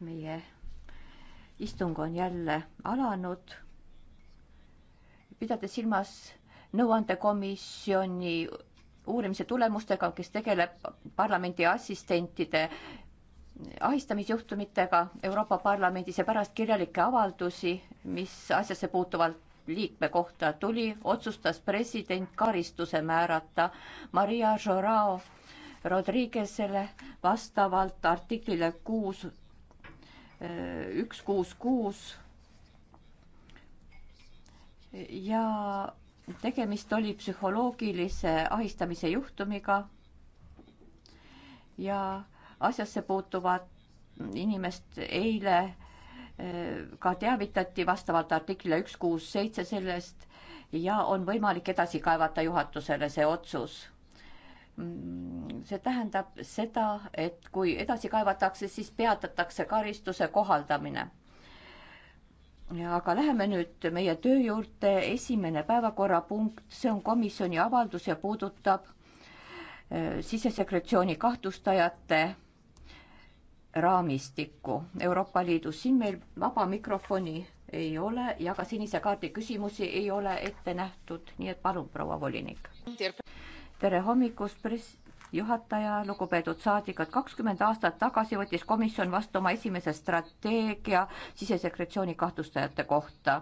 meie istung on jälle alanud. pidades silmas nõuandekomisjoni uurimise tulemustega, kes tegeleb parlamendi assistentide ahistamisjuhtumitega Euroopa Parlamendis ja pärast kirjalikke avaldusi, mis asjasse puutuvalt liikme kohta tuli, otsustas president karistuse määrata Maria Jorao Rodriguez'ele vastavalt artiklile kuus üks kuus kuus. ja tegemist oli psühholoogilise ahistamise juhtumiga. ja asjasse puutuvat inimest eile eh, ka teavitati vastavalt artiklile üks kuus seitse sellest ja on võimalik edasi kaevata juhatusele see otsus Mm, see tähendab seda, et kui edasi kaevatakse, siis peatatakse karistuse kohaldamine. aga läheme nüüd meie töö juurde. esimene päevakorrapunkt, see on komisjoni avaldus ja puudutab eh, sisesekretsiooni kahtlustajate raamistikku Euroopa Liidus. siin meil vaba mikrofoni ei ole ja ka sinise kaardi küsimusi ei ole ette nähtud, nii et palun, proua volinik tere hommikust, press, juhataja, lugupeetud saadikud, kakskümmend aastat tagasi võttis komisjon vastu oma esimese strateegia sisesekretsiooni kahtlustajate kohta.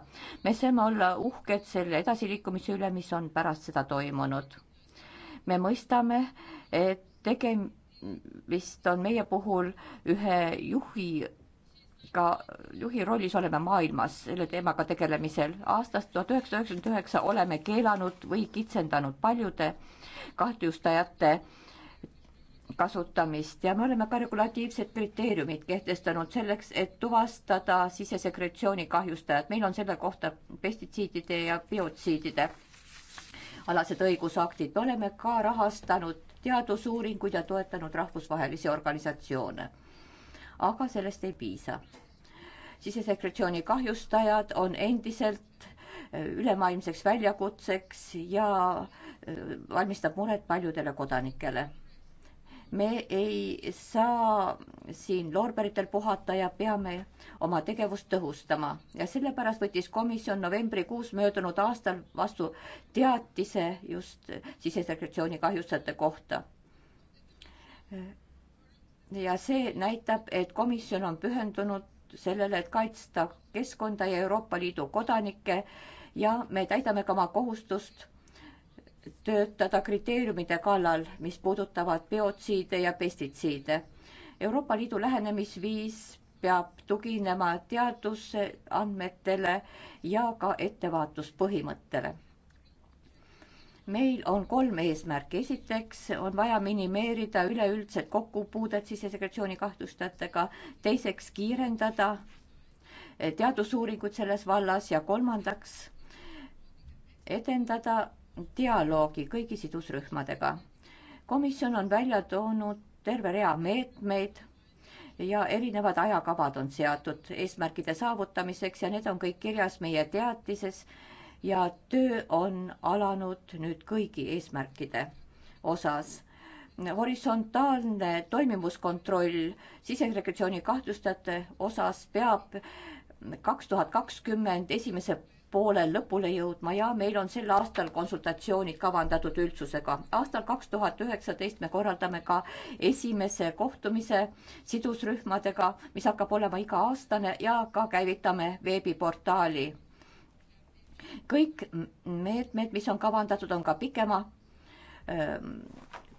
me saame olla uhked selle edasiliikumise üle, mis on pärast seda toimunud. me mõistame, et tegemist on meie puhul ühe juhi ka juhi rollis oleme maailmas selle teemaga tegelemisel. aastast tuhat üheksasada üheksakümmend üheksa oleme keelanud või kitsendanud paljude kahtlustajate kasutamist ja me oleme ka regulatiivsed kriteeriumid kehtestanud selleks, et tuvastada sisesekretsiooni kahjustajad. meil on selle kohta pestitsiidide ja biotsiidide alased õigusaktid. me oleme ka rahastanud teadusuuringuid ja toetanud rahvusvahelisi organisatsioone aga sellest ei piisa. sisesekretsiooni kahjustajad on endiselt äh, ülemaailmseks väljakutseks ja äh, valmistab muret paljudele kodanikele. me ei saa siin loorberitel puhata ja peame oma tegevust tõhustama ja sellepärast võttis komisjon novembrikuus möödunud aastal vastu teatise just sisesekretsiooni kahjustajate kohta ja see näitab, et komisjon on pühendunud sellele, et kaitsta keskkonda ja Euroopa Liidu kodanikke ja me täidame ka oma kohustust töötada kriteeriumide kallal, mis puudutavad biotsiide ja pestitsiide. Euroopa Liidu lähenemisviis peab tuginema teadusandmetele ja ka ettevaatuspõhimõttele meil on kolm eesmärki. esiteks on vaja minimeerida üleüldset kokkupuudet sisesekretsiooni kahtlustatega, teiseks kiirendada teadusuuringuid selles vallas ja kolmandaks edendada dialoogi kõigi sidusrühmadega. komisjon on välja toonud terve rea meetmeid ja erinevad ajakavad on seatud eesmärkide saavutamiseks ja need on kõik kirjas meie teatises ja töö on alanud nüüd kõigi eesmärkide osas. horisontaalne toimimuskontroll siseregistratsiooni kahtlustajate osas peab kaks tuhat kakskümmend esimese poole lõpule jõudma ja meil on sel aastal konsultatsioonid kavandatud üldsusega. aastal kaks tuhat üheksateist me korraldame ka esimese kohtumise sidusrühmadega, mis hakkab olema iga-aastane ja ka käivitame veebiportaali kõik meetmed, mis on kavandatud, on ka pikema ähm,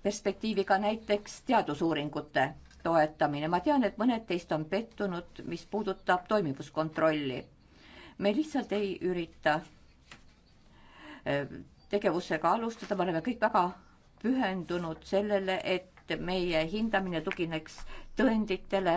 perspektiiviga, näiteks teadusuuringute toetamine. ma tean, et mõned teist on pettunud, mis puudutab toimivuskontrolli. me lihtsalt ei ürita äh, tegevusega alustada, me oleme kõik väga pühendunud sellele, et et meie hindamine tugineks tõenditele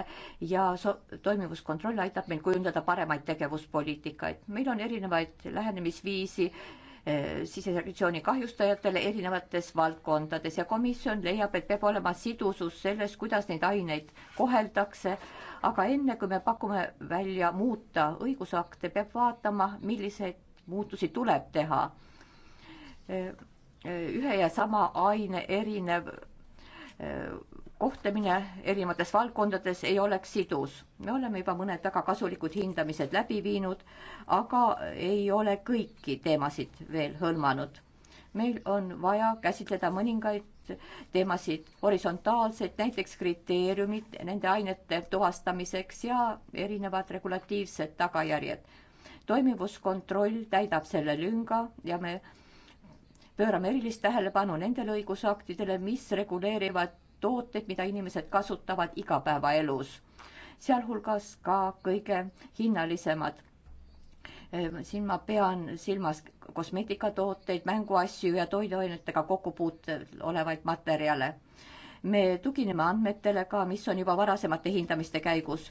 ja so toimivuskontroll aitab meil kujundada paremaid tegevuspoliitikaid. meil on erinevaid lähenemisviisi eh, siseregulatsiooni kahjustajatele erinevates valdkondades ja komisjon leiab, et peab olema sidusus selles, kuidas neid aineid koheldakse. aga enne kui me pakume välja muuta õigusakte, peab vaatama, milliseid muutusi tuleb teha eh, eh, ühe ja sama aine erinev kohtlemine erinevates valdkondades ei oleks sidus. me oleme juba mõned väga kasulikud hindamised läbi viinud, aga ei ole kõiki teemasid veel hõlmanud. meil on vaja käsitleda mõningaid teemasid horisontaalseid, näiteks kriteeriumid nende ainete tuvastamiseks ja erinevad regulatiivsed tagajärjed. toimivuskontroll täidab selle lünga ja me pöörame erilist tähelepanu nendele õigusaktidele, mis reguleerivad tooteid, mida inimesed kasutavad igapäevaelus, sealhulgas ka kõige hinnalisemad. Ehm, siin ma pean silmas kosmeetikatooteid, mänguasju ja toiduainetega kokkupuutel olevaid materjale. me tugineme andmetele ka, mis on juba varasemate hindamiste käigus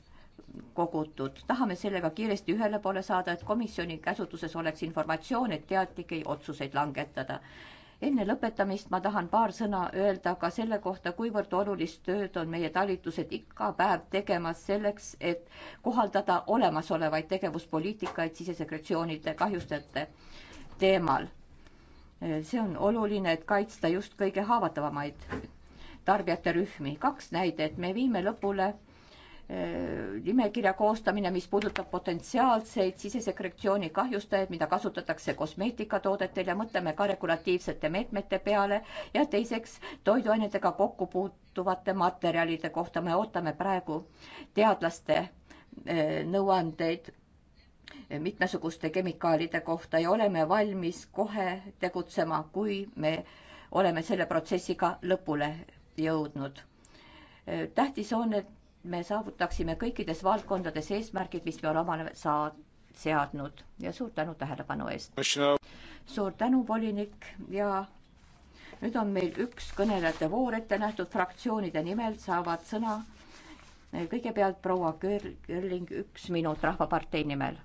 kogutud. tahame sellega kiiresti ühele poole saada, et komisjoni käsutuses oleks informatsioon, et teatigi otsuseid langetada. enne lõpetamist ma tahan paar sõna öelda ka selle kohta, kuivõrd olulist tööd on meie talitused iga päev tegemas selleks, et kohaldada olemasolevaid tegevuspoliitikaid sisesekretsioonide kahjustajate teemal. see on oluline, et kaitsta just kõige haavatavamaid tarbijate rühmi. kaks näidet, me viime lõpule Eh, nimekirja koostamine, mis puudutab potentsiaalseid sisesekretsiooni kahjustajaid, mida kasutatakse kosmeetikatoodetel ja mõtleme ka regulatiivsete meetmete peale ja teiseks toiduainetega kokku puutuvate materjalide kohta. me ootame praegu teadlaste eh, nõuandeid mitmesuguste kemikaalide kohta ja oleme valmis kohe tegutsema, kui me oleme selle protsessiga lõpule jõudnud. Eh, tähtis on, et me saavutaksime kõikides valdkondades eesmärgid, mis me oleme saa-, seadnud ja suur tänu tähelepanu eest. suur tänu, volinik ja nüüd on meil üks kõnelejate voor ette nähtud fraktsioonide nimel saavad sõna kõigepealt proua Görling, üks minut Rahvapartei nimel.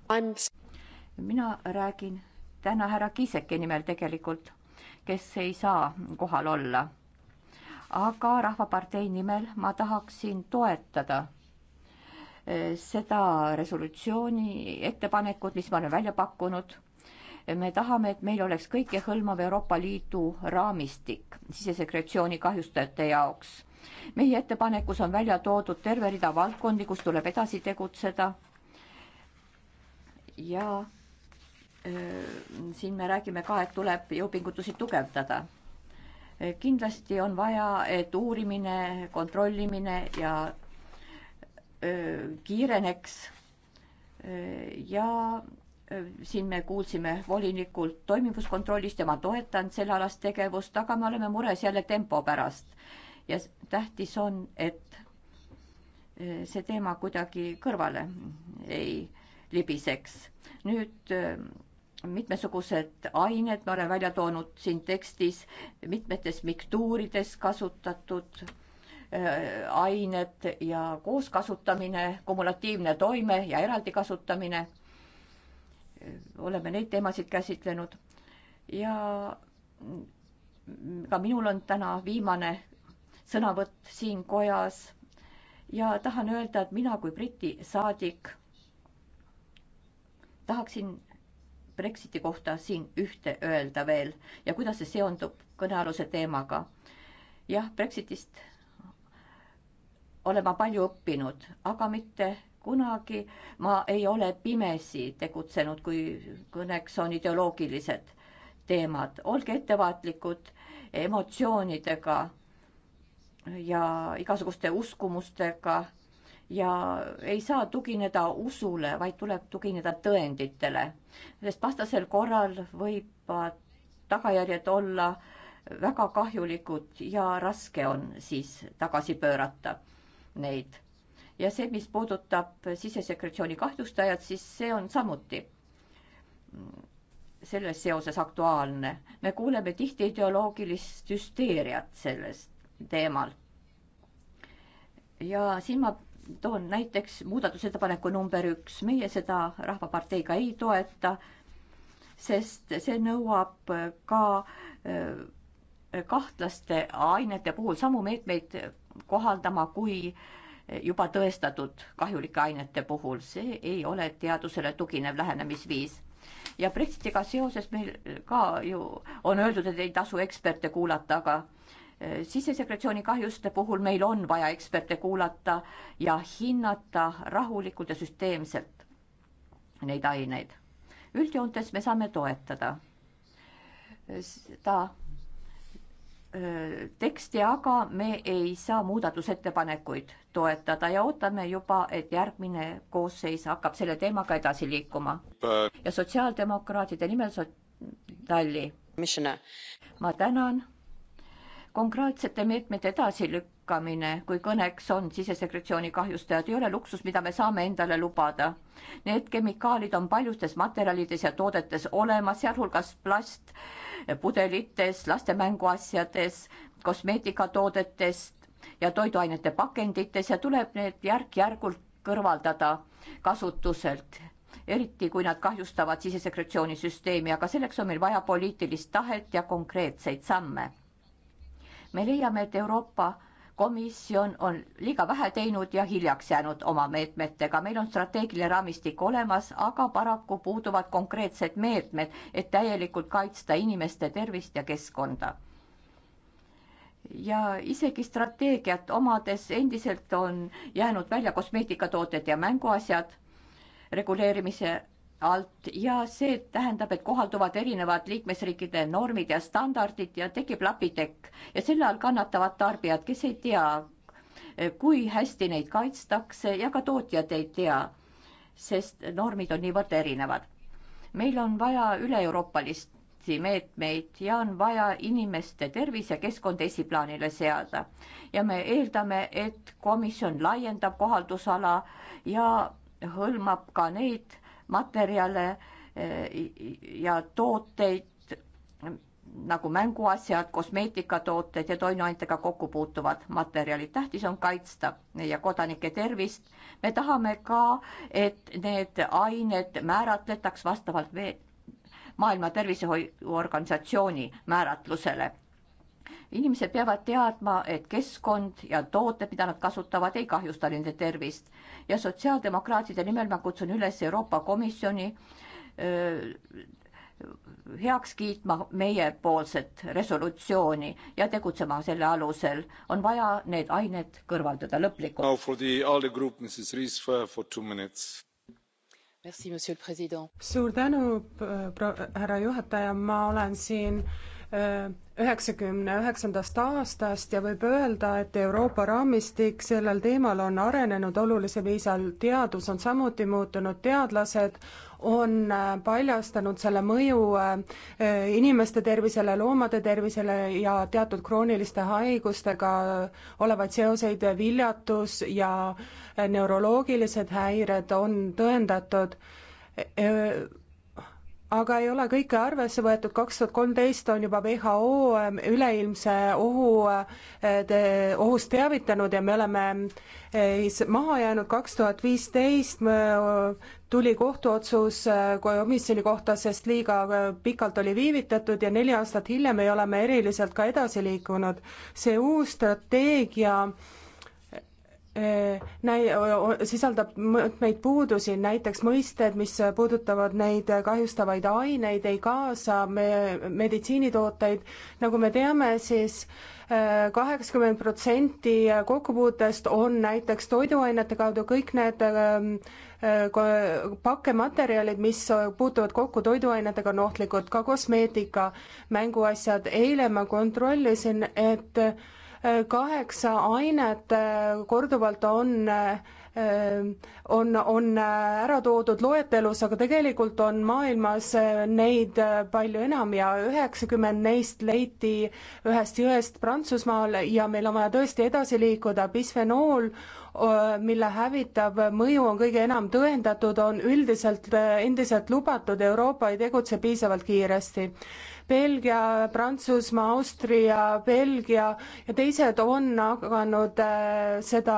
mina räägin täna härra Kiiseki nimel tegelikult, kes ei saa kohal olla aga Rahvapartei nimel ma tahaksin toetada eh, seda resolutsiooni ettepanekut, mis ma olen välja pakkunud. me tahame, et meil oleks kõikehõlmav Euroopa Liidu raamistik sisesekretsiooni kahjustajate jaoks. meie ettepanekus on välja toodud terve rida valdkondi, kus tuleb edasi tegutseda. ja öö, eh, siin me räägime ka, et tuleb jõupingutusi tugevdada kindlasti on vaja, et uurimine, kontrollimine ja öö, kiireneks. ja öö, siin me kuulsime volinikult toimivuskontrollist ja ma toetan sellealast tegevust, aga me oleme mures jälle tempo pärast. ja tähtis on, et öö, see teema kuidagi kõrvale ei libiseks. nüüd öö, mitmesugused ained, ma olen välja toonud siin tekstis mitmetes miktuurides kasutatud äh, ained ja kooskasutamine, kumulatiivne toime ja eraldi kasutamine. oleme neid teemasid käsitlenud ja ka minul on täna viimane sõnavõtt siin kojas ja tahan öelda, et mina kui Briti saadik tahaksin Brexiti kohta siin ühte öelda veel ja kuidas see seondub kõnealuse teemaga? jah, Brexitist olen ma palju õppinud, aga mitte kunagi ma ei ole pimesi tegutsenud, kui kõneks on ideoloogilised teemad. olge ettevaatlikud emotsioonidega ja igasuguste uskumustega ja ei saa tugineda usule, vaid tuleb tugineda tõenditele, sest vastasel korral võivad äh, tagajärjed olla väga kahjulikud ja raske on siis tagasi pöörata neid. ja see, mis puudutab sisesekretsiooni kahjustajat, siis see on samuti selles seoses aktuaalne. me kuuleme tihti ideoloogilist hüsteeriat sellest teemal. ja siin ma toon näiteks muudatusettepaneku number üks, meie seda Rahvaparteiga ei toeta, sest see nõuab ka äh, kahtlaste ainete puhul samu meetmeid kohaldama kui äh, juba tõestatud kahjulike ainete puhul, see ei ole teadusele tuginev lähenemisviis. ja Brexitiga seoses meil ka ju on öeldud, et ei tasu eksperte kuulata, aga sisesekretsioonikahjuste puhul meil on vaja eksperte kuulata ja hinnata rahulikult ja süsteemselt neid aineid. üldjoontes me saame toetada seda äh, teksti, aga me ei saa muudatusettepanekuid toetada ja ootame juba, et järgmine koosseis hakkab selle teemaga edasi liikuma. ja sotsiaaldemokraatide nimel so-, Talli. ma tänan konkreetsete meetmete edasilükkamine, kui kõneks on sisesekretsiooni kahjustajad, ei ole luksus, mida me saame endale lubada. Need kemikaalid on paljudes materjalides ja toodetes olemas, sealhulgas plastpudelites, laste mänguasjades, kosmeetikatoodetest ja toiduainete pakendites ja tuleb need järk-järgult kõrvaldada kasutuselt eriti kui nad kahjustavad sisesekretsioonisüsteemi, aga selleks on meil vaja poliitilist tahet ja konkreetseid samme me leiame, et Euroopa Komisjon on liiga vähe teinud ja hiljaks jäänud oma meetmetega, meil on strateegiline raamistik olemas, aga paraku puuduvad konkreetsed meetmed, et täielikult kaitsta inimeste tervist ja keskkonda ja isegi strateegiat omades endiselt on jäänud välja kosmeetikatooted ja mänguasjad reguleerimise alt ja see tähendab, et kohalduvad erinevad liikmesriikide normid ja standardid ja tekib lapitekk ja selle all kannatavad tarbijad, kes ei tea, kui hästi neid kaitstakse ja ka tootjad ei tea, sest normid on niivõrd erinevad. meil on vaja üle-euroopalisi meetmeid ja on vaja inimeste tervis ja keskkond esiplaanile seada ja me eeldame, et komisjon laiendab kohaldusala ja hõlmab ka neid materjale e, ja tooteid nagu mänguasjad, kosmeetikatooted ja toiduainetega kokku puutuvad materjalid. tähtis on kaitsta meie kodanike tervist. me tahame ka, et need ained määratletaks vastavalt Maailma Terviseorganisatsiooni määratlusele. inimesed peavad teadma, et keskkond ja tooted, mida nad kasutavad, ei kahjusta nende tervist ja sotsiaaldemokraatide nimel ma kutsun üles Euroopa Komisjoni heaks kiitma meiepoolset resolutsiooni ja tegutsema selle alusel. on vaja need ained kõrvaldada lõplikult. suur tänu, härra juhataja, ma olen siin üheksakümne üheksandast aastast ja võib öelda, et Euroopa raamistik sellel teemal on arenenud olulisel viisil, teadus on samuti muutunud, teadlased on äh, paljastanud selle mõju äh, inimeste tervisele, loomade tervisele ja teatud krooniliste haigustega olevaid seoseid, viljatus ja äh, neuroloogilised häired on tõendatud aga ei ole kõike arvesse võetud, kaks tuhat kolmteist on juba WHO ähm, üleilmse ohu, äh, ohust teavitanud ja me oleme äh, maha jäänud, kaks tuhat viisteist äh, tuli kohtuotsus komisjoni kohta, sest liiga pikalt oli viivitatud ja neli aastat hiljem ei ole me eriliselt ka edasi liikunud. see uus strateegia näi-, sisaldab mõõtmeid puudusi, näiteks mõisted, mis puudutavad neid kahjustavaid aineid, ei kaasa me-, meditsiinitooteid, nagu me teame, siis äh, kaheksakümmend protsenti kokkupuutest on näiteks toiduainete kaudu, kõik need ähm, äh, pakkematerjalid, mis puutuvad kokku toiduainetega, on ohtlikud, ka kosmeetika, mänguasjad, eile ma kontrollisin, et kaheksa ainet äh, korduvalt on äh, on, on äh, ära toodud loetelus, aga tegelikult on maailmas neid palju enam ja üheksakümmend neist leiti ühest jõest Prantsusmaal ja meil on vaja tõesti edasi liikuda. bisfenool, mille hävitav mõju on kõige enam tõendatud, on üldiselt endiselt lubatud, Euroopa ei tegutse piisavalt kiiresti Belgia, Prantsusmaa, Austria, Belgia ja teised on hakanud äh, seda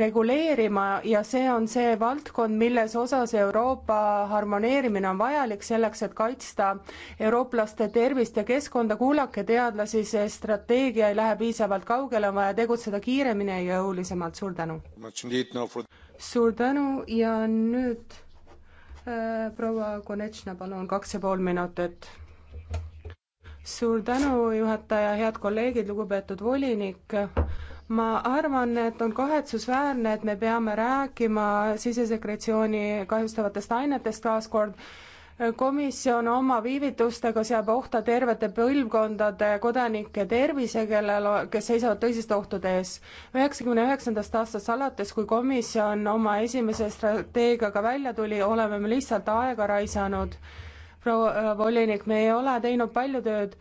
reguleerima ja see on see valdkond, milles osas Euroopa harmoneerimine on vajalik selleks, et kaitsta eurooplaste tervist ja keskkonda. kuulake teadlasi, see strateegia ei lähe piisavalt kaugele, on vaja tegutseda kiiremini ja jõulisemalt. suur tänu! suur tänu ja nüüd äh, proua Konechna, palun kaks ja pool minutit suur tänu, juhataja, head kolleegid, lugupeetud volinik. ma arvan, et on kahetsusväärne, et me peame rääkima sisesekretsiooni kahjustavatest ainetest taaskord komisjon oma viivitustega seab ohta tervete põlvkondade kodanike tervise, kellel, kes seisavad tõsiste ohtude ees. üheksakümne üheksandast aastast alates, kui komisjon oma esimese strateegiaga välja tuli, oleme me lihtsalt aega raisanud proua äh, volinik, me ei ole teinud palju tööd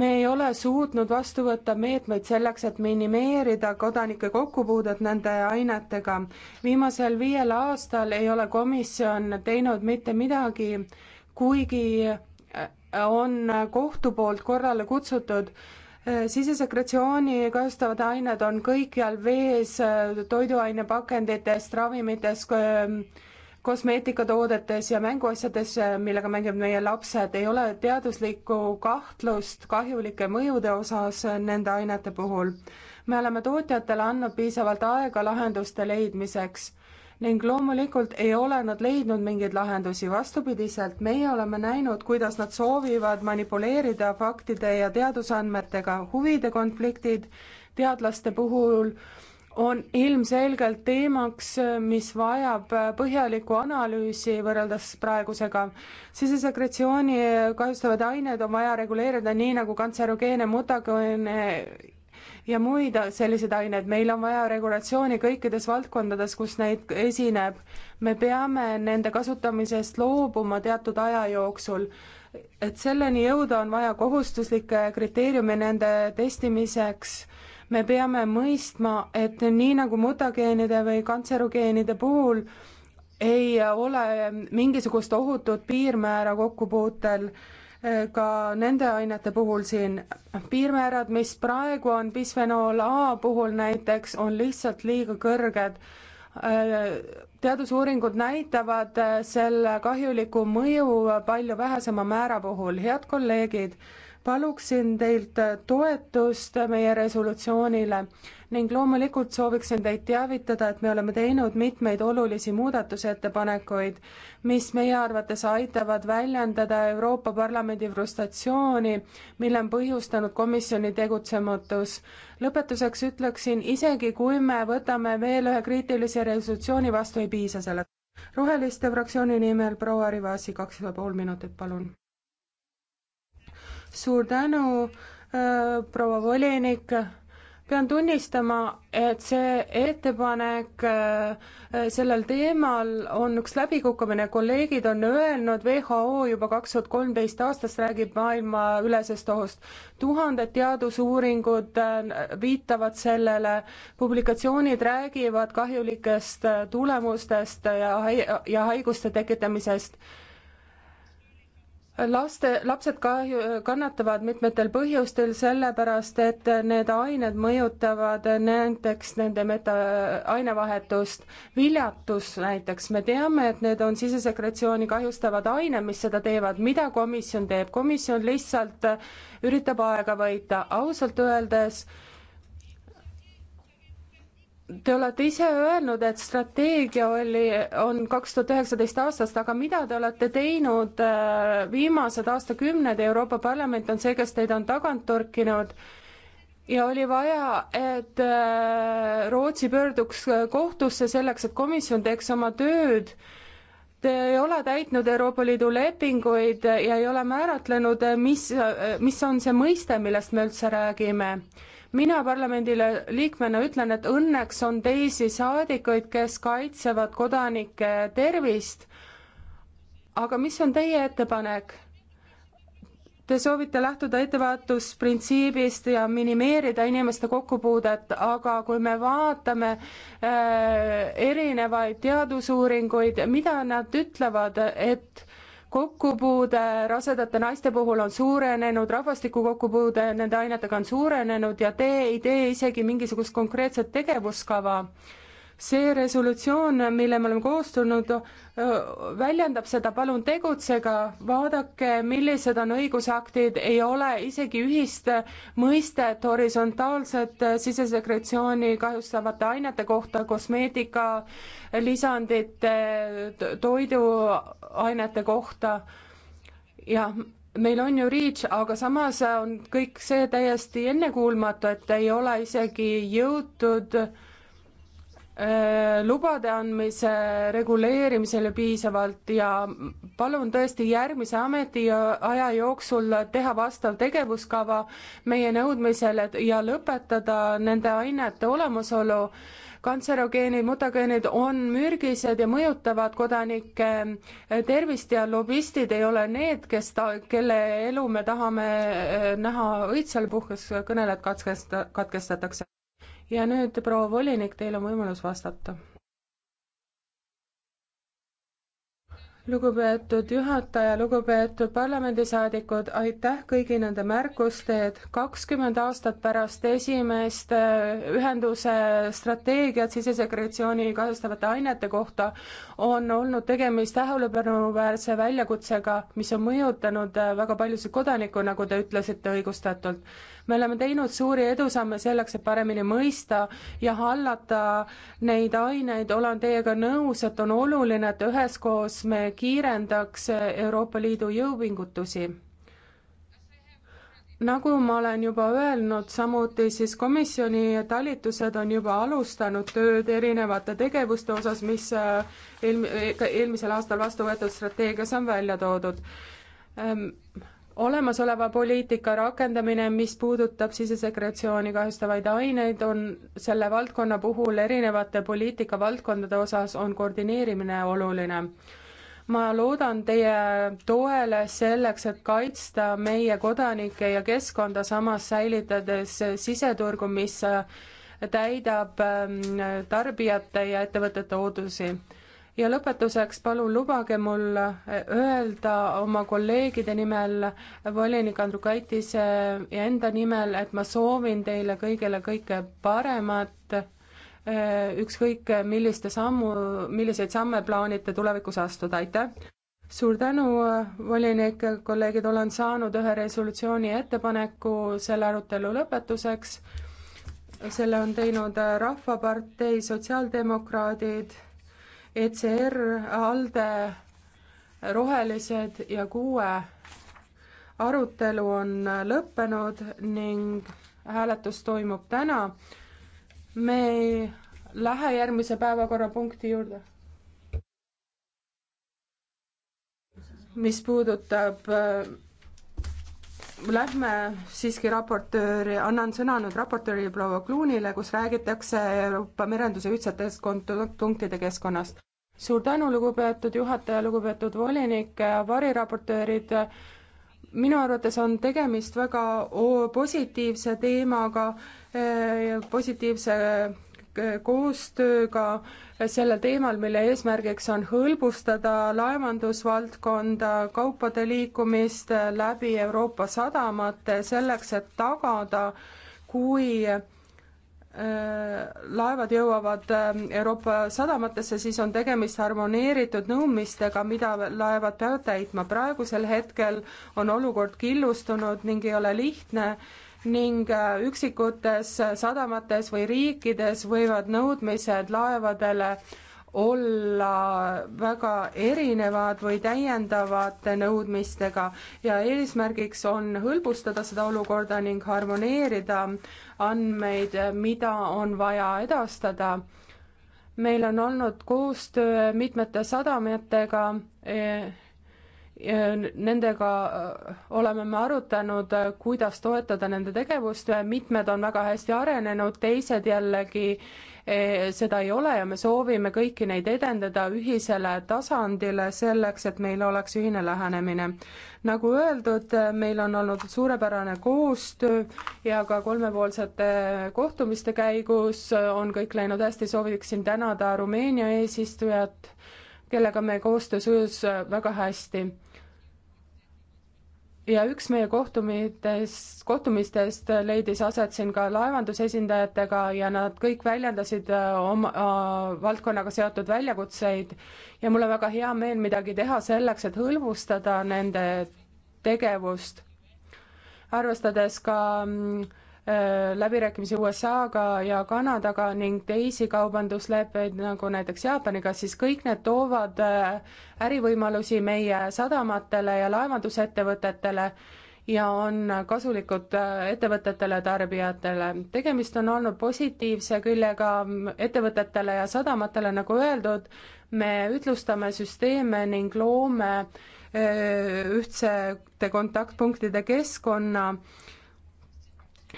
me ei ole suutnud vastu võtta meetmeid selleks, et minimeerida kodanike kokkupuudet nende ainetega. viimasel viiel aastal ei ole komisjon teinud mitte midagi, kuigi äh, on kohtu poolt korrale kutsutud äh, sisesekretsiooni kasutavad ained on kõikjal vees, toiduainepakendites, ravimites, kosmeetikatoodetes ja mänguasjades, millega mängivad meie lapsed, ei ole teaduslikku kahtlust kahjulike mõjude osas nende ainete puhul. me oleme tootjatele andnud piisavalt aega lahenduste leidmiseks ning loomulikult ei ole nad leidnud mingeid lahendusi, vastupidiselt, meie oleme näinud, kuidas nad soovivad manipuleerida faktide ja teadusandmetega, huvide konfliktid teadlaste puhul on ilmselgelt teemaks, mis vajab põhjalikku analüüsi võrreldes praegusega. sisesekretsiooni kahjustavad ained on vaja reguleerida nii nagu kantserogeene, mutageene ja muid selliseid aineid, meil on vaja regulatsiooni kõikides valdkondades, kus neid esineb. me peame nende kasutamisest loobuma teatud aja jooksul et selleni jõuda, on vaja kohustuslikke kriteeriume nende testimiseks me peame mõistma, et nii nagu mutageenide või kantserogeenide puhul ei ole mingisugust ohutut piirmäära kokkupuutel eh, ka nende ainete puhul siin. piirmäärad, mis praegu on bisfenool A puhul näiteks, on lihtsalt liiga kõrged. Eh, teadusuuringud näitavad eh, selle kahjuliku mõju palju vähesema määra puhul. head kolleegid paluksin teilt toetust meie resolutsioonile ning loomulikult sooviksin teid teavitada, et me oleme teinud mitmeid olulisi muudatusettepanekuid, mis meie arvates aitavad väljendada Euroopa Parlamendi frustratsiooni, mille on põhjustanud komisjoni tegutsematus. lõpetuseks ütleksin, isegi kui me võtame veel ühe kriitilise resolutsiooni vastu, ei piisa sellest. roheliste fraktsiooni nimel proua Rivasi, kaks ja pool minutit, palun suur tänu, äh, proua volinik pean tunnistama, et see ettepanek äh, sellel teemal on üks läbikukkumine, kolleegid on öelnud, WHO juba kaks tuhat kolmteist aastast räägib maailmaülesest ohust. tuhanded teadusuuringud äh, viitavad sellele, publikatsioonid räägivad kahjulikest tulemustest ja, ja haiguste tekitamisest laste, lapsed kahju, kannatavad mitmetel põhjustel, sellepärast et need ained mõjutavad näiteks nende meta, ainevahetust. viljatus näiteks, me teame, et need on sisesekretsiooni kahjustavad ained, mis seda teevad. mida komisjon teeb? komisjon lihtsalt üritab aega võita, ausalt öeldes Te olete ise öelnud, et strateegia oli, on kaks tuhat üheksateist aastast, aga mida te olete teinud äh, viimased aastakümned, Euroopa Parlament on see, kes teid on tagant torkinud ja oli vaja, et äh, Rootsi pöörduks äh, kohtusse selleks, et komisjon teeks oma tööd. Te ei ole täitnud Euroopa Liidu lepinguid ja ei ole määratlenud, mis, mis on see mõiste, millest me üldse räägime mina parlamendile liikmena ütlen, et õnneks on teisi saadikuid, kes kaitsevad kodanike tervist. aga mis on teie ettepanek? Te soovite lähtuda ettevaatusprintsiibist ja minimeerida inimeste kokkupuudet, aga kui me vaatame äh, erinevaid teadusuuringuid, mida nad ütlevad, et kokkupuude rasedate naiste puhul on suurenenud, rahvastiku kokkupuude nende ainetega on suurenenud ja te ei tee isegi mingisugust konkreetset tegevuskava see resolutsioon, mille me oleme koostanud, väljendab seda, palun tegutsege, vaadake, millised on õigusaktid, ei ole isegi ühist mõistet horisontaalset sisesekretsiooni kahjustavate ainete kohta, kosmeetika, lisandite, toiduainete kohta. jah meil on ju REACH, aga samas on kõik see täiesti ennekuulmatu, et ei ole isegi jõutud äh, Äh, lubade andmise reguleerimisele piisavalt ja palun tõesti järgmise ametiaja jooksul teha vastav tegevuskava meie nõudmisele ja lõpetada nende ainete olemasolu. kantserogeenid, mutageenid on mürgised ja mõjutavad kodanike äh, tervist ja lobistid ei ole need, kes ta, kelle elu me tahame äh, näha õitsel puhkes, kõneled katkesta-, katkestatakse ja nüüd, proua volinik, teil on võimalus vastata. lugupeetud juhataja, lugupeetud parlamendisaadikud, aitäh kõigi nende märkuste, et kakskümmend aastat pärast esimest äh, ühenduse strateegiat sisesekretsiooni kahjustavate ainete kohta on olnud tegemist tähelepanuväärse väljakutsega, mis on mõjutanud äh, väga paljusid kodanikke, nagu te ütlesite õigustatult me oleme teinud suuri edusamme selleks, et paremini mõista ja hallata neid aineid, olen teiega nõus, et on oluline, et üheskoos me kiirendaks Euroopa Liidu jõupingutusi nagu ma olen juba öelnud, samuti siis komisjoni talitused on juba alustanud tööd erinevate tegevuste osas, mis eelm-, eh, eh, eelmisel aastal vastu võetud strateegias on välja toodud. Ehm, olemasoleva poliitika rakendamine, mis puudutab sisesekretsiooni kahjustavaid aineid, on selle valdkonna puhul erinevate poliitikavaldkondade osas on koordineerimine oluline. ma loodan teie toele selleks, et kaitsta meie kodanikke ja keskkonda, samas säilitades siseturgu, mis täidab ähm, tarbijate ja ettevõtete ootusi ja lõpetuseks palun lubage mul eh, öelda oma kolleegide nimel, volinik Andrukaitise eh, ja enda nimel, et ma soovin teile kõigile kõike paremat, eh, ükskõik milliste sammu, milliseid samme plaanite tulevikus astuda, aitäh! suur tänu, volinik, kolleegid, olen saanud ühe resolutsiooni ettepaneku selle arutelu lõpetuseks. selle on teinud Rahvapartei Sotsiaaldemokraadid ECR, ALDE, Rohelised ja kuue arutelu on lõppenud ning hääletus toimub täna. me ei lähe järgmise päevakorrapunkti juurde mis puudutab Lähme siiski raportööri, annan sõna nüüd raportööri proua Kluunile, kus räägitakse Euroopa merenduse ühtsetest kontaktpunktide keskkonnast. suur tänu, lugupeetud juhataja, lugupeetud volinik, variraportöörid, minu arvates on tegemist väga positiivse teemaga, eh, positiivse koostööga sellel teemal, mille eesmärgiks on hõlbustada laevandusvaldkonda, kaupade liikumist läbi Euroopa sadamate, selleks et tagada, kui äh, laevad jõuavad äh, Euroopa sadamatesse, siis on tegemist harmoneeritud nõudmistega, mida laevad peavad täitma. praegusel hetkel on olukord killustunud ning ei ole lihtne ning äh, üksikutes sadamates või riikides võivad nõudmised laevadele olla väga erinevad või täiendavate nõudmistega ja eesmärgiks on hõlbustada seda olukorda ning harmoneerida andmeid, mida on vaja edastada. meil on olnud koostöö mitmete sadamatega eh, nendega äh, oleme me arutanud, äh, kuidas toetada nende tegevust, mitmed on väga hästi arenenud, teised jällegi äh, seda ei ole ja me soovime kõiki neid edendada ühisele tasandile selleks, et meil oleks ühine lähenemine. nagu öeldud, meil on olnud suurepärane koostöö ja ka kolmepoolsete kohtumiste käigus on kõik läinud hästi, sooviksin tänada Rumeenia eesistujat, kellega me koostöö sujus väga hästi ja üks meie kohtumitest, kohtumistest leidis aset siin ka laevandusesindajatega ja nad kõik väljendasid äh, oma äh, valdkonnaga seotud väljakutseid ja mul on väga hea meel midagi teha selleks, et hõlbustada nende tegevust. arvestades ka äh, Äh, läbirääkimisi USA-ga ja Kanadaga ning teisi kaubandusleppeid, nagu näiteks Jaapaniga, siis kõik need toovad äh, ärivõimalusi meie sadamatele ja laevandusettevõtetele ja on kasulikud äh, ettevõtetele, tarbijatele. tegemist on olnud positiivse küljega ettevõtetele ja sadamatele, nagu öeldud, me ütlustame süsteeme ning loome ühtsete kontaktpunktide keskkonna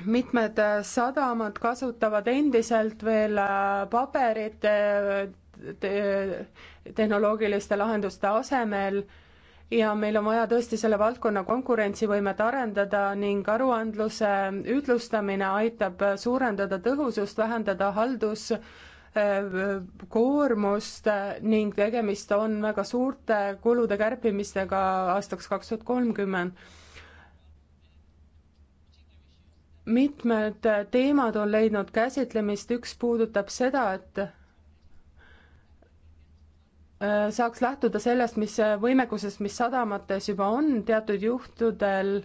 mitmed sadamad kasutavad endiselt veel äh, paberit äh, tehnoloogiliste lahenduste asemel ja meil on vaja tõesti selle valdkonna konkurentsivõimet arendada ning aruandluse ühtlustamine aitab suurendada tõhusust, vähendada halduskoormust äh, ning tegemist on väga suurte kulude kärpimistega aastaks kaks tuhat kolmkümmend mitmed teemad on leidnud käsitlemist, üks puudutab seda, et äh, saaks lähtuda sellest, mis äh, võimekusest, mis sadamates juba on, teatud juhtudel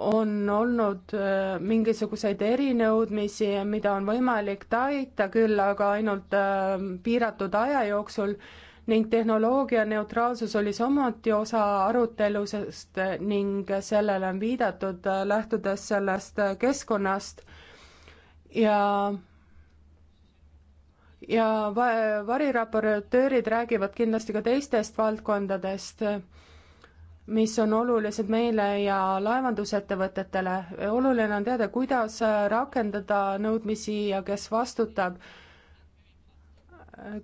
on olnud äh, mingisuguseid erinõudmisi, mida on võimalik täita küll, aga ainult piiratud aja jooksul ning tehnoloogianeutraalsus oli samuti osa arutelusest ning sellele on viidatud, lähtudes sellest keskkonnast ja ja va-, variraportöörid räägivad kindlasti ka teistest valdkondadest, mis on olulised meile ja laevandusettevõtetele. oluline on teada, kuidas rakendada nõudmisi ja kes vastutab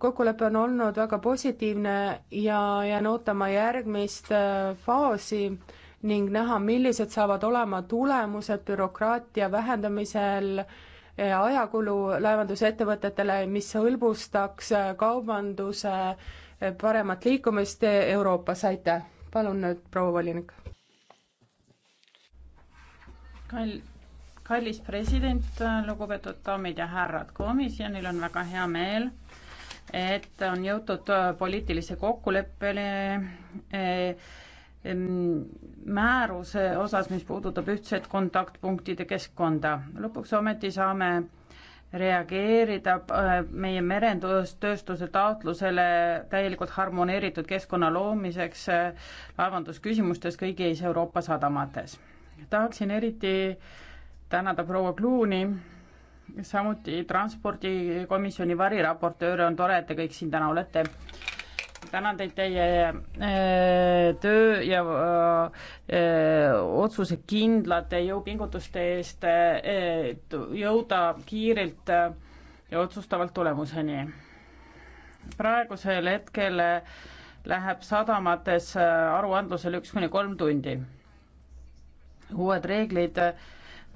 kokkulepe on olnud väga positiivne ja jään ootama järgmist äh, faasi ning näha, millised saavad olema tulemused bürokraatia vähendamisel, äh, ajakulu laevandusettevõtetele, mis hõlbustaks äh, kaubanduse paremat liikumist Euroopas, aitäh. palun nüüd, proua volinik. kall-, kallis president, lugupeetud daamid ja härrad, komisjonil on väga hea meel et on jõutud poliitilise kokkuleppele eh, mm, määruse osas, mis puudutab ühtset kontaktpunktide keskkonda. lõpuks ometi saame reageerida eh, meie merendustööstuse taotlusele täielikult harmoneeritud keskkonna loomiseks eh, laevandusküsimustes kõigis Euroopa sadamates. tahaksin eriti tänada proua Clooney samuti transpordikomisjoni variraportööre, on tore, et te kõik siin täna olete. tänan teid teie äh, töö ja äh, otsusekindlate jõupingutuste eest, äh, et jõuda kiirelt äh, ja otsustavalt tulemuseni. praegusel hetkel äh, läheb sadamates aruandlusel üks kuni kolm tundi. uued reeglid äh,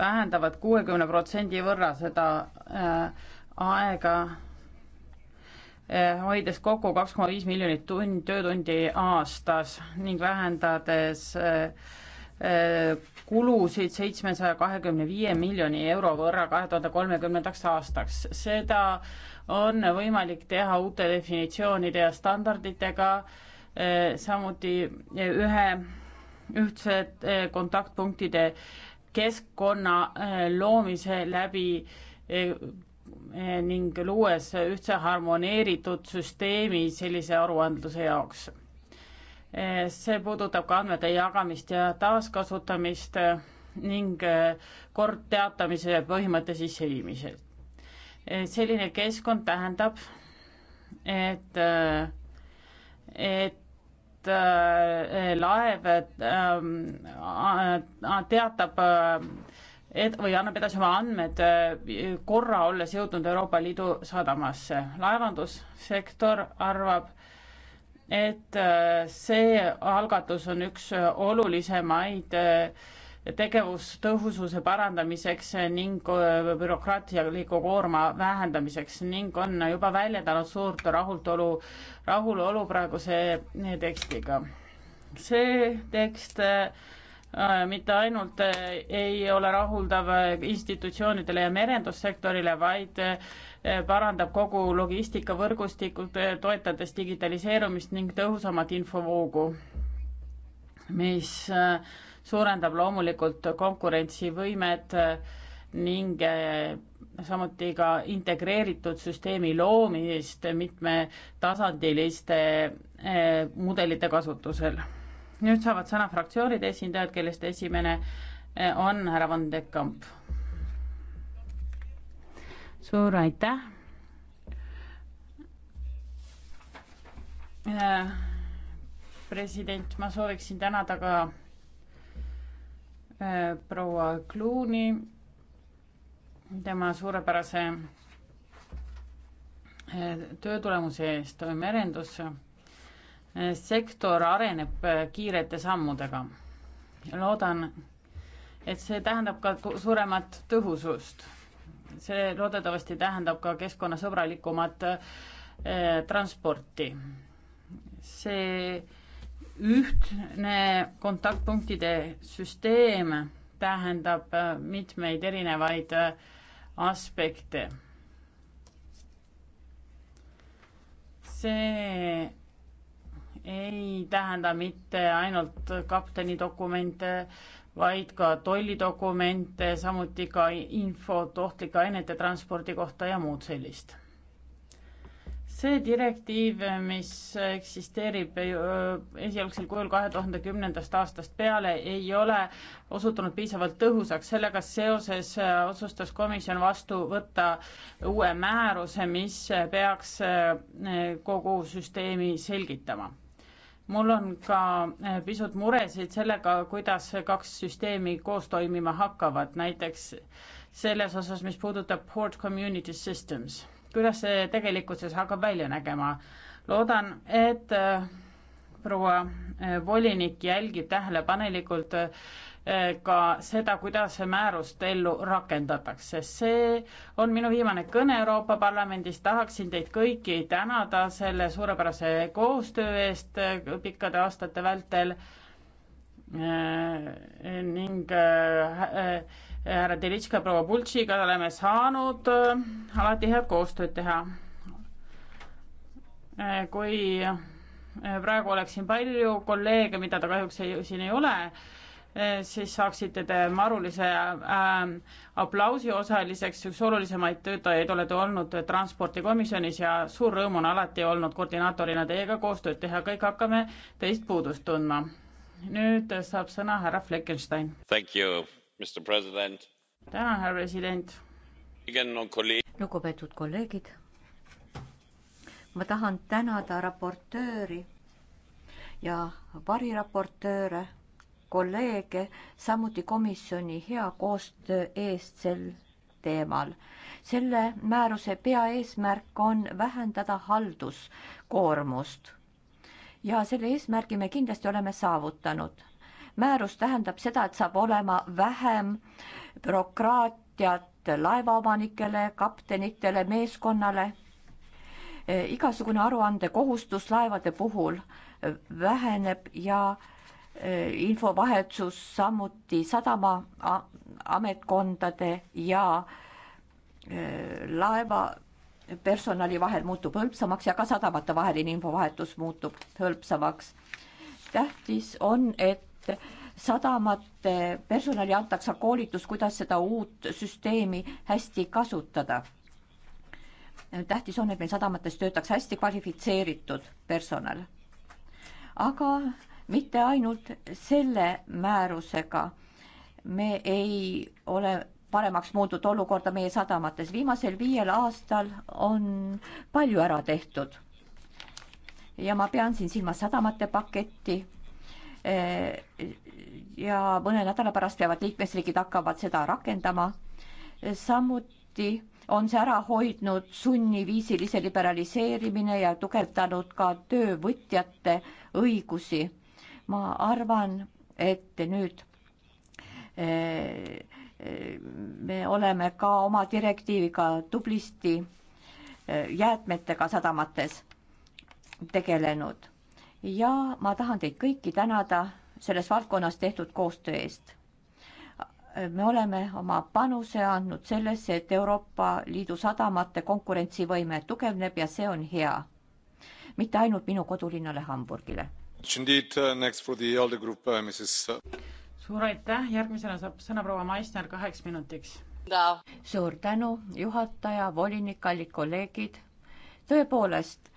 vähendavad kuuekümne protsendi võrra seda äh, aega äh,, hoides kokku kaks koma viis miljonit tund, töötundi aastas ning vähendades äh, äh, kulusid seitsmesaja kahekümne viie miljoni euro võrra kahe tuhande kolmekümnendaks aastaks. seda on võimalik teha uute definitsioonide ja standarditega, äh, samuti äh, ühe, ühtsed kontaktpunktide keskkonna äh, loomise läbi äh, äh, ning luues ühtse harmoneeritud süsteemi sellise aruandluse jaoks. see puudutab ka andmete jagamist ja taaskasutamist ning kord teatamise põhimõtte sisseviimisel. selline keskkond tähendab, et, et et äh, laev ähm, teatab äh, et või annab edasi oma andmed äh, korra olles jõudnud Euroopa Liidu sadamasse. laevandussektor arvab, et see algatus on üks olulisemaid äh, tegevus tõhususe parandamiseks ning äh, bürokraatliku koorma vähendamiseks ning on juba väljendanud suurt rahultolu, rahulolu praeguse tekstiga. see tekst äh, mitte ainult äh, ei ole rahuldav institutsioonidele ja merendussektorile, vaid parandab kogu logistikavõrgustikud, toetades digitaliseerumist ning tõhusamat infovoogu, mis äh, suurendab loomulikult konkurentsivõimet eh, ning eh, samuti ka integreeritud süsteemi loomist mitmetasandiliste eh, mudelite kasutusel. nüüd saavad sõna fraktsioonide esindajad, kellest esimene on härra Van de Kamp. suur aitäh. president, ma sooviksin tänada ka Äh, proua Clooney, tema suurepärase äh, töö tulemuse eest merendus. Äh, sektor areneb kiirete sammudega. loodan, et see tähendab ka suuremat tõhusust. see loodetavasti tähendab ka keskkonnasõbralikumat transporti. see ühtne kontaktpunktide süsteem tähendab äh, mitmeid erinevaid äh, aspekte. see ei tähenda mitte ainult kapteni dokumente, vaid ka tollidokumente, samuti ka infot ohtlike ainete transpordi kohta ja muud sellist see direktiiv, mis eksisteerib äh, esialgsel kujul kahe tuhande kümnendast aastast peale, ei ole osutunud piisavalt tõhusaks, sellega seoses äh, otsustas komisjon vastu võtta uue määruse, mis peaks äh, kogu süsteemi selgitama mul on ka pisut muresid sellega, kuidas kaks süsteemi koos toimima hakkavad, näiteks selles osas, mis puudutab port community systems kuidas see tegelikkuses hakkab välja nägema. loodan, et äh, proua äh, volinik jälgib tähelepanelikult äh, ka seda, kuidas määrust ellu rakendatakse. see on minu viimane kõne Euroopa Parlamendis, tahaksin teid kõiki tänada selle suurepärase koostöö eest pikkade aastate vältel ning härra Delitška proua Pultšiga oleme saanud äh, alati head koostööd teha. Äh, kui äh, praegu oleks siin palju kolleege, mida ta kahjuks ei, siin ei ole, siis saaksite te marulise äh, aplausi osaliseks, üks olulisemaid töötajaid olete olnud transpordikomisjonis ja suur rõõm on alati olnud koordinaatorina teiega koostööd teha, kõik hakkame teist puudust tundma. nüüd saab sõna härra Fleckenstein. Thank you tänan, härra president. lugupeetud kolleegid. ma tahan tänada raportööri ja variraportööre, kolleege, samuti komisjoni hea koostöö eest sel teemal. selle määruse peaeesmärk on vähendada halduskoormust ja selle eesmärgi me kindlasti oleme saavutanud määrus tähendab seda, et saab olema vähem bürokraatiat laevaomanikele, kaptenitele, meeskonnale. E, igasugune aruandekohustus laevade puhul väheneb ja e, infovahetus samuti sadama ametkondade ja e, laeva personali vahel muutub hõlpsamaks ja ka sadamate vaheline infovahetus muutub hõlpsamaks. tähtis on, et sadamate personali antakse koolitus, kuidas seda uut süsteemi hästi kasutada. tähtis on, et meil sadamates töötaks hästi kvalifitseeritud personal. aga mitte ainult selle määrusega me ei ole paremaks muutnud olukorda meie sadamates. viimasel viiel aastal on palju ära tehtud. ja ma pean siin silmas sadamate paketti Äh, ja mõne nädala pärast peavad liikmesriigid hakkavad seda rakendama. samuti on see ära hoidnud sunniviisilise liberaliseerimine ja tugevdanud ka töövõtjate õigusi. ma arvan, et nüüd äh, me oleme ka oma direktiiviga tublisti äh, jäätmetega sadamates tegelenud ja ma tahan teid kõiki tänada selles valdkonnas tehtud koostöö eest. me oleme oma panuse andnud sellesse, et Euroopa Liidu sadamate konkurentsivõime tugevneb ja see on hea. mitte ainult minu kodulinnale Hamburgile. Uh, uh, uh. suur aitäh, järgmisena saab sõna proua Maisner kaheks minutiks. suur tänu, juhataja, volinik, kallid kolleegid. tõepoolest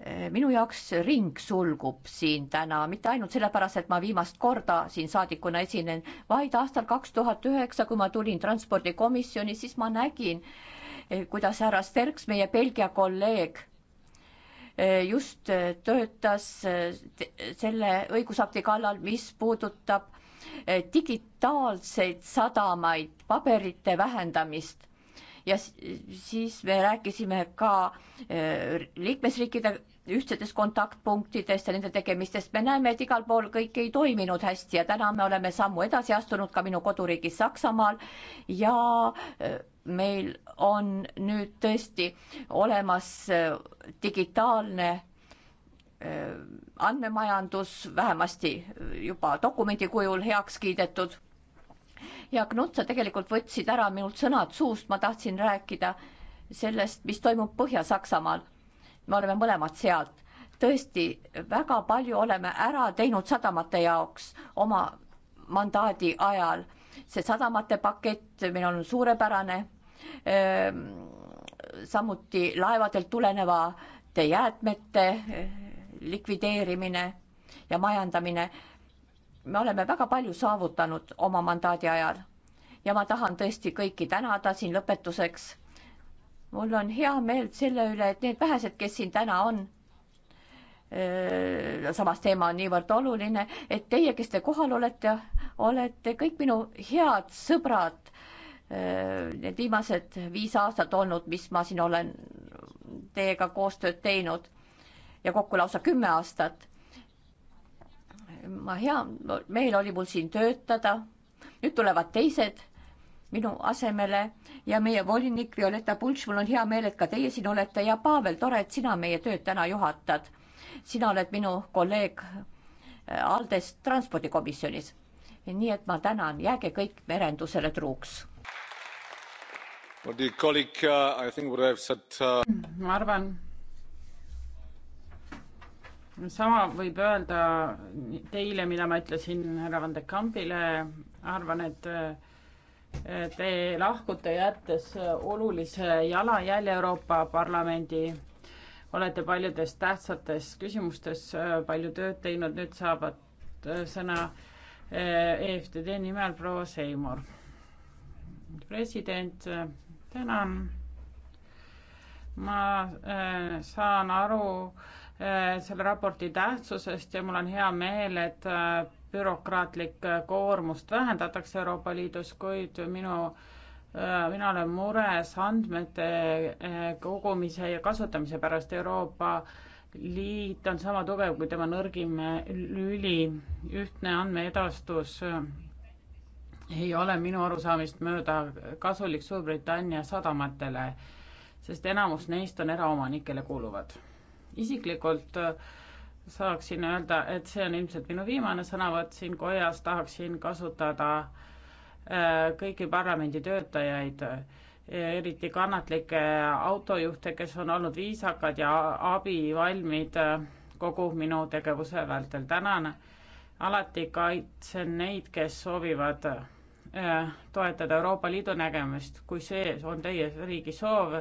Eh, minu jaoks ring sulgub siin täna, mitte ainult sellepärast, et ma viimast korda siin saadikuna esinen, vaid aastal kaks tuhat üheksa, kui ma tulin transpordikomisjoni, siis ma nägin, eh, kuidas härra Sterks, meie Belgia kolleeg, eh, just töötas selle õigusakti kallal, mis puudutab digitaalseid sadamaid, paberite vähendamist ja siis me rääkisime ka äh, liikmesriikide ühtsetest kontaktpunktidest ja nende tegemistest. me näeme, et igal pool kõik ei toiminud hästi ja täna me oleme sammu edasi astunud ka minu koduriigis Saksamaal ja äh, meil on nüüd tõesti olemas äh, digitaalne andmemajandus vähemasti juba dokumendi kujul heaks kiidetud ja Knut, sa tegelikult võtsid ära minult sõnad suust, ma tahtsin rääkida sellest, mis toimub Põhja-Saksamaal. me oleme mõlemad sealt. tõesti, väga palju oleme ära teinud sadamate jaoks oma mandaadi ajal. see sadamate pakett meil on suurepärane. Ehm, samuti laevadelt tulenevate jäätmete eh, likvideerimine ja majandamine me oleme väga palju saavutanud oma mandaadi ajal ja ma tahan tõesti kõiki tänada siin lõpetuseks. mul on hea meel selle üle, et need vähesed, kes siin täna on, samas teema on niivõrd oluline, et teie, kes te kohal olete, olete kõik minu head sõbrad. Need viimased viis aastat olnud, mis ma siin olen teiega koostööd teinud ja kokku lausa kümme aastat ma hea meel oli mul siin töötada. nüüd tulevad teised minu asemele ja meie volinik Violeta Pulš, mul on hea meel, et ka teie siin olete ja Pavel, tore, et sina meie tööd täna juhatad. sina oled minu kolleeg äh, Aldest transpordikomisjonis. nii et ma tänan, jääge kõik merendusele truuks. Uh, uh, ma arvan sama võib öelda teile, mida ma ütlesin härra Van de Kampile, arvan, et te lahkute, jättes olulise jalajälje Euroopa Parlamendi. olete paljudes tähtsates küsimustes palju tööd teinud, nüüd saavad äh, sõna äh, EFTD nimel proua Seimur. president, äh, tänan. ma saan aru äh, Äh, selle raporti tähtsusest ja mul on hea meel, et äh, bürokraatlik äh, koormust vähendatakse Euroopa Liidus, kuid minu, mina olen mures andmete kogumise ja kasutamise pärast. Euroopa Liit on sama tugev kui tema nõrgim lüli. ühtne andmeedastus ei ole minu arusaamist mööda kasulik Suurbritannia sadamatele, sest enamus neist on eraomanikele kuuluvad isiklikult äh, saaksin öelda, et see on ilmselt minu viimane sõnavõtt siin kojas, tahaksin kasutada äh, kõiki parlamendi töötajaid, äh, eriti kannatlikke autojuhte, kes on olnud viisakad ja abivalmid kogu minu tegevuse vältel. tänan, alati kaitsen neid, kes soovivad toetada Euroopa Liidu nägemist, kui see on teie riigi soov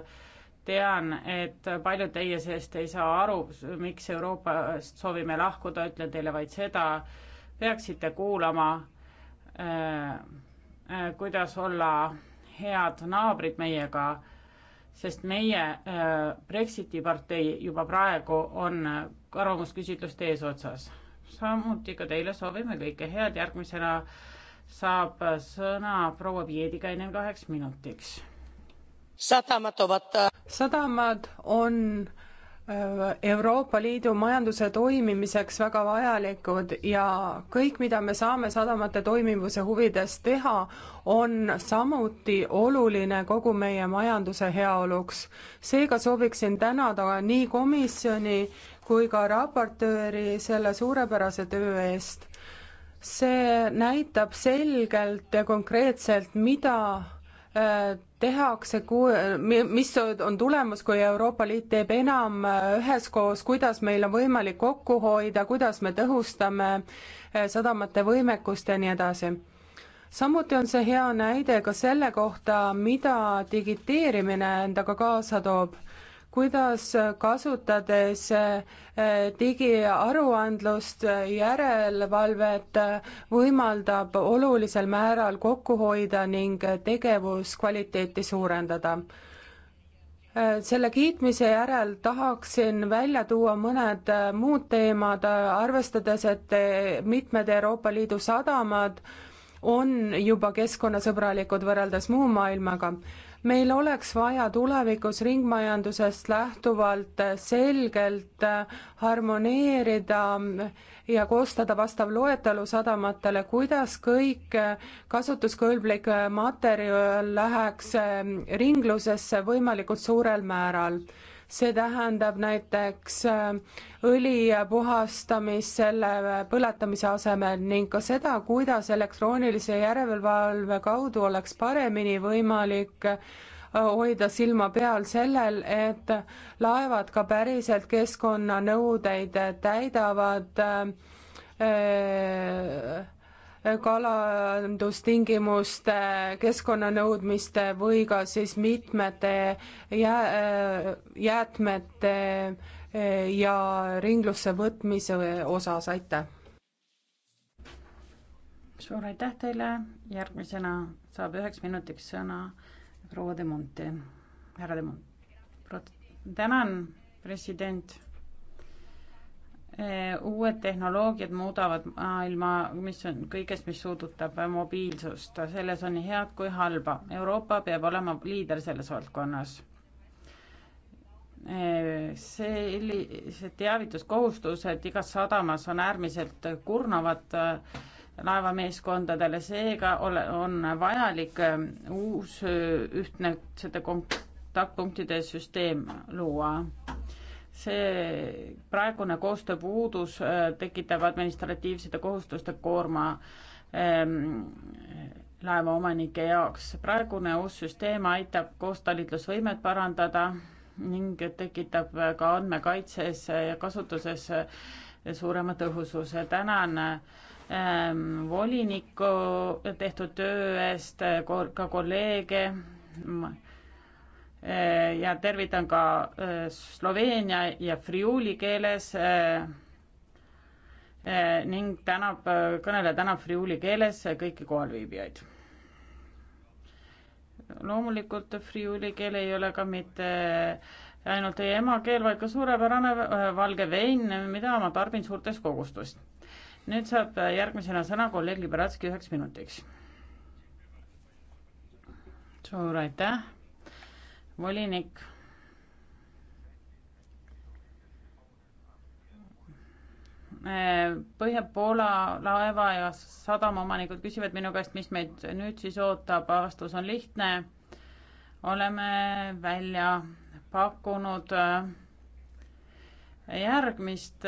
tean, et paljud teie seest ei saa aru, miks Euroopast soovime lahkuda, ütlen teile vaid seda, peaksite kuulama äh,, äh, kuidas olla head naabrid meiega, sest meie äh, Brexiti partei juba praegu on arvamusküsitluste eesotsas. samuti ka teile soovime kõike head, järgmisena saab sõna proua Piedikäinen kaheks minutiks sadamad äh, on äh, Euroopa Liidu majanduse toimimiseks väga vajalikud ja kõik, mida me saame sadamate toimivuse huvides teha, on samuti oluline kogu meie majanduse heaoluks. seega sooviksin tänada nii komisjoni kui ka raportööri selle suurepärase töö eest. see näitab selgelt ja konkreetselt, mida Äh, tehakse, mis on tulemus, kui Euroopa Liit teeb enam äh, üheskoos, kuidas meil on võimalik kokku hoida, kuidas me tõhustame äh, sadamate võimekust ja nii edasi. samuti on see hea näide ka selle kohta, mida digiteerimine endaga kaasa toob kuidas kasutades eh, digiaruandlust, eh, järelevalvet, eh, võimaldab olulisel määral kokku hoida ning tegevuskvaliteeti suurendada. selle kiitmise järel tahaksin välja tuua mõned muud teemad, arvestades, et mitmed Euroopa Liidu sadamad on juba keskkonnasõbralikud võrreldes muu maailmaga meil oleks vaja tulevikus ringmajandusest lähtuvalt selgelt äh, harmoneerida ja koostada vastav loetelu sadamatele, kuidas kõik äh, kasutuskõlblik äh, materjal läheks ringlusesse võimalikult suurel määral see tähendab näiteks äh, õli puhastamist selle põletamise asemel ning ka seda, kuidas elektroonilise järelevalve kaudu oleks paremini võimalik äh, hoida silma peal sellel, et laevad ka päriselt keskkonnanõudeid täidavad äh, äh kalandustingimuste, keskkonnanõudmiste või ka siis mitmete jää-, jäätmete eh, ja ringlusse võtmise osas, aitäh! suur aitäh teile, järgmisena saab üheks minutiks sõna proua de Monte, härra de Monte. tänan, president Eh, uued tehnoloogiad muudavad maailma, mis on kõigest, mis puudutab mobiilsust, selles on nii head kui halba. Euroopa peab olema liider selles valdkonnas. Eh, sellised teavituskohustused igas sadamas on äärmiselt kurnavad eh, laevameeskondadele, seega ole, on vajalik uus ühtne kontaktpunktide süsteem luua see praegune koostöö puudus äh, tekitab administratiivsete kohustuste koorma ähm, laevaomanike jaoks. praegune uus süsteem aitab koostalitlusvõimet parandada ning tekitab ka andmekaitses ja kasutuses äh, suurema tõhususe. tänan ähm, voliniku tehtud töö eest, äh, ka kolleege ja tervitan ka äh, Sloveenia ja Friuli keeles äh, äh, ning tänab, kõneleja tänab Friuli keeles kõiki kohalviibijaid. loomulikult Friuli keel ei ole ka mitte ainult teie emakeel, vaid ka suurepärane valge vein, mida ma tarbin suurtes kogustes. nüüd saab järgmisena sõna kolleeg Liberatski üheks minutiks. suur aitäh volinik. Põhja-Poola laeva ja sadama omanikud küsivad minu käest, mis meid nüüd siis ootab, vastus on lihtne. oleme välja pakkunud järgmist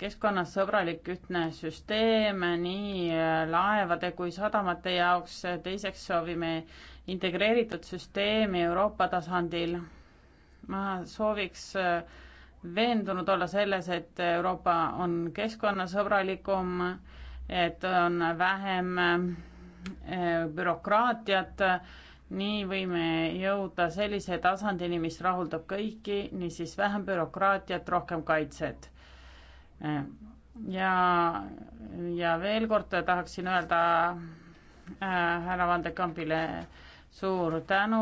keskkonnasõbralik ühtne süsteem nii äh, laevade kui sadamate jaoks, teiseks soovime integreeritud süsteemi Euroopa tasandil. ma sooviks äh, veendunud olla selles, et Euroopa on keskkonnasõbralikum, et on vähem äh, bürokraatiat, nii võime jõuda sellise tasandini, mis rahuldab kõiki, niisiis vähem bürokraatiat, rohkem kaitset ja, ja veel kord tahaksin öelda äh, härra Vandekampile suur tänu,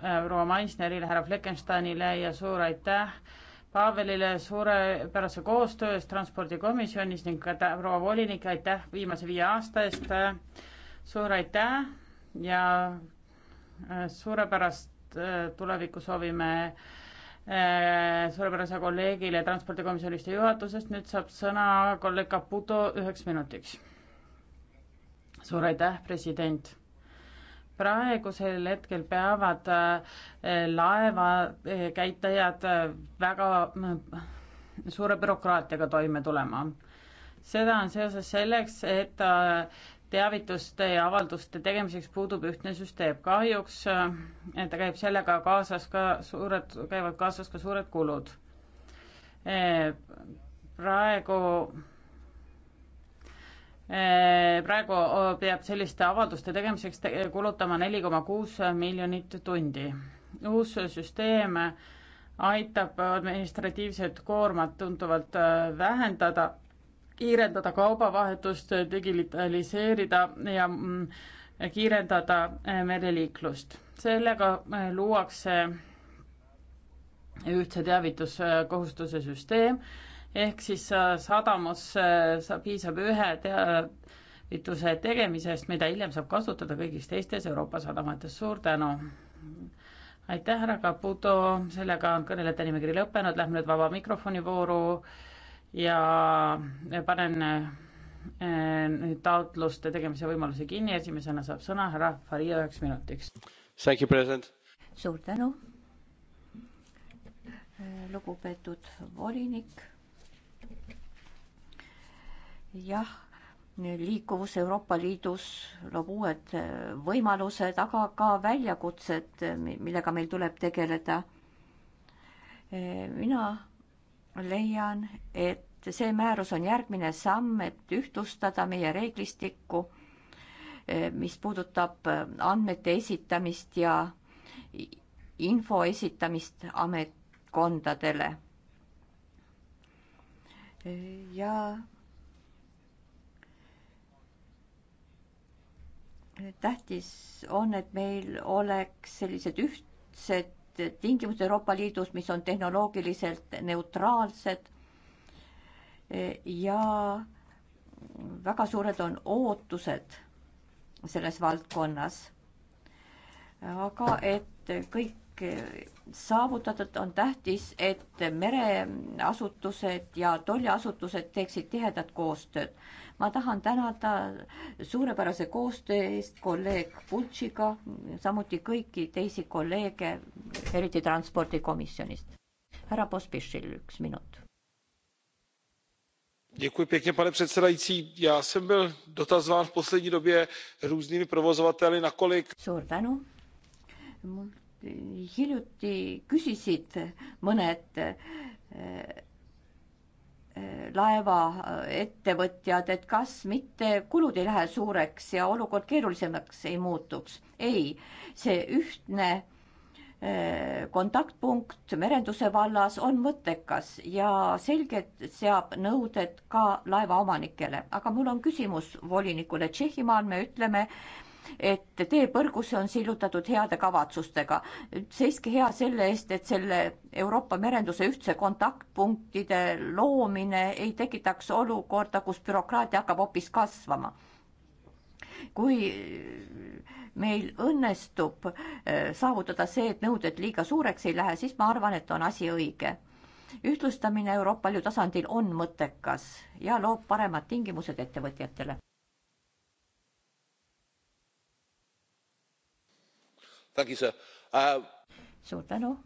äh, proua Maisnerile, härra Fleckensteinile ja suur aitäh Pavelile suurepärase koostöö eest transpordikomisjonis ning ka proua volinik, aitäh viimase viie aasta eest. Äh, suur aitäh ja suurepärast tulevikku soovime Äh, suurepärase kolleegile Transpordikomisjonist ja juhatusest, nüüd saab sõna kolleeg Caputo üheks minutiks. suur aitäh, president! praegusel hetkel peavad äh, laevakäitajad äh, väga suure bürokraatiaga toime tulema seda on seoses selleks, et teavituste ja avalduste tegemiseks puudub ühtne süsteem. kahjuks äh, ta käib sellega kaasas ka suured, käivad kaasas ka suured kulud. Äh, praegu, äh, praegu peab selliste avalduste tegemiseks te kulutama neli koma kuus miljonit tundi. uus süsteem aitab administratiivset koormat tuntuvalt vähendada kiirendada kaubavahetust, digitaliseerida ja mm, kiirendada äh, mereliiklust. sellega äh, luuakse ühtse teavituskohustuse süsteem ehk siis äh, sadamus piisab ühe teavituse tegemisest, mida hiljem saab kasutada kõigis teistes Euroopa sadamates. suur tänu! aitäh, härra Caputo, sellega on kõnelejate nimekiri lõppenud, lähme nüüd vaba mikrofoni vooru ja panen äh, nüüd taotluste tegemise võimaluse kinni, esimesena saab sõna härra Faria üheks minutiks. suur tänu. lugupeetud volinik. jah, liikuvus Euroopa Liidus loob uued võimalused, aga ka väljakutsed, millega meil tuleb tegeleda. mina leian, et see määrus on järgmine samm, et ühtlustada meie reeglistikku, eh, mis puudutab eh, andmete esitamist ja info esitamist ametkondadele. Eh, ja tähtis on, et meil oleks sellised ühtsed tingimused Euroopa Liidus, mis on tehnoloogiliselt neutraalsed ja väga suured on ootused selles valdkonnas. aga et kõik saavutatud, on tähtis, et mereasutused ja tolliasutused teeksid tihedat koostööd. ma tahan tänada suurepärase koostöö eest kolleeg Pultšiga, samuti kõiki teisi kolleege, eriti transpordikomisjonist. härra Pospišil üks minut. pane předsedající já jsem byl dotazován v poslední době různými provozovateli nakolik. suur tänu mul hiljuti küsisid mõned eh, eh, laevaettevõtjad, et kas mitte kulud ei lähe suureks ja olukord keerulisemaks ei muutuks. ei, see ühtne eh, kontaktpunkt merenduse vallas on mõttekas ja selgelt seab nõuded ka laevaomanikele, aga mul on küsimus volinikule. Tšehhimaal me ütleme, et tee põrgusse on sillutatud heade kavatsustega. seiske hea selle eest, et selle Euroopa merenduse ühtse kontaktpunktide loomine ei tekitaks olukorda, kus bürokraatia hakkab hoopis kasvama kui meil õnnestub äh, saavutada see, et nõuded liiga suureks ei lähe, siis ma arvan, et on asi õige. ühtlustamine Euroopa Liidu tasandil on mõttekas ja loob paremad tingimused ettevõtjatele. Uh... suur tänu.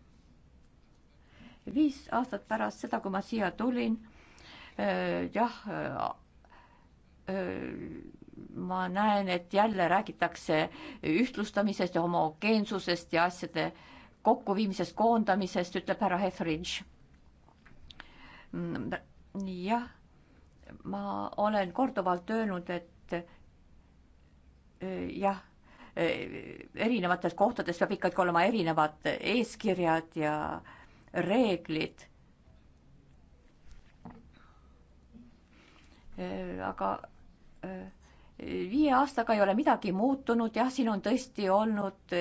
viis aastat pärast seda, kui ma siia tulin äh,, jah äh, äh,, ma näen, et jälle räägitakse ühtlustamisest ja homogeensusest ja asjade kokkuviimisest, koondamisest, ütleb härra Hefridž. Mm, jah, ma olen korduvalt öelnud, et äh, jah Eh, erinevates kohtades peab ikkagi olema erinevad eeskirjad ja reeglid. Eh, aga eh, viie aastaga ei ole midagi muutunud, jah, siin on tõesti olnud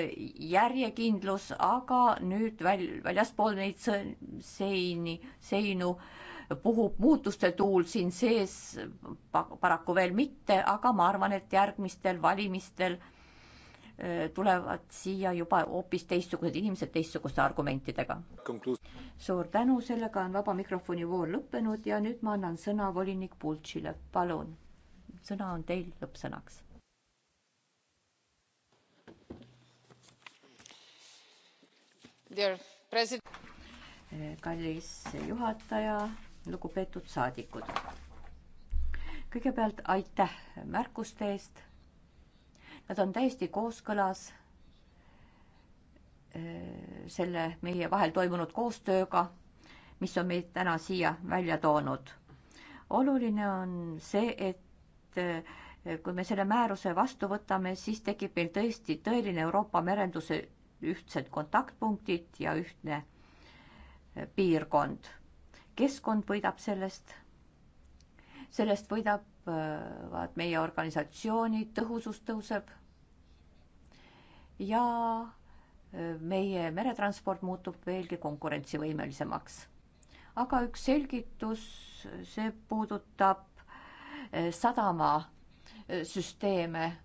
järjekindlus, aga nüüd väl-, väljaspool neid seini, seinu puhub muutuste tuul siin sees, paraku veel mitte, aga ma arvan, et järgmistel valimistel äh, Äh, tulevad siia juba hoopis teistsugused inimesed teistsuguste argumentidega. suur tänu, sellega on vaba mikrofoni voor lõppenud ja nüüd ma annan sõna volinik Pultšile, palun. sõna on teil lõppsõnaks. Äh, kallis juhataja, lugupeetud saadikud. kõigepealt aitäh märkuste eest Nad on täiesti kooskõlas äh, selle meie vahel toimunud koostööga, mis on meid täna siia välja toonud. oluline on see, et äh, kui me selle määruse vastu võtame, siis tekib meil tõesti tõeline Euroopa merenduse ühtsed kontaktpunktid ja ühtne äh, piirkond. keskkond võidab sellest, sellest võidab kasvavad äh, meie organisatsioonid, tõhusus tõuseb ja äh, meie meretransport muutub veelgi konkurentsivõimelisemaks. aga üks selgitus, see puudutab äh, sadamasüsteeme.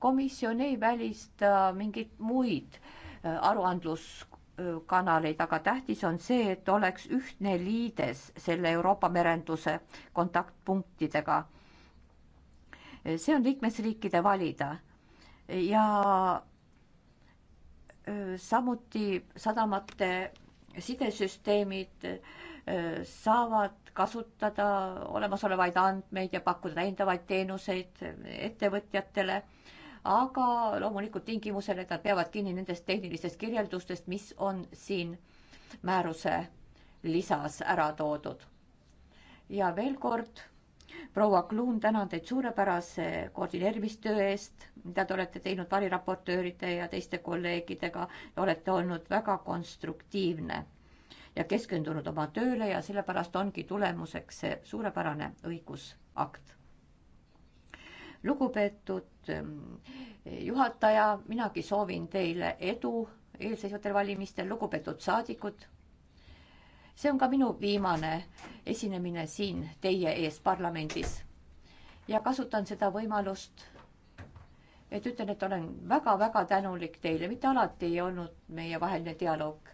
komisjon ei välista mingeid muid aruandlus kanaleid, aga tähtis on see, et oleks ühtne liides selle Euroopa merenduse kontaktpunktidega. see on liikmesriikide valida ja samuti sadamate sidesüsteemid saavad kasutada olemasolevaid andmeid ja pakkuda täiendavaid teenuseid ettevõtjatele aga loomulikult tingimusel, et nad peavad kinni nendest tehnilistest kirjeldustest, mis on siin määruse lisas ära toodud. ja veel kord, proua Kluun, tänan teid suurepärase koordineerimistöö eest, mida te olete teinud variraportööride ja teiste kolleegidega. olete olnud väga konstruktiivne ja keskendunud oma tööle ja sellepärast ongi tulemuseks see suurepärane õigusakt lugupeetud ehm, juhataja, minagi soovin teile edu eelseisvatel valimistel, lugupeetud saadikud. see on ka minu viimane esinemine siin teie ees parlamendis ja kasutan seda võimalust, et ütlen, et olen väga-väga tänulik teile, mitte alati ei olnud meievaheline dialoog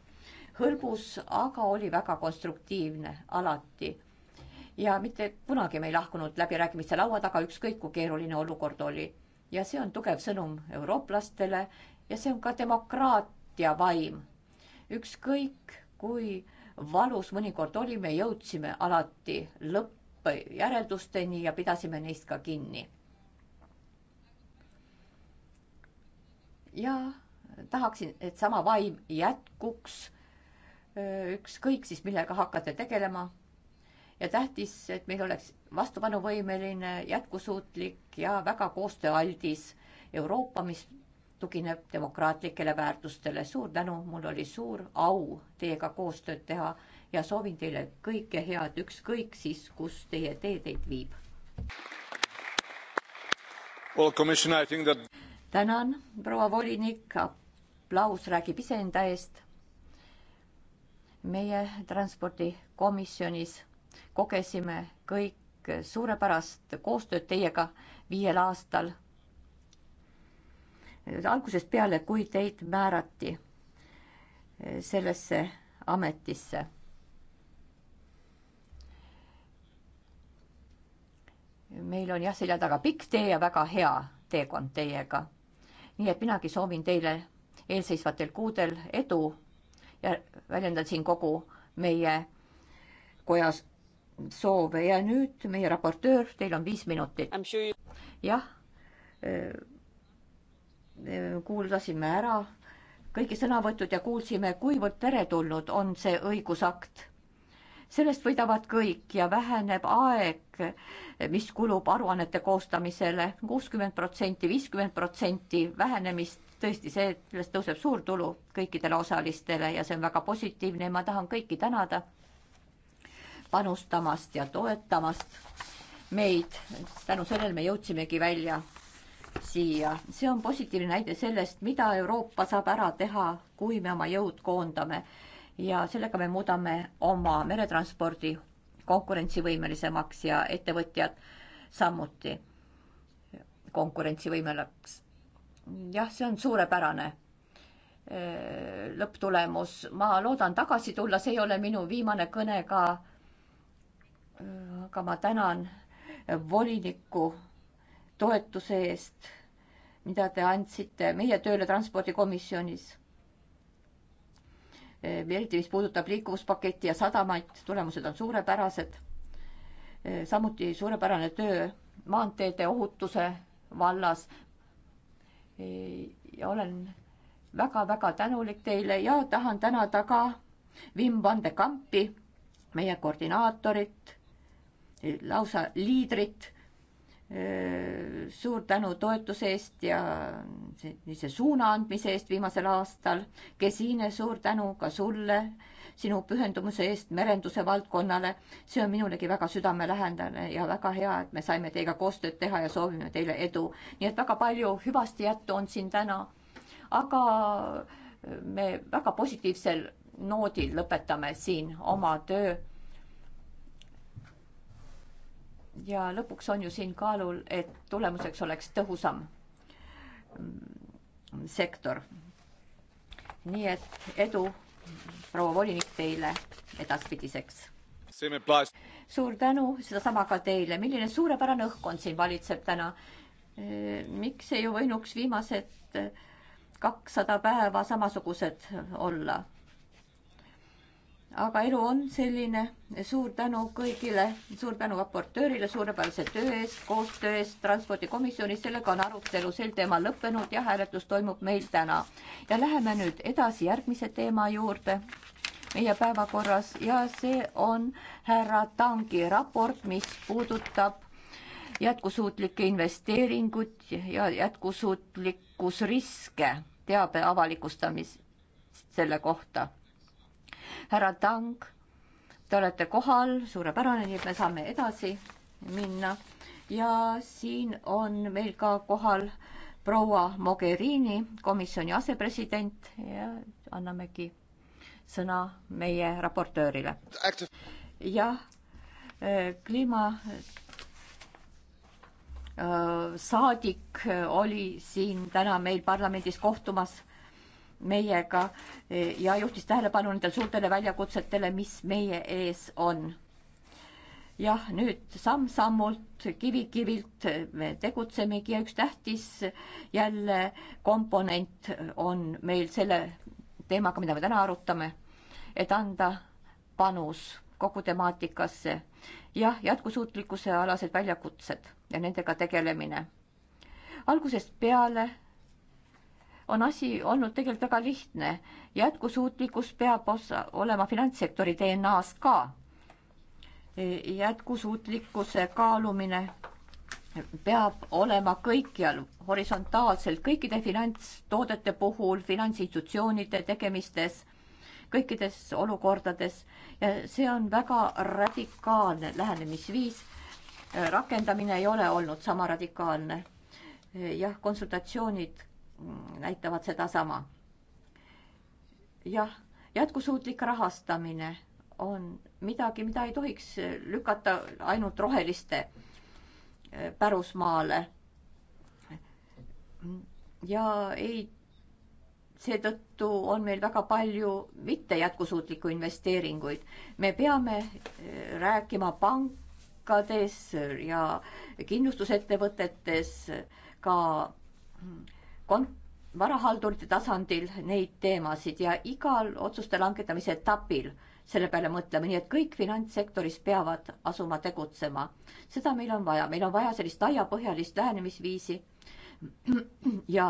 hõlbus, aga oli väga konstruktiivne alati ja mitte kunagi me ei lahkunud läbirääkimiste laua taga, ükskõik kui keeruline olukord oli. ja see on tugev sõnum eurooplastele ja see on ka demokraatia vaim. ükskõik kui valus mõnikord oli, me jõudsime alati lõppjäreldusteni ja pidasime neist ka kinni. ja tahaksin, et sama vaim jätkuks. ükskõik siis, millega hakkate tegelema ja tähtis, et meil oleks vastupanuvõimeline, jätkusuutlik ja väga koostööaldis Euroopa, mis tugineb demokraatlikele väärtustele. suur tänu, mul oli suur au teiega koostööd teha ja soovin teile kõike head, ükskõik siis, kus teie tee teid viib. That... tänan, proua volinik, aplaus räägib iseenda eest. meie transpordikomisjonis kogesime kõik suurepärast koostööd teiega viiel aastal. algusest peale, kui teid määrati sellesse ametisse. meil on jah, selja taga pikk tee ja väga hea teekond teiega. nii et minagi soovin teile eelseisvatel kuudel edu ja väljendan siin kogu meie kojas soove ja nüüd meie raportöör, teil on viis minutit. jah, äh, äh, kuulasime ära kõiki sõnavõtud ja kuulsime, kuivõrd teretulnud on see õigusakt. sellest võidavad kõik ja väheneb aeg, mis kulub aruannete koostamisele, kuuskümmend protsenti, viiskümmend protsenti vähenemist tõesti see, sellest tõuseb suur tulu kõikidele osalistele ja see on väga positiivne ja ma tahan kõiki tänada panustamast ja toetamast meid. tänu sellele me jõudsimegi välja siia. see on positiivne näide sellest, mida Euroopa saab ära teha, kui me oma jõud koondame ja sellega me muudame oma meretranspordi konkurentsivõimelisemaks ja ettevõtjad samuti konkurentsivõimeliseks. jah, see on suurepärane eh, lõpptulemus. ma loodan tagasi tulla, see ei ole minu viimane kõne ka aga ma tänan voliniku toetuse eest, mida te andsite meie tööle transpordikomisjonis. eriti, mis puudutab liikuvuspaketti ja sadamaid, tulemused on suurepärased. samuti suurepärane töö maanteede ohutuse vallas. ja olen väga-väga tänulik teile ja tahan tänada ka Wim van de Kampi, meie koordinaatorit lausa liidrit. suur tänu toetuse eest ja sellise suuna andmise eest viimasel aastal. Gesine, suur tänu ka sulle, sinu pühendumuse eest merenduse valdkonnale. see on minulegi väga südamelähedane ja väga hea, et me saime teiega koostööd teha ja soovime teile edu. nii et väga palju hüvasti jättu on siin täna. aga me väga positiivsel noodil lõpetame siin oma töö ja lõpuks on ju siin kaalul, et tulemuseks oleks tõhusam sektor. nii et edu, proua volinik, teile edaspidiseks. suur tänu, sedasama ka teile. milline suurepärane õhkkond siin valitseb täna. miks ei võinuks viimased kakssada päeva samasugused olla? aga elu on selline. suur tänu kõigile, suur tänu raportöörile suurepärase töö eest, koostöö eest transpordikomisjonis, sellega on arutelu sel teemal lõppenud ja hääletus toimub meil täna. ja läheme nüüd edasi järgmise teema juurde meie päevakorras ja see on härra Tangi raport, mis puudutab jätkusuutlikke investeeringuid ja jätkusuutlikkusriske teabe avalikustamist selle kohta härra Tank, te olete kohal, suurepärane, nii et me saame edasi minna. ja siin on meil ka kohal proua Mogherini, komisjoni asepresident ja annamegi sõna meie raportöörile. jah, äh, kliima äh, saadik oli siin täna meil parlamendis kohtumas meiega eh, ja juhtis tähelepanu nendele suurtele väljakutsetele, mis meie ees on. jah, nüüd samm-sammult, kivi-kivilt me tegutsemegi ja üks tähtis jälle komponent on meil selle teemaga, mida me täna arutame, et anda panus kogu temaatikasse. jah, jätkusuutlikkuse alased väljakutsed ja nendega tegelemine. algusest peale on asi olnud tegelikult väga lihtne. jätkusuutlikkus peab osa, olema finantssektori DNA-s ka. E, jätkusuutlikkuse kaalumine peab olema kõikjal horisontaalselt kõikide finantstoodete puhul, finantsinstitutsioonide tegemistes, kõikides olukordades ja see on väga radikaalne lähenemisviis. E, rakendamine ei ole olnud sama radikaalne. E, jah, konsultatsioonid Mm, näitavad sedasama. jah, jätkusuutlik rahastamine on midagi, mida ei tohiks lükata ainult roheliste eh, pärusmaale. ja ei, seetõttu on meil väga palju mitte jätkusuutlikku investeeringuid. me peame eh, rääkima pankades ja kindlustusettevõtetes ka mm, kon-, varahaldurite tasandil neid teemasid ja igal otsuste langetamise etapil selle peale mõtlema, nii et kõik finantssektoris peavad asuma tegutsema. seda meil on vaja, meil on vaja sellist laiapõhjalist lähenemisviisi ja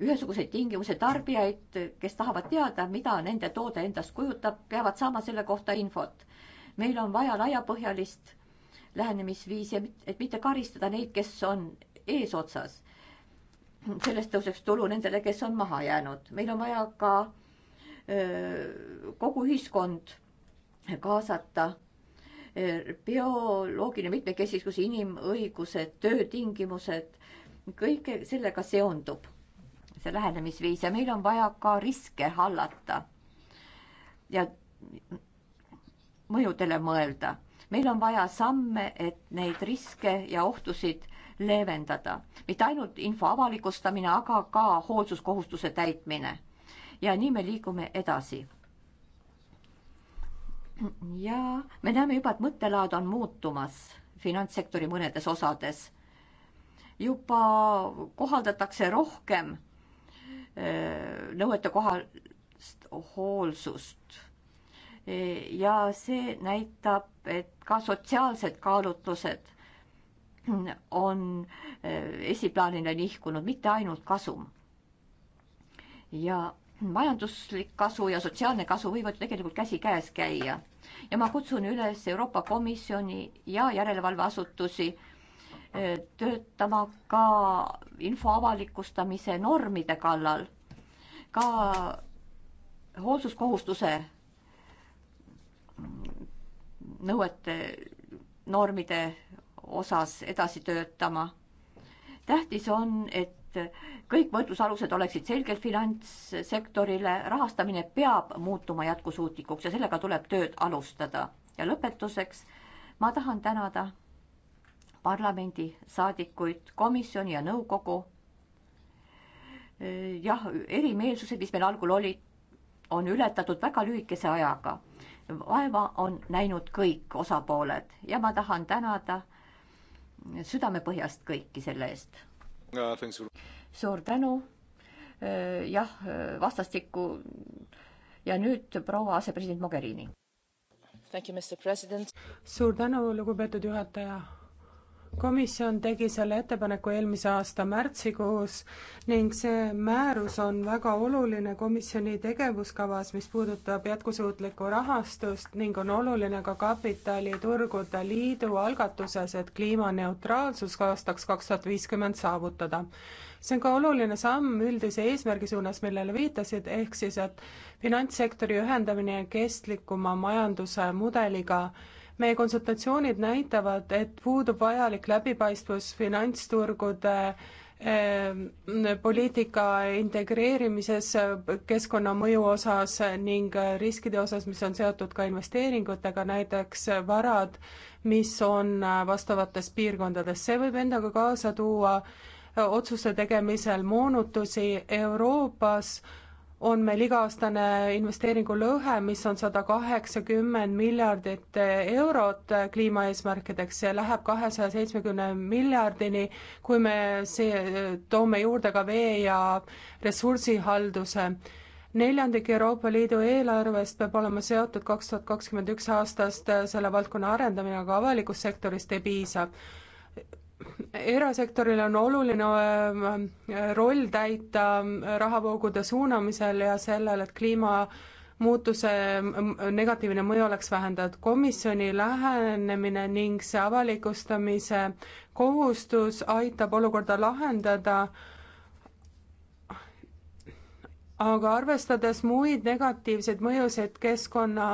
ühesuguseid tingimusi tarbijaid, kes tahavad teada, mida nende toode endast kujutab, peavad saama selle kohta infot. meil on vaja laiapõhjalist lähenemisviisi, et mitte karistada neid, kes on eesotsas sellest tõuseks tulu nendele, kes on maha jäänud. meil on vaja ka öö, kogu ühiskond kaasata. bioloogiline mitmekesisus, inimõigused, töötingimused, kõige sellega seondub see lähenemisviis ja meil on vaja ka riske hallata ja mõjudele mõelda. meil on vaja samme, et neid riske ja ohtusid leevendada. mitte ainult info avalikustamine, aga ka hoolsuskohustuse täitmine. ja nii me liigume edasi. ja me näeme juba, et mõttelaad on muutumas finantssektori mõnedes osades. juba kohaldatakse rohkem eh, nõuetekohast hoolsust eh, ja see näitab, et ka sotsiaalsed kaalutlused on eh, esiplaanile nihkunud mitte ainult kasum. ja majanduslik kasu ja sotsiaalne kasu võivad tegelikult käsikäes käia ja ma kutsun üles Euroopa Komisjoni ja järelevalveasutusi eh, töötama ka info avalikustamise normide kallal, ka hoolsuskohustuse nõuete normide osas edasi töötama. tähtis on, et kõik võrdlusalused oleksid selged finantssektorile, rahastamine peab muutuma jätkusuutlikuks ja sellega tuleb tööd alustada. ja lõpetuseks ma tahan tänada parlamendi saadikuid, komisjoni ja nõukogu. jah, erimeelsused, mis meil algul olid, on ületatud väga lühikese ajaga. vaeva on näinud kõik osapooled ja ma tahan tänada südamepõhjast kõiki selle eest. suur tänu. Äh, jah, vastastikku. ja nüüd proua asepresident Mogherini. suur tänu, lugupeetud juhataja komisjon tegi selle ettepaneku eelmise aasta märtsikuus ning see määrus on väga oluline komisjoni tegevuskavas, mis puudutab jätkusuutlikku rahastust ning on oluline ka kapitaliturgude liidu algatuses, et kliimaneutraalsus aastaks kaks tuhat viiskümmend saavutada. see on ka oluline samm üldise eesmärgi suunas, millele viitasid, ehk siis, et finantssektori ühendamine kestlikuma majanduse mudeliga meie konsultatsioonid näitavad, et puudub vajalik läbipaistvus finantsturgude ehm, poliitika integreerimises keskkonnamõju osas ning riskide osas, mis on seotud ka investeeringutega, näiteks varad, mis on vastavates piirkondades, see võib endaga kaasa tuua otsuste tegemisel moonutusi Euroopas on meil iga-aastane investeeringulõhe, mis on sada kaheksakümmend miljardit eurot kliimaeesmärkideks, see läheb kahesaja seitsmekümne miljardini, kui me see, toome juurde ka vee ja ressursihalduse. neljandik Euroopa Liidu eelarvest peab olema seotud kaks tuhat kakskümmend üks aastast selle valdkonna arendamine, aga avalikust sektorist ei piisa erasektoril on oluline äh, äh, roll täita äh, rahavoogude suunamisel ja sellel, et kliimamuutuse negatiivne mõju oleks vähendatud. komisjoni lähenemine ning see avalikustamise kohustus aitab olukorda lahendada, aga arvestades muid negatiivseid mõjusid keskkonna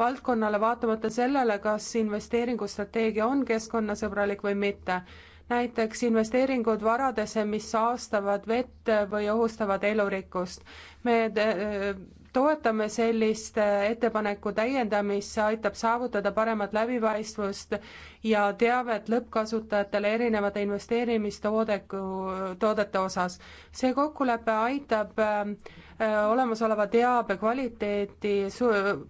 valdkonnale, vaatamata sellele, kas investeeringustrateegia on keskkonnasõbralik või mitte. näiteks investeeringud varadesse, mis saastavad vett või ohustavad elurikkust. me toetame sellist äh, ettepaneku täiendamist, see aitab saavutada paremat läbipaistvust ja teavet lõppkasutajatele erinevate investeerimistoodeku, toodete osas. see kokkulepe aitab äh, äh, olemasoleva teabe kvaliteeti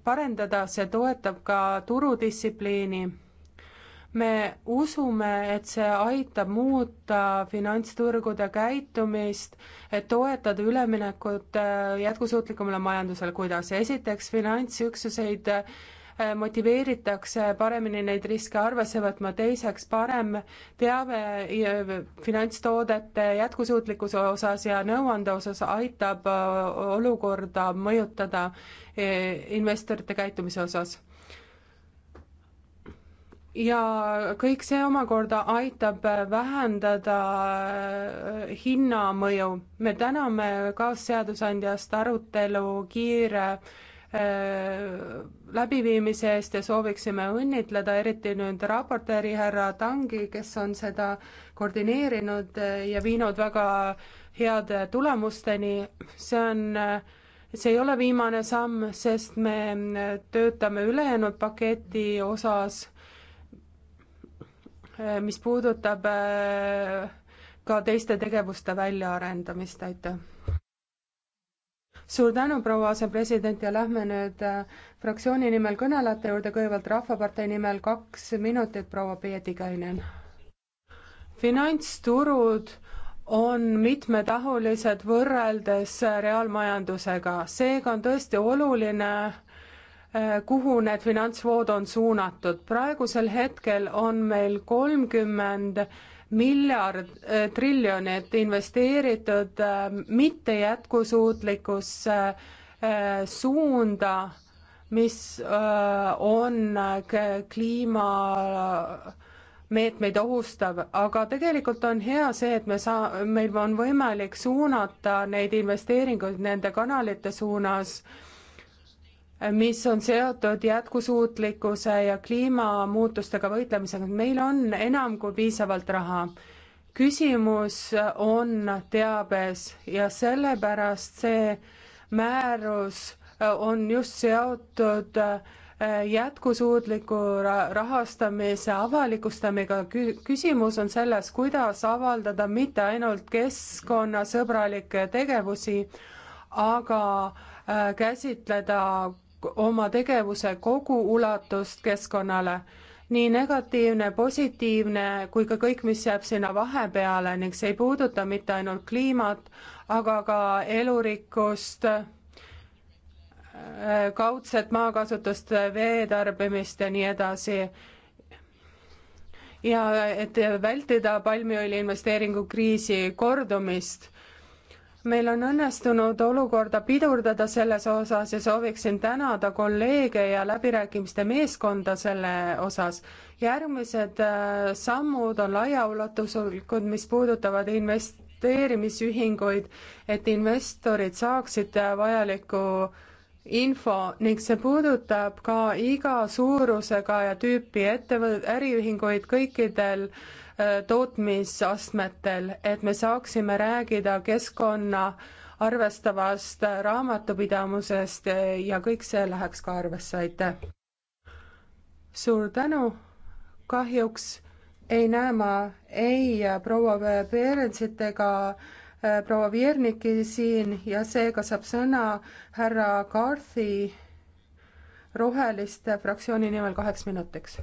parendada, see toetab ka turudistsipliini me usume, et see aitab muuta finantsturgude käitumist, et toetada üleminekut äh, jätkusuutlikumale majandusele, kuidas esiteks finantsüksuseid äh, motiveeritakse paremini neid riske arvesse võtma, teiseks parem teave finantstoodete jätkusuutlikkuse osas ja nõuande osas aitab äh, olukorda mõjutada investorite käitumise osas ja kõik see omakorda aitab vähendada äh, hinnamõju. me täname kaasseadusandjast arutelu kiire äh, läbiviimise eest ja sooviksime õnnitleda eriti nüüd raportööri härra Tangi, kes on seda koordineerinud äh, ja viinud väga heade tulemusteni. see on äh, see ei ole viimane samm, sest me töötame ülejäänud paketi osas Eh, mis puudutab eh, ka teiste tegevuste väljaarendamist, aitäh. suur tänu, proua asepresident ja lähme nüüd eh, fraktsiooni nimel kõnelejate juurde, kõigepealt Rahvapartei nimel kaks minutit, proua Peetikainen. finantsturud on mitmetahulised võrreldes reaalmajandusega, seega on tõesti oluline Äh, kuhu need finantsvood on suunatud. praegusel hetkel on meil kolmkümmend miljard äh,, triljonit investeeritud äh, mitte jätkusuutlikusse äh, suunda, mis äh, on äh, kliima meetmeid ohustav, aga tegelikult on hea see, et me saa-, meil on võimalik suunata neid investeeringuid nende kanalite suunas äh,, mis on seotud jätkusuutlikkuse ja kliimamuutustega võitlemisega, meil on enam kui piisavalt raha. küsimus on teabes ja sellepärast see määrus äh, on just seotud äh, jätkusuutliku rahastamise avalikustamisega. küsimus on selles, kuidas avaldada mitte ainult keskkonnasõbralikke tegevusi, aga äh, käsitleda oma tegevuse kogu ulatust keskkonnale, nii negatiivne, positiivne kui ka kõik, mis jääb sinna vahepeale ning see ei puuduta mitte ainult kliimat, aga ka elurikkust, kaudset maakasutust, vee tarbimist ja nii edasi. ja et vältida palmiõli investeeringukriisi kordumist meil on õnnestunud olukorda pidurdada selles osas ja sooviksin tänada kolleege ja läbirääkimiste meeskonda selle osas. järgmised äh, sammud on laiaulatuslikud, mis puudutavad investeerimisühinguid, et investorid saaksid äh, vajalikku info ning see puudutab ka iga suurusega ja tüüpi ettevõt-, äriühinguid kõikidel äh, Äh, tootmisastmetel, et me saaksime rääkida keskkonna arvestavast raamatupidamusest äh, ja kõik see läheks ka arvesse, aitäh. suur tänu, kahjuks ei näe ma ei äh, proua Peerensit ega proua Vierniki siin ja seega saab sõna härra Garthi roheliste fraktsiooni nimel kaheks minutiks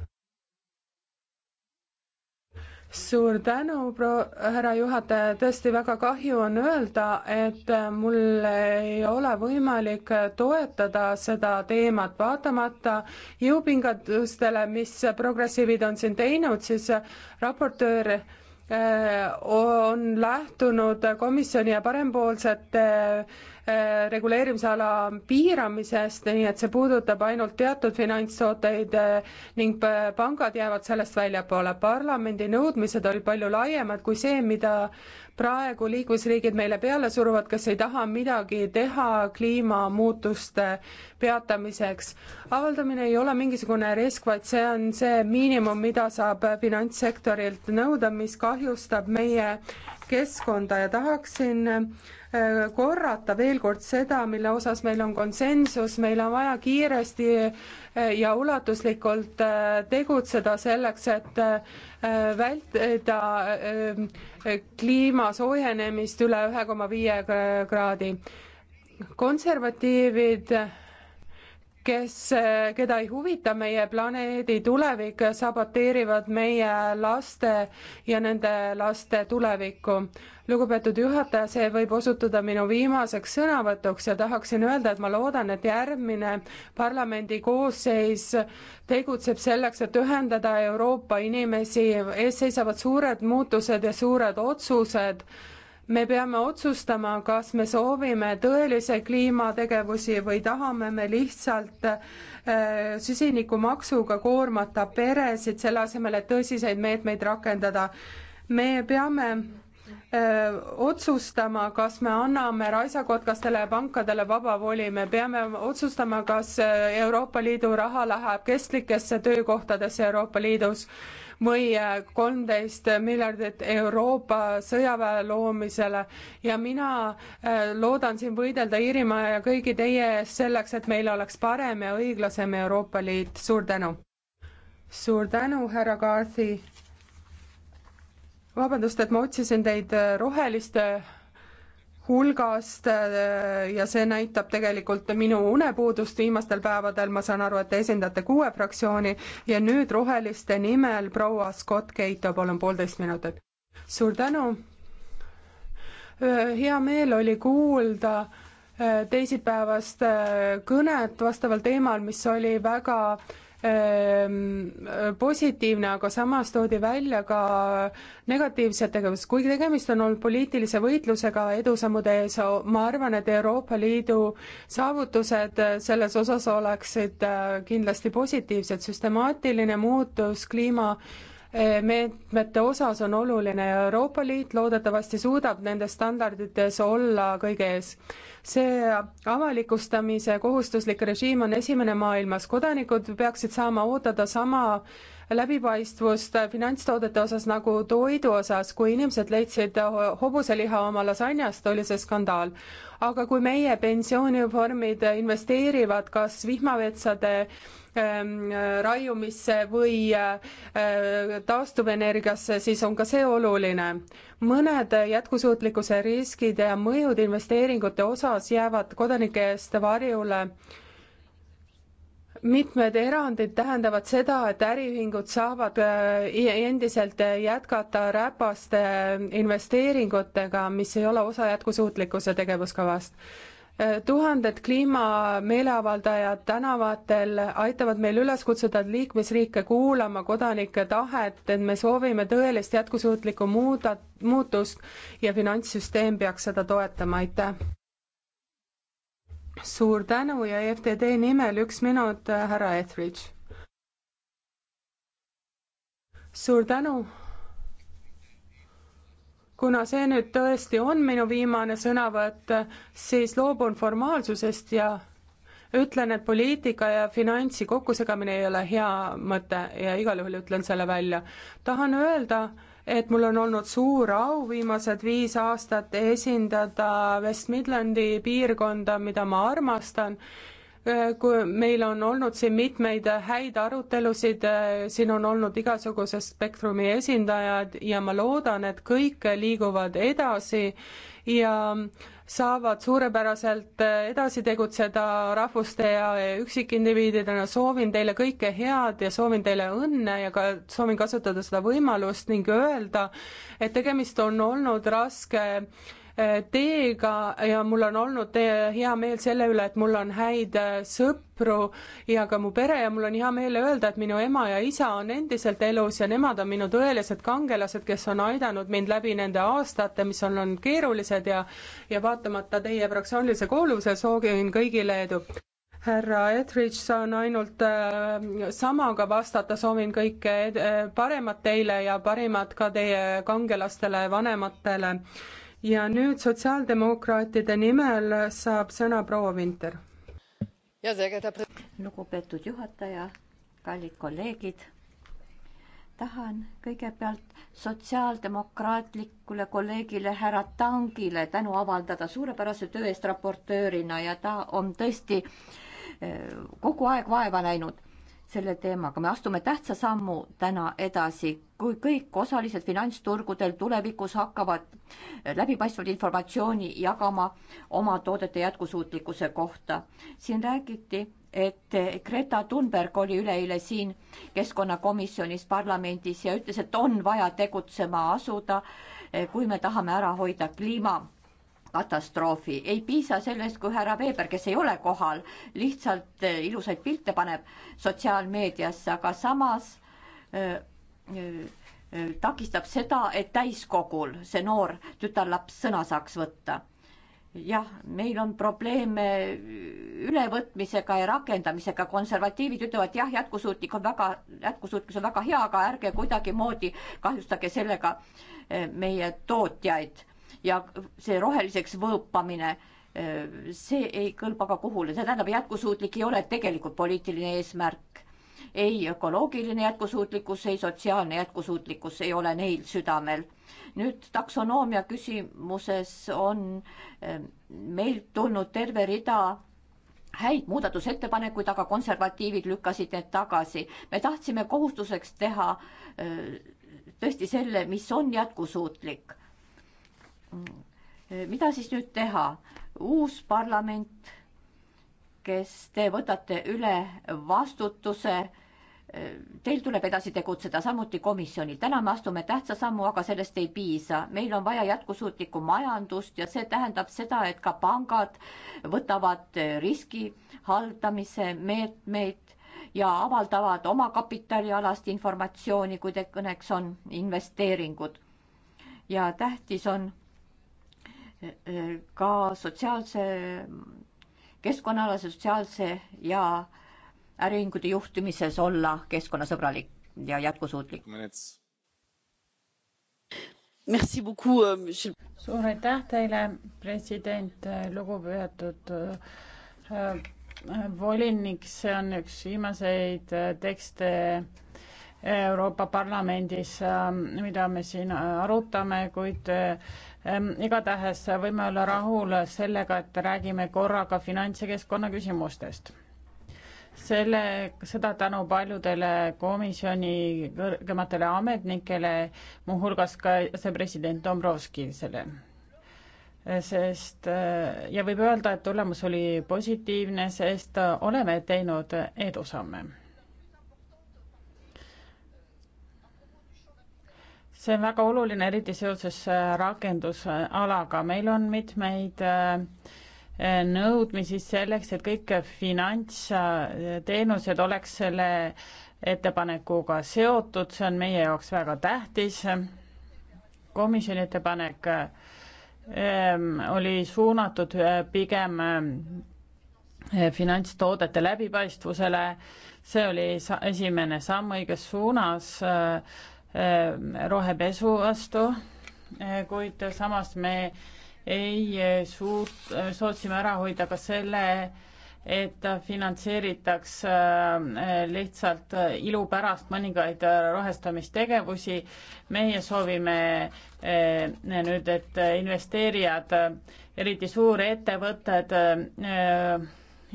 suur tänu, pro-, härra juhataja, tõesti väga kahju on öelda, et mul ei ole võimalik toetada seda teemat, vaatamata jõupingutustele, mis progressiivid on siin teinud, siis raportöör eh, on lähtunud komisjoni ja parempoolsete Äh, reguleerimisala piiramisest, nii et see puudutab ainult teatud finantstooteid äh, ning pangad jäävad sellest väljapoole. parlamendi nõudmised olid palju laiemad kui see, mida praegu liikmesriigid meile peale suruvad, kes ei taha midagi teha kliimamuutuste peatamiseks. avaldamine ei ole mingisugune risk, vaid see on see miinimum, mida saab finantssektorilt nõuda, mis kahjustab meie keskkonda ja tahaksin korrata veel kord seda, mille osas meil on konsensus, meil on vaja kiiresti ja ulatuslikult äh, tegutseda selleks, et äh, vältida äh, kliima soojenemist üle ühe koma viie kraadi. konservatiivid kes, keda ei huvita meie planeedi tulevik, saboteerivad meie laste ja nende laste tulevikku. lugupeetud juhataja, see võib osutuda minu viimaseks sõnavõtuks ja tahaksin öelda, et ma loodan, et järgmine parlamendi koosseis tegutseb selleks, et ühendada Euroopa inimesi, ees seisavad suured muutused ja suured otsused me peame otsustama, kas me soovime tõelise kliimategevusi või tahame me lihtsalt äh, süsinikumaksuga koormata peresid, selle asemel, et tõsiseid meetmeid rakendada. me peame otsustama, kas me anname raisakotkastele ja pankadele vaba voli, me peame otsustama, kas Euroopa Liidu raha läheb kestlikesse töökohtadesse Euroopa Liidus või kolmteist miljardit Euroopa sõjaväe loomisele ja mina loodan siin võidelda Iirimaa ja kõigi teie ees selleks, et meil oleks parem ja õiglasem Euroopa Liit, suur tänu! suur tänu, härra Kaarsi! vabandust, et ma otsisin teid äh, roheliste hulgast äh, ja see näitab tegelikult minu unepuudust viimastel päevadel, ma saan aru, et te esindate kuue fraktsiooni ja nüüd Roheliste nimel proua Scott Keito, palun poolteist minutit. suur tänu, hea meel oli kuulda äh, teisipäevast kõnet vastaval teemal, mis oli väga äh, Ehm, positiivne, aga samas toodi välja ka negatiivsed tegevused. kuigi tegemist on olnud poliitilise võitlusega edusammude ees, ma arvan, et Euroopa Liidu saavutused selles osas oleksid äh, kindlasti positiivsed. süstemaatiline muutus kliima meetmete osas on oluline ja Euroopa Liit loodetavasti suudab nendes standardites olla kõige ees. see avalikustamise kohustuslik režiim on esimene maailmas, kodanikud peaksid saama ootada sama läbipaistvust finantstoodete osas nagu toidu osas, kui inimesed leidsid hobuseliha oma lasanjast, oli see skandaal. aga kui meie pensionireformid investeerivad kas vihmavetsade Ähm, raiumisse või äh, taastuvenergiasse, siis on ka see oluline. mõned jätkusuutlikkuse riskid ja mõjud investeeringute osas jäävad kodanike eest varjule mitmed erandid tähendavad seda, et äriühingud saavad äh, endiselt jätkata räpaste investeeringutega, mis ei ole osa jätkusuutlikkuse tegevuskavast tuhanded kliimameeleavaldajad tänavatel aitavad meil üles kutsuda liikmesriike kuulama kodanike tahet, et me soovime tõelist jätkusuutlikku muuda, muutust ja finantssüsteem peaks seda toetama, aitäh! suur tänu ja EFTD nimel üks minut, härra Etheridge. suur tänu kuna see nüüd tõesti on minu viimane sõnavõtt, siis loobun formaalsusest ja ütlen, et poliitika ja finantsi kokkusegamine ei ole hea mõte ja igal juhul ütlen selle välja. tahan öelda, et mul on olnud suur au viimased viis aastat esindada West Midlandi piirkonda, mida ma armastan Äh, kui meil on olnud siin mitmeid häid arutelusid, äh, siin on olnud igasuguse spektrumi esindajad ja ma loodan, et kõik liiguvad edasi ja saavad suurepäraselt äh, edasi tegutseda rahvuste ja üksikindiviididena. soovin teile kõike head ja soovin teile õnne ja ka soovin kasutada seda võimalust ning öelda, et tegemist on olnud raske Äh, teiega ja mul on olnud teie hea meel selle üle, et mul on häid äh, sõpru ja ka mu pere ja mul on hea meel öelda, et minu ema ja isa on endiselt elus ja nemad on minu tõelised kangelased, kes on aidanud mind läbi nende aastate, mis on olnud keerulised ja ja vaatamata teie fraktsioonilise kuuluvuse soovin kõigile edu härra Etheridge, saan ainult äh, samaga vastata, soovin kõike äh, paremat teile ja parimat ka teie kangelastele, vanematele äh, ja nüüd sotsiaaldemokraatide nimel saab sõna proua Vinter. lugupeetud juhataja, kallid kolleegid. tahan kõigepealt sotsiaaldemokraatlikule kolleegile härra Tangile tänu avaldada suurepärase töö eest raportöörina ja ta on tõesti eh, kogu aeg vaeva näinud selle teemaga, me astume tähtsa sammu täna edasi, kui kõik osalised finantsturgudel tulevikus hakkavad eh, läbipaistvat informatsiooni jagama oma toodete jätkusuutlikkuse kohta. siin räägiti, et eh, Greta Thunberg oli üleeile siin keskkonnakomisjonis parlamendis ja ütles, et on vaja tegutsema asuda, eh, kui me tahame ära hoida kliima katastroofi. ei piisa sellest, kui härra Veber, kes ei ole kohal, lihtsalt eh, ilusaid pilte paneb sotsiaalmeediasse, aga samas öö, eh, öö, eh, takistab seda, et täiskogul see noor tütarlaps sõna saaks võtta. jah, meil on probleeme ülevõtmisega ja rakendamisega, konservatiivid ütlevad jah, jätkusuutlik on väga, jätkusuutlikkus on väga hea, aga ärge kuidagimoodi kahjustage sellega meie tootjaid ja see roheliseks võõpamine, see ei kõlba ka kuhule, see tähendab, jätkusuutlik ei ole tegelikult poliitiline eesmärk. ei ökoloogiline jätkusuutlikkus, ei sotsiaalne jätkusuutlikkus ei ole neil südamel. nüüd taksonoomia küsimuses on eh, meilt tulnud terve rida häid muudatusettepanekuid, aga konservatiivid lükkasid need tagasi. me tahtsime kohustuseks teha eh, tõesti selle, mis on jätkusuutlik mida siis nüüd teha? uus parlament, kes te võtate üle vastutuse, teil tuleb edasi tegutseda, samuti komisjonil. täna me astume tähtsa sammu, aga sellest ei piisa. meil on vaja jätkusuutlikku majandust ja see tähendab seda, et ka pangad võtavad riski haldamise meetmeid ja avaldavad omakapitalialast informatsiooni, kui te kõneks on investeeringud. ja tähtis on ka sotsiaalse, keskkonnaalase, sotsiaalse ja äriühingute juhtimises olla keskkonnasõbralik ja jätkusuutlik. Euh, suur aitäh teile, president, äh, lugupeetud äh, äh, volinik, see on üks viimaseid tekste Euroopa Parlamendis, mida me siin arutame, kuid Ehm, igatahes võime olla rahul sellega, et räägime korraga finants- ja keskkonna küsimustest. selle, seda tänu paljudele komisjoni kõrgematele ametnikele, muuhulgas ka asepresident Dombrovskisele. sest ja võib öelda, et tulemus oli positiivne, sest oleme teinud edusamme see on väga oluline, eriti seoses äh, rakendusalaga. meil on mitmeid äh, äh, nõudmisi selleks, et kõik finantsteenused oleks selle ettepanekuga seotud, see on meie jaoks väga tähtis. komisjoni ettepanek ähm, oli suunatud pigem finantstoodete läbipaistvusele, see oli esimene samm õiges suunas Ehm, rohepesu vastu, eh, kuid samas me ei suut-, sootsime ära hoida ka selle, et ta finantseeritaks eh, lihtsalt ilu pärast mõningaid rohestamistegevusi. meie soovime eh, nüüd, et investeerijad, eriti suurettevõtted,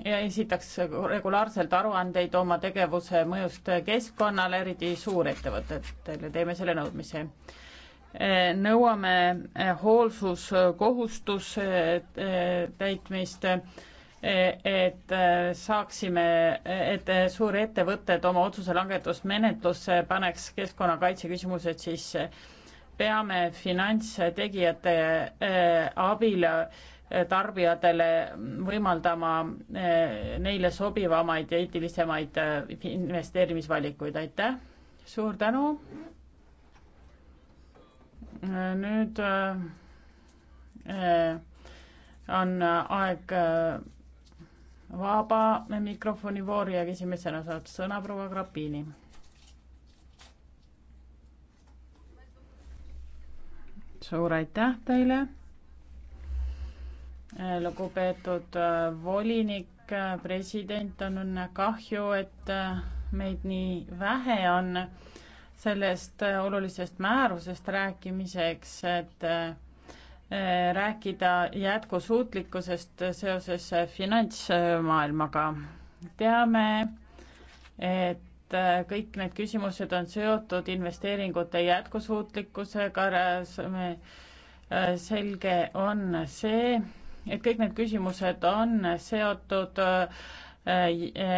ja esitaks regulaarselt aruandeid oma tegevuse mõjust keskkonnale, eriti suurettevõtetele, teeme selle nõudmise. nõuame eh, hoolsuskohustuse eh, täitmist, eh, et saaksime, et suurettevõtted oma otsuse langetusmenetlusse paneks keskkonnakaitse küsimused sisse. peame finantstegijate abil tarbijatele võimaldama eh, neile sobivamaid ja eetilisemaid eh, investeerimisvalikuid, aitäh, suur tänu. Eh, nüüd on aeg vaba mikrofoni voor ja esimesena saab sõna proua Grapini. suur aitäh teile lugupeetud äh, volinik, äh, president, on kahju, et äh, meid nii vähe on sellest olulisest määrusest rääkimiseks, et rääkida jätkusuutlikkusest seoses finantsmaailmaga. teame, et kõik need küsimused on seotud investeeringute jätkusuutlikkusega, selge on see, et kõik need küsimused on seotud äh, äh,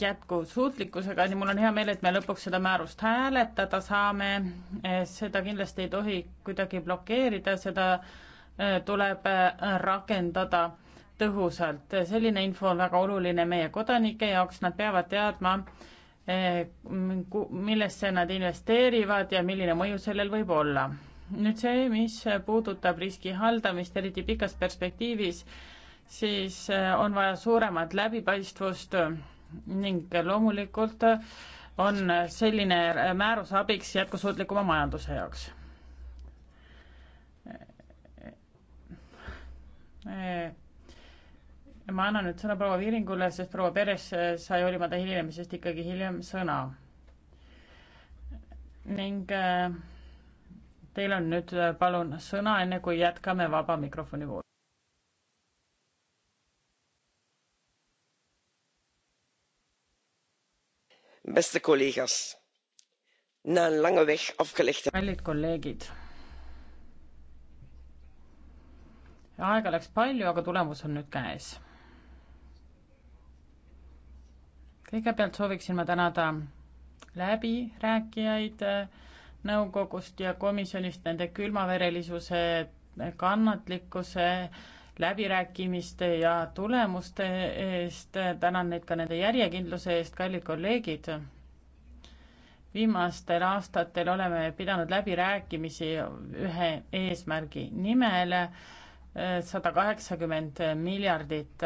jätkusuutlikkusega, nii mul on hea meel, et me lõpuks seda määrust hääletada saame, äh, seda kindlasti ei tohi kuidagi blokeerida, seda tuleb rakendada tõhusalt. selline info on väga oluline meie kodanike jaoks, nad peavad teadma, millesse nad investeerivad ja milline mõju sellel võib olla nüüd see, mis puudutab riski haldamist, eriti pikas perspektiivis, siis äh, on vaja suuremat läbipaistvust ning loomulikult on selline äh, määrus abiks jätkusuutlikuma majanduse jaoks. Äh, ma annan nüüd sõna proua Viiringule, sest proua Peres sai hoolimata hilinemisest ikkagi hiljem sõna. ning äh, Teil on nüüd äh, palun sõna, enne kui jätkame vaba mikrofoni vooru. beste collega's na een lange weg afgelegd. kallid kolleegid. aega läks palju, aga tulemus on nüüd käes. kõigepealt sooviksin ma tänada läbirääkijaid äh, nõukogust ja komisjonist nende külmaverelisuse, kannatlikkuse, läbirääkimiste ja tulemuste eest, tänan neid ka nende järjekindluse eest, kallid kolleegid. viimastel aastatel oleme pidanud läbirääkimisi ühe eesmärgi nimel, sada kaheksakümmend miljardit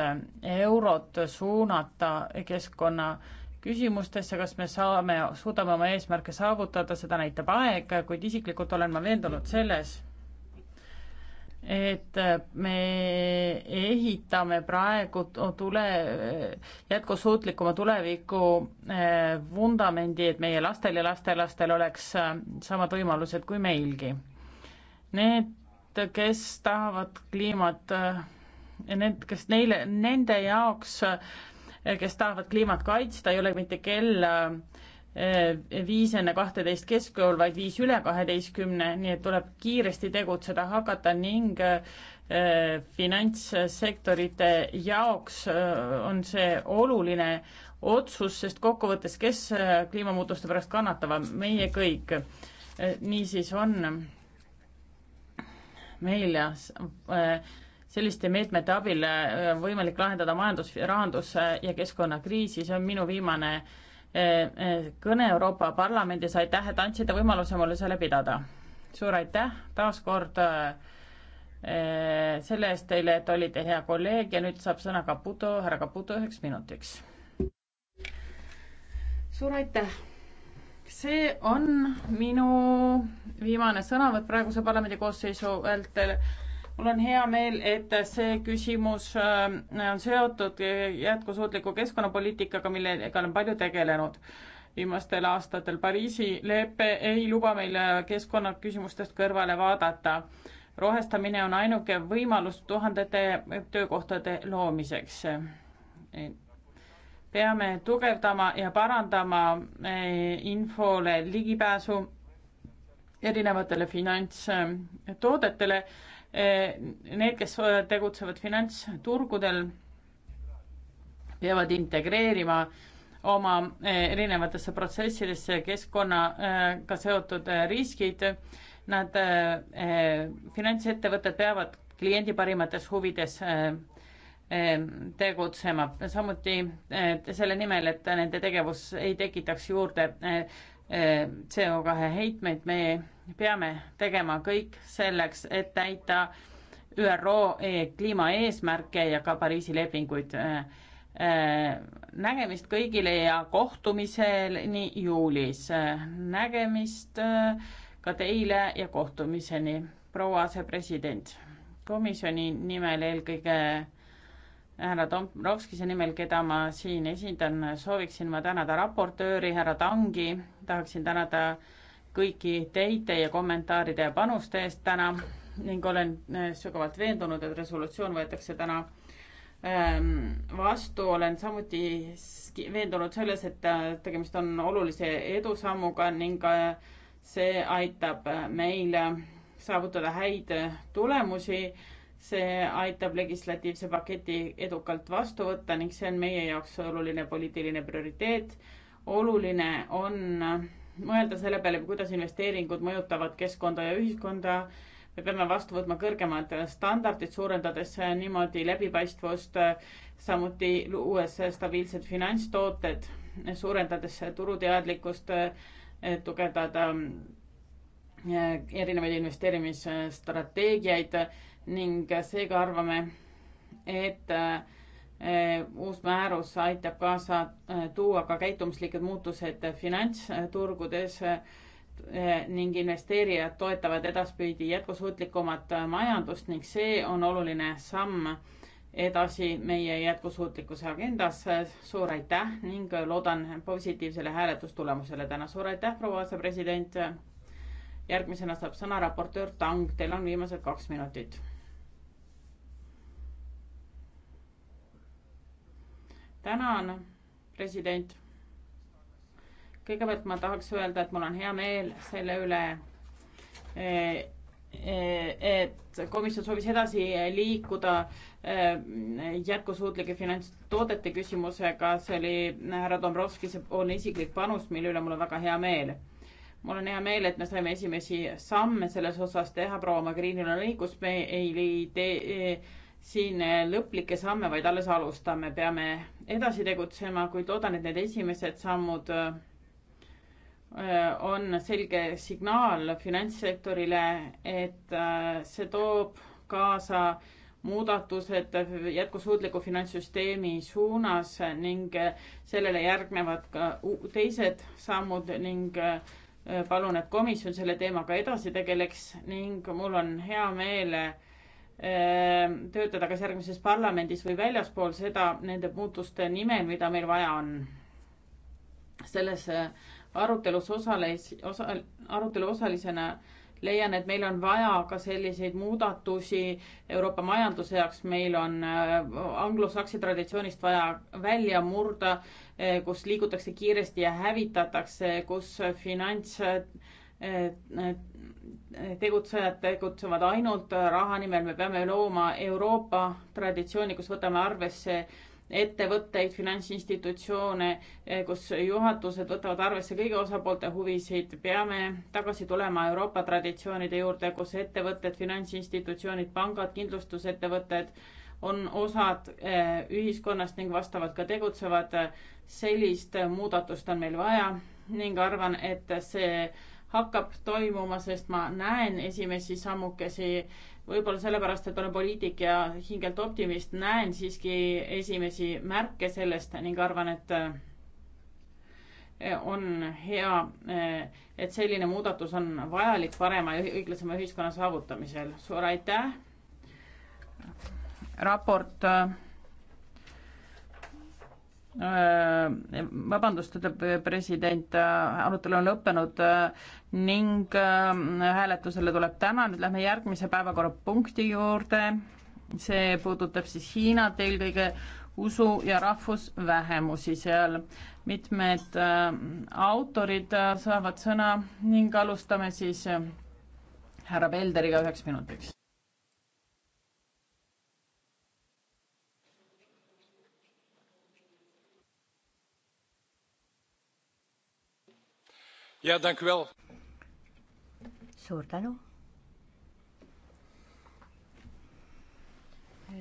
eurot suunata keskkonna küsimustesse, kas me saame, suudame oma eesmärke saavutada, seda näitab aeg, kuid isiklikult olen ma veendunud selles, et me ehitame praegu tule, jätkusuutlikuma tuleviku eh, vundamendi, et meie lastel ja lastelastel oleks eh, samad võimalused kui meilgi. Need, kes tahavad kliimat, eh, need, kes neile, nende jaoks äh, Eh, kes tahavad kliimat kaitsta, ei ole mitte kell eh, viis enne kahteteist keskööl, vaid viis üle kaheteistkümne, nii et tuleb kiiresti tegutseda hakata ning eh, finantssektorite jaoks on see oluline otsus, sest kokkuvõttes, kes kliimamuutuste pärast kannatavad, meie kõik. niisiis on meil selliste meetmete abil äh, võimalik lahendada majandus, rahandus ja keskkonnakriisi, see on minu viimane äh, äh, kõne Euroopa Parlamendis, aitäh, et andsite võimaluse mulle selle pidada. suur aitäh taas kord selle eest teile, et olite hea kolleeg ja nüüd saab sõna Caputo, härra Caputo üheks minutiks. suur aitäh see on minu viimane sõnavõtt praeguse parlamendikoosseisu vältel mul on hea meel, et see küsimus äh, on seotud jätkusuutliku keskkonnapoliitikaga, millega olen palju tegelenud viimastel aastatel. Pariisi lepe ei luba meil keskkonnaküsimustest kõrvale vaadata. rohestamine on ainuke võimalus tuhandete töökohtade loomiseks. peame tugevdama ja parandama äh, infole ligipääsu erinevatele finantstoodetele need, kes tegutsevad finantsturgudel, peavad integreerima oma eh, erinevatesse protsessidesse keskkonnaga eh, seotud eh, riskid. Nad, finantsettevõtted peavad kliendi parimates huvides tegutsema, samuti selle nimel, et nende tegevus ei tekitaks juurde CO2 heitmeid, me peame tegema kõik selleks, et täita ÜRO eh, kliimaeesmärke ja ka Pariisi lepinguid. Eh, eh, nägemist kõigile ja kohtumiseni juulis. nägemist ka teile ja kohtumiseni, proua asepresident. komisjoni nimel eelkõige härra Dombrovskise nimel, keda ma siin esindan, sooviksin ma tänada raportööri härra Tangi, tahaksin tänada äh, kõiki teid teie kommentaaride ja panuste eest täna ning olen äh, sügavalt veendunud, et resolutsioon võetakse täna ähm, vastu, olen samuti veendunud selles, et äh, tegemist on olulise edusammuga ning äh, see aitab meil saavutada häid tulemusi. see aitab legislatiivse paketi edukalt vastu võtta ning see on meie jaoks oluline poliitiline prioriteet. oluline on mõelda selle peale, kuidas investeeringud mõjutavad keskkonda ja ühiskonda. me peame vastu võtma kõrgemad standardid, suurendades niimoodi läbipaistvust, samuti luues stabiilsed finantstooted, suurendades turuteadlikkust, tugevdada erinevaid investeerimisstrateegiaid ning seega arvame, et äh, Eh, uus määrus aitab kaasa eh, tuua ka käitumuslikud muutused finantsturgudes eh, ning investeerijad toetavad edaspidi jätkusuutlikumat majandust ning see on oluline samm edasi meie jätkusuutlikkuse agendas. suur aitäh ning loodan positiivsele hääletustulemusele täna. suur aitäh, proua asepresident. järgmisena saab sõna raportöör Tang, teil on viimased kaks minutit tänan, president. kõigepealt ma tahaks öelda, et mul on hea meel selle üle, e, e, et komisjon soovis edasi liikuda e, jätkusuutlike finantstoodete küsimusega, see oli härra Dombrovski, see on isiklik panus, mille üle mul on väga hea meel mul on hea meel, et me saime esimesi samme selles osas teha, proua Magrinil on õigus, me ei tee siin lõplikke samme vaid alles alustame, peame edasi tegutsema, kuid loodan, et need esimesed sammud äh, on selge signaal finantssektorile, et äh, see toob kaasa muudatused jätkusuutliku finantssüsteemi suunas ning sellele järgnevad ka teised sammud ning äh, palun, et komisjon selle teemaga edasi tegeleks ning mul on hea meel Ehm, töötada kas järgmises parlamendis või väljaspool seda nende muutuste nimel, mida meil vaja on. selles äh, arutelus osales, osa, arutelu osalisena leian, et meil on vaja ka selliseid muudatusi Euroopa majanduse jaoks, meil on äh, anglosaksi traditsioonist vaja välja murda, äh, kus liigutakse kiiresti ja hävitatakse, kus finants tegutsejad tegutsevad ainult raha nimel, me peame looma Euroopa traditsiooni, kus võtame arvesse ettevõtteid, finantsinstitutsioone, kus juhatused võtavad arvesse kõigi osapoolte huvisid, peame tagasi tulema Euroopa traditsioonide juurde, kus ettevõtted, finantsinstitutsioonid, pangad, kindlustusettevõtted on osad eh, ühiskonnast ning vastavalt ka tegutsevad. sellist muudatust on meil vaja ning arvan, et see hakkab toimuma, sest ma näen esimesi sammukesi, võib-olla sellepärast, et olen poliitik ja hingelt optimist, näen siiski esimesi märke sellest ning arvan, et eh, on hea, eh, et selline muudatus on vajalik parema ja õiglasema ühiskonna saavutamisel. suur aitäh! raport eh, Äh, vabandust, ütleb president, äh, arutelu on lõppenud äh, ning hääletusele tuleb täna, nüüd lähme järgmise päevakorrapunkti juurde. see puudutab siis Hiinat eelkõige usu ja rahvusvähemusi seal. mitmed autorid saavad sõna ning alustame siis härra Pelderiga üheks minutiks. suur tänu.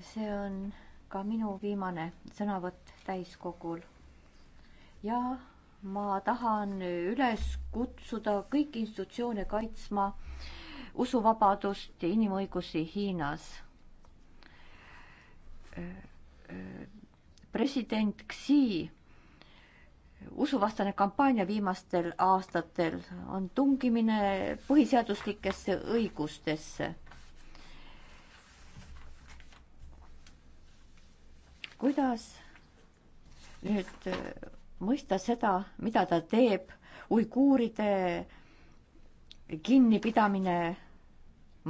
see on ka minu viimane sõnavõtt täiskogul. ja ma tahan üles kutsuda kõiki institutsioone kaitsma usuvabadust ja inimõigusi Hiinas president Xi usuvastane kampaania viimastel aastatel on tungimine põhiseaduslikesse õigustesse. kuidas nüüd mõista seda, mida ta teeb, uiguuride kinnipidamine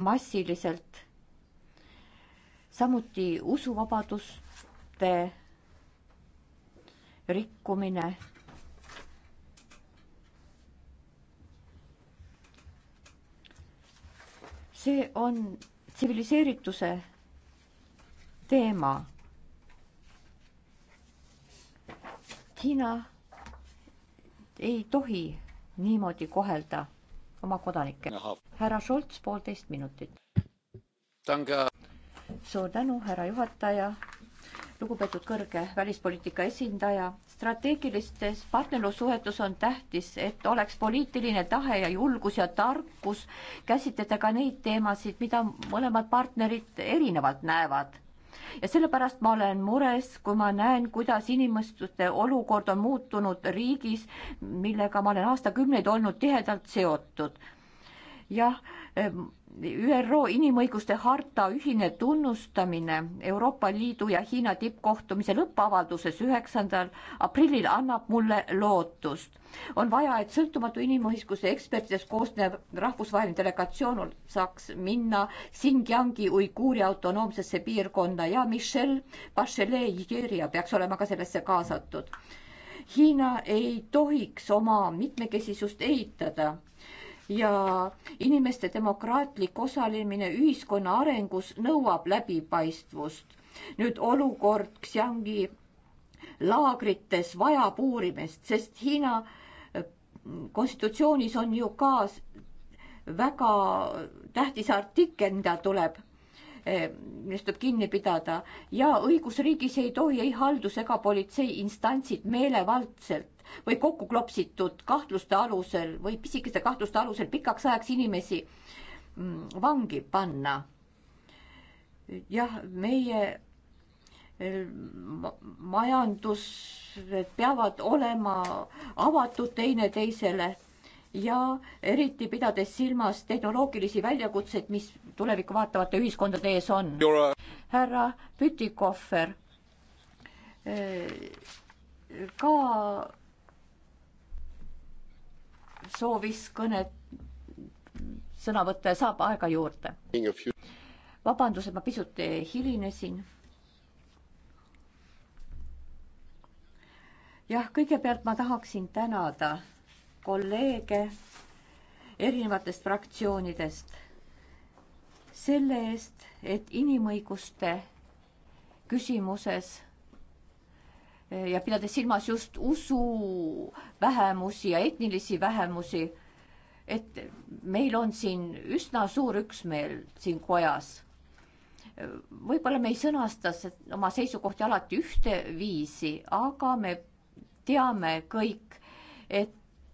massiliselt, samuti usuvabaduste rikkumine see on tsiviliseerituse teema. Hiina ei tohi niimoodi kohelda oma kodanikke. härra Šolts, poolteist minutit. suur tänu, härra juhataja. lugupeetud kõrge välispoliitika esindaja strateegilistes partnerlussuhetes on tähtis, et oleks poliitiline tahe ja julgus ja tarkus käsitleda ka neid teemasid, mida mõlemad partnerid erinevalt näevad. ja sellepärast ma olen mures, kui ma näen, kuidas inimeste olukord on muutunud riigis, millega ma olen aastakümneid olnud tihedalt seotud. jah ÜRO inimõiguste harta ühine tunnustamine Euroopa Liidu ja Hiina tippkohtumise lõppavalduses üheksandal aprillil annab mulle lootust. on vaja, et sõltumatu inimõiguste ekspertidest koosnev rahvusvaheline delegatsioon saaks minna Xinjiangi uiguuri autonoomsesse piirkonda ja Michelle Bachelet Nigeeria peaks olema ka sellesse kaasatud. Hiina ei tohiks oma mitmekesisust eitada ja inimeste demokraatlik osalemine ühiskonna arengus nõuab läbipaistvust. nüüd olukord Xiangi laagrites vajab uurimist, sest Hiina äh, konstitutsioonis on ju ka väga tähtis artikkel, mida tuleb Eh, millest tuleb kinni pidada ja õigusriigis ei tohi ei haldus ega politsei instantsid meelevaldselt või kokku klopsitud kahtluste alusel või pisikeste kahtluste alusel pikaks ajaks inimesi mm, vangi panna. jah, meie eh, majandused peavad olema avatud teineteisele ja eriti pidades silmas tehnoloogilisi väljakutseid, mis tulevikku vaatavate ühiskondade ees on. Uh, härra Pütikohver ka soovis kõnet sõna võtta ja saab aega juurde. vabandust, et ma pisut hilinesin. jah, kõigepealt ma tahaksin tänada kolleege erinevatest fraktsioonidest selle eest, et inimõiguste küsimuses ja pidades silmas just usuvähemusi ja etnilisi vähemusi, et meil on siin üsna suur üksmeel siin kojas. võib-olla me ei sõnasta oma seisukohti alati ühteviisi, aga me teame kõik, et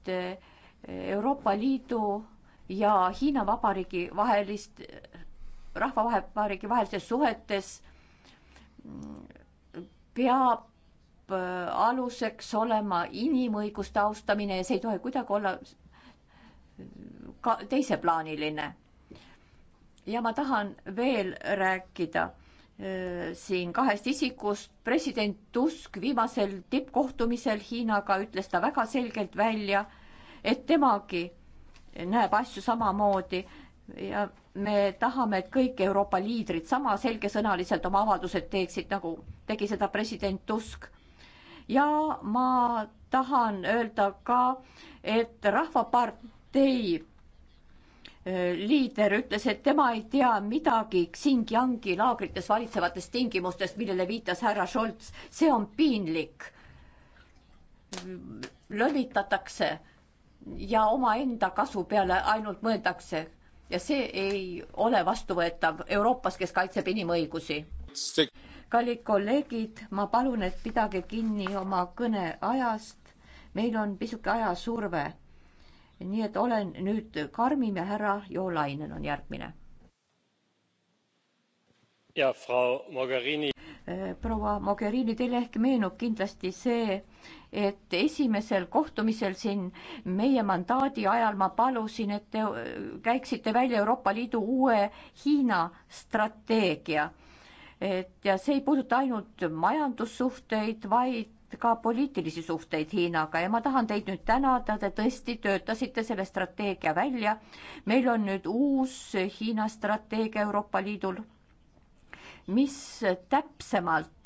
et eh, Euroopa Liidu ja Hiina Vabariigi vahelist, Rahvavabariigi vahelistes suhetes mm, peab eh, aluseks olema inimõiguste austamine ja see ei tohi kuidagi olla ka teiseplaaniline. ja ma tahan veel rääkida Äh, siin kahest isikust. president Tusk viimasel tippkohtumisel Hiinaga ütles ta väga selgelt välja, et temagi näeb asju samamoodi ja me tahame, et kõik Euroopa liidrid sama selgesõnaliselt oma avaldused teeksid, nagu tegi seda president Tusk. ja ma tahan öelda ka, et Rahvapartei liider ütles, et tema ei tea midagi Xinjiangi laagrites valitsevatest tingimustest, millele viitas härra Scholz. see on piinlik. lollitatakse ja omaenda kasu peale ainult mõeldakse ja see ei ole vastuvõetav Euroopas, kes kaitseb inimõigusi. kallid kolleegid, ma palun, et pidage kinni oma kõne ajast. meil on pisuke ajasurve nii et olen nüüd karmim ja härra Joolainen on järgmine. ja Frau Mogherini. Äh, proua Mogherini, teile ehk meenub kindlasti see, et esimesel kohtumisel siin meie mandaadi ajal ma palusin, et te äh, käiksite välja Euroopa Liidu uue Hiina strateegia. et ja see ei puuduta ainult majandussuhteid, vaid ka poliitilisi suhteid Hiinaga ja ma tahan teid nüüd tänada, te tõesti töötasite selle strateegia välja. meil on nüüd uus Hiina strateegia Euroopa Liidul, mis täpsemalt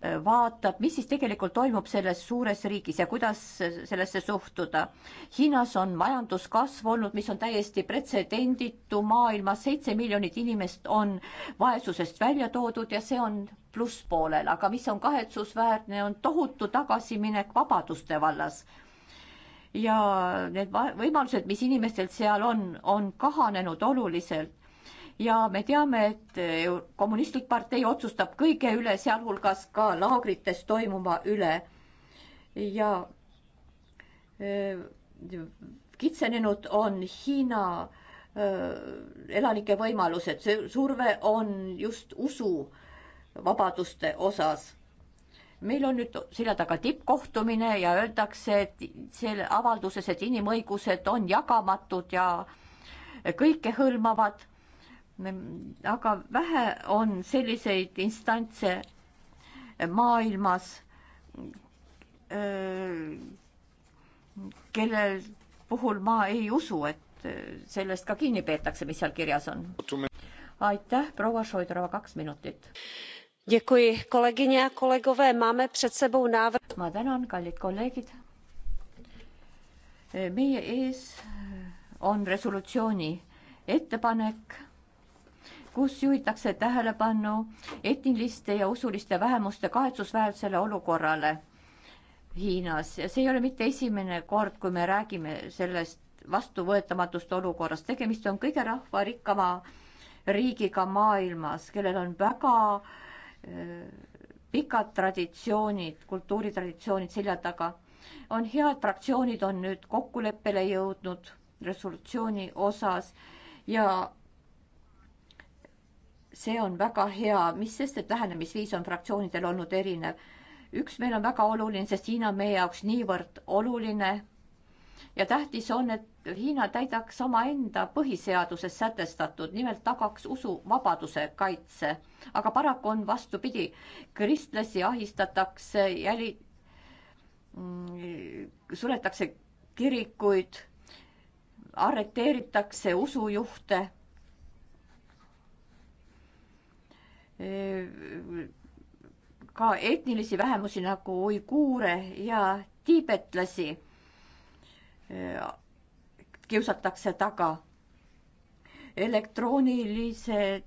vaatab, mis siis tegelikult toimub selles suures riigis ja kuidas sellesse suhtuda. Hiinas on majanduskasv olnud, mis on täiesti pretsedenditu maailmas, seitse miljonit inimest on vaesusest välja toodud ja see on plusspoolel, aga mis on kahetsusväärne, on tohutu tagasiminek vabaduste vallas ja need võimalused, mis inimestel seal on, on kahanenud oluliselt ja me teame, et äh, kommunistlik partei otsustab kõige üle, sealhulgas ka laagrites toimuva üle. ja äh, kitsenenud on Hiina äh, elanike võimalused, see surve on just usuvabaduste osas. meil on nüüd selja taga tippkohtumine ja öeldakse, et selle avalduses, et inimõigused on jagamatud ja kõikehõlmavad aga vähe on selliseid instantse maailmas, kellel puhul ma ei usu, et sellest ka kinni peetakse, mis seal kirjas on. aitäh, proua Šoidrova, kaks minutit. ma tänan, kallid kolleegid. meie ees on resolutsiooni ettepanek kus juhitakse tähelepanu etniliste ja usuliste vähemuste kahetsusväärsele olukorrale Hiinas ja see ei ole mitte esimene kord, kui me räägime sellest vastuvõetamatust olukorrast, tegemist on kõige rahvarikkama riigiga maailmas, kellel on väga äh, pikad traditsioonid, kultuuritraditsioonid selja taga. on hea, et fraktsioonid on nüüd kokkuleppele jõudnud resolutsiooni osas ja see on väga hea, mis sest, et lähenemisviis on fraktsioonidel olnud erinev. üksmeel on väga oluline, sest Hiina on meie jaoks niivõrd oluline ja tähtis on, et Hiina täidaks omaenda põhiseaduses sätestatud, nimelt tagaks usuvabaduse kaitse. aga paraku on vastupidi, kristlasi ahistatakse, jäli-, mm, suletakse kirikuid, arreteeritakse usujuhte ka etnilisi vähemusi nagu uiguure ja tiibetlasi eh, kiusatakse taga. elektroonilise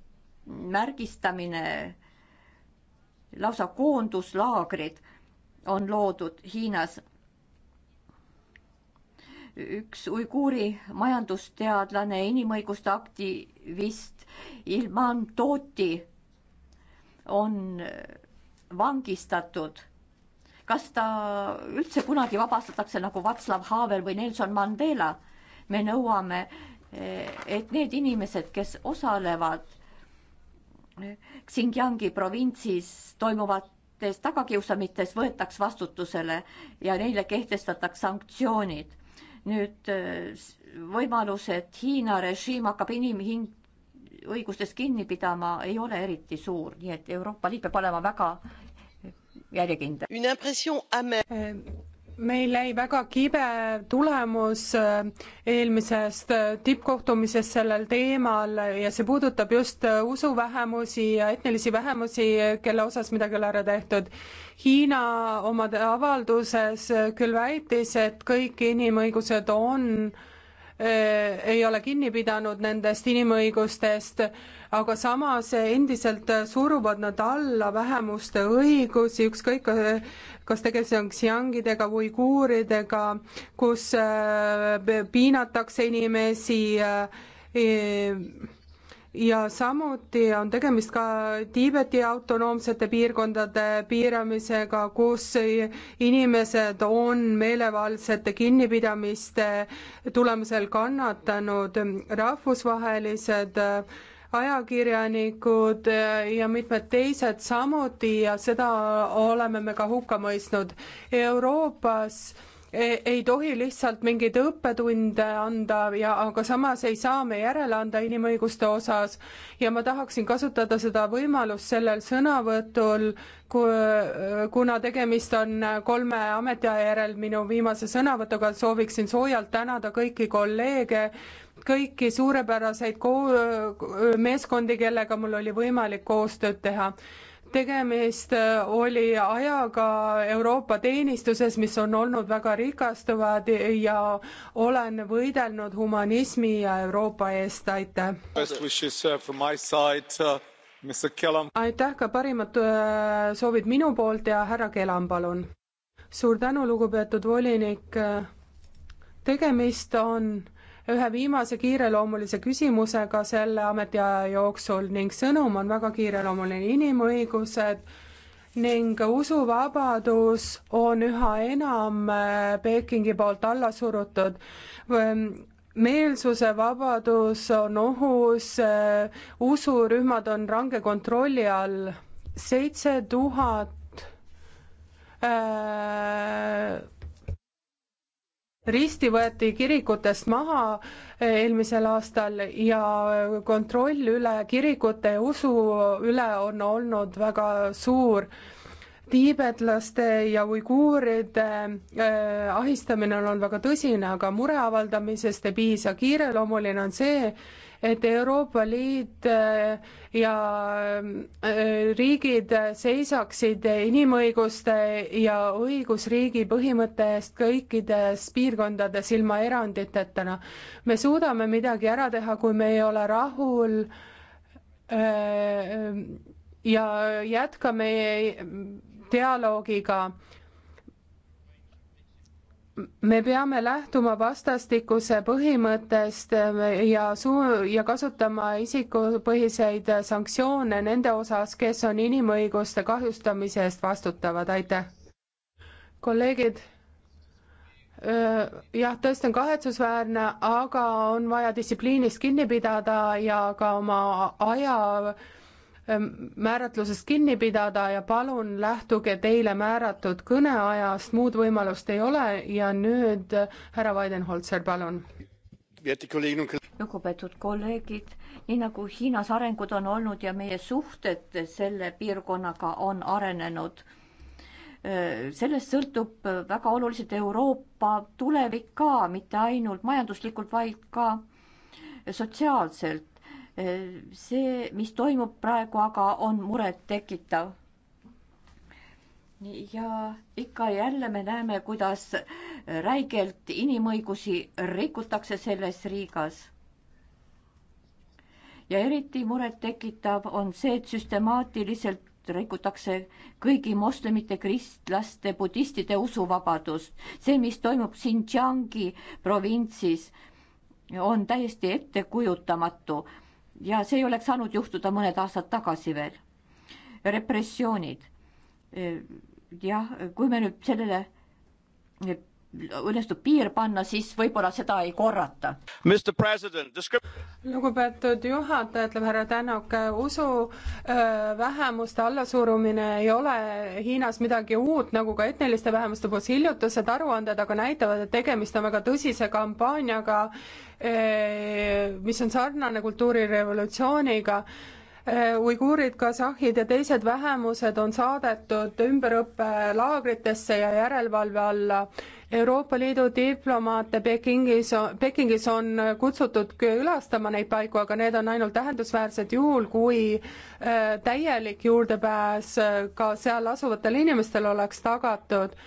märgistamine, lausa koonduslaagrid on loodud Hiinas. üks uiguuri majandusteadlane, inimõiguste aktivist Ilman Tooti on vangistatud. kas ta üldse kunagi vabastatakse nagu Václav Havel või Nelson Mandela? me nõuame, eh, et need inimesed, kes osalevad eh, Xinjiangi provintsis toimuvates tagakiusamistes, võetaks vastutusele ja neile kehtestataks sanktsioonid. nüüd eh, võimalus, et Hiina režiim hakkab inimhing-, õigustest kinni pidama, ei ole eriti suur, nii et Euroopa Liit peab olema väga järjekindel äh, meil jäi väga kibe tulemus äh, eelmisest äh, tippkohtumisest sellel teemal ja see puudutab just usuvähemusi ja etnilisi vähemusi, kelle osas midagi ei ole ära tehtud. Hiina oma avalduses küll väitis, et kõik inimõigused on äh, Äh, ei ole kinni pidanud nendest inimõigustest, aga samas endiselt suruvad nad alla vähemuste õigusi, ükskõik kas tegemist on ksiangidega või kuuridega, kus äh, piinatakse inimesi äh, ja samuti on tegemist ka Tiibeti autonoomsete piirkondade piiramisega, kus inimesed on meelevaldsete kinnipidamiste tulemusel kannatanud, rahvusvahelised ajakirjanikud ja mitmed teised samuti ja seda oleme me ka hukka mõistnud. Euroopas E, ei tohi lihtsalt mingeid õppetunde anda ja, aga samas ei saa me järele anda inimõiguste osas ja ma tahaksin kasutada seda võimalust sellel sõnavõtul, kuna tegemist on kolme ametiaja järel minu viimase sõnavõtuga, sooviksin soojalt tänada kõiki kolleege, kõiki suurepäraseid koo-, meeskondi, kellega mul oli võimalik koostööd teha tegemist äh, oli ajaga Euroopa teenistuses, mis on olnud väga rikastuvad ja olen võidelnud humanismi ja Euroopa eest, aitäh! Uh, uh, aitäh ka parimad äh, soovid minu poolt ja härra Kelam, palun! suur tänu, lugupeetud volinik, tegemist on ühe viimase kiireloomulise küsimusega selle ametiaja jooksul ning sõnum on väga kiireloomuline, inimõigused ning usuvabadus on üha enam äh, Pekingi poolt alla surutud. meelsusevabadus on ohus, äh, usurühmad on range kontrolli all, seitse tuhat äh, risti võeti kirikutest maha eelmisel aastal ja kontroll üle kirikute ja usu üle on olnud väga suur. tiibetlaste ja uiguuride eh, ahistamine on olnud väga tõsine, aga mure avaldamisest ei piisa, kiireloomuline on see, et Euroopa Liit äh, ja äh, riigid seisaksid inimõiguste ja õigusriigi põhimõtte eest kõikides piirkondades ilma eranditeta. me suudame midagi ära teha, kui me ei ole rahul äh, ja jätkame dialoogiga me peame lähtuma vastastikuse põhimõttest ja suu- ja kasutama isikupõhiseid sanktsioone nende osas, kes on inimõiguste kahjustamise eest vastutavad, aitäh. kolleegid, jah, tõesti on kahetsusväärne, aga on vaja distsipliinist kinni pidada ja ka oma aja määratlusest kinni pidada ja palun lähtuge teile määratud kõneajast, muud võimalust ei ole ja nüüd äh, härra Weidenholzer, palun. lugupeetud kolleegid, nii nagu Hiinas arengud on olnud ja meie suhted selle piirkonnaga on arenenud, äh, sellest sõltub äh, väga oluliselt Euroopa tulevik ka, mitte ainult majanduslikult, vaid ka sotsiaalselt see, mis toimub praegu, aga on murettekitav. ja ikka ja jälle me näeme, kuidas räigelt inimõigusi rikutakse selles riigas. ja eriti murettekitav on see, et süstemaatiliselt rikutakse kõigi moslemite, kristlaste, budistide usuvabadust. see, mis toimub Xinjiangi provintsis, on täiesti ettekujutamatu ja see ei oleks saanud juhtuda mõned aastad tagasi veel. repressioonid. E, jah, kui me nüüd sellele e, õnnestub piir panna, siis võib-olla seda ei korrata. lugupeetud juhataja, ütleb härra Tänak, usu e, vähemuste allasurumine ei ole Hiinas midagi uut, nagu ka etniliste vähemuste poolt hiljutised aruanded aga näitavad, et tegemist on väga tõsise kampaaniaga Äh, mis on sarnane kultuurirevolutsiooniga. Äh, uiguurid, kasahhid ja teised vähemused on saadetud ümberõppelaagritesse ja järelevalve alla. Euroopa Liidu diplomaate Pekingis, Pekingis on kutsutud külastama neid paiku, aga need on ainult tähendusväärsed juhul, kui äh, täielik juurdepääs ka seal asuvatel inimestel oleks tagatud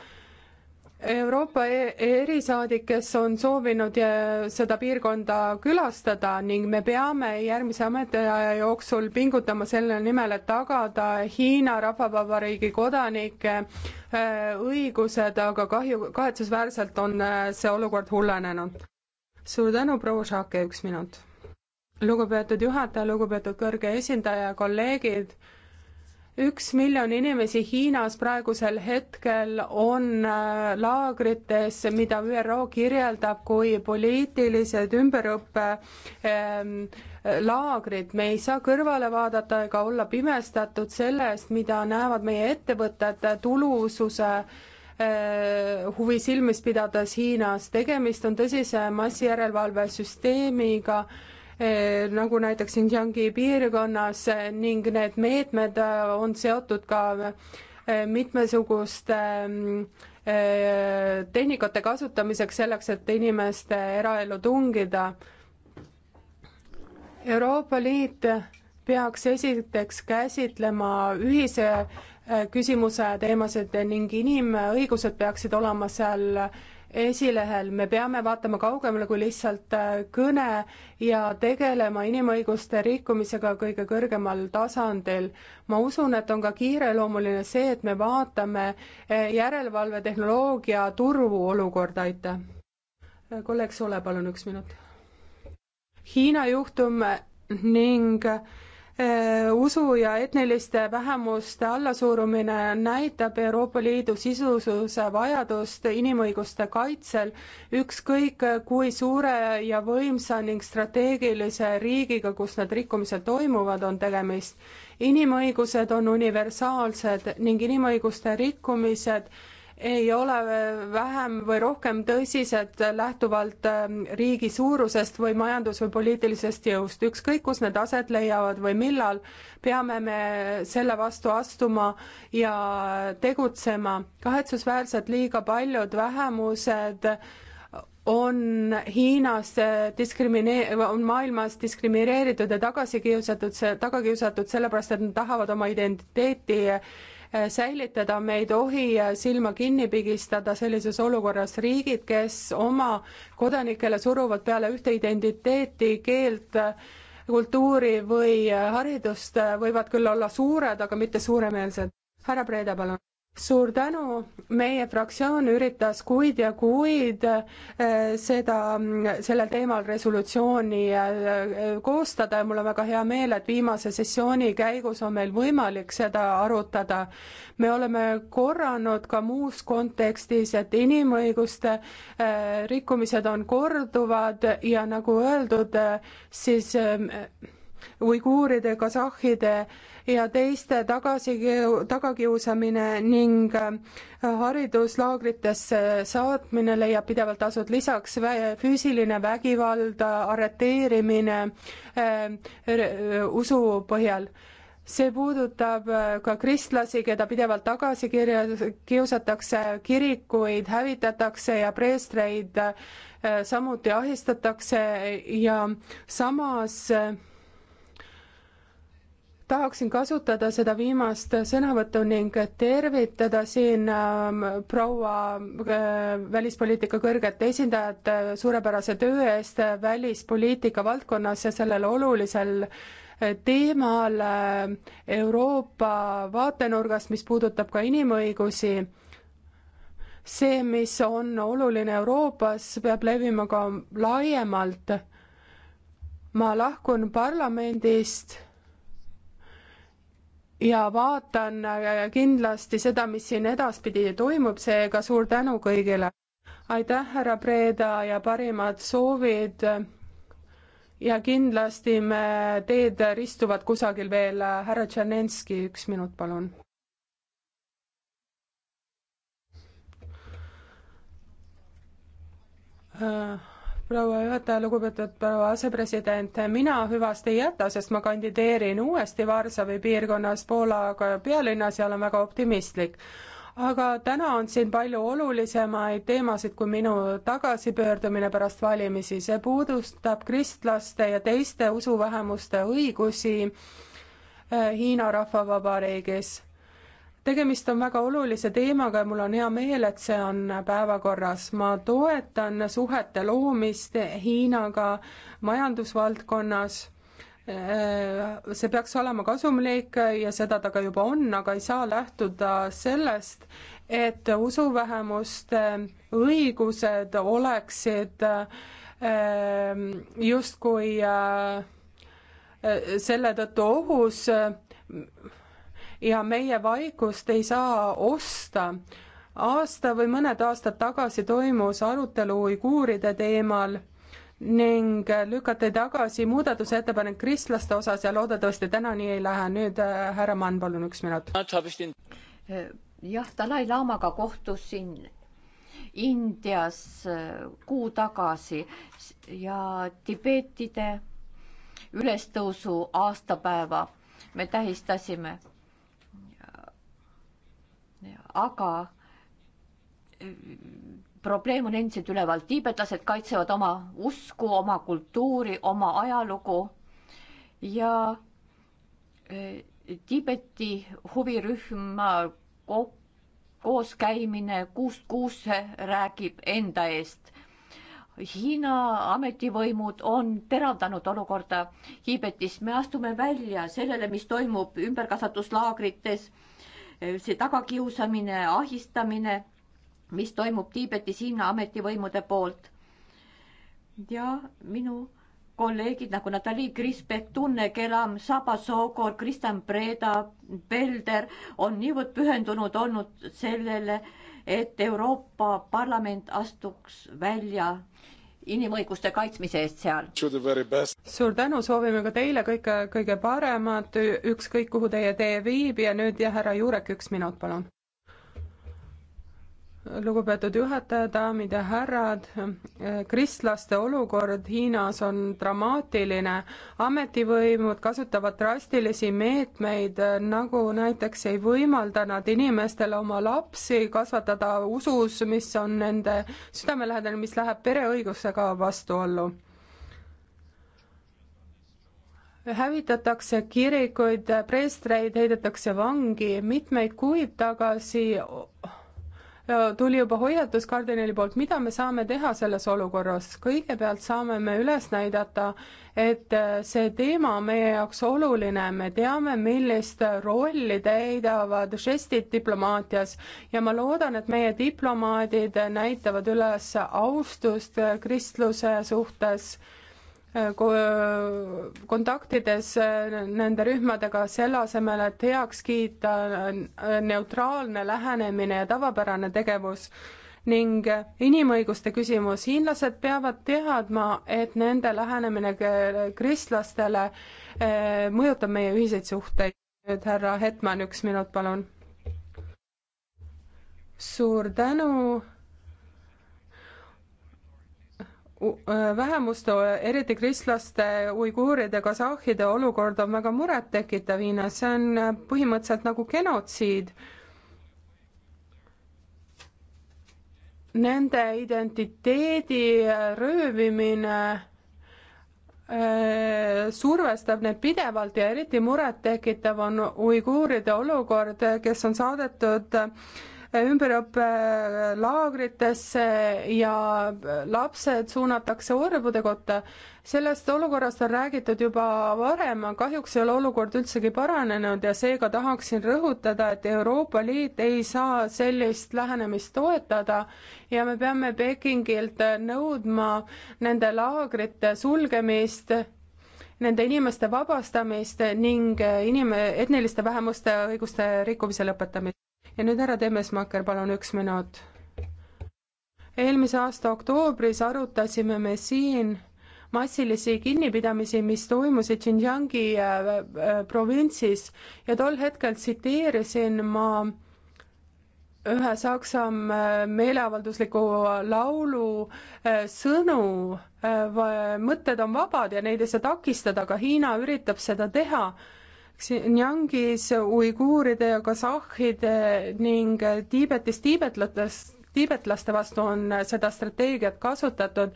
Euroopa e-, erisaadik, kes on soovinud äh, seda piirkonda külastada ning me peame järgmise ametiaja jooksul pingutama selle nimel, et tagada Hiina Rahvavabariigi kodanike äh, õigused, aga kahju, kahetsusväärselt on äh, see olukord hullenenud. suur tänu, proua Šake, üks minut. lugupeetud juhataja, lugupeetud kõrge esindaja, kolleegid üks miljon inimesi Hiinas praegusel hetkel on äh, laagrites, mida ÜRO kirjeldab kui poliitilised ümberõppe ähm, laagrid, me ei saa kõrvale vaadata ega olla pimestatud sellest, mida näevad meie ettevõtted tulususe äh, huvi silmis pidades Hiinas. tegemist on tõsise massijärelevalvesüsteemiga Eh, nagu näiteks Xinjiangi piirkonnas eh, ning need meetmed eh, on seotud ka mitmesuguste mm, tehnikate kasutamiseks selleks, et inimeste eraellu tungida. Euroopa Liit peaks esiteks käsitlema ühise küsimuse teemasid ning inimõigused peaksid olema seal äh, esilehel, me peame vaatama kaugemale kui lihtsalt äh, kõne ja tegelema inimõiguste rikkumisega kõige kõrgemal tasandil. ma usun, et on ka kiireloomuline see, et me vaatame äh, järelevalvetehnoloogia turu olukorda, aitäh. Äh, kolleeg Sule, palun üks minut. Hiina juhtum ning Äh, usu ja etniliste vähemuste allasurumine näitab Euroopa Liidu sisususe vajadust inimõiguste kaitsel, ükskõik kui suure ja võimsa ning strateegilise riigiga, kus need rikkumised toimuvad, on tegemist. inimõigused on universaalsed ning inimõiguste rikkumised ei ole vähem või rohkem tõsised lähtuvalt ähm, riigi suurusest või majandus- või poliitilisest jõust. ükskõik, kus need aset leiavad või millal, peame me selle vastu astuma ja tegutsema. kahetsusväärselt liiga paljud vähemused on Hiinas äh, diskrimineer-, on maailmas diskrimineeritud ja tagasi kiusatud, tagakiusatud sellepärast, et nad tahavad oma identiteeti Äh, säilitada, me ei tohi äh, silma kinni pigistada sellises olukorras. riigid, kes oma kodanikele suruvad peale ühte identiteeti, keelt, äh, kultuuri või haridust, võivad küll olla suured, aga mitte suuremeelsed. härra Preede, palun suur tänu, meie fraktsioon üritas kuid ja kuid äh, seda, sellel teemal resolutsiooni äh, koostada ja mul on väga hea meel, et viimase sessiooni käigus on meil võimalik seda arutada. me oleme korranud ka muus kontekstis, et inimõiguste äh, rikkumised on korduvad ja nagu öeldud, siis uiguuride, kasahhide äh, ja teiste tagasi, tagakiusamine ning äh, hariduslaagritesse saatmine leiab pidevalt asut, lisaks füüsiline vägivald, arreteerimine äh, äh, usu põhjal see puudutab ka kristlasi, keda pidevalt tagasi kirja, kiusatakse, kirikuid hävitatakse ja preestreid samuti ahistatakse ja samas tahaksin kasutada seda viimast sõnavõttu ning tervitada siin ähm, proua äh, välispoliitika kõrget esindajat äh, suurepärase töö eest äh, välispoliitika valdkonnas ja sellel olulisel teemal Euroopa vaatenurgast, mis puudutab ka inimõigusi. see, mis on oluline Euroopas, peab levima ka laiemalt. ma lahkun parlamendist ja vaatan äh, kindlasti seda, mis siin edaspidi toimub, seega suur tänu kõigile. aitäh, härra Preeda ja parimad soovid. ja kindlasti me, teed ristuvad kusagil veel. härra Tšernenski, üks minut, palun. Uh proua juhataja, lugupeetud proua asepresident, mina hüvasti ei jäta, sest ma kandideerin uuesti Varssavi piirkonnas Poola pealinnas ja olen väga optimistlik. aga täna on siin palju olulisemaid teemasid kui minu tagasipöördumine pärast valimisi, see puudustab kristlaste ja teiste usuvähemuste õigusi eh, Hiina Rahvavabariigis tegemist on väga olulise teemaga ja mul on hea meel, et see on päevakorras. ma toetan suhete loomist Hiinaga majandusvaldkonnas. Äh, see peaks olema kasumlik ja seda ta ka juba on, aga ei saa lähtuda sellest, et usuvähemuste õigused oleksid äh, justkui äh, selle tõttu ohus ja meie vaikust ei saa osta aasta või mõned aastad tagasi toimus arutelu uiguuride teemal ning lükati tagasi muudatusettepanek kristlaste osas ja loodetavasti täna nii ei lähe. nüüd äh, härra Mann, palun üks minut. jah, Dalai-laamaga kohtusin Indias äh, kuu tagasi ja Tibetide ülestõusu aastapäeva me tähistasime aga eh, probleem on endiselt üleval, tiibetlased kaitsevad oma usku, oma kultuuri, oma ajalugu ja eh, Tiibeti huvirühma koos käimine kuust kuusse räägib enda eest. Hiina ametivõimud on teravdanud olukorda Tiibetis, me astume välja sellele, mis toimub ümberkasvatuslaagrites see tagakiusamine, ahistamine, mis toimub Tiibetis Hiina ametivõimude poolt. ja minu kolleegid nagu Natalja Krispek, Tunne Kelam, Saba Sookor, Kristjan Preda, Pelder on niivõrd pühendunud olnud sellele, et Euroopa Parlament astuks välja inimõiguste kaitsmise eest seal. suur tänu, soovime ka teile kõike kõige paremat, ükskõik kuhu teie tee viib ja nüüd jah, härra Juurek, üks minut, palun lugupeetud juhataja, daamid ja härrad. kristlaste olukord Hiinas on dramaatiline. ametivõimud kasutavad drastilisi meetmeid, nagu näiteks ei võimalda nad inimestele oma lapsi kasvatada usus, mis on nende südamelähedane, mis läheb pereõigusega vastuollu hävitatakse kirikuid, preestreid heidetakse vangi, mitmeid kuid tagasi Äh, tuli juba hoiatus kardinali poolt, mida me saame teha selles olukorras, kõigepealt saame me üles näidata, et äh, see teema on meie jaoks oluline, me teame, millist rolli täidavad žestid diplomaatias ja ma loodan, et meie diplomaadid näitavad üles austust äh, kristluse suhtes Äh, äh, kontaktides äh, nende rühmadega, selle asemel, et heaks kiita neutraalne lähenemine ja tavapärane tegevus ning inimõiguste küsimus, hiinlased peavad teadma, et nende lähenemine kristlastele mõjutab meie ühiseid suhteid. nüüd härra Hetman, üks minut, palun. suur tänu vähemuste, eriti kristlaste, uiguuride, kasahhide olukord on väga murettekitav Hiinas, see on põhimõtteliselt nagu genotsiid. Nende identiteedi röövimine survestab neid pidevalt ja eriti murettekitav on uiguuride olukord, kes on saadetud äh, ümberõppelaagritesse ja lapsed suunatakse orbude kotta. sellest olukorrast on räägitud juba varem, kahjuks ei ole olukord üldsegi paranenud ja seega tahaksin rõhutada, et Euroopa Liit ei saa sellist lähenemist toetada ja me peame Pekingilt nõudma nende laagrite sulgemist nende inimeste vabastamist ning inim-, etniliste vähemuste õiguste rikkumise lõpetamist ja nüüd härra Temesmaker, palun üks minut. eelmise aasta oktoobris arutasime me siin massilisi kinnipidamisi, mis toimusid Xinjiangi äh, äh, provintsis ja tol hetkel tsiteerisin ma ühe Saksa äh, meeleavaldusliku laulu sõnu, mõtted on vabad ja neid ei saa takistada, aga Hiina üritab seda teha Xinjiangis uiguuride ja kasahhide ning Tiibetis tiibetlatest, tiibetlaste vastu on seda strateegiat kasutatud.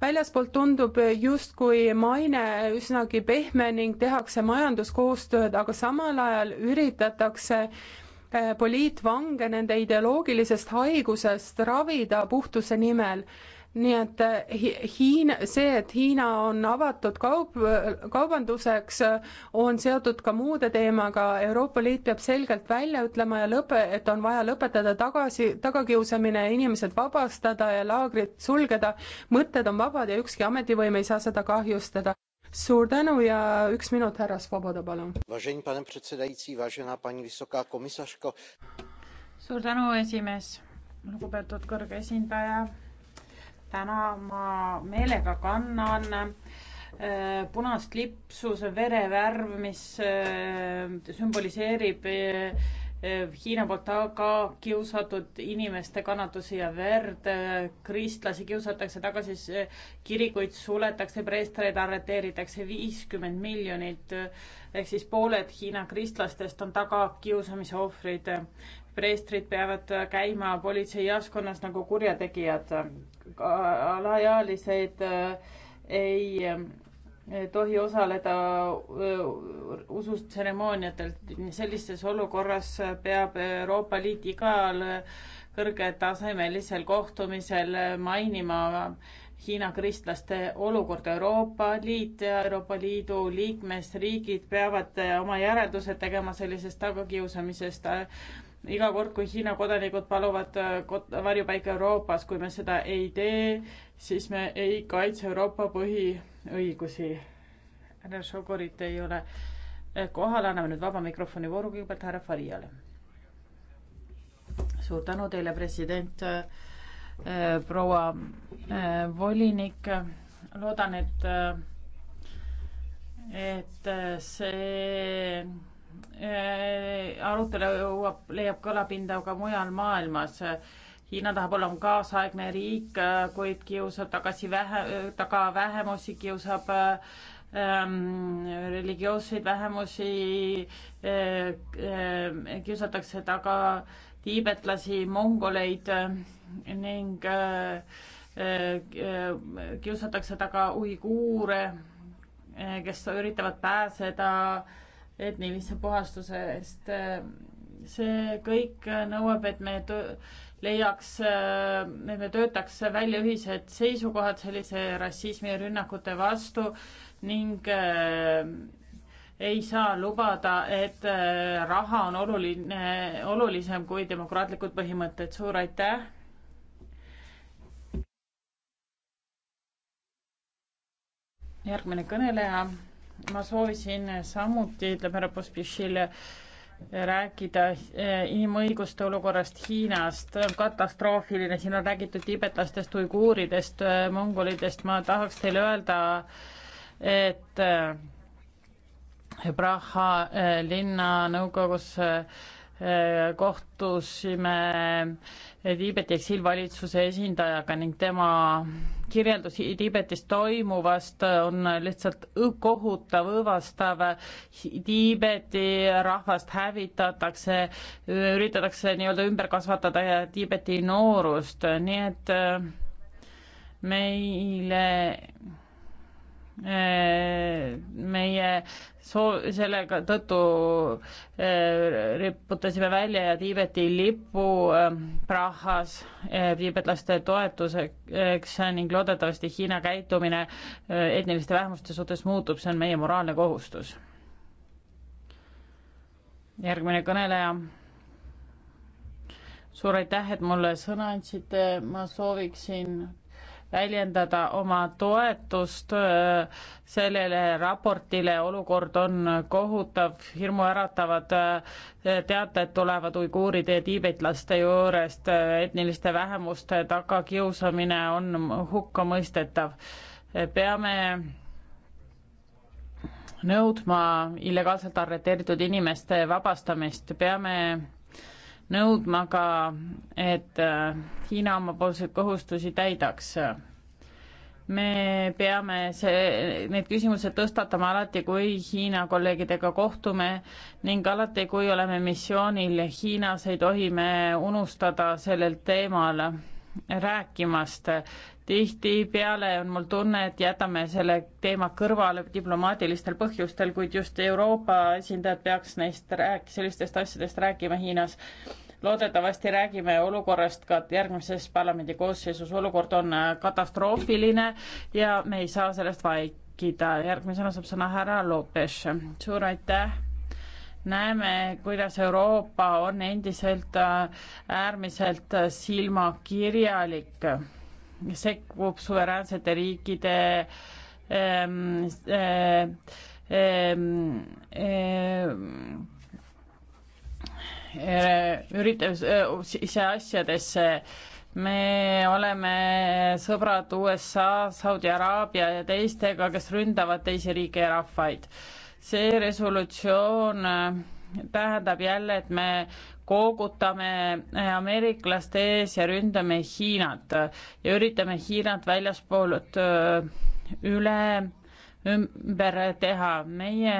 väljaspoolt tundub justkui maine üsnagi pehme ning tehakse majanduskoostööd, aga samal ajal üritatakse eh, poliitvange nende ideoloogilisest haigusest ravida puhtuse nimel nii et Hiina, see, et Hiina on avatud kaup, kaubanduseks, on seotud ka muude teemaga, Euroopa Liit peab selgelt välja ütlema ja lõpe, et on vaja lõpetada tagasi, tagakiusamine, inimesed vabastada ja laagrid sulgeda, mõtted on vabad ja ükski ametivõim ei saa seda kahjustada. suur tänu ja üks minut, härra Svoboda, palun. suur tänu, esimees, lugupeetud kõrge esindaja täna ma meelega kannan äh, punast lipsu, see on verevärv, mis äh, sümboliseerib äh, Hiina poolt taga kiusatud inimeste kannatusi ja verd. kristlasi kiusatakse tagasi, kirikuid suletakse, preestreid arreteeritakse viiskümmend miljonit ehk siis pooled Hiina kristlastest on tagakiusamise ohvrid preestrid peavad äh, käima politseijaoskonnas nagu kurjategijad. Äh, alaealised äh, ei tohi osaleda usustseremooniatel. sellises olukorras peab Euroopa Liit igal kõrgetasemelisel kohtumisel mainima Hiina kristlaste olukord Euroopa Liit ja Euroopa Liidu liikmesriigid peavad oma järeldused tegema sellisest tagakiusamisest iga kord, kui Hiina kodanikud paluvad äh, varjupaika Euroopas, kui me seda ei tee, siis me ei kaitse Euroopa põhiõigusi. härra Šogorit ei ole äh, kohal, anname nüüd vaba mikrofoni vooru kõigepealt härra Fariale. suur tänu teile, president, äh, proua volinik, loodan, et, et see Äh, arutelu jõuab, leiab kõlapinda ka mujal maailmas. Hiina tahab olla kaasaegne riik, äh, kuid kiusab tagasi vähe, äh, taga vähemusi, kiusab ähm, religioosseid vähemusi äh,, äh, kiusatakse taga tiibetlasi, mongoleid äh, ning äh, äh, kiusatakse taga uiguure äh,, kes üritavad pääseda äh, etnilise puhastuse eest. Äh, see kõik nõuab, et me leiaks, äh, et me töötaks välja ühised seisukohad sellise rassismirünnakute vastu ning äh, ei saa lubada, et raha on oluline, olulisem kui demokraatlikud põhimõtted. suur aitäh. järgmine kõneleja ma soovisin samuti, ütleb härra Pospišile, rääkida eh, inimõiguste olukorrast Hiinast, katastroofiline, siin on räägitud tiibetlastest, uiguuridest, eh, mongolidest, ma tahaks teile öelda, et eh, Praha linnanõukogus kohtusime Tiibeti eksiilvalitsuse esindajaga ning tema kirjeldusi Tiibetis toimuvast on lihtsalt kohutav, õõvastav. Tiibeti rahvast hävitatakse, üritatakse nii-öelda ümber kasvatada Tiibeti noorust, nii et äh, meile Äh, meie soo-, sellega tõttu äh, riputasime välja ja Tiibeti lipu äh, Prahas tiibetlaste toetuseks ning loodetavasti Hiina käitumine etniliste vähemuste suhtes muutub, see on meie moraalne kohustus. järgmine kõneleja suur aitäh, et mulle sõna andsite, ma sooviksin väljendada oma toetust sellele raportile, olukord on kohutav, hirmuäratavad teated tulevad uiguuride ja tiibetlaste juurest, etniliste vähemuste tagakiusamine on hukkamõistetav. peame nõudma illegaalselt arreteeritud inimeste vabastamist, peame nõudma ka, et äh, Hiina omapoolseid kohustusi täidaks. me peame see, need küsimused tõstatama alati, kui Hiina kolleegidega kohtume ning alati, kui oleme missioonil Hiinas, ei tohi me unustada sellel teemal rääkimast, tihtipeale on mul tunne, et jätame selle teema kõrvale diplomaatilistel põhjustel, kuid just Euroopa esindajad peaks neist rääk-, sellistest asjadest rääkima Hiinas. loodetavasti räägime olukorrast ka järgmises parlamendi koosseisus, olukord on äh, katastroofiline ja me ei saa sellest vaikida. järgmisena saab sõna härra Lopes, suur aitäh näeme, kuidas Euroopa on endiselt äh, äärmiselt silmakirjalik sekkub suveräänsete riikide ähm, ähm, ähm, äh, üritab äh, siseasjadesse. me oleme sõbrad USA, Saudi Araabia ja teistega, kes ründavad teisi riike ja rahvaid. see resolutsioon äh, tähendab jälle, et me koogutame eh, ameeriklaste ees ja ründame Hiinat ja üritame Hiinat väljaspoolt eh, üle ümber teha. meie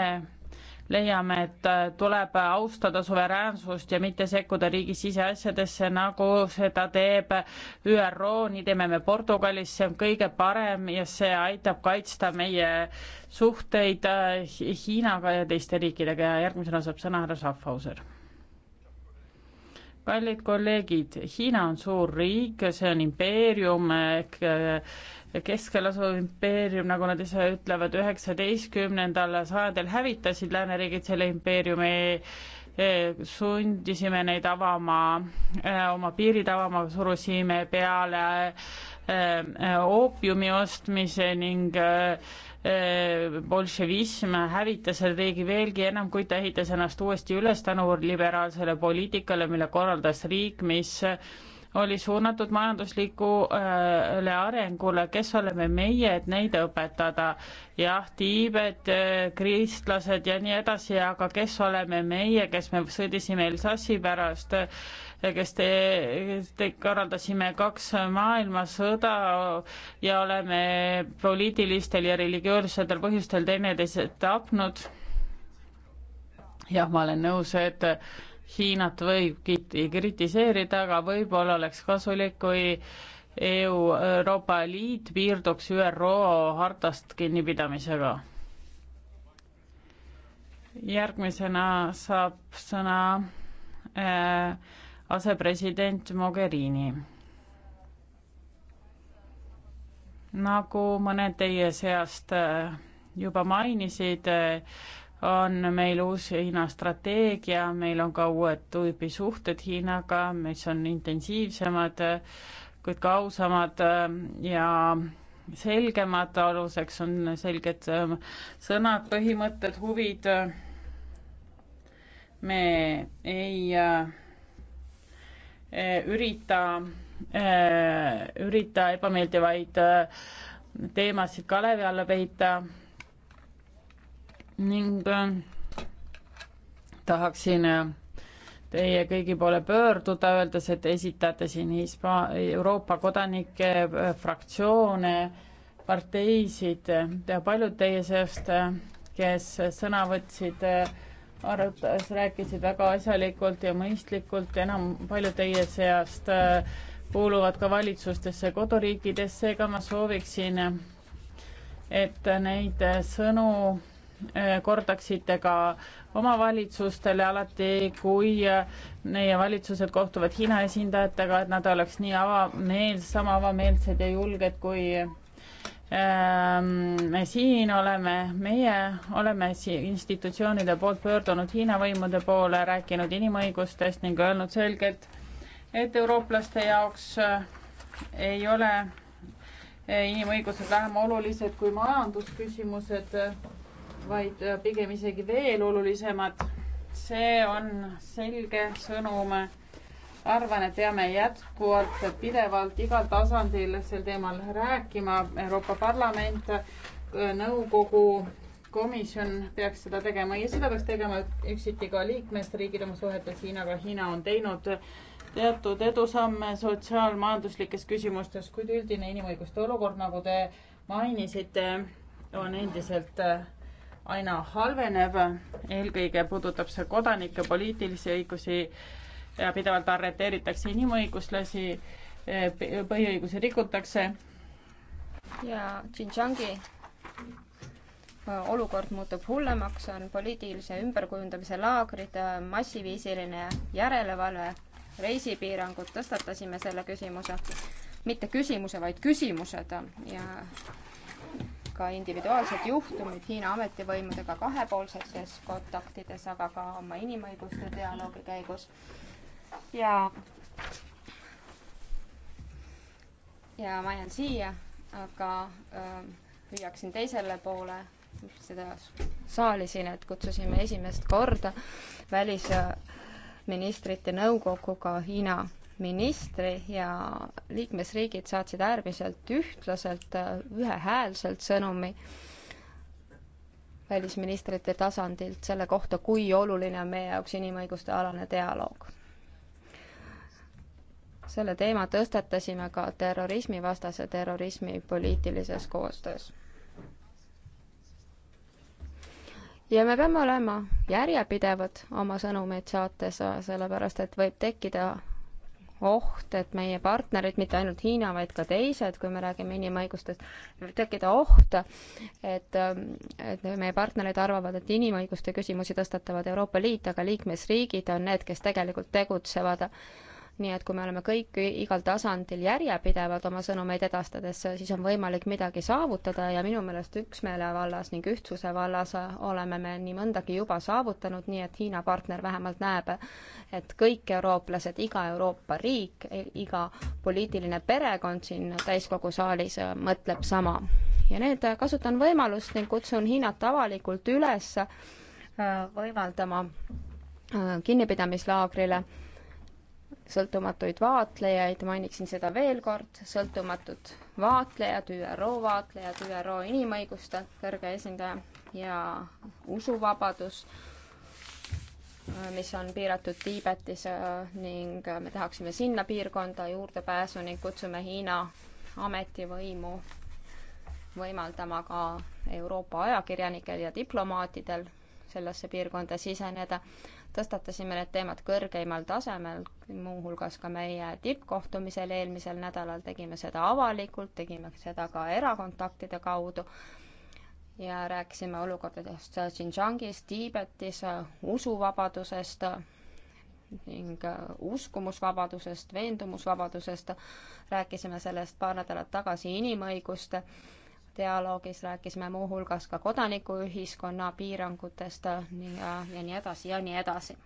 leiame, et eh, tuleb austada suveräänsust ja mitte sekkuda riigi siseasjadesse, nagu seda teeb ÜRO, nii teeme me Portugalis, see on kõige parem ja see aitab kaitsta meie suhteid Hiinaga ja teiste riikidega ja järgmisena saab sõna härra Schaffhauser kallid kolleegid, Hiina on suur riik, see on impeerium ehk eh, keskel asuv impeerium, nagu nad ise ütlevad, üheksateistkümnendal sajandil hävitasid lääneriigid selle impeeriumi eh, sundisime neid avama, eh, oma piirid avama, surusime peale oopiumi ostmise ning Äh, bolševism hävitas selle riigi veelgi enam, kuid ta ehitas ennast uuesti üles tänu liberaalsele poliitikale, mille korraldas riik, mis oli suunatud majanduslikule äh, arengule, kes oleme meie, et neid õpetada. jah, Tiibet, äh, kristlased ja nii edasi, aga kes oleme meie, kes me sõdisime Elsassi pärast kes te, te korraldasime kaks maailmasõda ja oleme poliitilistel ja religioossetel põhjustel teineteist tapnud. jah, ma olen nõus, et Hiinat võib kritiseerida, aga võib-olla oleks kasulik, kui EU, Euroopa Liit piirduks ÜRO hartast kinnipidamisega. järgmisena saab sõna äh, asepresident Mogherini. nagu mõned teie seast äh, juba mainisid, äh, on meil uus Hiina strateegia, meil on ka uued tüübi suhted Hiinaga, mis on intensiivsemad, äh, kuid ka ausamad ja selgemad, aluseks on selged sõnad, põhimõtted, huvid. me ei Eh, ürita, eh, ürita ebameeldivaid eh, teemasid kalevi alla peita ning tahaksin teie kõigi poole pöörduda, öeldes, et esitate siin Hispa-, Euroopa kodanike fraktsioone, parteisid ja paljud teie seast, kes sõna võtsid äh, arutas, rääkisid väga asjalikult ja mõistlikult, enam paljud teie seast äh, kuuluvad ka valitsustesse, koduriikidesse, seega ma sooviksin, et neid äh, sõnu äh, kordaksite ka omavalitsustele alati, kui meie valitsused kohtuvad Hiina esindajatega, et nad oleks nii avameelsed, sama avameelsed ja julged kui Ehm, me siin oleme, meie oleme institutsioonide poolt pöördunud Hiina võimude poole, rääkinud inimõigustest ning öelnud selgelt, et eurooplaste jaoks eh, ei ole eh, inimõigused vähem olulised kui majandusküsimused, vaid eh, pigem isegi veel olulisemad. see on selge sõnum arvan, et peame jätkuvalt pidevalt igal tasandil sel teemal rääkima, Euroopa Parlament, nõukogu, komisjon peaks seda tegema ja seda peaks tegema üksiti ka liikmesriigid oma suhetes Hiinaga, Hiina on teinud teatud edusamme sotsiaalmajanduslikes küsimustes, kuid üldine inimõiguste olukord, nagu te mainisite, on endiselt aina halvenev, eelkõige puudutab see kodanike poliitilisi õigusi ja pidevalt arreteeritakse inimõiguslasi, põhiõigusi rikutakse. ja Xinjiangi äh, olukord muutub hullemaks, on poliitilise ümberkujundamise laagrid, äh, massiviisiline järelevalve, reisipiirangud, tõstatasime selle küsimuse, mitte küsimuse, vaid küsimused ja ka individuaalsed juhtumid Hiina ametivõimudega kahepoolsetes kontaktides, aga ka oma inimõiguste dialoogi käigus ja, ja ma jään siia, aga äh, hüüaksin teisele poole seda saali siin, et kutsusime esimest korda välisministrite nõukoguga Hiina ministri ja liikmesriigid saatsid äärmiselt ühtlaselt, äh, ühehäälselt sõnumi välisministrite tasandilt selle kohta, kui oluline on meie jaoks inimõiguste alane dialoog selle teema tõstatasime ka terrorismivastase terrorismi poliitilises koostöös. ja me peame olema järjepidevad oma sõnumeid saates, sellepärast et võib tekkida oht, et meie partnerid, mitte ainult Hiina, vaid ka teised, kui me räägime inimõigustest, võib tekkida oht, et, et meie partnerid arvavad, et inimõiguste küsimusi tõstatavad Euroopa Liit, aga liikmesriigid on need, kes tegelikult tegutsevad äh, nii et kui me oleme kõik igal tasandil järjepidevad oma sõnumeid edastades, siis on võimalik midagi saavutada ja minu meelest üksmeele vallas ning ühtsuse vallas oleme me nii mõndagi juba saavutanud, nii et Hiina partner vähemalt näeb, et kõik eurooplased, iga Euroopa riik, iga poliitiline perekond siin täiskogu saalis mõtleb sama. ja need, kasutan võimalust ning kutsun Hiinat avalikult üles äh, võimaldama äh, kinnipidamislaagrile sõltumatuid vaatlejaid, mainiksin seda veel kord, sõltumatud vaatlejad, ÜRO vaatlejad, ÜRO inimõiguste kõrge esindaja ja usuvabadus, mis on piiratud Tiibetis äh, ning äh, me tahaksime sinna piirkonda juurdepääsu ning kutsume Hiina ametivõimu võimaldama ka Euroopa ajakirjanikel ja diplomaatidel sellesse piirkonda siseneda tõstatasime need teemad kõrgeimal tasemel, muuhulgas ka meie tippkohtumisel eelmisel nädalal, tegime seda avalikult, tegime seda ka erakontaktide kaudu ja rääkisime olukordadest Xinjiangis, Tiibetis, usuvabadusest ning uskumusvabadusest, veendumusvabadusest, rääkisime sellest paar nädalat tagasi inimõiguste dialoogis rääkisime muuhulgas ka kodanikuühiskonna piirangutest ja, ja nii edasi ja nii edasi.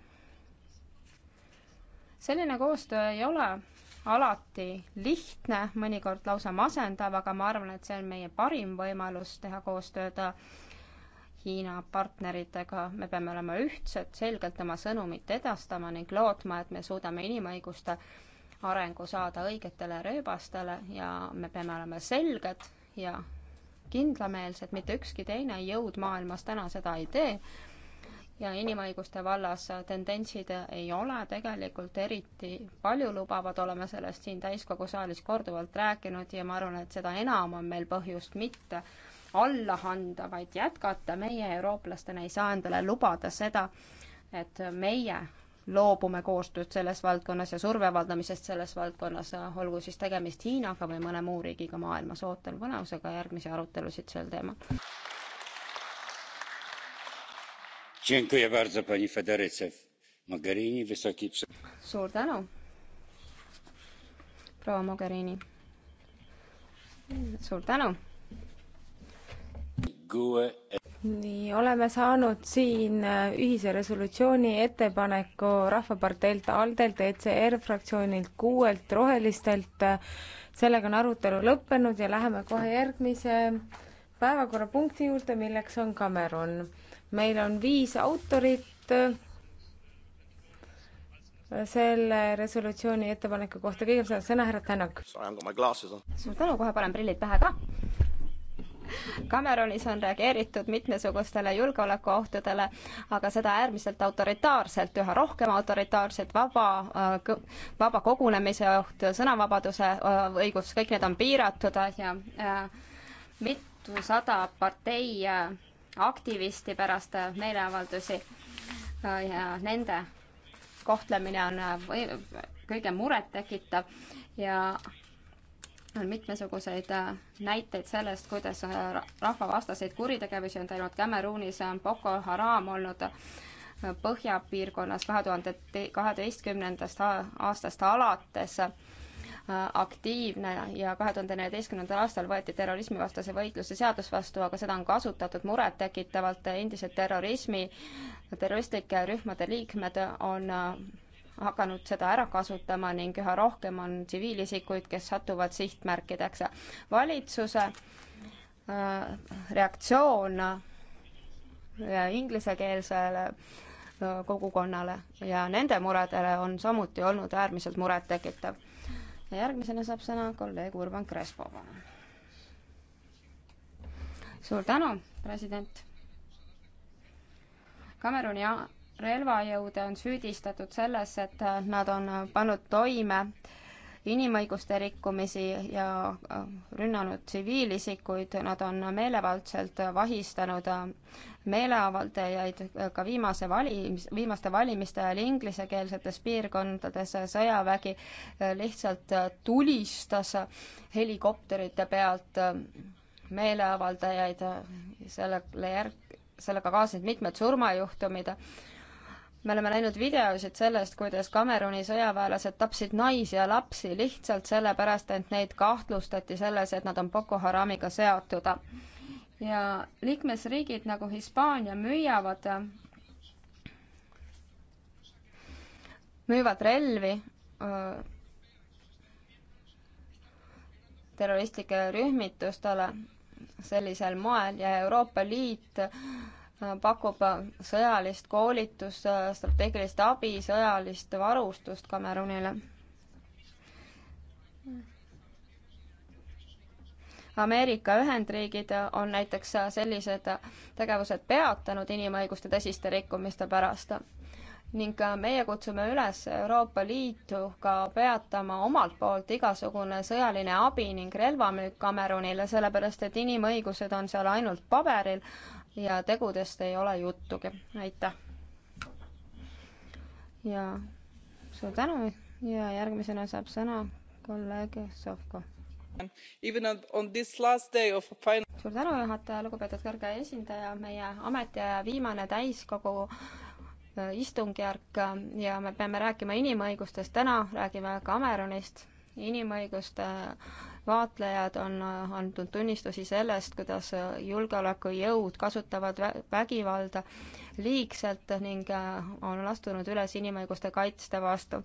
selline koostöö ei ole alati lihtne, mõnikord lausa masendav, aga ma arvan, et see on meie parim võimalus teha koostööd Hiina partneritega, me peame olema ühtsed, selgelt oma sõnumit edastama ning lootma, et me suudame inimõiguste arengu saada õigetele rööbastele ja me peame olema selged ja kindlameelsed, mitte ükski teine jõud maailmas täna seda ei tee. ja inimõiguste vallas tendentsid ei ole tegelikult eriti paljulubavad, oleme sellest siin täiskogu saalis korduvalt rääkinud ja ma arvan, et seda enam on meil põhjust mitte alla anda, vaid jätkata. meie, eurooplastena, ei saa endale lubada seda, et meie loobume koostööd selles valdkonnas ja surve avaldamisest selles valdkonnas, olgu siis tegemist Hiinaga või mõne muu riigiga maailmas. ootan põnevusega järgmisi arutelusid sel teemal. suur tänu, proua Mogherini. suur tänu nii, oleme saanud siin äh, ühise resolutsiooni ettepaneku Rahvaparteilt, ALDE-lt, ECR fraktsioonilt, kuuelt rohelistelt. sellega on arutelu lõppenud ja läheme kohe järgmise päevakorrapunkti juurde, milleks on Cameron. meil on viis autorit äh, selle resolutsiooni ettepaneku kohta. kõigepealt saab sõna härra Tänak. suur tänu, kohe panen prillid pähe ka Cameronis on reageeritud mitmesugustele julgeolekuohtudele, aga seda äärmiselt autoritaarselt, üha rohkem autoritaarselt, vaba, vaba kogunemise oht, sõnavabaduse äh, õigus, kõik need on piiratud ja äh, mitusada partei äh, aktivisti pärast meeleavaldusi ja nende kohtlemine on kõige murettekitav ja on mitmesuguseid äh, näiteid sellest, kuidas äh, rahvavastaseid kuritegevusi on teinud Cameroonis äh, Boko Haram olnud põhjapiirkonnas kahe tuhande kaheteistkümnendast aastast alates aktiivne ja kahe tuhande neljateistkümnendal aastal võeti terrorismivastase võitluse seadus vastu, aga seda on kasutatud murettekitavalt, endised terrorismi, terroristlike rühmade liikmed on hakanud seda ära kasutama ning üha rohkem on tsiviilisikuid, kes satuvad sihtmärkideks. valitsuse äh, reaktsioon äh, inglisekeelsele äh, kogukonnale ja nende muredele on samuti olnud äärmiselt murettekitav. ja järgmisena saab sõna kolleeg Urban Crespo, palun. suur tänu, president. Kameruni relvajõude on süüdistatud selles, et nad on pannud toime inimõiguste rikkumisi ja äh, rünnanud tsiviilisikuid, nad on meelevaldselt vahistanud äh, meeleavaldajaid äh, ka viimase valimis, viimaste valimiste ajal inglisekeelsetes piirkondades, sõjavägi lihtsalt tulistas helikopterite pealt meeleavaldajaid, sellele järg-, sellega kaasnesid mitmed surmajuhtumid me oleme näinud videosid sellest, kuidas Kameruni sõjaväelased tapsid naisi ja lapsi lihtsalt sellepärast, et neid kahtlustati selles, et nad on Boko Haramiga seotud. ja liikmesriigid nagu Hispaania müüavad, müüvad relvi terroristlikele rühmitustele sellisel moel ja Euroopa Liit pakub sõjalist koolitust, strateegilist abi, sõjalist varustust Kamerunile. Ameerika Ühendriigid on näiteks sellised tegevused peatanud inimõiguste tõsiste rikkumiste pärast ning meie kutsume üles Euroopa Liitu ka peatama omalt poolt igasugune sõjaline abi ning relvamüük Kamerunile, sellepärast et inimõigused on seal ainult paberil, ja tegudest ei ole juttugi. aitäh! ja suur tänu ja järgmisena saab sõna kolleeg Sovko. Final... suur tänu, juhataja, lugupeetud kõrge esindaja, meie ametiaja viimane täiskogu äh, istungjärk äh, ja me peame rääkima inimõigustest täna, räägime Cameronist, inimõiguste äh, vaatlejad on äh, andnud tunnistusi sellest, kuidas äh, julgeolekujõud kasutavad vägivalda liigselt ning äh, on astunud üles inimõiguste kaitste vastu.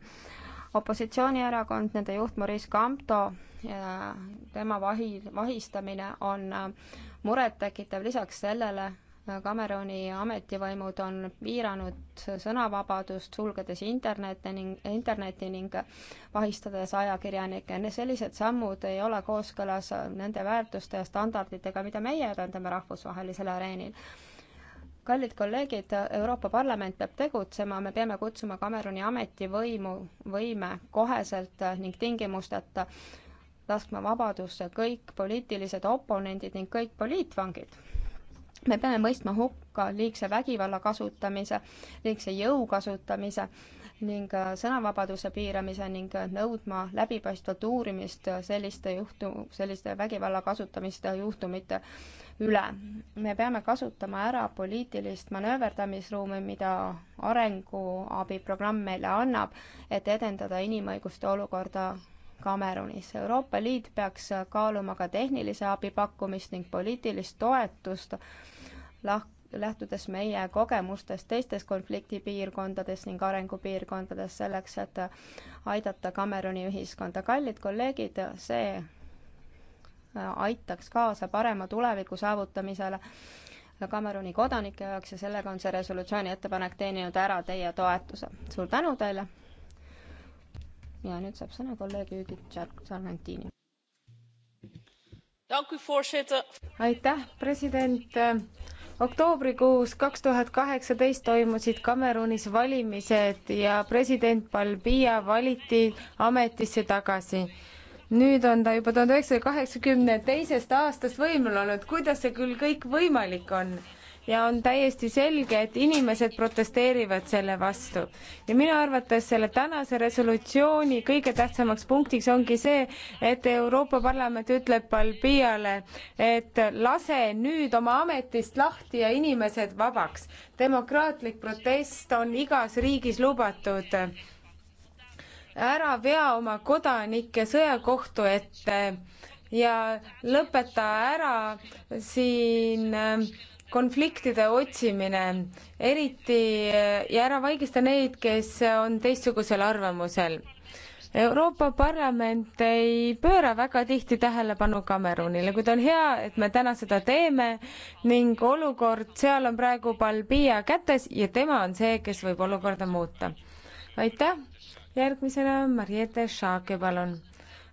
opositsioonierakond, nende juht Maurice Kamto ja tema vahi, vahistamine on murettekitav lisaks sellele, Cameroni ametivõimud on piiranud sõnavabadust, sulgedes internete ning, interneti ning vahistades ajakirjanikke. sellised sammud ei ole kooskõlas nende väärtuste ja standarditega, mida meie edendame rahvusvahelisel areenil. kallid kolleegid, Euroopa Parlament peab tegutsema, me peame kutsuma Cameroni ametivõimu, võime koheselt ning tingimusteta laskma vabadusse kõik poliitilised oponendid ning kõik poliitvangid me peame mõistma hukka liigse vägivalla kasutamise, liigse jõu kasutamise ning äh, sõnavabaduse piiramise ning äh, nõudma läbipaistvat uurimist äh, selliste juhtu, selliste vägivalla kasutamiste juhtumite üle. me peame kasutama ära poliitilist manööverdamisruumi, mida arenguabiprogramm meile annab, et edendada inimõiguste olukorda Kamerunis. Euroopa Liit peaks kaaluma ka tehnilise abi pakkumist ning poliitilist toetust lah-, lähtudes meie kogemustest teistes konfliktipiirkondades ning arengupiirkondades selleks, et aidata Kameruni ühiskonda. kallid kolleegid, see äh, aitaks kaasa parema tuleviku saavutamisele Kameruni kodanike jaoks ja sellega on see resolutsiooni ettepanek teeninud ära teie toetuse. suur tänu teile! ja nüüd saab sõna kolleeg Judith Sargentini. aitäh, president oktoobrikuus kaks tuhat kaheksateist toimusid Kamerunis valimised ja president Balbia valiti ametisse tagasi. nüüd on ta juba tuhande üheksasaja kaheksakümne teisest aastast võimul olnud, kuidas see küll kõik võimalik on? ja on täiesti selge, et inimesed protesteerivad selle vastu. ja minu arvates selle tänase resolutsiooni kõige tähtsamaks punktiks ongi see, et Euroopa Parlament ütleb Balbiale, et lase nüüd oma ametist lahti ja inimesed vabaks. demokraatlik protest on igas riigis lubatud ära vea oma kodanikke sõjakohtu ette ja lõpeta ära siin äh, konfliktide otsimine, eriti äh, ja ära vaigista neid, kes on teistsugusel arvamusel. Euroopa Parlament ei pööra väga tihti tähelepanu Kamerunile, kuid on hea, et me täna seda teeme ning olukord seal on praegu Balbia kätes ja tema on see, kes võib olukorda muuta. aitäh, järgmisena Mariette Šaake, palun.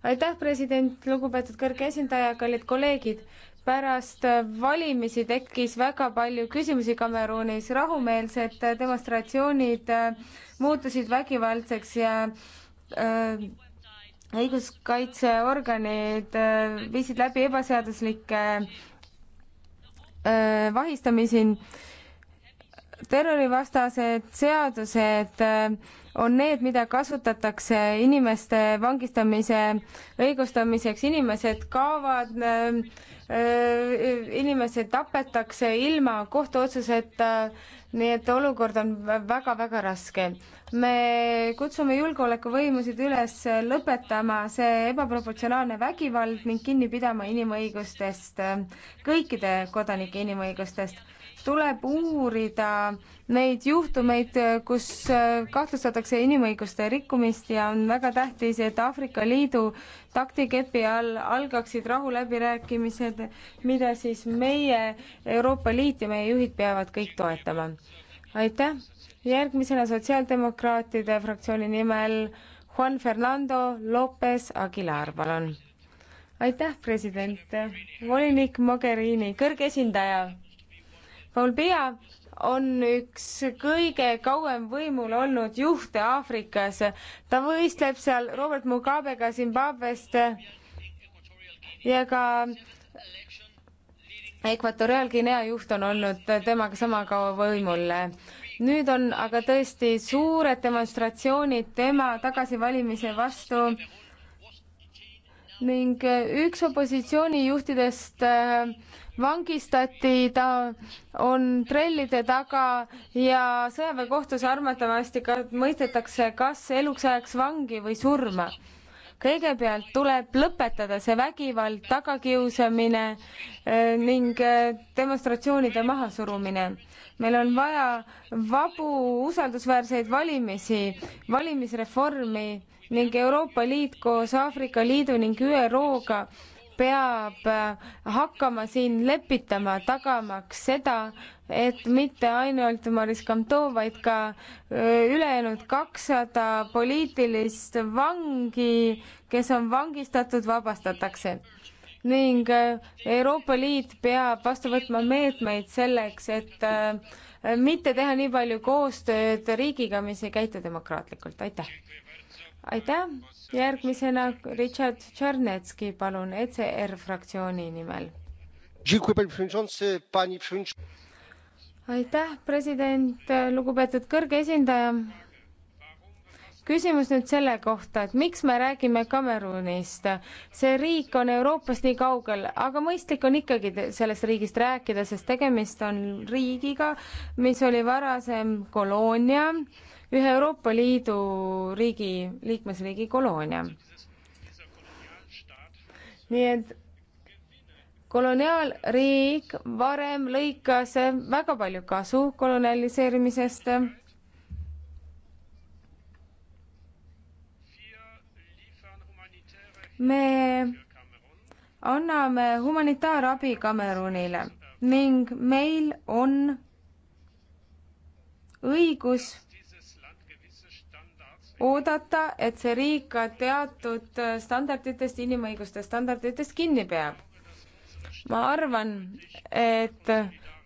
aitäh, president, lugupeetud kõrge esindaja, kallid kolleegid pärast valimisi tekkis väga palju küsimusi Kameruunis, rahumeelsed demonstratsioonid äh, muutusid vägivaldseks ja äh, õiguskaitseorganid äh, viisid läbi ebaseaduslikke äh, vahistamisi äh, terrorivastased seadused äh, on need, mida kasutatakse inimeste vangistamise õigustamiseks, inimesed kaovad, äh, äh, inimesi tapetakse ilma kohtuotsuseta, nii et olukord on väga-väga raske. me kutsume julgeolekuvõimusid üles lõpetama see ebaproportsionaalne vägivald ning kinni pidama inimõigustest, kõikide kodanike inimõigustest tuleb uurida neid juhtumeid, kus kahtlustatakse inimõiguste rikkumist ja on väga tähtis, et Aafrika Liidu taktikepi all algaksid rahuläbirääkimised, mida siis meie, Euroopa Liit ja meie juhid peavad kõik toetama. aitäh, järgmisena Sotsiaaldemokraatide fraktsiooni nimel Juan Fernando Lopez Aguilar, palun. aitäh, president, volinik Mogherini, kõrge esindaja Paul Pia on üks kõige kauem võimul olnud juhte Aafrikas. ta võistleb seal Robert Mugabega Zimbabwest ja ka Ekvatoriaalguinea juht on olnud temaga sama kaua võimul. nüüd on aga tõesti suured demonstratsioonid tema tagasivalimise vastu ning üks opositsioonijuhtidest äh, vangistati, ta on trellide taga ja sõjaväekohtus arvatavasti ka mõistetakse kas eluks ajaks vangi või surma. kõigepealt tuleb lõpetada see vägivald, tagakiusamine eh, ning eh, demonstratsioonide mahasurumine. meil on vaja vabu usaldusväärseid valimisi, valimisreformi ning Euroopa Liit koos Aafrika Liidu ning ÜRO-ga peab äh, hakkama siin lepitama, tagamaks seda, et mitte ainult Maris Kamto, vaid ka äh, ülejäänud kakssada poliitilist vangi, kes on vangistatud, vabastatakse ning äh, Euroopa Liit peab vastu võtma meetmeid selleks, et mitte teha nii palju koostööd riigiga, mis ei käitu demokraatlikult, aitäh aitäh, järgmisena Richard Tšernetski, palun, ECR fraktsiooni nimel. aitäh, president, lugupeetud kõrge esindaja. küsimus nüüd selle kohta, et miks me räägime Kamerunist. see riik on Euroopast nii kaugel, aga mõistlik on ikkagi sellest riigist rääkida, sest tegemist on riigiga, mis oli varasem koloonia ühe Euroopa Liidu riigi, liikmesriigi koloonia. nii et koloniaalriik varem lõikas väga palju kasu kolonialiseerimisest. me anname humanitaarabi Kamerunile ning meil on õigus oodata, et see riik ka teatud standarditest, inimõiguste standarditest kinni peab. ma arvan, et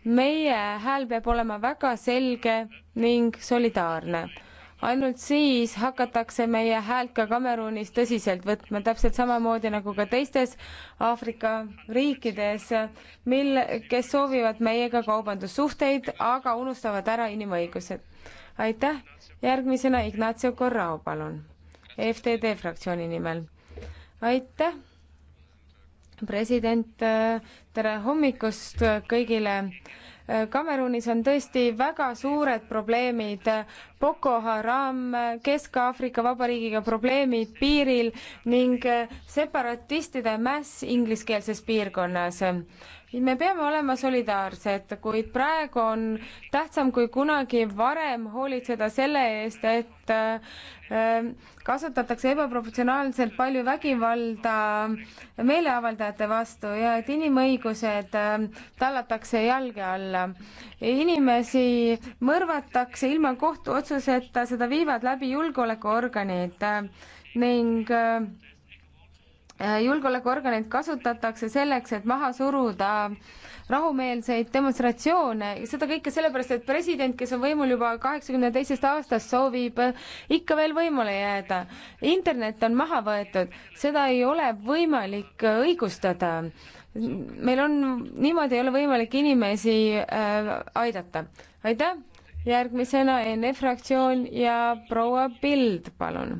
meie hääl peab olema väga selge ning solidaarne. ainult siis hakatakse meie häält ka Kameruunis tõsiselt võtma, täpselt samamoodi nagu ka teistes Aafrika riikides, mil, kes soovivad meiega kaubandussuhteid, aga unustavad ära inimõigused aitäh, järgmisena Ignacio Corrao, palun, EFTD fraktsiooni nimel. aitäh, president, tere hommikust kõigile Kamerunis on tõesti väga suured probleemid. Boko Haram, Kesk-Aafrika Vabariigiga probleemid piiril ning separatistide mäss ingliskeelses piirkonnas me peame olema solidaarsed, kuid praegu on tähtsam kui kunagi varem hoolitseda selle eest, et äh, kasutatakse ebaproportsionaalselt palju vägivalda meeleavaldajate vastu ja et inimõigused äh, tallatakse jalge alla. inimesi mõrvatakse ilma kohtuotsuseta, seda viivad läbi julgeolekuorganid äh, ning Äh, julgeolekuorganeid kasutatakse selleks, et maha suruda rahumeelseid demonstratsioone ja seda kõike sellepärast, et president, kes on võimul juba kaheksakümne teisest aastast, soovib äh, ikka veel võimule jääda. internet on maha võetud, seda ei ole võimalik äh, õigustada. meil on, niimoodi ei ole võimalik inimesi äh, aidata. aitäh, järgmisena ENF fraktsioon ja proua Pild, palun.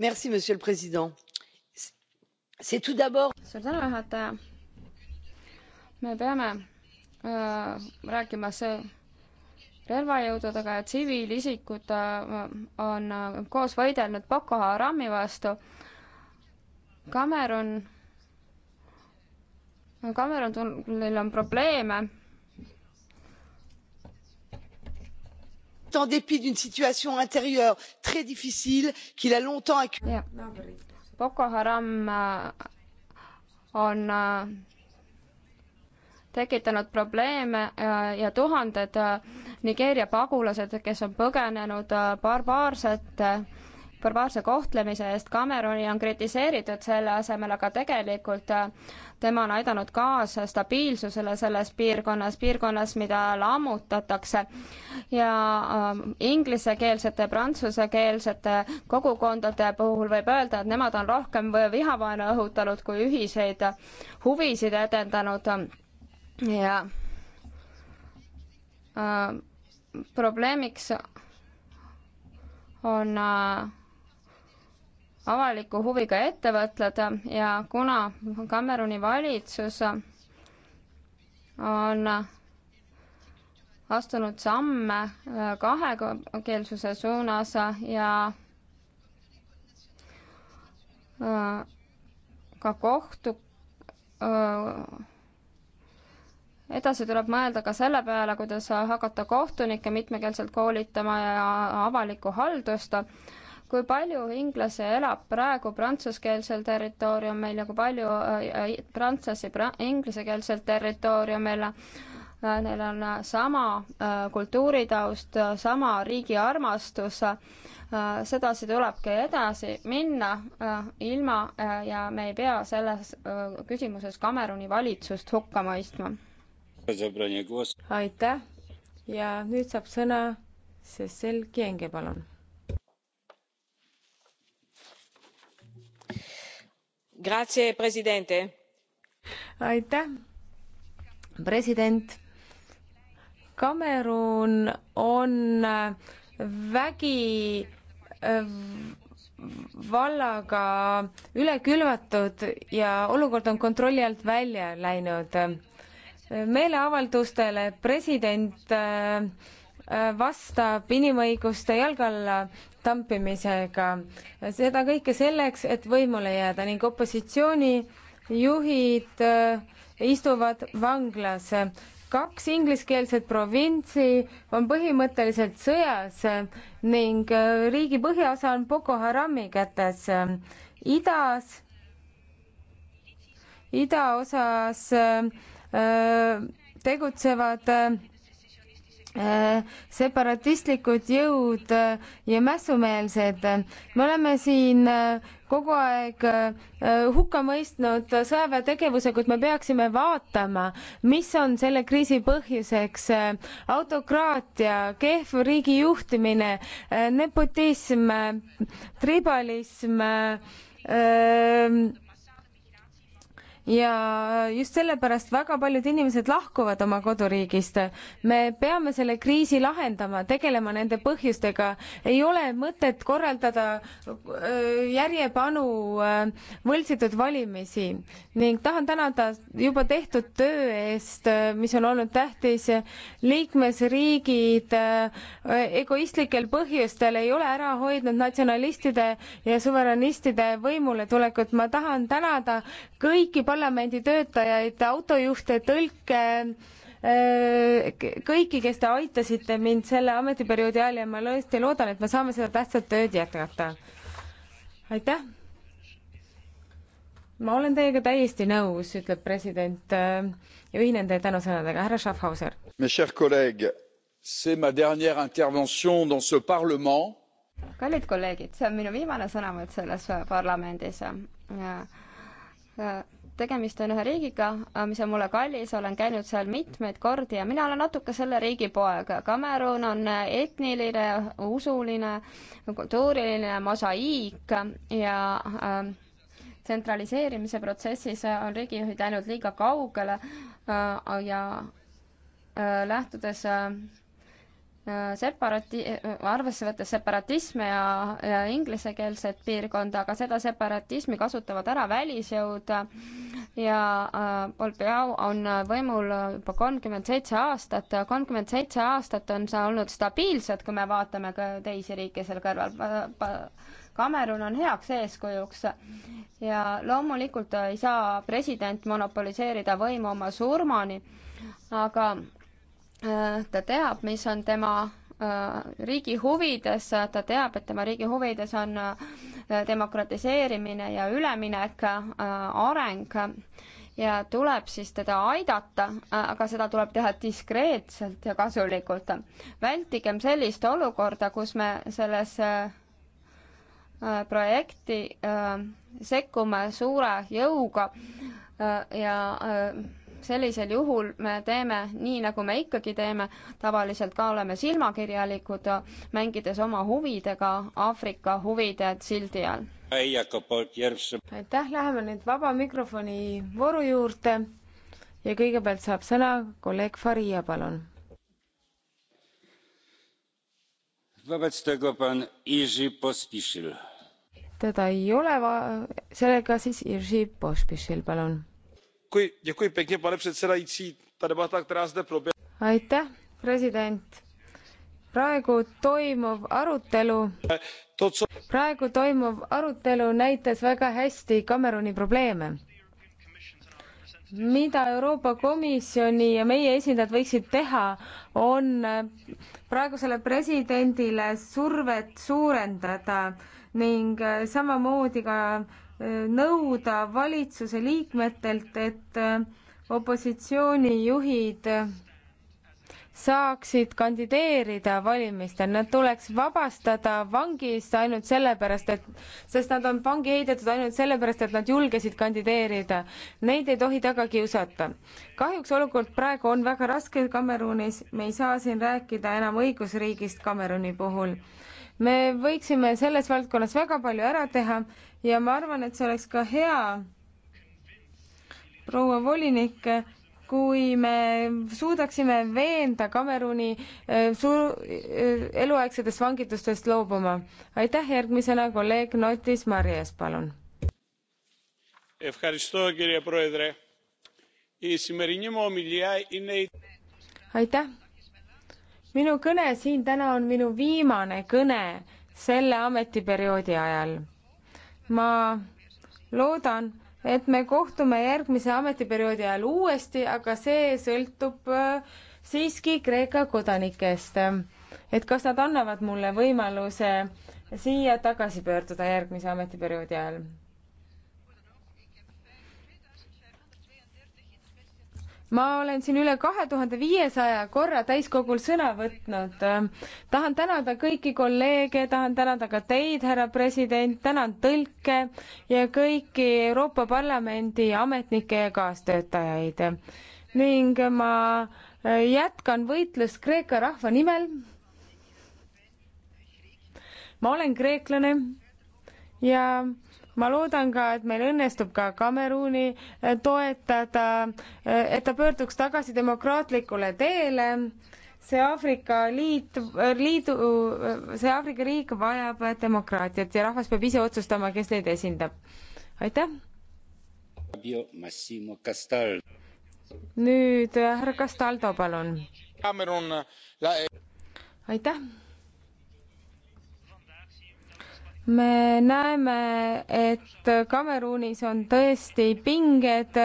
Merci, monsieur le president suur tänu, juhataja. me peame äh, rääkima see relvajõududega ja tsiviilisikud äh, on äh, koos võidelnud Boko Harami vastu. Cameron, Cameronil on probleeme en dépit d'une situation intérieure très difficile qu'il a longtemps accumulée. Boko Haram äh, on äh, tekitanud probleeme äh, ja tuhanded Nigeeria pagulased, kes on põgenenud barbaarsete barbaarse kohtlemise eest. Cameroni on kritiseeritud selle asemel, aga tegelikult äh, tema on aidanud kaasa stabiilsusele selles piirkonnas, piirkonnas, mida lammutatakse. ja ähm, inglisekeelsete, prantsusekeelsete kogukondade puhul võib öelda, et nemad on rohkem vihavaenu õhutanud kui ühiseid huvisid edendanud ja äh, probleemiks on äh, avaliku huviga ettevõtted ja kuna Kameruni valitsus on astunud samme äh, kahekeelsuse suunas ja äh, ka kohtu äh, edasi tuleb mõelda ka selle peale, kuidas hakata kohtunikke mitmekeelselt koolitama ja avalikku haldust kui palju inglase elab praegu prantsuskeelsel territooriumil ja kui palju äh, äh, prantslasi pra inglisekeelsel territooriumil. Äh, neil on sama kultuuritaust, sama riigiarmastus. sedasi tulebki edasi minna ilma ja me ei pea selles küsimuses Kameruni valitsust hukka mõistma. aitäh ja nüüd saab sõna Cecil Kienge, palun aitäh! president kamerun on vägivallaga äh, üle külvatud ja olukord on kontrolli alt välja läinud. meeleavaldustele president äh, vastab inimõiguste jalge alla tampimisega. seda kõike selleks, et võimule jääda ning opositsioonijuhid äh, istuvad vanglas. kaks ingliskeelset provintsi on põhimõtteliselt sõjas äh, ning äh, riigi põhjaosa on Boko Harami kätes. idas, idaosas tegutsevad Äh, separatistlikud jõud äh, ja mässumeelsed. me oleme siin äh, kogu aeg hukka mõistnud sõjaväetegevuse, kuid me peaksime vaatama, mis on selle kriisi põhjuseks. autokraatia, kehv riigi juhtimine, nepotism, tribalism öö, ja just sellepärast väga paljud inimesed lahkuvad oma koduriigist. me peame selle kriisi lahendama, tegelema nende põhjustega. ei ole mõtet korraldada järjepanu võltsitud valimisi ning tahan tänada juba tehtud töö eest, mis on olnud tähtis. liikmesriigid egoistlikel põhjustel ei ole ära hoidnud natsionalistide ja suveräänistide võimule tulekut. ma tahan tänada kõiki parlamendi töötajaid, autojuhte, tõlke, äh, kõiki, kes te aitasite mind selle ametiperioodi ajal ja ma tõesti loodan, et me saame seda tähtsat tööd jätkata. aitäh! ma olen teiega täiesti nõus, ütleb president äh, ja ühinen teie tänusõnadega, härra Schaffhauser. kallid kolleegid, see on minu viimane sõnavõtt selles parlamendis ja, ja tegemist on ühe riigiga, äh, mis on mulle kallis, olen käinud seal mitmeid kordi ja mina olen natuke selle riigi poeg. Kamerun on äh, etniline, usuline, kultuuriline mosaiik ja äh, tsentraliseerimise protsessis äh, on riigijuhid läinud liiga kaugele äh, ja äh, lähtudes äh, separati-, arvesse võttes separatismi ja, ja inglisekeelset piirkonda, aga seda separatismi kasutavad ära välisjõud ja äh, Polpeau on võimul juba kolmkümmend seitse aastat, kolmkümmend seitse aastat on see olnud stabiilsed, kui me vaatame ka teisi riike seal kõrval. Kamerun on heaks eeskujuks ja loomulikult ei saa president monopoliseerida võimu oma surmani, aga Äh, ta teab, mis on tema äh, riigi huvides, ta teab, et tema riigi huvides on äh, demokratiseerimine ja üleminek, areng ja tuleb siis teda aidata, aga seda tuleb teha diskreetselt ja kasulikult. vältigem sellist olukorda, kus me sellesse projekti sekkume suure jõuga ja sellisel juhul me teeme nii, nagu me ikkagi teeme, tavaliselt ka oleme silmakirjalikud, mängides oma huvidega Aafrika huvide sildi all. aitäh, läheme nüüd vaba mikrofoni vooru juurde ja kõigepealt saab sõna kolleeg Faria, palun. teda ei ole, sellega siis Irži Pospišil, palun pane předsedající ta debata která zde proběhla praegu toimuv arutelu eh, praegu toimuv arutelu näitas väga hästi kameruni probleeme mida Euroopa Komisjoni ja meie esindajad võiksid teha, on eh, praegusele presidendile survet suurendada ning eh, samamoodi ka nõuda valitsuse liikmetelt, et äh, opositsioonijuhid äh, saaksid kandideerida valimistel, nad tuleks vabastada vangist ainult sellepärast, et, sest nad on vangi heidetud ainult sellepärast, et nad julgesid kandideerida. Neid ei tohi taga kiusata. kahjuks olukord praegu on väga raske Kameruunis, me ei saa siin rääkida enam õigusriigist Kameruni puhul. me võiksime selles valdkonnas väga palju ära teha ja ma arvan, et see oleks ka hea, proua volinik, kui me suudaksime veenda Kameruni äh, su-, äh, eluaegsetest vangitustest loobuma. aitäh, järgmisena kolleeg Notis Marjes, palun. aitäh. minu kõne siin täna on minu viimane kõne selle ametiperioodi ajal ma loodan, et me kohtume järgmise ametiperioodi ajal uuesti, aga see sõltub äh, siiski Kreeka kodanikest. et kas nad annavad mulle võimaluse siia tagasi pöörduda järgmise ametiperioodi ajal ma olen siin üle kahe tuhande viiesaja korra täiskogul sõna võtnud. tahan tänada kõiki kolleege, tahan tänada ka teid, härra president, tänan tõlke ja kõiki Euroopa Parlamendi ametnikke ja kaastöötajaid. ning ma jätkan võitlust Kreeka rahva nimel. ma olen kreeklane ja ma loodan ka, et meil õnnestub ka Kameruni eh, toetada, eh, et ta pöörduks tagasi demokraatlikule teele. see Aafrika Liit, eh, liidu, see Aafrika riik vajab demokraatiat ja rahvas peab ise otsustama, kes neid esindab. aitäh. nüüd härra Castaldo, palun. aitäh me näeme, et Kameruunis on tõesti pinged,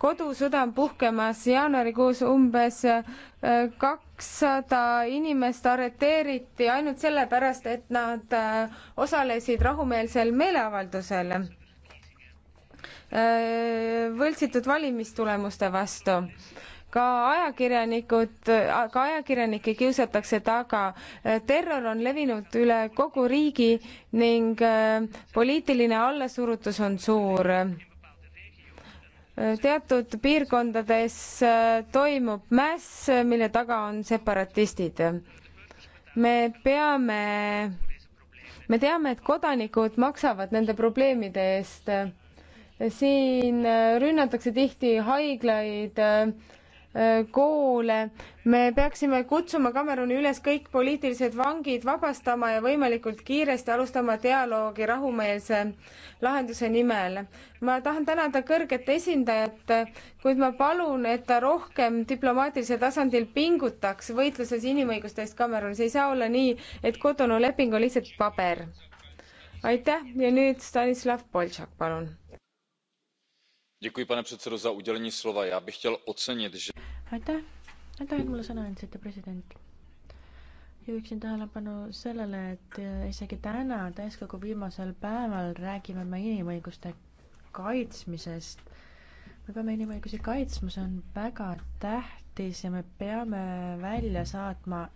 kodusõda on puhkemas, jaanuarikuus umbes äh, kakssada inimest arreteeriti ainult sellepärast, et nad äh, osalesid rahumeelsel meeleavaldusel äh, võltsitud valimistulemuste vastu ka ajakirjanikud, ka ajakirjanikke kiusatakse taga. terror on levinud üle kogu riigi ning äh, poliitiline allasurutus on suur. teatud piirkondades äh, toimub mäss, mille taga on separatistid. me peame, me teame, et kodanikud maksavad nende probleemide eest siin äh, rünnatakse tihti haiglaid, Äh, koole, me peaksime kutsuma Kameruni üles kõik poliitilised vangid vabastama ja võimalikult kiiresti alustama dialoogi rahumeelse lahenduse nimel. ma tahan tänada kõrget esindajat, kuid ma palun, et ta rohkem diplomaatilisel tasandil pingutaks võitluses inimõiguste eest Kamerunis, ei saa olla nii, et Cotonou leping on lihtsalt paber aitäh ja nüüd Stanislav Boltšak, palun pane předsedající já bych chtěl ocenit že. aitäh aitäh et mulle sõna andsite president! juhiksin tähelepanu sellele et isegi täna täiskogu viimasel päeval räägime me inimõiguste kaitsmisest. me peame inimõigusi kaitsma see on väga tähtis ja me peame välja saatma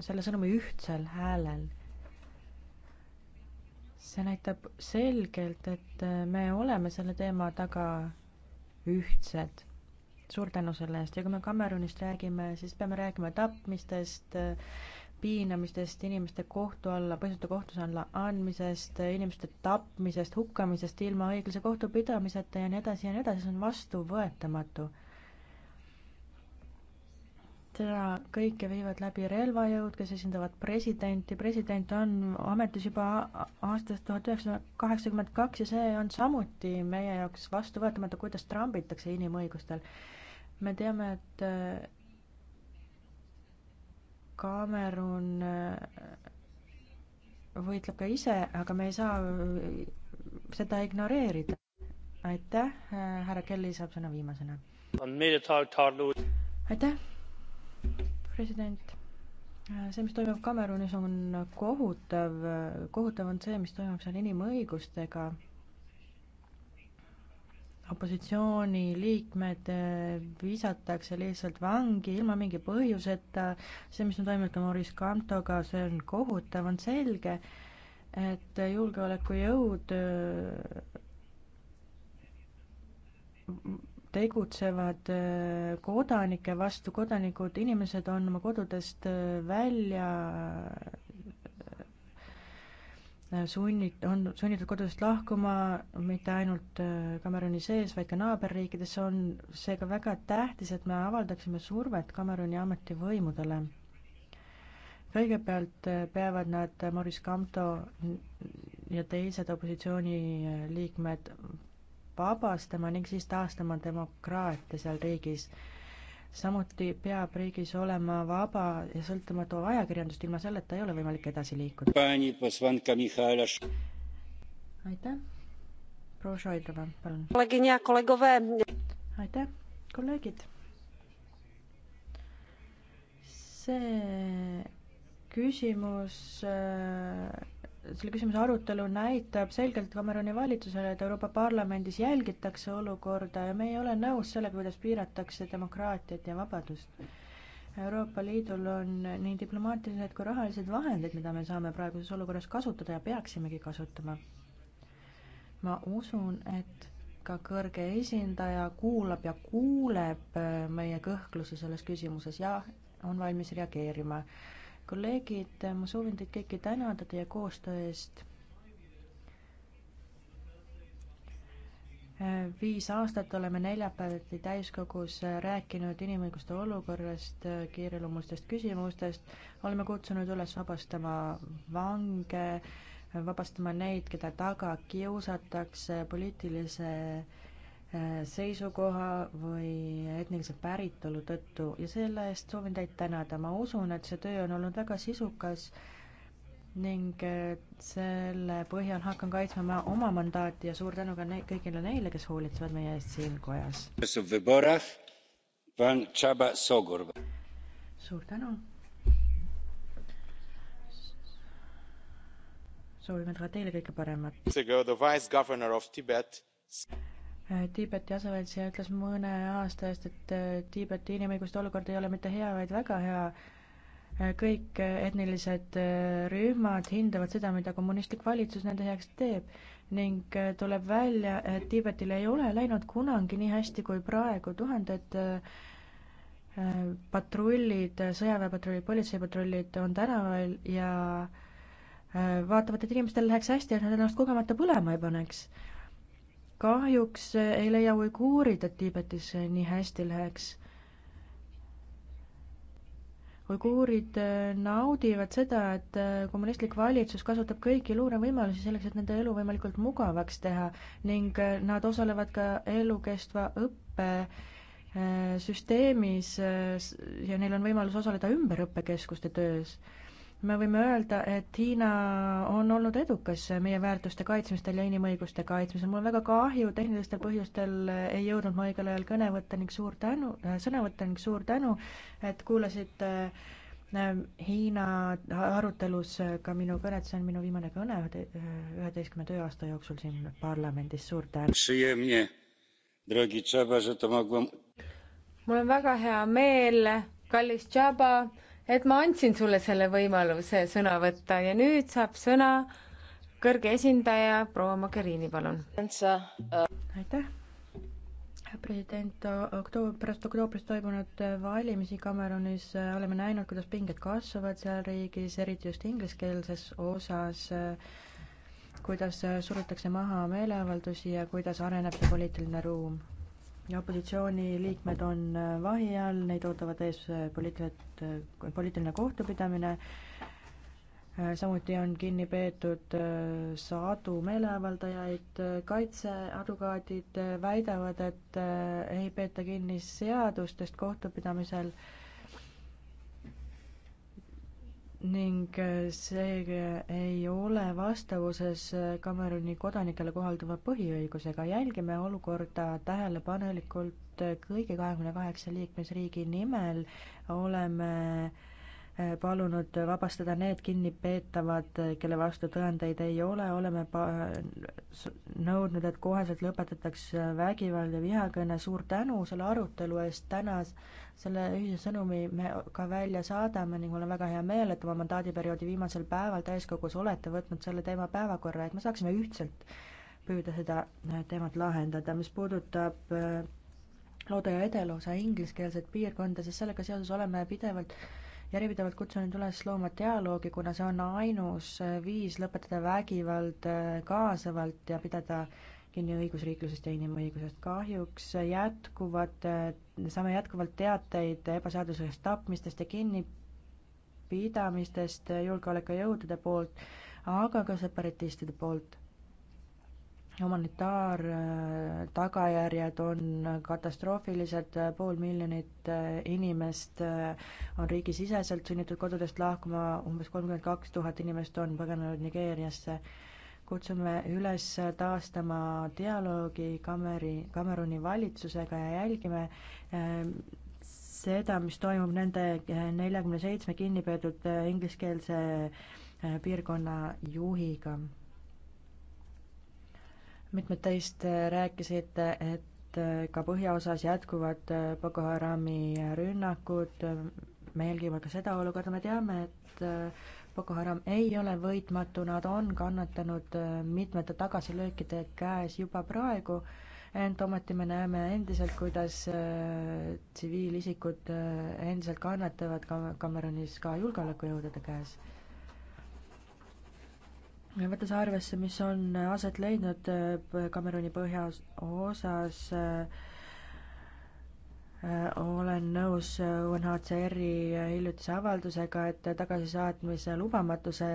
selle sõnumi ühtsel häälel see näitab selgelt, et me oleme selle teema taga ühtsed. suur tänu selle eest ja kui me Kamerunist räägime, siis peame rääkima tapmistest, piinamistest, inimeste kohtu alla, põhjuseta kohtuse alla andmisest, inimeste tapmisest, hukkamisest ilma õiglase kohtupidamiseta ja nii edasi ja nii edasi, see on vastuvõetamatu täna äh, kõike viivad läbi relvajõud, kes esindavad presidenti. president on ametis juba aastast tuhat üheksasada kaheksakümmend kaks ja see on samuti meie jaoks vastuvõetamatu, kuidas trambitakse inimõigustel. me teame, et Kamerun äh, äh, võitleb ka ise, aga me ei saa seda ignoreerida. aitäh, härra Kelly saab sõna viimasena. aitäh president, see, mis toimub Kamerunis, on kohutav, kohutav on see, mis toimub seal inimõigustega, opositsiooniliikmed eh, visatakse lihtsalt vangi ilma mingi põhjuseta, see, mis on toimunud ka Maurice Kamtoga, see on kohutav, on selge, et julgeolekujõud eh, tegutsevad äh, kodanike vastu, kodanikud, inimesed on oma kodudest äh, välja äh, sunnit-, on sunnitud kodudest lahkuma mitte ainult Kameruni sees, vaid ka naaberriikides, on seega väga tähtis, et me avaldaksime survet Kameruni ametivõimudele kõigepealt peavad nad Maurice Kamto ja teised opositsiooniliikmed vabastama ning siis taastama demokraatia seal riigis. samuti peab riigis olema vaba ja sõltumatu ajakirjandust, ilma selleta ei ole võimalik edasi liikuda. aitäh, proua Šoidrova, palun. aitäh, kolleegid. see küsimus äh, selle küsimuse arutelu näitab selgelt Cameroni valitsusele, et Euroopa Parlamendis jälgitakse olukorda ja me ei ole nõus sellega, kuidas piiratakse demokraatiat ja vabadust. Euroopa Liidul on nii diplomaatilised kui rahalised vahendid, mida me saame praeguses olukorras kasutada ja peaksimegi kasutama. ma usun, et ka kõrge esindaja kuulab ja kuuleb meie kõhklusi selles küsimuses ja on valmis reageerima kolleegid, ma soovin teid kõiki tänada teie koostöö eest. viis aastat oleme neljapäeviti täiskogus rääkinud inimõiguste olukorrast, kiireloomulistest küsimustest, oleme kutsunud üles vabastama vange, vabastama neid, keda taga kiusatakse poliitilise seisukoha või etnilise päritolu tõttu ja selle eest soovin teid tänada. ma usun, et see töö on olnud väga sisukas ning selle põhjal hakkan kaitsma ma oma mandaati ja suur tänu ka ne kõigile neile, kes hoolitsevad meie eest siin kojas. suur tänu. soovime teile kõike paremat. Tiibeti asevalitsija ütles mõne aasta eest, et äh, Tiibeti inimõiguste olukord ei ole mitte hea, vaid väga hea. Äh, kõik etnilised äh, rühmad hindavad seda, mida kommunistlik valitsus nende heaks teeb ning tuleb välja, et Tiibetil ei ole läinud kunagi nii hästi kui praegu, tuhanded patrullid, sõjaväepatrullid, politseipatrullid on tänaval ja vaatavad, et inimestel läheks hästi, et nad ennast kogemata põlema ei paneks kahjuks ei leia uiguurid, et Tiibetis nii hästi läheks. uiguurid naudivad seda, et kommunistlik valitsus kasutab kõiki luurevõimalusi selleks, et nende elu võimalikult mugavaks teha ning nad osalevad ka elukestva õppe eh, süsteemis eh, ja neil on võimalus osaleda ümberõppekeskuste töös me võime öelda, et Hiina on olnud edukas meie väärtuste kaitsmistel ja inimõiguste kaitsmisel. mul on väga kahju, tehnilistel põhjustel ei jõudnud ma õigel ajal kõne võtta ning suur tänu, äh, sõna võtta ning suur tänu, et kuulasite äh, Hiina arutelus äh, ka minu kõnet, see on minu viimane kõne üheteistkümne tööaasta jooksul siin parlamendis, suur tänu. mul on väga hea meel, kallis Tšaba et ma andsin sulle selle võimaluse sõna võtta ja nüüd saab sõna kõrge esindaja proua Mogherini, palun. aitäh. president oktoober, pärast oktoobris toimunud valimisi Kamerunis äh, oleme näinud, kuidas pinged kasvavad seal riigis, eriti just ingliskeelses osas äh, kuidas äh, surutakse maha meeleavaldusi ja kuidas areneb see poliitiline ruum opositsiooni liikmed on äh, vahi all, neid ootavad ees äh, poliitilised, äh, poliitiline kohtupidamine, samuti on kinni peetud sadu meeleavaldajaid, kaitseadvokaadid väidavad, et ei peeta kinni seadustest kohtupidamisel ning äh, see äh, ei ole vastavuses Kameruni äh, kodanikele kohalduva põhiõigusega. jälgime olukorda tähelepanelikult kõigi kahekümne kaheksa liikmesriigi nimel, oleme äh, palunud vabastada need kinnipeetavad, kelle vastu tõendeid ei ole, oleme pa-, nõudnud, et koheselt lõpetataks vägivald ja vihakõne, suur tänu selle arutelu eest täna, selle ühise sõnumi me ka välja saadame ning mul on väga hea meel, et oma mandaadiperioodi viimasel päeval täiskogus olete võtnud selle teema päevakorra, et me saaksime ühtselt püüda seda teemat lahendada, mis puudutab äh, Lode ja Edelosa ingliskeelset piirkonda, siis sellega seoses oleme pidevalt järjepidevalt kutsun end üles looma dialoogi, kuna see on ainus viis lõpetada vägivald äh, kaasavalt ja pidada kinni õigusriiklusest ja inimõigusest. kahjuks jätkuvad, äh, saame jätkuvalt teateid ebaseaduslikest tapmistest ja kinnipidamistest julgeolekujõudude poolt, aga ka separatistide poolt humanitaartagajärjed äh, on katastroofilised, äh, pool miljonit äh, inimest on riigisiseselt sunnitud kodudest lahkuma, umbes kolmkümmend kaks tuhat inimest on põgenenud Nigeeriasse. kutsume üles taastama dialoogi Kameri, Kameruni valitsusega ja jälgime seda, mis toimub nende neljakümne seitsme kinnipeetud ingliskeelse piirkonna juhiga mitmed teist äh, rääkisid, et äh, ka põhjaosas jätkuvad äh, Boko Harami rünnakud, me jälgime ka seda olukorda, me teame, et Boko Haram ei ole võitmatu, nad on kannatanud mitmete tagasilöökide käes juba praegu, ent ometi me näeme endiselt, kuidas tsiviilisikud endiselt kannatavad Kam-, Kamerunis ka julgeolekujõudude käes võttes arvesse, mis on aset leidnud äh, Kameruni põhjaosas, äh, äh, olen nõus UNHCR-i hiljutise avaldusega, et tagasisaatmise lubamatuse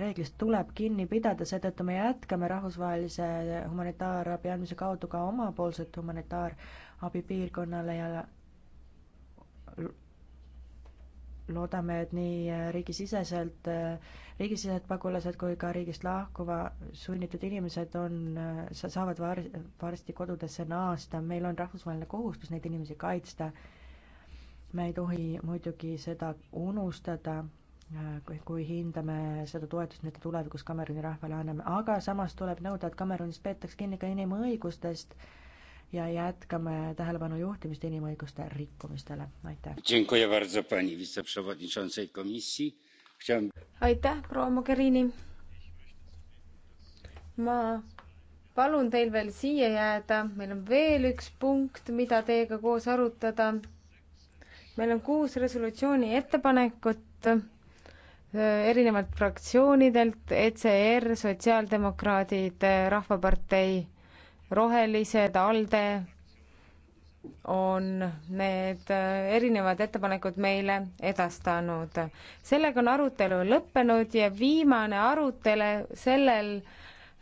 reeglist tuleb kinni pidada, seetõttu me jätkame rahvusvahelise humanitaarabi andmise kaudu ka omapoolset humanitaarabi piirkonnale ja loodame, et nii riigisiseselt, riigisisesed pagulased kui ka riigist lahkuva sunnitud inimesed on, saavad var-, varsti kodudesse naasta, meil on rahvusvaheline kohustus neid inimesi kaitsta. me ei tohi muidugi seda unustada, kui, kui hindame seda toetust, mida tulevikus Kameruni rahvale anname, aga samas tuleb nõuda, et Kamerunis peetaks kinni ka inimõigustest äh, ja jätkame tähelepanu juhtimist inimõiguste rikkumistele, aitäh. aitäh, proua Mogherini. ma palun teil veel siia jääda, meil on veel üks punkt, mida teiega koos arutada. meil on kuus resolutsiooni ettepanekut äh, erinevalt fraktsioonidelt, ECR, Sotsiaaldemokraadid, äh, Rahvapartei rohelised, ALDE on need äh, erinevad ettepanekud meile edastanud. sellega on arutelu lõppenud ja viimane arutelu sellel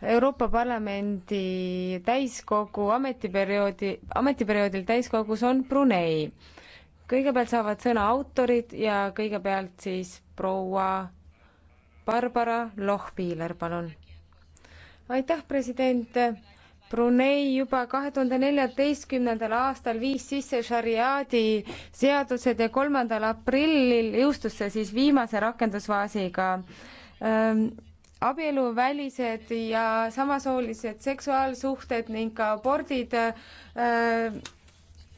Euroopa Parlamendi täiskogu ametiperioodi, ametiperioodil täiskogus on Brunei. kõigepealt saavad sõna autorid ja kõigepealt siis proua Barbara Lohpiiler, palun. aitäh, president Brunei juba kahe tuhande neljateistkümnendal aastal viis sisse šariaadi seadused ja kolmandal aprillil jõustus see siis viimase rakendusfaasiga ähm, abieluvälised ja samasoolised seksuaalsuhted ning ka abordid äh,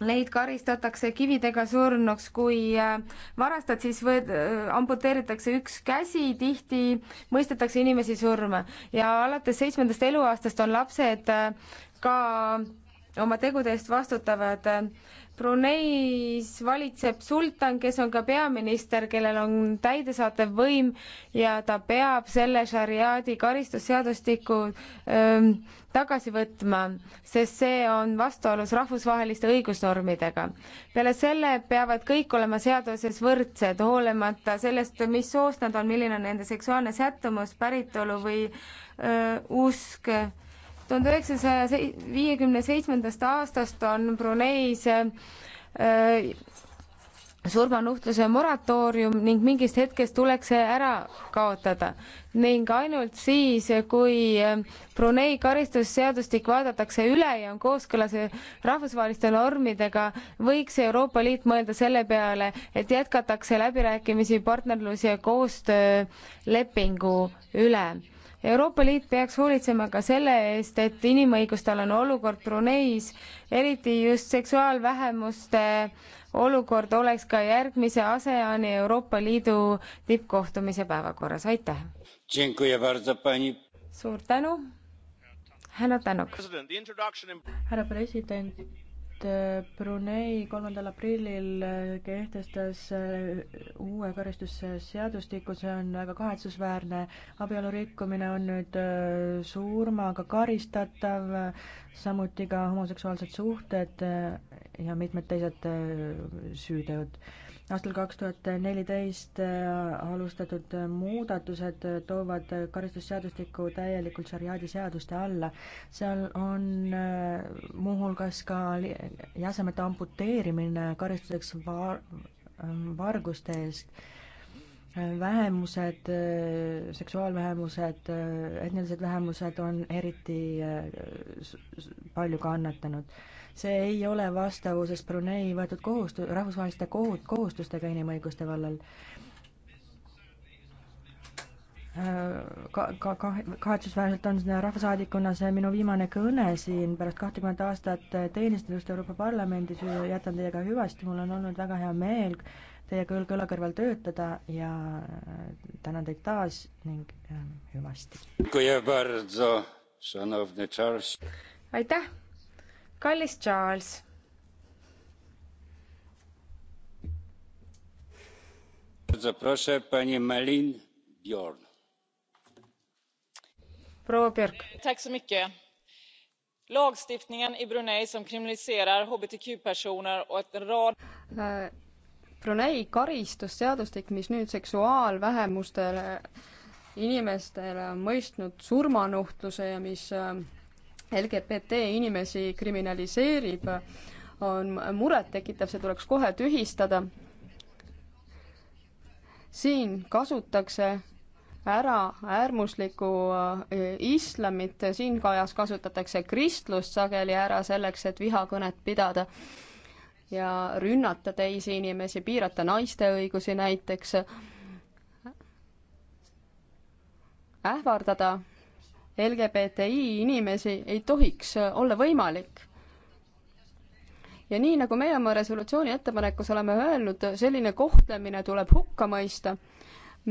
Neid karistatakse kividega surnuks, kui äh, varastad, siis võid, äh, amputeeritakse üks käsi, tihti mõistetakse inimesi surma ja alates seitsmendast eluaastast on lapsed äh, ka oma tegude eest vastutavad Bruneis valitseb sultan, kes on ka peaminister, kellel on täidesaatev võim ja ta peab selle šariaadi karistusseadustiku ähm, tagasi võtma, sest see on vastuolus rahvusvaheliste õigusnormidega. peale selle peavad kõik olema seaduses võrdsed, hoolimata sellest, mis soost nad on, milline on nende seksuaalne sättumus, päritolu või öö, äh, usk tuhande üheksasaja viiekümne seitsmendast aastast on Bruneis äh, surmanuhtluse moratoorium ning mingist hetkest tuleks see ära kaotada ning ainult siis, kui äh, Brunei karistusseadustik vaadatakse üle ja on kooskõlas äh, rahvusvaheliste normidega, võiks Euroopa Liit mõelda selle peale, et jätkatakse läbirääkimisi partnerlus- ja koostöölepingu üle Euroopa Liit peaks hoolitsema ka selle eest, et inimõigustalane olukord Bruneis, eriti just seksuaalvähemuste olukord, oleks ka järgmise ASEAN-i Euroopa Liidu tippkohtumise päevakorras, aitäh! suur tänu, härra Tänok! härra president, et äh, Brunei kolmandal aprillil äh, kehtestas äh, uue karistusseadustiku, see on väga kahetsusväärne. abielu rikkumine on nüüd surmaga karistatav, samuti ka homoseksuaalsed suhted ja mitmed teised süüteod aastal kaks tuhat neliteist äh, alustatud äh, muudatused äh, toovad karistusseadustiku täielikult šariaadi seaduste alla. seal on muuhulgas ka jäsemete amputeerimine karistuseks va-, varguste eest vähemused, seksuaalvähemused, etnilised vähemused on eriti palju kannatanud see ei ole vastavuses Brunei võetud kohustu-, rahvusvaheliste kohu-, kohustustega inimõiguste vallal ka-, ka-, ka-, kahetsusväärselt on rahvasaadikuna see minu viimane kõne siin, pärast kahtekümmet aastat teenistusest Euroopa Parlamendis jätan teiega hüvasti, mul on olnud väga hea meel teie kõl-, kõla kõrval töötada ja tänan teid taas ning ähm, hüvasti. aitäh, kallis Charles. proua Björk. lagstiftningen i Brunei som kriminaliserar hbtq personer och en rad äh, Brunei karistusseadustik, mis nüüd seksuaalvähemustele inimestele on mõistnud surmanuhtluse ja mis äh, LGBT inimesi kriminaliseerib, on murettekitav, see tuleks kohe tühistada. siin kasutakse ära äärmuslikku äh, islamit, siin kajas kasutatakse kristlust sageli ära selleks, et vihakõnet pidada ja rünnata teisi inimesi, piirata naiste õigusi näiteks, ähvardada LGBTI inimesi ei tohiks olla võimalik ja nii, nagu meie oma resolutsiooni ettepanekus oleme öelnud, selline kohtlemine tuleb hukka mõista.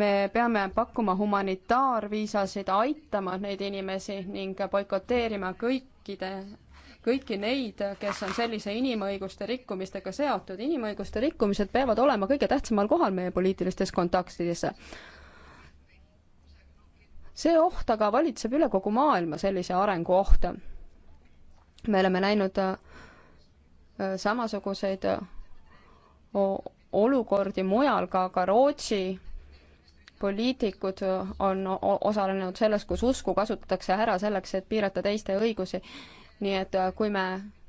me peame pakkuma humanitaarviisasid, aitama neid inimesi ning boikoteerima kõikide, kõiki neid, kes on sellise inimõiguste rikkumistega seotud. inimõiguste rikkumised peavad olema kõige tähtsamal kohal meie poliitilistes kontaktides see oht aga valitseb üle kogu maailma, sellise arengu oht. me oleme näinud äh, samasuguseid äh, olukordi mujal ka, ka Rootsi poliitikud äh, on osalenud selles, kus usku kasutatakse ära selleks, et piirata teiste õigusi. nii et kui me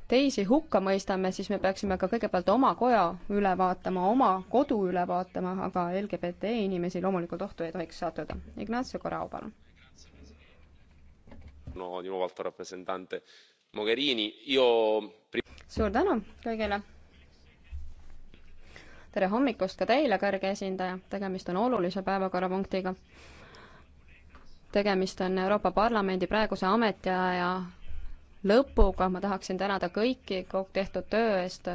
teisi hukka mõistame, siis me peaksime ka kõigepealt oma koja üle vaatama, oma kodu üle vaatama, aga LGBT inimesi loomulikult ohtu ei tohiks sattuda. Ignacio Corao, palun. no minu valdkonna representante Mogherini, io. suur tänu kõigile. tere hommikust ka teile, kõrge esindaja, tegemist on olulise päevakorrapunktiga. tegemist on Euroopa Parlamendi praeguse ametiaja lõpuga, ma tahaksin tänada kõiki kogu tehtud töö eest,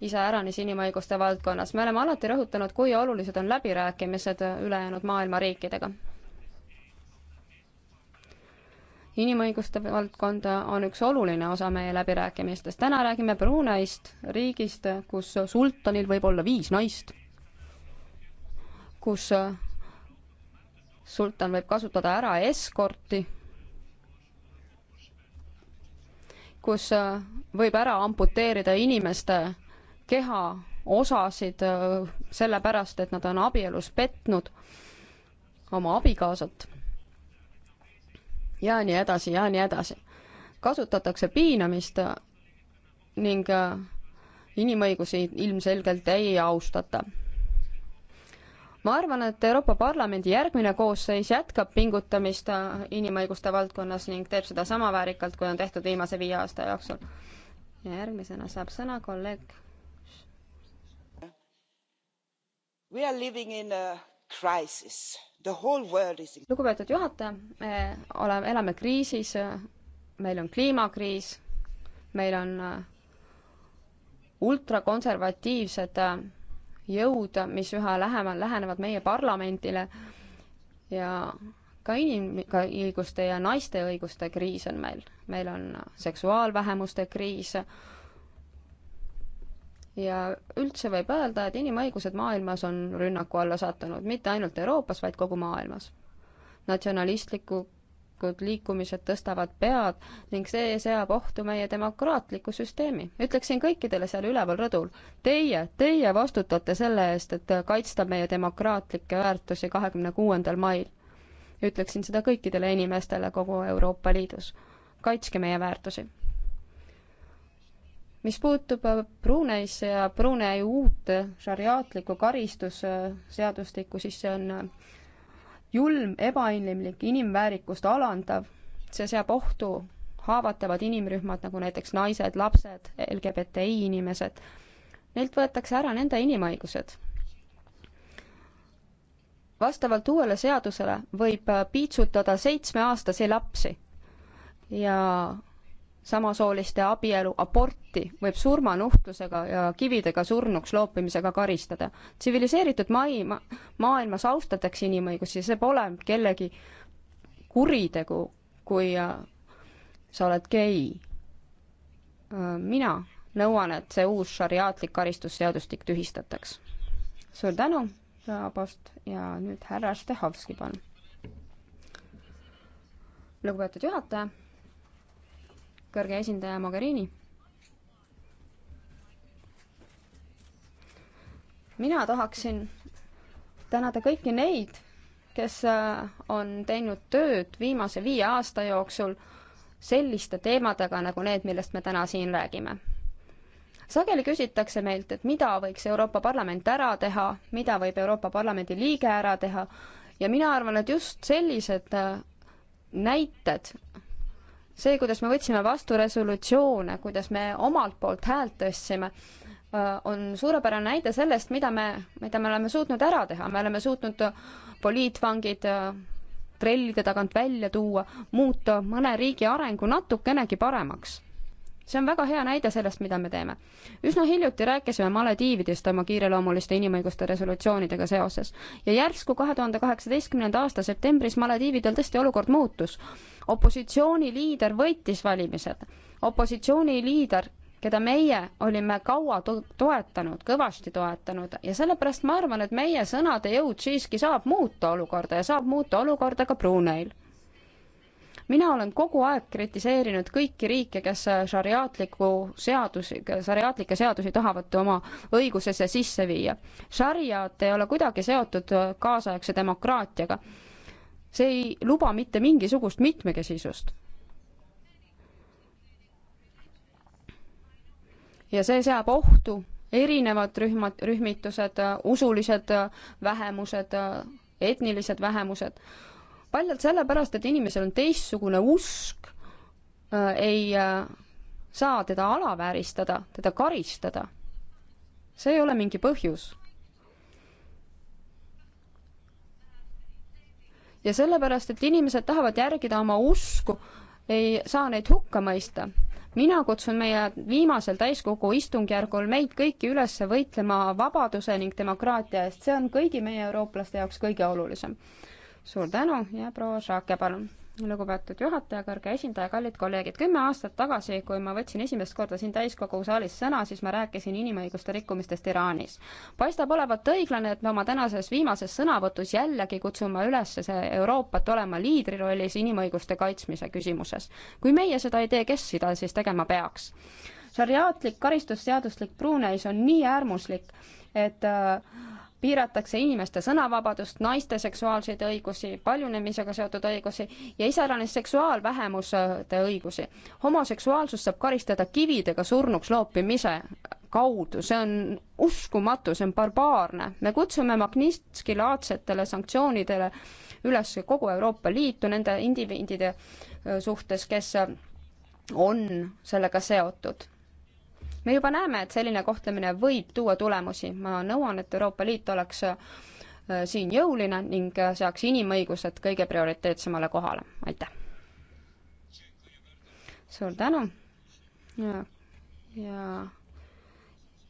iseäranis inimõiguste valdkonnas. me oleme alati rõhutanud, kui olulised on läbirääkimised ülejäänud maailma riikidega. inimõiguste valdkond on üks oluline osa meie läbirääkimistest. täna räägime Bruneist, riigist, kus sultanil võib olla viis naist, kus sultan võib kasutada ära eskorti kus äh, võib ära amputeerida inimeste keha osasid äh, sellepärast, et nad on abielus petnud oma abikaasat. ja nii edasi ja nii edasi. kasutatakse piinamist äh, ning inimõigusi ilmselgelt ei austata ma arvan, et Euroopa Parlamendi järgmine koosseis jätkab pingutamist äh, inimõiguste valdkonnas ning teeb seda sama väärikalt, kui on tehtud viimase viie aasta jooksul. ja järgmisena saab sõna kolleeg. We are living in a crisis. The whole world is in... lugupeetud juhataja, me oleme, elame kriisis, meil on kliimakriis, meil on äh, ultrakonservatiivsed äh, jõud, mis üha lähemal lähenevad meie parlamendile ja ka inimõiguste ja naiste õiguste kriis on meil. meil on seksuaalvähemuste kriis ja üldse võib öelda, et inimõigused maailmas on rünnaku alla sattunud, mitte ainult Euroopas, vaid kogu maailmas. natsionalistliku demokraatlikud liikumised tõstavad pead ning see seab ohtu meie demokraatliku süsteemi. ütleksin kõikidele seal üleval rõdul, teie, teie vastutate selle eest, et kaitsta meie demokraatlikke väärtusi kahekümne kuuendal mail. ütleksin seda kõikidele inimestele kogu Euroopa Liidus. kaitske meie väärtusi mis puutub Bruneisse ja Brunei uut šariaatlikku karistusseadustikku, siis see on julm, ebainimlik, inimväärikust alandav, see seab ohtu haavatavad inimrühmad, nagu näiteks naised, lapsed, LGBTI inimesed. Neilt võetakse ära nende inimõigused. vastavalt uuele seadusele võib piitsutada seitsmeaastasi lapsi ja samasooliste abielu aborti võib surmanuhtlusega ja kividega surnuks loopimisega karistada. tsiviliseeritud maailma, maailmas austatakse inimõigusi, see pole kellegi kuritegu, kui äh, sa oled gei. mina nõuan, et see uus šariaatlik karistusseadustik tühistataks. suur tänu, Post ja nüüd härra Štehovski, palun. lugupeetud juhataja kõrge esindaja Mogherini. mina tahaksin tänada kõiki neid, kes äh, on teinud tööd viimase viie aasta jooksul selliste teemadega nagu need, millest me täna siin räägime. sageli küsitakse meilt, et mida võiks Euroopa Parlament ära teha, mida võib Euroopa Parlamendi liige ära teha ja mina arvan, et just sellised äh, näited see, kuidas me võtsime vastu resolutsioone, kuidas me omalt poolt häält tõstsime, äh, on suurepärane näide sellest, mida me, mida me oleme suutnud ära teha, me oleme suutnud poliitvangid äh, trellide tagant välja tuua, muuta mõne riigi arengu natukenegi paremaks see on väga hea näide sellest, mida me teeme. üsna hiljuti rääkisime Malediividest oma kiireloomuliste inimõiguste resolutsioonidega seoses ja järsku kahe tuhande kaheksateistkümnenda aasta septembris Malediividel tõesti olukord muutus. opositsiooni liider võitis valimised, opositsiooni liider keda meie olime kaua to toetanud, kõvasti toetanud ja sellepärast ma arvan, et meie sõnade jõud siiski saab muuta olukorda ja saab muuta olukorda ka Bruneil mina olen kogu aeg kritiseerinud kõiki riike, kes äh, šariaatliku seadusi, šariaatlikke seadusi tahavad oma õigusesse sisse viia. šariaat ei ole kuidagi seotud äh, kaasaegse demokraatiaga. see ei luba mitte mingisugust mitmekesisust ja see seab ohtu erinevad rühmad, rühmitused, äh, usulised vähemused, etnilised vähemused paljalt sellepärast, et inimesel on teistsugune usk, äh, ei äh, saa teda alavääristada, teda karistada. see ei ole mingi põhjus. ja sellepärast, et inimesed tahavad järgida oma usku, ei saa neid hukka mõista. mina kutsun meie viimasel täiskogu istungjärgul meid kõiki üles võitlema vabaduse ning demokraatia eest, see on kõigi meie eurooplaste jaoks kõige olulisem suur tänu ja proua Šaake, palun. lugupeetud juhataja, kõrge esindaja, kallid kolleegid, kümme aastat tagasi, kui ma võtsin esimest korda siin täiskogu saalis sõna, siis ma rääkisin inimõiguste rikkumistest Iraanis. paistab olevat õiglane, et me oma tänases viimases sõnavõtus jällegi kutsume üles see Euroopat olema liidri rollis inimõiguste kaitsmise küsimuses. kui meie seda ei tee, kes seda siis tegema peaks? šariaatlik karistusseaduslik Bruneis on nii äärmuslik, et äh, piiratakse inimeste sõnavabadust, naiste seksuaalseid õigusi, paljunemisega seotud õigusi ja iseäranis seksuaalvähemuste õigusi. homoseksuaalsust saab karistada kividega surnuks loopimise kaudu, see on uskumatu, see on barbaarne. me kutsume Magnitski laadsetele sanktsioonidele üles kogu Euroopa Liitu nende indiviidide suhtes, kes on sellega seotud me juba näeme, et selline kohtlemine võib tuua tulemusi, ma nõuan, et Euroopa Liit oleks äh, siin jõuline ning äh, seaks inimõigused kõige prioriteetsemale kohale, aitäh! suur tänu ja, ja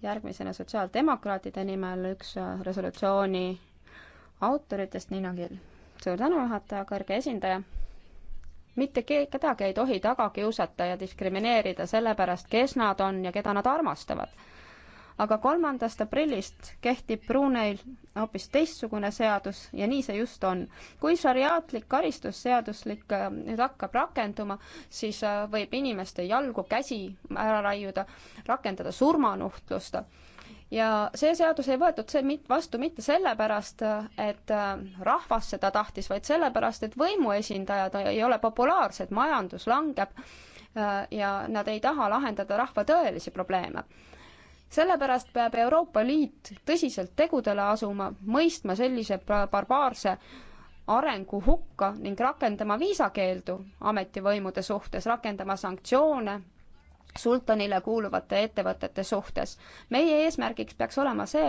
järgmisena sotsiaaldemokraatide nimel üks äh, resolutsiooni autoritest, Nina Kill. suur tänu, juhataja, kõrge esindaja mitte keegi, kedagi ei tohi taga kiusata ja diskrimineerida selle pärast, kes nad on ja keda nad armastavad. aga kolmandast aprillist kehtib Bruneil hoopis teistsugune seadus ja nii see just on. kui šariaatlik karistusseaduslik äh, nüüd hakkab rakenduma, siis äh, võib inimeste jalgu, käsi ära raiuda, rakendada surmanuhtlust ja see seadus ei võetud see mit-, vastu mitte sellepärast, et äh, rahvas seda tahtis, vaid sellepärast, et võimuesindajad ei ole populaarsed, majandus langeb äh, ja nad ei taha lahendada rahva tõelisi probleeme. sellepärast peab Euroopa Liit tõsiselt tegudele asuma, mõistma sellise barbaarse arengu hukka ning rakendama viisakeeldu ametivõimude suhtes, rakendama sanktsioone sultanile kuuluvate ettevõtete suhtes. meie eesmärgiks peaks olema see,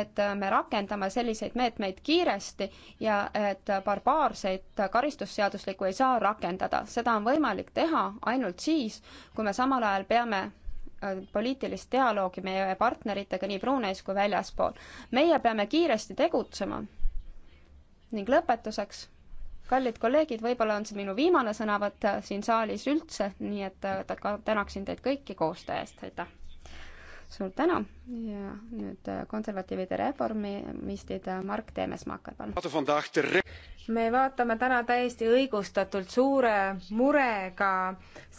et me rakendame selliseid meetmeid kiiresti ja et barbaarseid karistusseaduslikku ei saa rakendada. seda on võimalik teha ainult siis, kui me samal ajal peame äh, poliitilist dialoogi meie partneritega nii Bruneis kui väljaspool. meie peame kiiresti tegutsema. ning lõpetuseks kallid kolleegid, võib-olla on see minu viimane sõnavõtt siin saalis üldse, nii et äh, tänaksin teid kõiki koostöö eest, aitäh! suur tänu ja nüüd äh, konservatiivide reformistid äh, Mark Teemesmaaker, palun. me vaatame täna täiesti õigustatult suure murega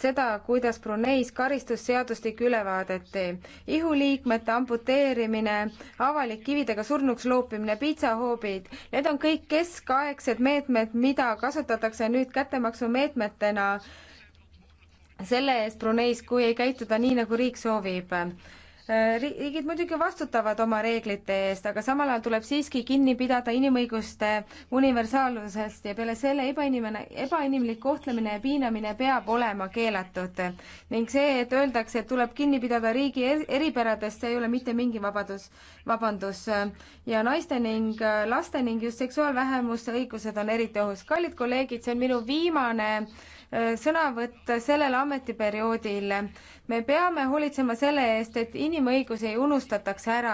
seda, kuidas Bruneis karistusseadustik ülevaadet teeb. ihuliikmete amputeerimine, avalik kividega surnuks loopimine, piitsahoobid, need on kõik keskaegsed meetmed, mida kasutatakse nüüd kättemaksumeetmetena selle eest Bruneis, kui ei käituda nii, nagu riik soovib Äh, riigid muidugi vastutavad oma reeglite eest, aga samal ajal tuleb siiski kinni pidada inimõiguste universaalsusest ja peale selle ebainimene, ebainimlik kohtlemine ja piinamine peab olema keelatud. ning see, et öeldakse, et tuleb kinni pidada riigi er-, eripäradest, see ei ole mitte mingi vabadus, vabandus. ja naiste ning laste ning just seksuaalvähemuste õigused on eriti ohus. kallid kolleegid, see on minu viimane äh, Äh, sõnavõtt sellel ametiperioodil. me peame hoolitsema selle eest, et inimõigusi ei unustataks ära.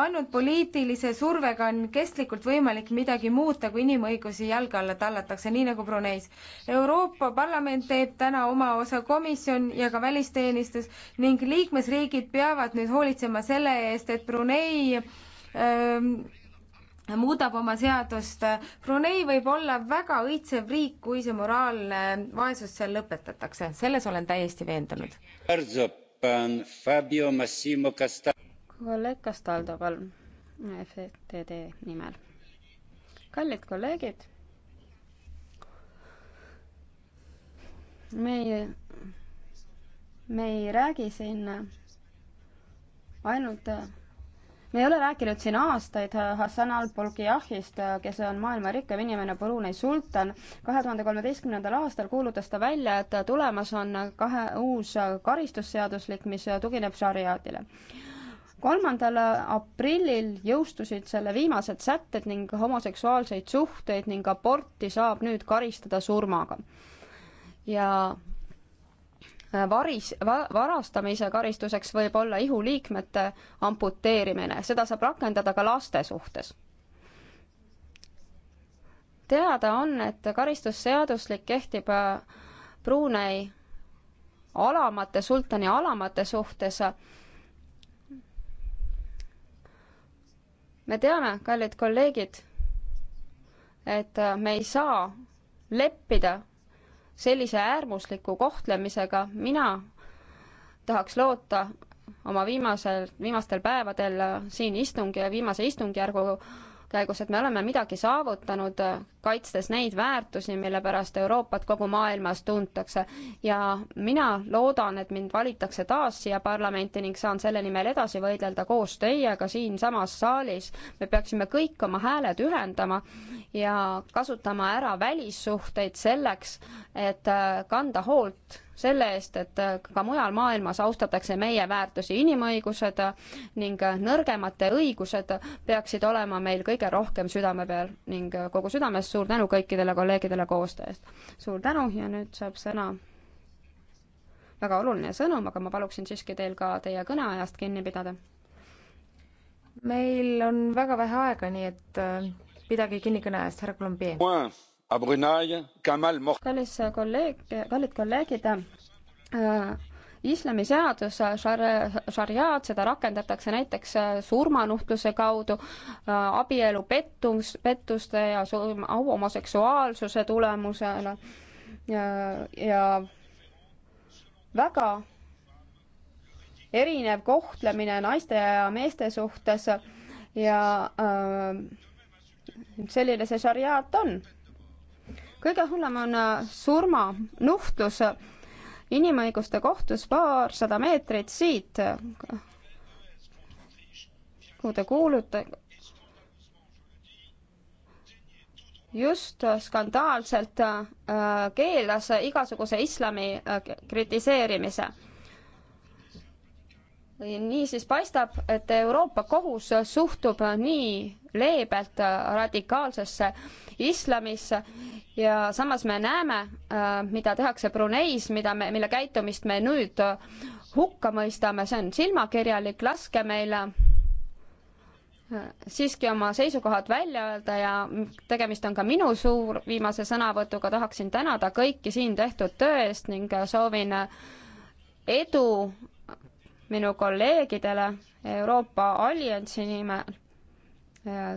ainult poliitilise survega on kestlikult võimalik midagi muuta, kui inimõigusi jalge alla tallatakse, nii nagu Bruneis. Euroopa Parlament teeb täna oma osa, komisjon ja ka välisteenistus ning liikmesriigid peavad nüüd hoolitsema selle eest, et Brunei öö, ähm, muudab oma seadust. Brunei võib olla väga õitsev riik, kui see moraalne vaesus seal lõpetatakse, selles olen täiesti veendunud. kolleeg Castaldo, palun, FTD nimel. kallid kolleegid, me ei, me ei räägi siin ainult me ei ole rääkinud siin aastaid Hassan al-Bolkiahist, kes on maailma rikkam inimene, Brunei sultan. kahe tuhande kolmeteistkümnendal aastal kuulutas ta välja, et tulemas on kahe uus karistusseaduslik, mis tugineb šariaadile kolmandal aprillil jõustusid selle viimased sätted ning homoseksuaalseid suhteid ning aborti saab nüüd karistada surmaga. ja varis va,, varastamise karistuseks võib olla ihuliikmete amputeerimine, seda saab rakendada ka laste suhtes. teada on, et karistusseaduslik kehtib äh, Brunei alamate, sultani alamate suhtes. me teame, kallid kolleegid, et äh, me ei saa leppida sellise äärmusliku kohtlemisega, mina tahaks loota oma viimasel, viimastel päevadel siin istungi ja viimase istungjärgu käigus, et me oleme midagi saavutanud, kaitstes neid väärtusi, mille pärast Euroopat kogu maailmas tuntakse. ja mina loodan, et mind valitakse taas siia parlamenti ning saan selle nimel edasi võidelda koos teiega siinsamas saalis. me peaksime kõik oma hääled ühendama ja kasutama ära välissuhteid selleks, et äh, kanda hoolt selle eest, et äh, ka mujal maailmas austatakse meie väärtusi, inimõigused äh, ning äh, nõrgemate õigused peaksid olema meil kõige rohkem südame peal ning kogu südamest suur tänu kõikidele kolleegidele koostöö eest. suur tänu ja nüüd saab sõna väga oluline sõnum, aga ma paluksin siiski teil ka teie kõneajast kinni pidada. meil on väga vähe aega, nii et pidage kinni kõneajast, härra Colombier kallis kolleeg, kallid kolleegid äh,, islamiseadus, šariaad, seda rakendatakse näiteks äh, surmanuhtluse kaudu äh,, abielu pettus, pettuste ja homoseksuaalsuse tulemusena ja, äh, ja väga erinev kohtlemine naiste ja meeste suhtes ja äh, selline see šariaat on kõige hullem on äh, surmanuhtlus inimõiguste kohtus paarsada meetrit siit, kuhu te kuulute. just skandaalselt äh, keelas igasuguse islami äh, kritiseerimise niisiis paistab, et Euroopa Kohus suhtub nii leebelt radikaalsesse islamisse ja samas me näeme, äh, mida tehakse Bruneis, mida me, mille käitumist me nüüd hukka mõistame, see on silmakirjalik, laske meile äh, siiski oma seisukohad välja öelda ja tegemist on ka minu suur viimase sõnavõtuga, tahaksin tänada kõiki siin tehtud töö eest ning soovin edu minu kolleegidele Euroopa Alliansi nimel.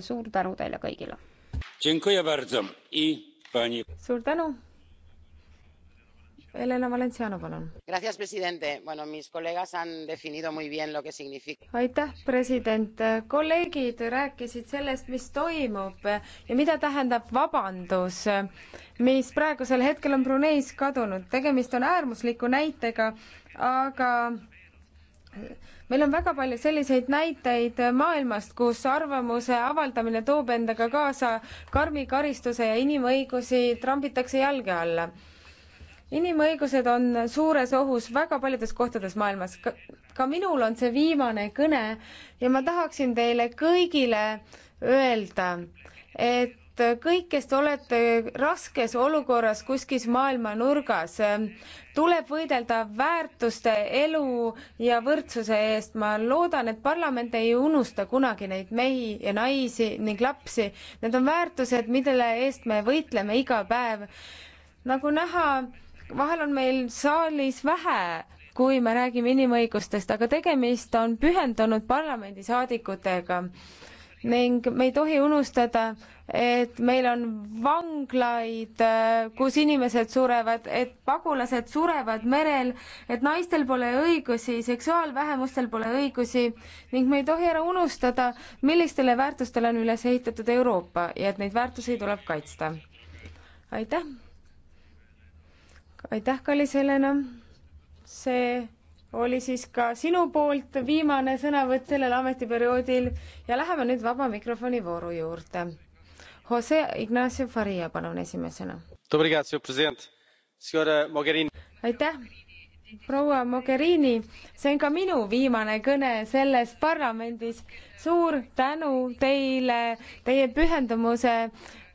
suur tänu teile kõigile. suur tänu. Elena Valenciano, palun. Bueno, aitäh, president. kolleegid rääkisid sellest, mis toimub ja mida tähendab vabandus, mis praegusel hetkel on Bruneis kadunud. tegemist on äärmusliku näitega, aga meil on väga palju selliseid näiteid maailmast, kus arvamuse avaldamine toob endaga kaasa karmi karistuse ja inimõigusi trambitakse jalge alla. inimõigused on suures ohus väga paljudes kohtades maailmas. ka minul on see viimane kõne ja ma tahaksin teile kõigile öelda, et et kõik, kes te olete raskes olukorras kuskil maailma nurgas, tuleb võidelda väärtuste, elu ja võrdsuse eest. ma loodan, et parlament ei unusta kunagi neid mehi ja naisi ning lapsi. Need on väärtused, mille eest me võitleme iga päev. nagu näha, vahel on meil saalis vähe kui me räägime inimõigustest, aga tegemist on pühendunud parlamendisaadikutega ning me ei tohi unustada, et meil on vanglaid, äh, kus inimesed surevad, et pagulased surevad merel, et naistel pole õigusi, seksuaalvähemustel pole õigusi ning me ei tohi ära unustada, millistele väärtustele on üles ehitatud Euroopa ja et neid väärtusi tuleb kaitsta. aitäh! aitäh, kallis Helena! see oli siis ka sinu poolt viimane sõnavõtt sellel ametiperioodil ja läheme nüüd vaba mikrofoni vooru juurde Jose Ignacio Faria, palun esimesena. aitäh proua Mogherini, see on ka minu viimane kõne selles parlamendis. suur tänu teile, teie pühendumuse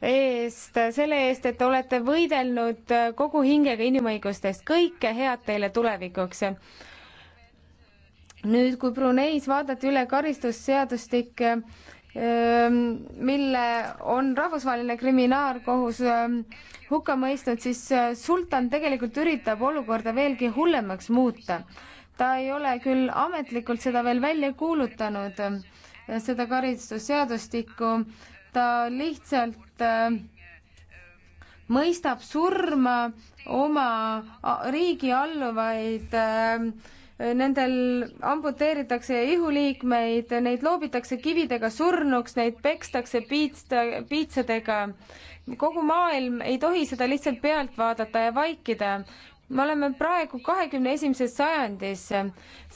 eest, selle eest, et olete võidelnud kogu hingega inimõigustest. kõike head teile tulevikuks. nüüd, kui Bruneis vaadati üle karistusseadustik, mille on rahvusvaheline kriminaalkohus hukka mõistnud, siis sultan tegelikult üritab olukorda veelgi hullemaks muuta. ta ei ole küll ametlikult seda veel välja kuulutanud, seda karistusseadustikku, ta lihtsalt mõistab surma oma riigi alluvaid äh, Nendel amputeeritakse ihuliikmeid, neid loobitakse kividega surnuks, neid pekstakse piitsta, piitsadega. kogu maailm ei tohi seda lihtsalt pealt vaadata ja vaikida me oleme praegu kahekümne esimeses sajandis.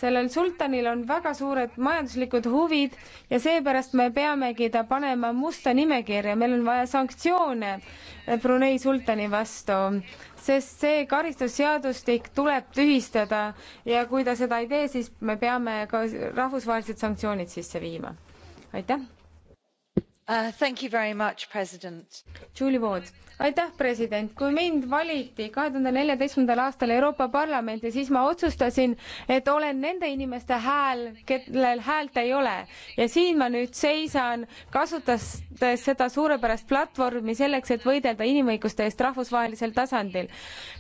sellel sultanil on väga suured majanduslikud huvid ja seepärast me peamegi ta panema musta nimekirja, meil on vaja sanktsioone Brunei sultani vastu sest see karistusseadustik tuleb tühistada ja kui ta seda ei tee, siis me peame ka rahvusvahelised sanktsioonid sisse viima. aitäh! Uh, aitäh president kui mind valiti 2014 aastal euroopa parlamenti siis ma otsustasin et olen nende inimeste hääl kellel häält ei ole ja siin ma nüüd seisan kasutades seda suurepärast platvormi selleks et võidelda inimõiguste eest rahvusvahelisel tasandil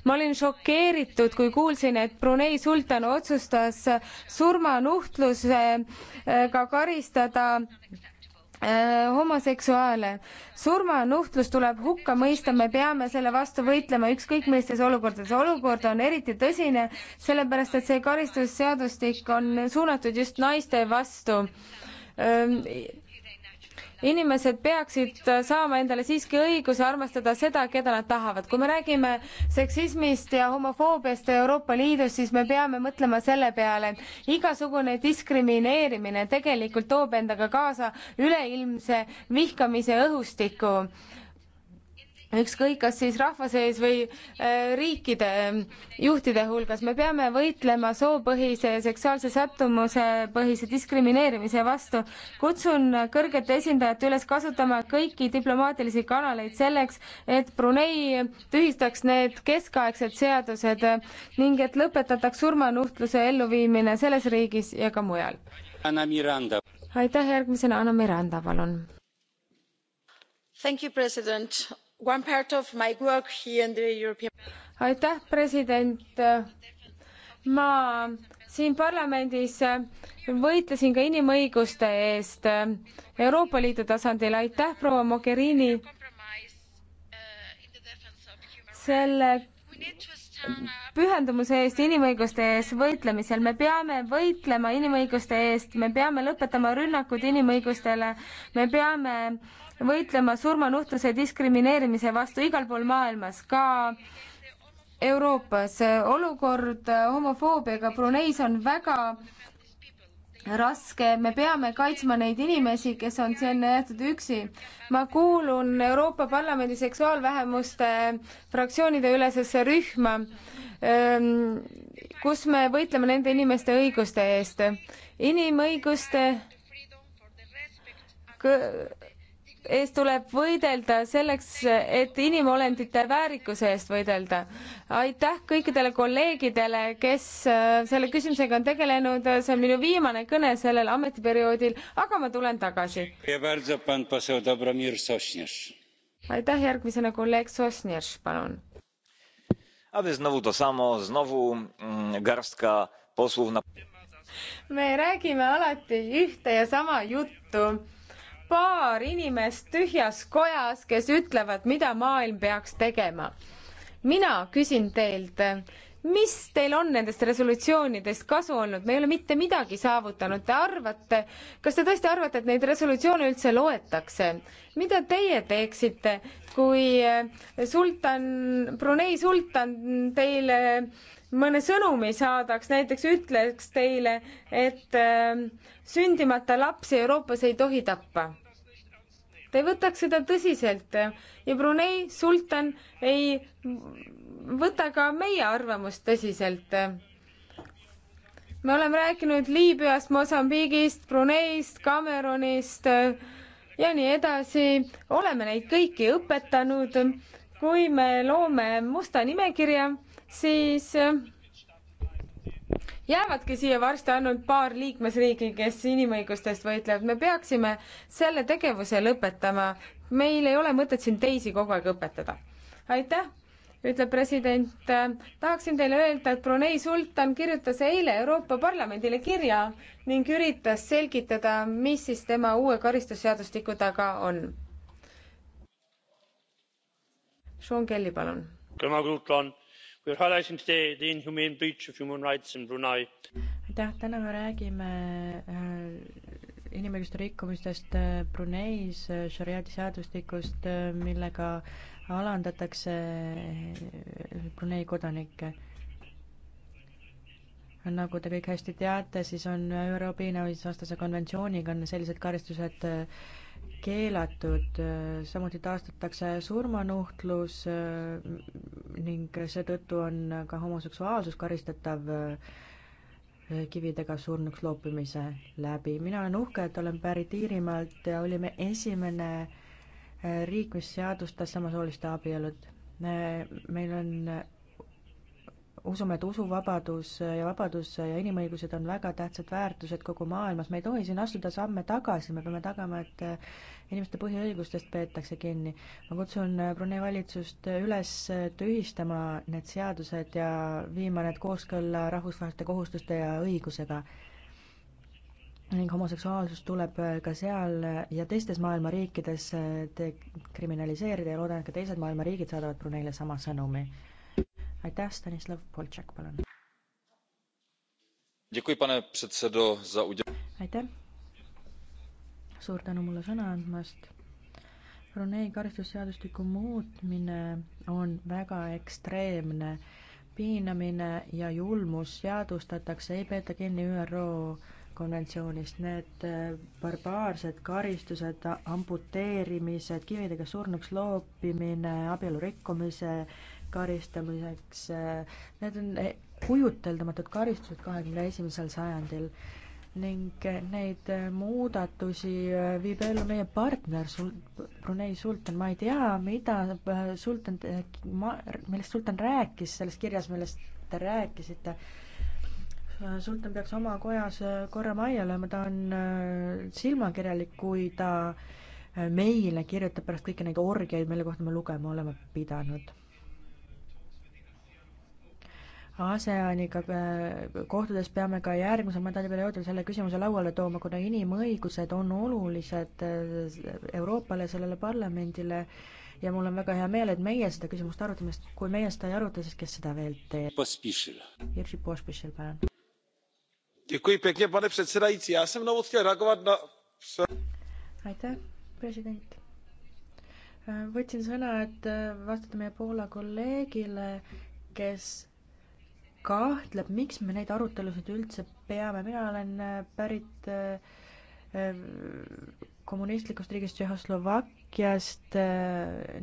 ma olin šokeeritud kui kuulsin et brunei sultan otsustas surmanuhtlusega karistada Äh, homoseksuaale. surmanuhtlus tuleb hukka mõista, me peame selle vastu võitlema ükskõik millistes olukordades. olukord on eriti tõsine, sellepärast et see karistusseadustik on suunatud just naiste vastu äh, inimesed peaksid äh, saama endale siiski õiguse armastada seda, keda nad tahavad. kui me räägime seksismist ja homofoobiast Euroopa Liidus, siis me peame mõtlema selle peale, et igasugune diskrimineerimine tegelikult toob endaga kaasa üleilmse vihkamise õhustiku ükskõik, kas siis rahva sees või äh, riikide ähm, juhtide hulgas, me peame võitlema soopõhise ja seksuaalse sättumuse põhise diskrimineerimise vastu. kutsun kõrget esindajat üles kasutama kõiki diplomaatilisi kanaleid selleks, et Brunei tühistaks need keskaegsed seadused äh, ning et lõpetataks surmanuhtluse elluviimine selles riigis ja ka mujal. aitäh, järgmisena Anna Miranda, palun. Thank you, president aitäh, president. ma siin parlamendis võitlesin ka inimõiguste eest Euroopa Liidu tasandil. aitäh, proua Mogherini, selle pühendumuse eest inimõiguste eest võitlemisel. me peame võitlema inimõiguste eest, me peame lõpetama rünnakud inimõigustele, me peame võitlema surmanuhtluse diskrimineerimise vastu igal pool maailmas, ka Euroopas. olukord homofoobiaga Bruneis on väga raske, me peame kaitsma neid inimesi, kes on sinna jäetud üksi. ma kuulun Euroopa Parlamendi seksuaalvähemuste fraktsioonide ülesesse rühma, ehm, kus me võitleme nende inimeste õiguste eest. inimõiguste eest tuleb võidelda selleks, et inimolendite väärikuse eest võidelda. aitäh kõikidele kolleegidele, kes äh, selle küsimusega on tegelenud, see on minu viimane kõne sellel ametiperioodil, aga ma tulen tagasi. aitäh, järgmisena kolleeg Sosnjev, palun. A wy znowu to samo, znowu mm, garstka posłów na... me räägime alati ühte ja sama juttu paar inimest tühjas kojas, kes ütlevad, mida maailm peaks tegema. mina küsin teilt, mis teil on nendest resolutsioonidest kasu olnud, me ei ole mitte midagi saavutanud, te arvate, kas te tõesti arvate, et neid resolutsioone üldse loetakse? mida teie teeksite, kui sultan, Brunei sultan teile mõne sõnumi saadaks, näiteks ütleks teile, et äh, sündimata lapsi Euroopas ei tohi tappa. Te võtaks seda tõsiselt ja Brunei sultan ei võta ka meie arvamust tõsiselt. me oleme rääkinud Liibüast, Mosambiigist, Bruneist, Cameronist äh, ja nii edasi, oleme neid kõiki õpetanud. kui me loome musta nimekirja siis äh, jäävadki siia varsti ainult paar liikmesriigi, kes inimõigustest võitlevad. me peaksime selle tegevuse lõpetama. meil ei ole mõtet siin teisi kogu aeg õpetada. aitäh, ütleb president. tahaksin teile öelda, et Brunei sultan kirjutas eile Euroopa Parlamendile kirja ning üritas selgitada, mis siis tema uue karistusseadustiku taga on. Sean Kelly, palun we are highlighting today the inhumane breach of human rights in brunei. aitäh, täna me räägime äh, inimõiguste rikkumistest äh, Bruneis, äh, šariaadi seadustikust, millega alandatakse Brunei kodanikke nagu te kõik hästi teate, siis on ÜRO piinamisvastase konventsiooniga on sellised karistused keelatud, samuti taastatakse surmanuhtlus ning seetõttu on ka homoseksuaalsus karistatav kividega surnuks loopimise läbi. mina olen uhke, et olen pärit Iirimaalt ja olime esimene riik, mis seadustas samasooliste abielud. meil on usume, et usuvabadus ja vabadus ja inimõigused on väga tähtsad väärtused kogu maailmas, me ei tohi siin astuda samme tagasi, me peame tagama, et inimeste põhiõigustest peetakse kinni. ma kutsun Brunei valitsust üles tühistama need seadused ja viima need kooskõlla rahvusvaheliste kohustuste ja õigusega. ning homoseksuaalsus tuleb ka seal ja teistes maailma riikides dekriminaliseerida ja loodan, et ka teised maailma riigid saadavad Bruneile sama sõnumi aitäh, Stanislav Boltšak, palun. aitäh. suur tänu mulle sõna andmast Brunei karistusseadustiku muutmine on väga ekstreemne. piinamine ja julmus seadustatakse, ei peeta kinni ÜRO konventsioonist. Need äh, barbaarsed karistused, amputeerimised, kividega surnuks loopimine, abielu rikkumise karistamiseks. Need on kujuteldamatud karistused kahekümne esimesel sajandil ning neid muudatusi viib ellu meie partner sul-, Brunei sultan, ma ei tea, mida sultan, millest sultan rääkis selles kirjas, millest te rääkisite. sultan peaks oma kojas korra majja lööma, ta on äh, silmakirjalik, kui ta äh, meile kirjutab pärast kõiki neid orgiaid, mille kohta me lugema oleme pidanud ASEANiga äh, kohtudes peame ka järgmisel mandaadiperioodil selle küsimuse lauale tooma, kuna inimõigused on olulised äh, Euroopale, sellele parlamendile ja mul on väga hea meel, et meie seda küsimust arutame, sest kui meie seda ei aruta, siis kes seda veel teeb? Jerzy Pospišil, palun. pane předsedající, já jsem na úvod chtěl reagovat na... aitäh, president. Äh, võtsin sõna, et vastata meie Poola kolleegile, kes kahtleb, miks me neid arutelusid üldse peame, mina olen äh, pärit äh, äh, kommunistlikust riigist Tšehhoslovakkiast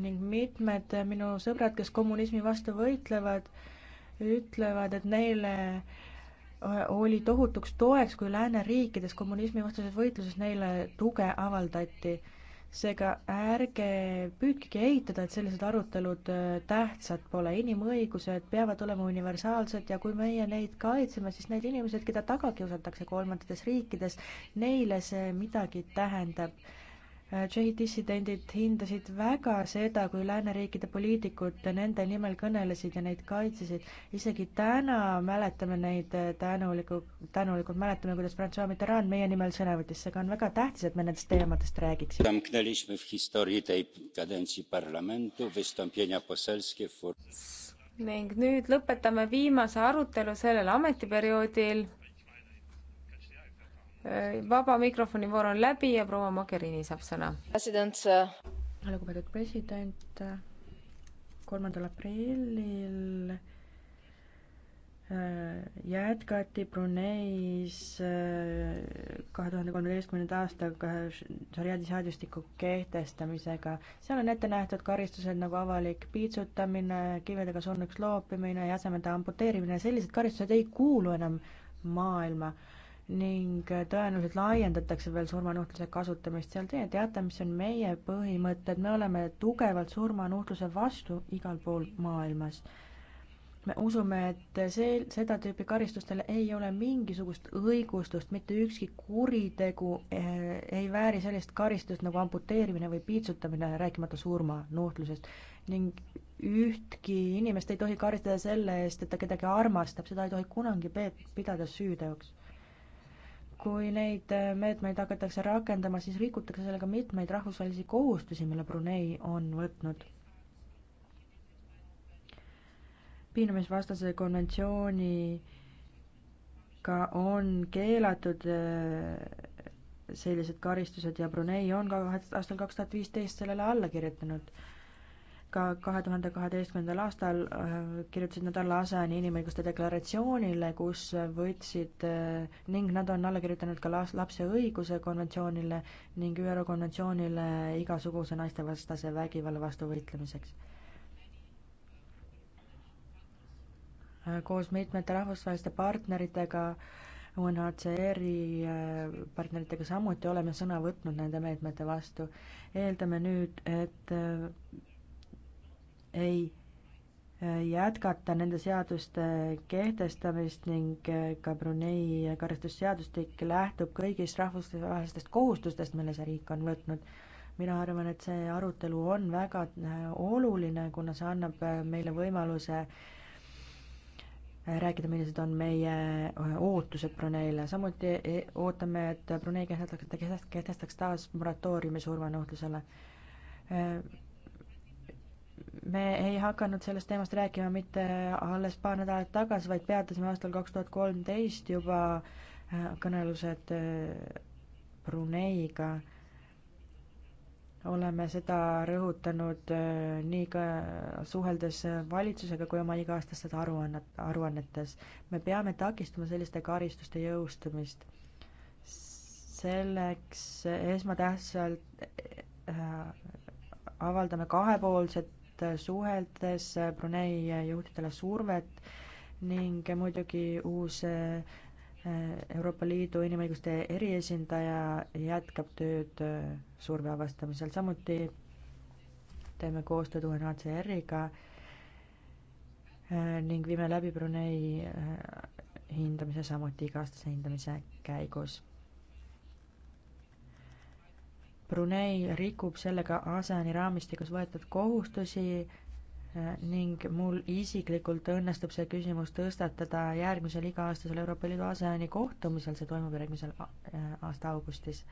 ning mitmed minu sõbrad, kes kommunismi vastu võitlevad, ütlevad, et neile oli tohutuks toeks, kui lääneriikides kommunismivastased võitluses neile tuge avaldati seega ärge püüdkegi eitada, et sellised arutelud äh, tähtsad pole, inimõigused peavad olema universaalsed ja kui meie neid kaitseme, siis need inimesed, keda taga kiusatakse kolmandates riikides, neile see midagi tähendab Tšehhi dissidendid hindasid väga seda, kui lääneriikide poliitikud nende nimel kõnelesid ja neid kaitsesid. isegi täna mäletame neid tänuliku, tänulikult mäletame, kuidas Francois Mitterrand meie nimel sõna võttis, seega on väga tähtis, et me nendest teemadest räägiksime. ning nüüd lõpetame viimase arutelu sellel ametiperioodil vaba mikrofoni voor on läbi ja proua Mogherini saab sõna. president. Äh, lugupeetud president, kolmandal aprillil äh, jätkati Bruneis äh, kahe tuhande kolmeteistkümnenda aastaga šariaadi seadustiku kehtestamisega. seal on ette nähtud karistused nagu avalik piitsutamine, kivedega surnuks loopimine, jäsemete amputeerimine, sellised karistused ei kuulu enam maailma äh, ning tõenäoliselt laiendatakse veel surmanuhtluse kasutamist seal. Teie teate, mis on meie põhimõtted, me oleme tugevalt surmanuhtluse vastu igal pool maailmas. me usume, et see, seda tüüpi karistustele ei ole mingisugust õigustust, mitte ükski kuritegu eh, ei vääri sellist karistust nagu amputeerimine või piitsutamine, rääkimata surmanuhtlusest. ning ühtki inimest ei tohi karistada selle eest, et ta kedagi armastab, seda ei tohi kunagi pe-, pidada süüteoks kui neid meetmeid hakatakse rakendama, siis rikutakse sellega mitmeid rahvusvahelisi kohustusi, mille Brunei on võtnud. piinamisvastase konventsiooniga on keelatud äh, sellised karistused ja Brunei on ka aastal kaks tuhat viisteist sellele alla kirjutanud ka kahe tuhande kaheteistkümnendal aastal äh, kirjutasid nad alla ASEAN-i inimõiguste deklaratsioonile, kus võtsid äh, ning nad on alla kirjutanud ka las-, lapse õiguse konventsioonile ning ÜRO konventsioonile igasuguse naistevastase vägivalla vastu võitlemiseks. Äh, koos mitmete rahvusvaheliste partneritega UNHCR-i partneritega samuti oleme sõna võtnud nende meetmete vastu. eeldame nüüd, et ei äh, jätkata nende seaduste kehtestamist ning äh, ka Brunei karistusseadustik lähtub kõigist rahvusvahelistest kohustustest, mille see riik on võtnud. mina arvan, et see arutelu on väga äh, oluline, kuna see annab meile võimaluse rääkida, millised on meie ootused Bruneile, samuti e, ootame, et Brunei kehtestaks, kehtestaks taas moratooriumi surmanuhtlusele me ei hakanud sellest teemast rääkima mitte alles paar nädalat tagasi, vaid peatasime aastal kaks tuhat kolmteist juba äh, kõnelused äh, Bruneiga. oleme seda rõhutanud äh, nii ka suheldes valitsusega kui oma iga-aastastes aruannet, aruannetes. me peame takistama selliste karistuste jõustumist. selleks esmatähtsalt avaldame kahepoolset pidevalt suheldes Brunei juhtidele survet ning muidugi uus eh, Euroopa Liidu inimõiguste eriesindaja jätkab tööd eh, surve avastamisel, samuti teeme koostööd UNHCR-iga eh, ning viime läbi Brunei hindamise samuti iga-aastase hindamise käigus Brunei rikub sellega ASEAN-i raamistikus võetud kohustusi äh, ning mul isiklikult õnnestub see küsimus tõstatada järgmisel iga-aastasel Euroopa Liidu ASEAN-i kohtumisel, see toimub järgmisel äh, aasta augustis.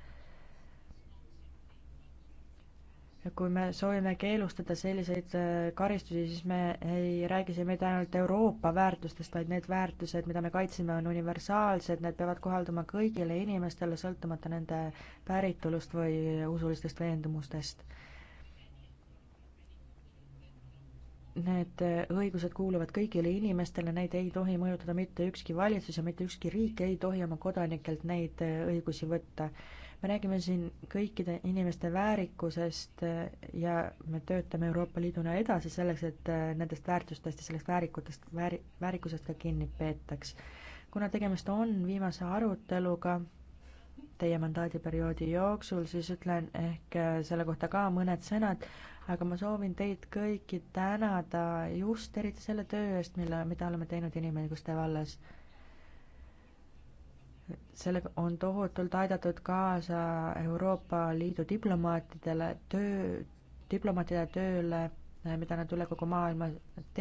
kui me soovime keelustada selliseid äh, karistusi, siis me ei räägi siin mitte ainult Euroopa väärtustest, vaid need väärtused, mida me kaitseme, on universaalsed, need peavad kohalduma kõigile inimestele, sõltumata nende päritolust või usulistest veendumustest. Need äh, õigused kuuluvad kõigile inimestele, neid ei tohi mõjutada mitte ükski valitsus ja mitte ükski riik ei tohi oma kodanikelt neid äh, õigusi võtta me räägime siin kõikide inimeste väärikusest äh, ja me töötame Euroopa Liiduna edasi selleks, et äh, nendest väärtustest ja sellest väärikutest, vääri-, väärikusest ka kinni peetaks. kuna tegemist on viimase aruteluga teie mandaadiperioodi jooksul, siis ütlen ehk äh, selle kohta ka mõned sõnad, aga ma soovin teid kõiki tänada just eriti selle töö eest, mille, mida oleme teinud inimõiguste vallas sellega on tohutult aidatud kaasa Euroopa Liidu diplomaatidele töö, diplomaatide tööle, mida nad üle kogu maailma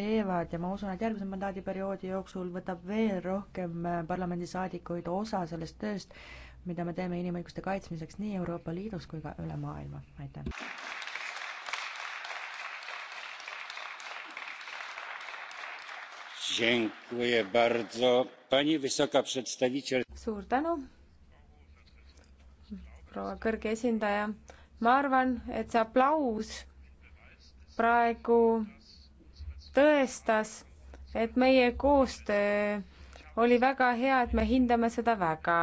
teevad ja ma usun, et järgmise mandaadiperioodi jooksul võtab veel rohkem parlamendisaadikuid osa sellest tööst, mida me teeme inimõiguste kaitsmiseks nii Euroopa Liidus kui ka üle maailma, aitäh! suur tänu, proua kõrge esindaja. ma arvan, et see aplaus praegu tõestas, et meie koostöö oli väga hea, et me hindame seda väga.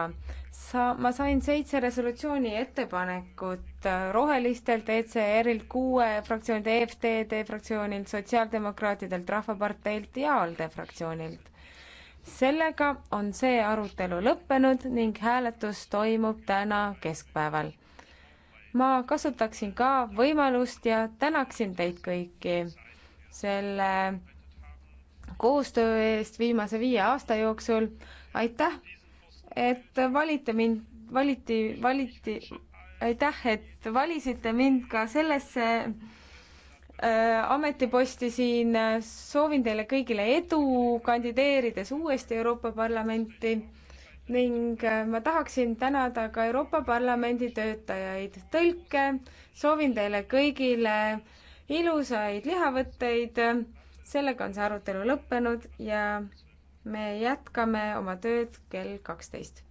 sa, ma sain seitse resolutsiooni ettepanekut ainult äh, rohelistelt, ECR-ilt, kuue fraktsioonilt, EFTD fraktsioonilt, sotsiaaldemokraatidelt, Rahvaparteilt ja ALDE fraktsioonilt. sellega on see arutelu lõppenud ning hääletus toimub täna keskpäeval. ma kasutaksin ka võimalust ja tänaksin teid kõiki selle koostöö eest viimase viie aasta jooksul. aitäh, et valite mind valiti, valiti aitäh, et valisite mind ka sellesse äh, ametiposti siin. soovin teile kõigile edu kandideerides uuesti Euroopa Parlamenti ning äh, ma tahaksin tänada ka Euroopa Parlamendi töötajaid, tõlke. soovin teile kõigile ilusaid lihavõtteid. sellega on see arutelu lõppenud ja me jätkame oma tööd kell kaksteist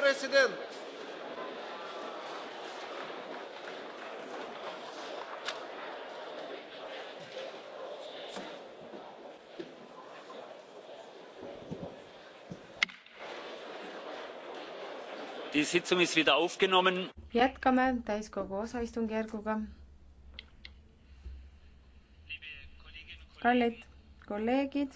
president. jätkame täiskogu osaistungjärguga. kallid kolleegid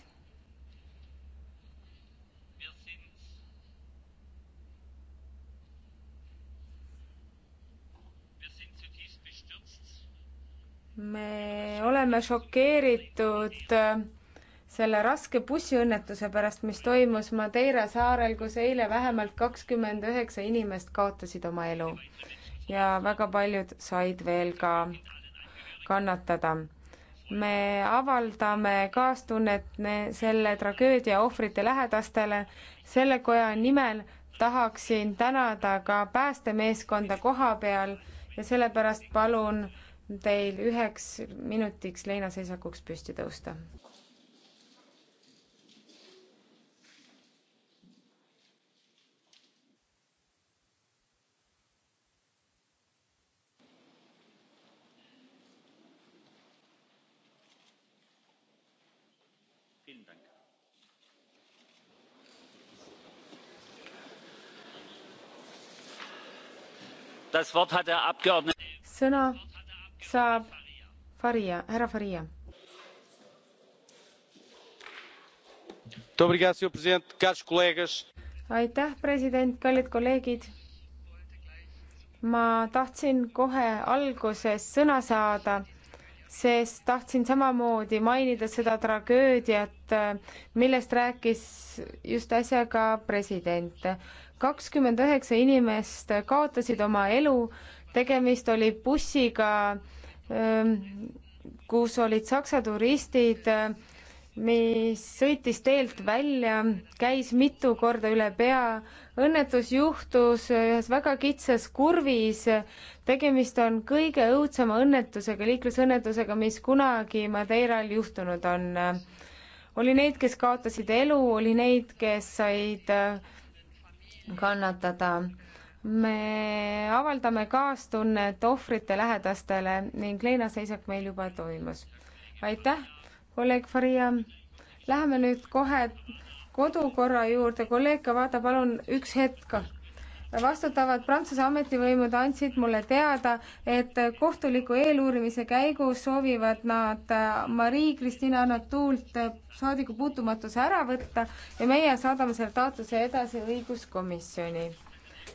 oleme šokeeritud äh, selle raske bussiõnnetuse pärast, mis toimus Madeira saarel, kus eile vähemalt kakskümmend üheksa inimest kaotasid oma elu ja väga paljud said veel ka kannatada. me avaldame kaastunnet selle tragöödia ohvrite lähedastele, selle koja nimel tahaksin tänada ka päästemeeskonda koha peal ja sellepärast palun teil üheks minutiks leinaseisakuks püsti tõusta. das wort hat der abgeordnete sõna saab Faria, härra Faria. aitäh, president, kallid kolleegid. ma tahtsin kohe alguses sõna saada sest tahtsin samamoodi mainida seda tragöödiat, millest rääkis just äsja ka president. kakskümmend üheksa inimest kaotasid oma elu tegemist oli bussiga, ähm, kus olid saksa turistid, mis sõitis teelt välja, käis mitu korda üle pea. õnnetus juhtus ühes väga kitsas kurvis. tegemist on kõige õudsema õnnetusega, liiklusõnnetusega, mis kunagi Madeiral juhtunud on. oli neid, kes kaotasid elu, oli neid, kes said kannatada me avaldame kaastunnet ohvrite lähedastele ning leinaseisak meil juba toimus. aitäh, kolleeg Faria. Läheme nüüd kohe kodukorra juurde. kolleeg Kavada, palun üks hetk. vastutavad Prantsuse ametivõimud andsid mulle teada, et kohtuliku eeluurimise käigus soovivad nad Marie-Kristina Anatult saadiku puutumatuse ära võtta ja meie saadame selle taotluse edasi õiguskomisjoni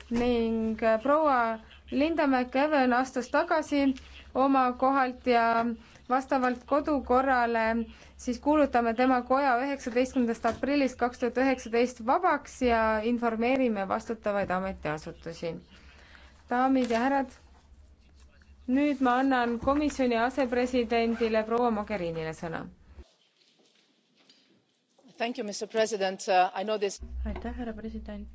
ning proua Linda McEwen astus tagasi oma kohalt ja vastavalt kodukorrale siis kuulutame tema koja üheksateistkümnendast aprillist kaks tuhat üheksateist vabaks ja informeerime vastutavaid ametiasutusi. daamid ja härrad, nüüd ma annan komisjoni asepresidendile proua Mogherinile sõna. Uh, aitäh, härra president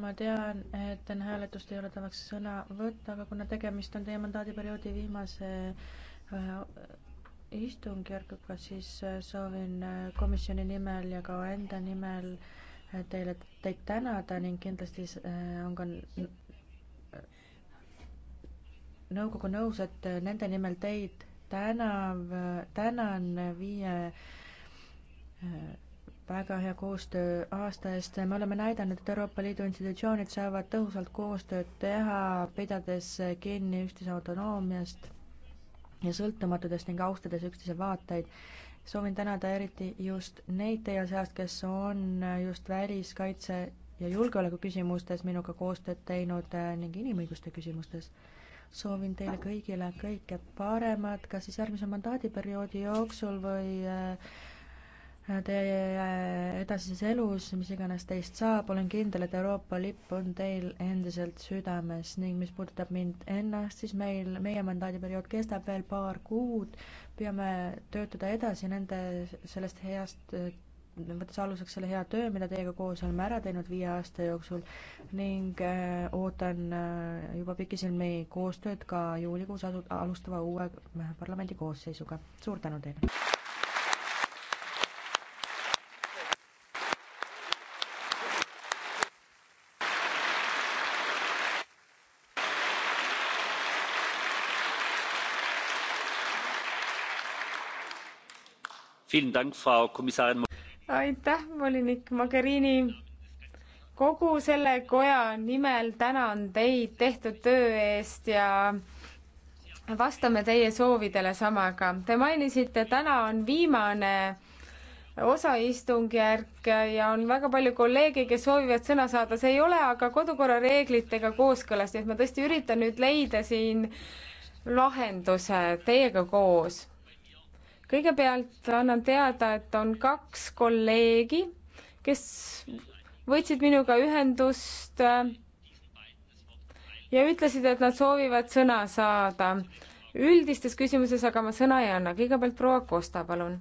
ma tean, et enne hääletust ei ole tavaks sõna võtta, aga kuna tegemist on teie mandaadiperioodi viimase äh, istungjärguga, siis äh, soovin äh, komisjoni nimel ja ka enda nimel teile, teid tänada ning kindlasti on ka nõukogu nõus, et nende nimel teid tänav, tänan viie väga hea koostöö aasta eest. me oleme näidanud, et Euroopa Liidu institutsioonid saavad tõhusalt koostööd teha, pidades kinni üksteise autonoomiast ja sõltumatudest ning austades üksteise vaateid. soovin tänada eriti just neid teie seast, kes on just väliskaitse ja julgeoleku küsimustes minuga koostööd teinud ning inimõiguste küsimustes. soovin teile kõigile kõike paremat, kas siis järgmise mandaadiperioodi jooksul või äh, teie äh, edasises elus, mis iganes teist saab, olen kindel, et Euroopa lipp on teil endiselt südames ning mis puudutab mind ennast, siis meil, meie mandaadiperiood kestab veel paar kuud, püüame töötada edasi nende sellest heast võttes aluseks selle hea töö, mida teiega koos oleme ära teinud viie aasta jooksul ning äh, ootan äh, juba pikisilmi koostööd ka juulikuus asu-, alustava uue äh, parlamendi koosseisuga. suur tänu teile! aitäh, volinik Mogherini. kogu selle koja nimel tänan teid tehtud töö eest ja vastame teie soovidele samaga. Te mainisite, täna on viimane osaistungjärk ja on väga palju kolleege, kes soovivad sõna saada, see ei ole aga kodukorra reeglitega kooskõlas, nii et ma tõesti üritan nüüd leida siin lahenduse teiega koos kõigepealt annan teada, et on kaks kolleegi, kes võtsid minuga ühendust äh, ja ütlesid, et nad soovivad sõna saada. üldistes küsimuses aga ma sõna ei anna, kõigepealt proua Kosta, palun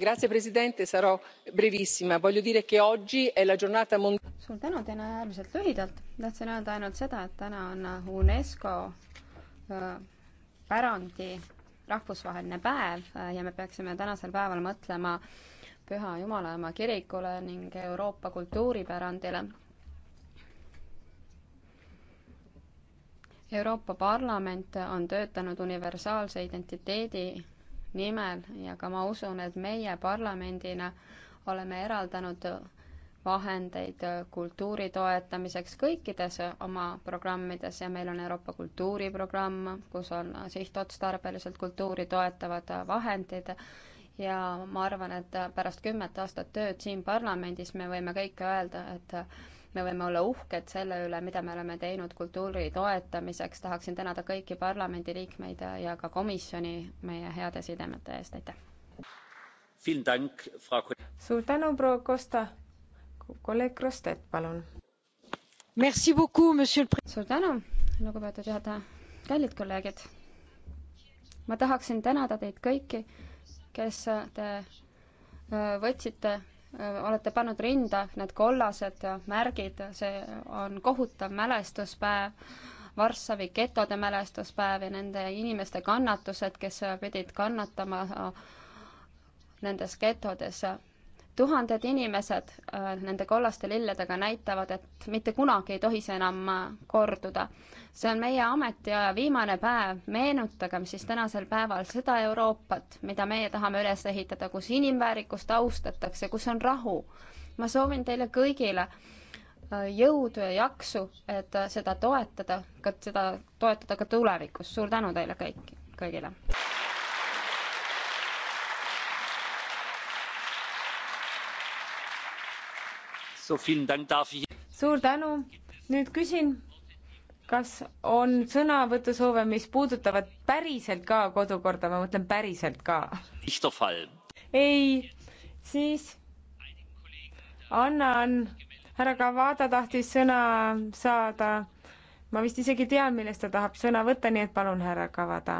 signor presidente sarò brevissima voglio dire che oggi è la giornata. suur tänu teen äärmiselt lühidalt tahtsin öelda ainult seda et täna on unesco äh, pärandi rahvusvaheline päev äh, ja me peaksime tänasel päeval mõtlema püha jumalaema kirikule ning euroopa kultuuripärandile. euroopa parlament on töötanud universaalse identiteedi nimel ja ka ma usun, et meie parlamendina oleme eraldanud vahendeid kultuuri toetamiseks kõikides oma programmides ja meil on Euroopa kultuuriprogramm, kus on sihtotstarbeliselt kultuuri toetavad vahendid ja ma arvan, et pärast kümmet aastat tööd siin parlamendis me võime kõik öelda, et me võime olla uhked selle üle, mida me oleme teinud kultuuri toetamiseks, tahaksin tänada kõiki parlamendiliikmeid ja ka komisjoni meie heade sidemete eest, aitäh! suur tänu, proua Costa! kolleeg Krossett, palun! suur tänu, lugupeetud juhataja! kallid kolleegid! ma tahaksin tänada teid kõiki, kes te äh, võtsite Äh, olete pannud rinda need kollased märgid, see on kohutav mälestuspäev, Varssavi getode mälestuspäev ja nende inimeste kannatused, kes pidid kannatama äh, nendes getodes tuhanded inimesed äh, nende kollaste lilledega näitavad, et mitte kunagi ei tohi see enam äh, korduda. see on meie ametiaja viimane päev, meenutagem siis tänasel päeval seda Euroopat, mida meie tahame üles ehitada, kus inimväärikust austatakse, kus on rahu. ma soovin teile kõigile äh, jõudu ja jaksu, et seda toetada, ka seda toetada ka tulevikus. suur tänu teile kõik, kõigile! suur tänu, nüüd küsin, kas on sõnavõtusoove, mis puudutavad päriselt ka kodukorda, ma mõtlen päriselt ka? ei, siis annan, härra Kavada tahtis sõna saada. ma vist isegi tean, millest ta tahab sõna võtta, nii et palun, härra Kavada.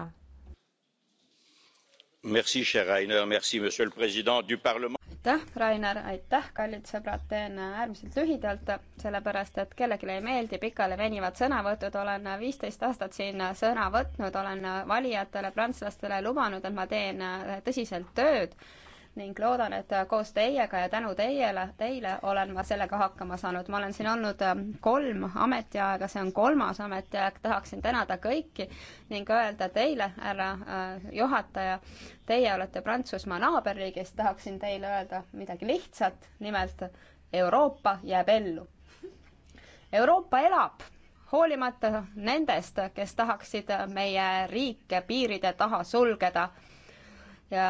Merci, cher Rainer, merci, monsieur le president du parlement aitäh, Rainer, aitäh, kallid sõbrad, teen äärmiselt lühidalt, sellepärast et kellelegi ei meeldi pikale venivad sõnavõtud, olen viisteist aastat siin sõna võtnud, olen valijatele, prantslastele lubanud, et ma teen tõsiselt tööd ning loodan, et koos teiega ja tänu teiele, teile olen ma sellega hakkama saanud. ma olen siin olnud ähm, kolm ametiaega, see on kolmas ametiaeg, tahaksin tänada kõiki ning öelda teile, härra äh, juhataja, teie olete Prantsusmaa naaberriigist, tahaksin teile öelda midagi lihtsat, nimelt Euroopa jääb ellu. Euroopa elab hoolimata nendest, kes tahaksid meie riike piiride taha sulgeda ja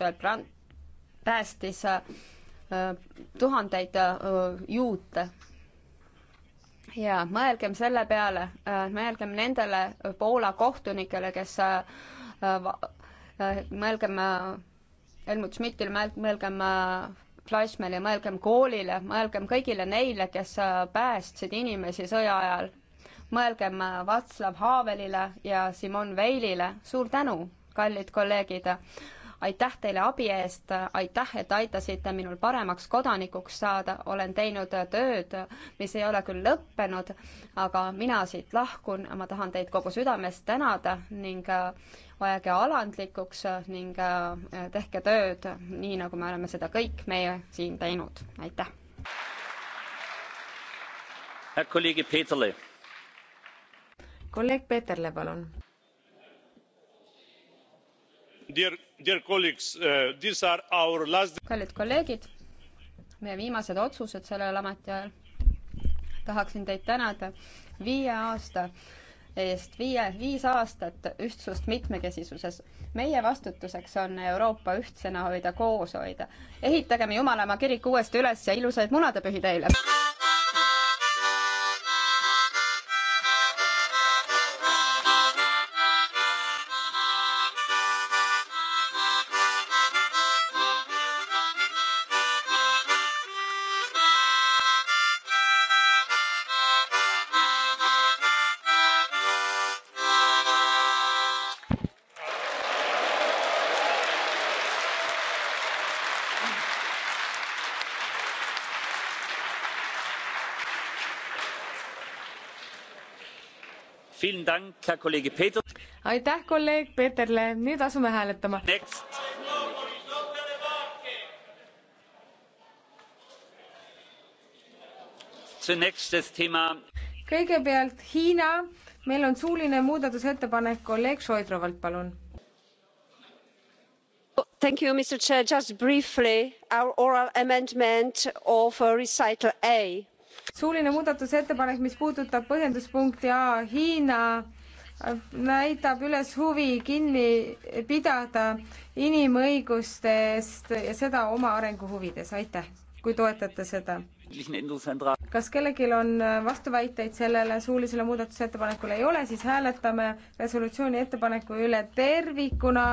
Joel Brandt päästis äh, tuhandeid äh, juute. ja mõelgem selle peale, äh, mõelgem nendele Poola kohtunikele, kes mõelgem Helmut Schmidtile, mõelgem Fleischmanni, mõelgem koolile, mõelgem kõigile neile, kes päästsid inimesi sõja ajal. mõelgem Václav Havelile ja Simon Veilile, suur tänu, kallid kolleegid aitäh teile abi eest, aitäh, et aitasite minul paremaks kodanikuks saada, olen teinud tööd, mis ei ole küll lõppenud, aga mina siit lahkun, ma tahan teid kogu südamest tänada ning äh, ajage alandlikuks ning äh, tehke tööd nii, nagu me oleme seda kõik meie siin teinud, aitäh. kolleeg Peeterle, palun. Dear Uh, kallid kolleegid, meie viimased otsused sellel ametiajal. tahaksin teid tänada viie aasta eest, viie, viis aastat ühtsust mitmekesisuses. meie vastutuseks on Euroopa ühtsena hoida, koos hoida. ehitagem Jumalamaa kirik uuesti üles ja ilusaid munadepühi teile! aitäh, kolleeg Peeterle, nüüd asume hääletama. kõigepealt Hiina, meil on suuline muudatusettepanek kolleeg Šoidrovalt, palun. Thank you, Mr Chair, just briefly our oral amendment of recital A suuline muudatusettepanek, mis puudutab põhjenduspunkti A, Hiina näitab üles huvi kinni pidada inimõigustest ja seda oma arengu huvides, aitäh, kui toetate seda. kas kellelgi on vastuväiteid sellele suulisele muudatusettepanekule, ei ole, siis hääletame resolutsiooni ettepaneku üle tervikuna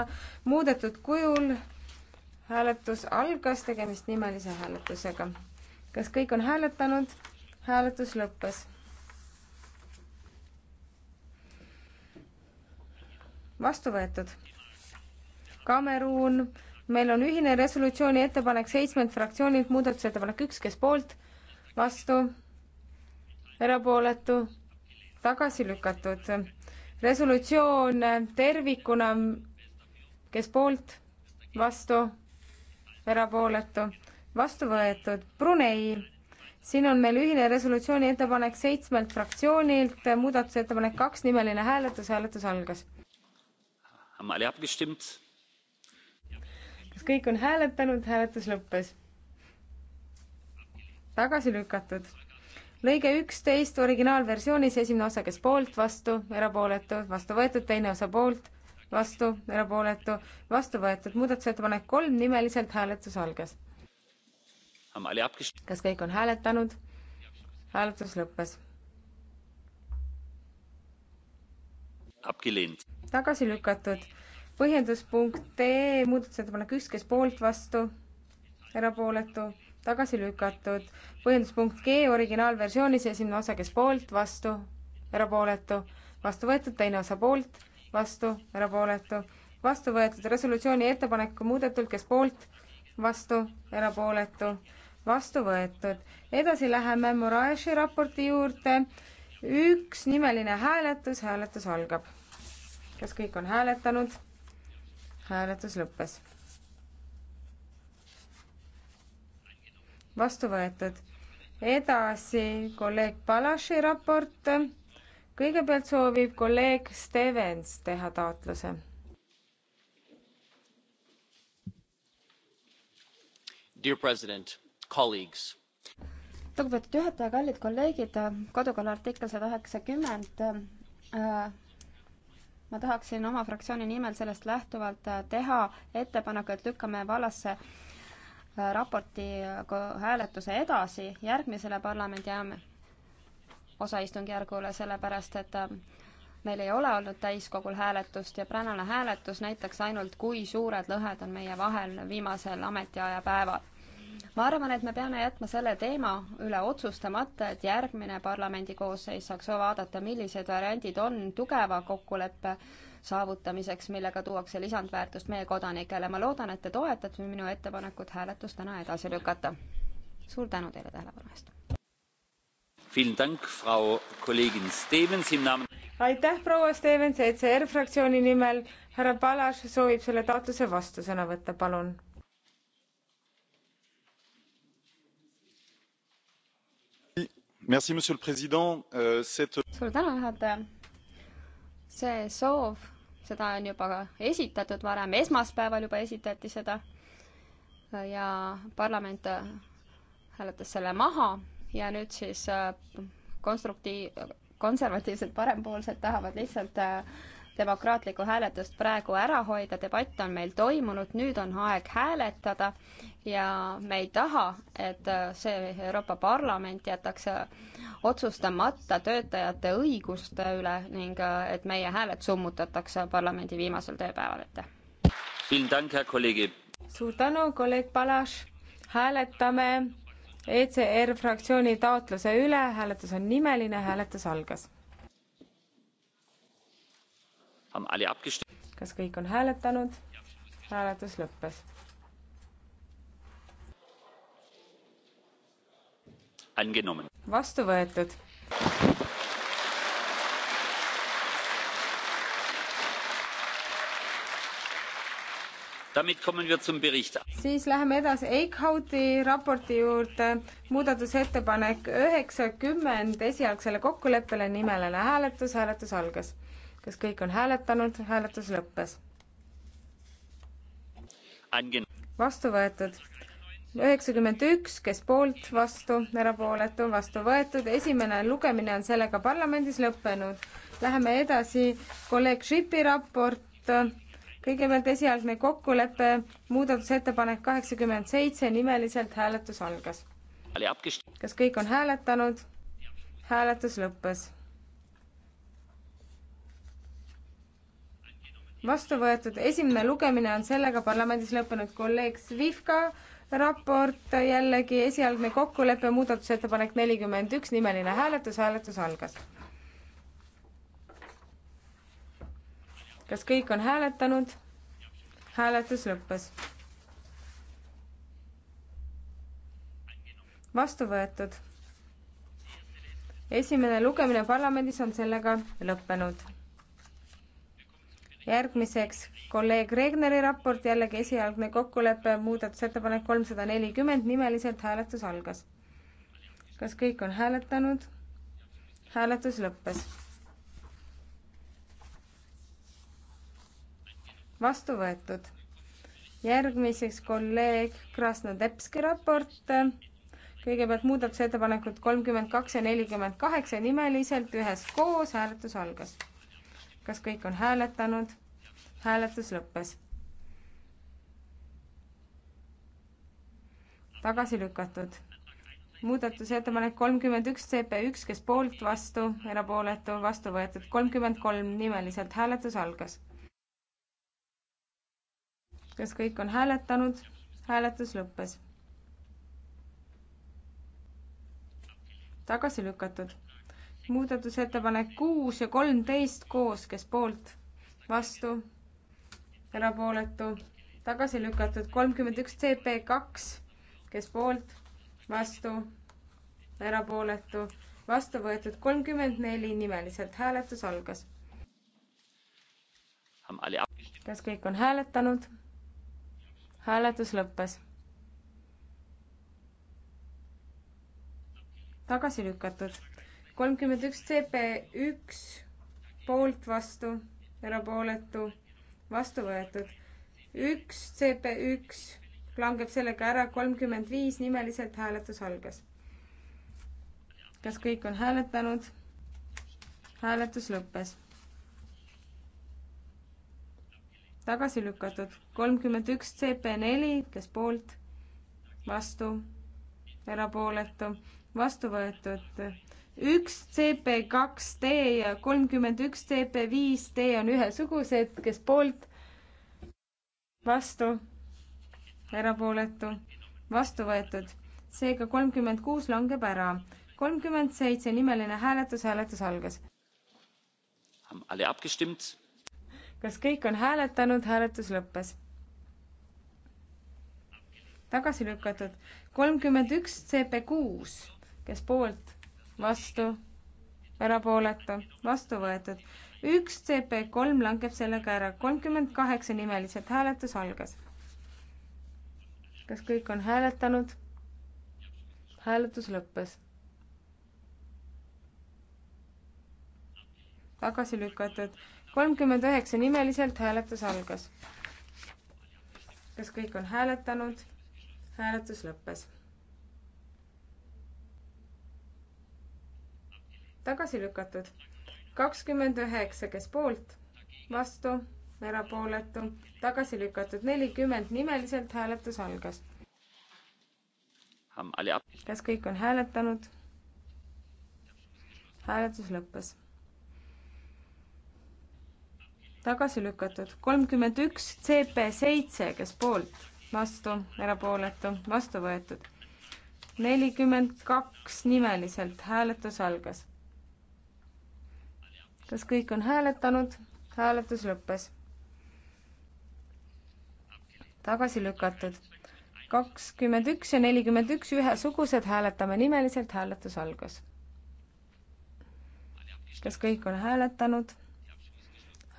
muudetud kujul. hääletus algas, tegemist nimelise hääletusega. kas kõik on hääletanud? hääletus lõppes. vastu võetud. Kameruun, meil on ühine resolutsiooni ettepanek seitsmelt fraktsioonilt, muudatusettepanek üks, kes poolt, vastu, erapooletu, tagasi lükatud. resolutsioon tervikuna, kes poolt, vastu, erapooletu, vastu võetud. Brunei siin on meil ühine resolutsiooni ettepanek seitsmelt fraktsioonilt, muudatusettepanek kaks, nimeline hääletus, hääletus algas. kas kõik on hääletanud, hääletus lõppes? tagasi lükatud. lõige üksteist originaalversioonis, esimene osa, kes poolt, vastu, erapooletu, vastu võetud, teine osa poolt, vastu, erapooletu, vastu võetud, muudatusettepanek kolm, nimeliselt hääletus algas kas kõik on hääletanud? hääletus lõppes. tagasi lükatud. põhjenduspunkt D e,, muudatusettepanek üks, kes poolt, vastu, erapooletu, tagasi lükatud. põhjenduspunkt G originaalversioonis esimene osa, kes poolt, vastu, erapooletu, vastu võetud, teine osa poolt, vastu, erapooletu, vastu võetud. resolutsiooni ettepaneku muudetult, kes poolt, vastu, erapooletu vastu võetud. edasi läheme Moraesi raporti juurde. üks nimeline hääletus, hääletus algab. kas kõik on hääletanud? hääletus lõppes. vastu võetud. edasi kolleeg Palaši raport. kõigepealt soovib kolleeg Stevens teha taotluse. Dear president colleagues lugupeetud juhataja, kallid kolleegid, kodukorra artikkel sada üheksakümmend. Äh, ma tahaksin oma fraktsiooni nimel sellest lähtuvalt äh, teha ettepaneku, et lükkame vallasse äh, raporti hääletuse edasi järgmisele parlamendi osaistungjärgule, sellepärast et meil ei ole olnud täiskogul hääletust ja tänane hääletus näitaks ainult, kui suured lõhed on meie vahel viimasel ametiaja päeval ma arvan, et me peame jätma selle teema üle otsustamata, et järgmine parlamendikoosseis saaks vaadata, millised variandid on tugeva kokkuleppe saavutamiseks, millega tuuakse lisandväärtust meie kodanikele. ma loodan, et te toetate minu ettepanekut hääletus täna edasi lükata. suur tänu teile tähelepanu eest! aitäh, proua Stevens, ECR fraktsiooni nimel. härra Palaš soovib selle taotluse vastu sõna võtta, palun Euh, suur tänu, juhataja. see soov, seda on juba esitatud varem, esmaspäeval juba esitati seda ja parlament äh, hääletas selle maha ja nüüd siis äh, konstruktiiv, konservatiivsed parempoolsed tahavad lihtsalt äh, demokraatlikku hääletust praegu ära hoida, debatt on meil toimunud, nüüd on aeg hääletada ja me ei taha, et see Euroopa Parlament jätaks otsustamata töötajate õiguste üle ning et meie hääled summutatakse parlamendi viimasel tööpäeval, aitäh! suur tänu, kolleeg Palaš, hääletame ECR fraktsiooni taotluse üle, hääletus on nimeline, hääletus algas kas kõik on hääletanud? hääletus lõppes. vastu võetud. siis läheme edasi Eichhauti raporti juurde. muudatusettepanek üheksakümmend esialgsele kokkuleppele nimeline hääletus, hääletus algas kas kõik on hääletanud, hääletus lõppes. vastu võetud üheksakümmend üks, kes poolt, vastu, erapooletu, vastu võetud, esimene lugemine on sellega parlamendis lõppenud. Läheme edasi, kolleeg Šipi raport, kõigepealt esialgne kokkulepe, muudatusettepanek kaheksakümmend seitse, nimeliselt hääletus algas. kas kõik on hääletanud? hääletus lõppes vastu võetud, esimene lugemine on sellega parlamendis lõppenud, kolleeg Svivka raport jällegi esialgne kokkulepe, muudatusettepanek nelikümmend üks, nimeline hääletus, hääletus algas. kas kõik on hääletanud? hääletus lõppes. vastu võetud. esimene lugemine parlamendis on sellega lõppenud järgmiseks kolleeg Regneri raport, jällegi esialgne kokkulepe, muudatusettepanek kolmsada nelikümmend, nimeliselt hääletus algas. kas kõik on hääletanud? hääletus lõppes. vastu võetud. järgmiseks kolleeg Krasnodebski raport. kõigepealt muudatusettepanekud kolmkümmend kaks ja nelikümmend kaheksa nimeliselt üheskoos hääletus algas kas kõik on hääletanud? hääletus lõppes. tagasi lükatud. muudatusettepanek kolmkümmend üks CP1, kes poolt, vastu, erapooletu, vastu võetud, kolmkümmend kolm nimeliselt hääletus algas. kas kõik on hääletanud? hääletus lõppes. tagasi lükatud muudatusettepanek kuus ja kolmteist koos, kes poolt, vastu, erapooletu, tagasi lükatud, kolmkümmend üks CP kaks, kes poolt, vastu, erapooletu, vastu võetud kolmkümmend neli nimeliselt, hääletus algas. kas kõik on hääletanud? hääletus lõppes. tagasi lükatud kolmkümmend üks CP üks poolt vastu, erapooletu, vastu võetud. üks CP üks langeb sellega ära, kolmkümmend viis nimeliselt hääletus algas. kas kõik on hääletanud? hääletus lõppes. tagasi lükatud kolmkümmend üks CP neli, kes poolt, vastu, erapooletu, vastu võetud üks CP kaks D ja kolmkümmend üks CP viis D on ühesugused, kes poolt, vastu, erapooletu, vastu võetud. seega kolmkümmend kuus langeb ära. kolmkümmend seitse nimeline hääletus, hääletus algas. kas kõik on hääletanud, hääletus lõppes tagasi lükatud. kolmkümmend üks CP kuus, kes poolt, vastu, erapooletu, vastu võetud. üks CP kolm langeb sellega ära, kolmkümmend kaheksa nimeliselt hääletus algas. kas kõik on hääletanud? hääletus lõppes. tagasi lükatud, kolmkümmend üheksa nimeliselt hääletus algas. kas kõik on hääletanud? hääletus lõppes tagasi lükatud. kakskümmend üheksa, kes poolt, vastu, erapooletu, tagasi lükatud, nelikümmend nimeliselt hääletus algas. kas kõik on hääletanud? hääletus lõppes. tagasi lükatud, kolmkümmend üks CP seitse, kes poolt, vastu, erapooletu, vastu võetud nelikümmend kaks nimeliselt hääletus algas kas kõik on hääletanud? hääletus lõppes. tagasi lükatud. kakskümmend üks ja nelikümmend üks ühesugused, hääletame nimeliselt, hääletus algas. kas kõik on hääletanud?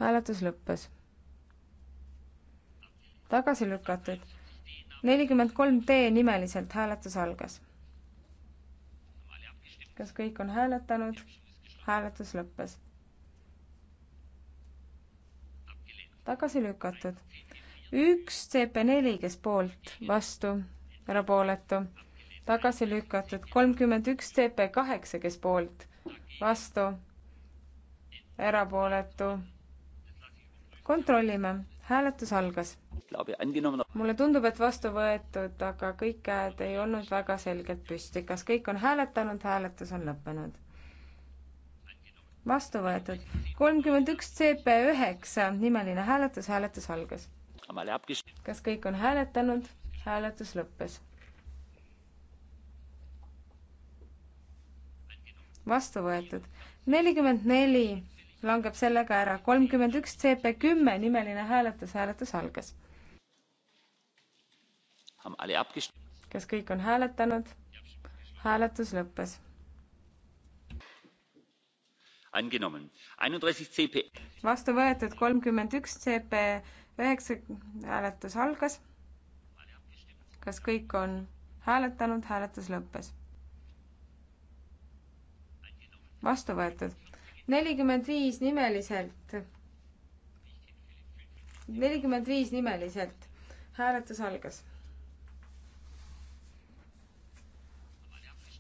hääletus lõppes. tagasi lükatud. nelikümmend kolm D nimeliselt hääletus algas. kas kõik on hääletanud? hääletus lõppes tagasi lükatud. üks CP4, kes poolt, vastu, erapooletu, tagasi lükatud. kolmkümmend üks CP8, kes poolt, vastu, erapooletu. kontrollime, hääletus algas. mulle tundub, et vastu võetud, aga kõik käed ei olnud väga selgelt püsti. kas kõik on hääletanud, hääletus on lõppenud vastu võetud. kolmkümmend üks CP üheksa nimeline hääletus, hääletus algas. kas kõik on hääletanud? hääletus lõppes. vastu võetud. nelikümmend neli langeb sellega ära. kolmkümmend üks CP kümme nimeline hääletus, hääletus algas. kas kõik on hääletanud? hääletus lõppes angenommen. einunddreißig CP. vastu võetud kolmkümmend üks CP üheksa hääletus algas. kas kõik on hääletanud, hääletus lõppes. vastu võetud nelikümmend viis nimeliselt. nelikümmend viis nimeliselt hääletus algas.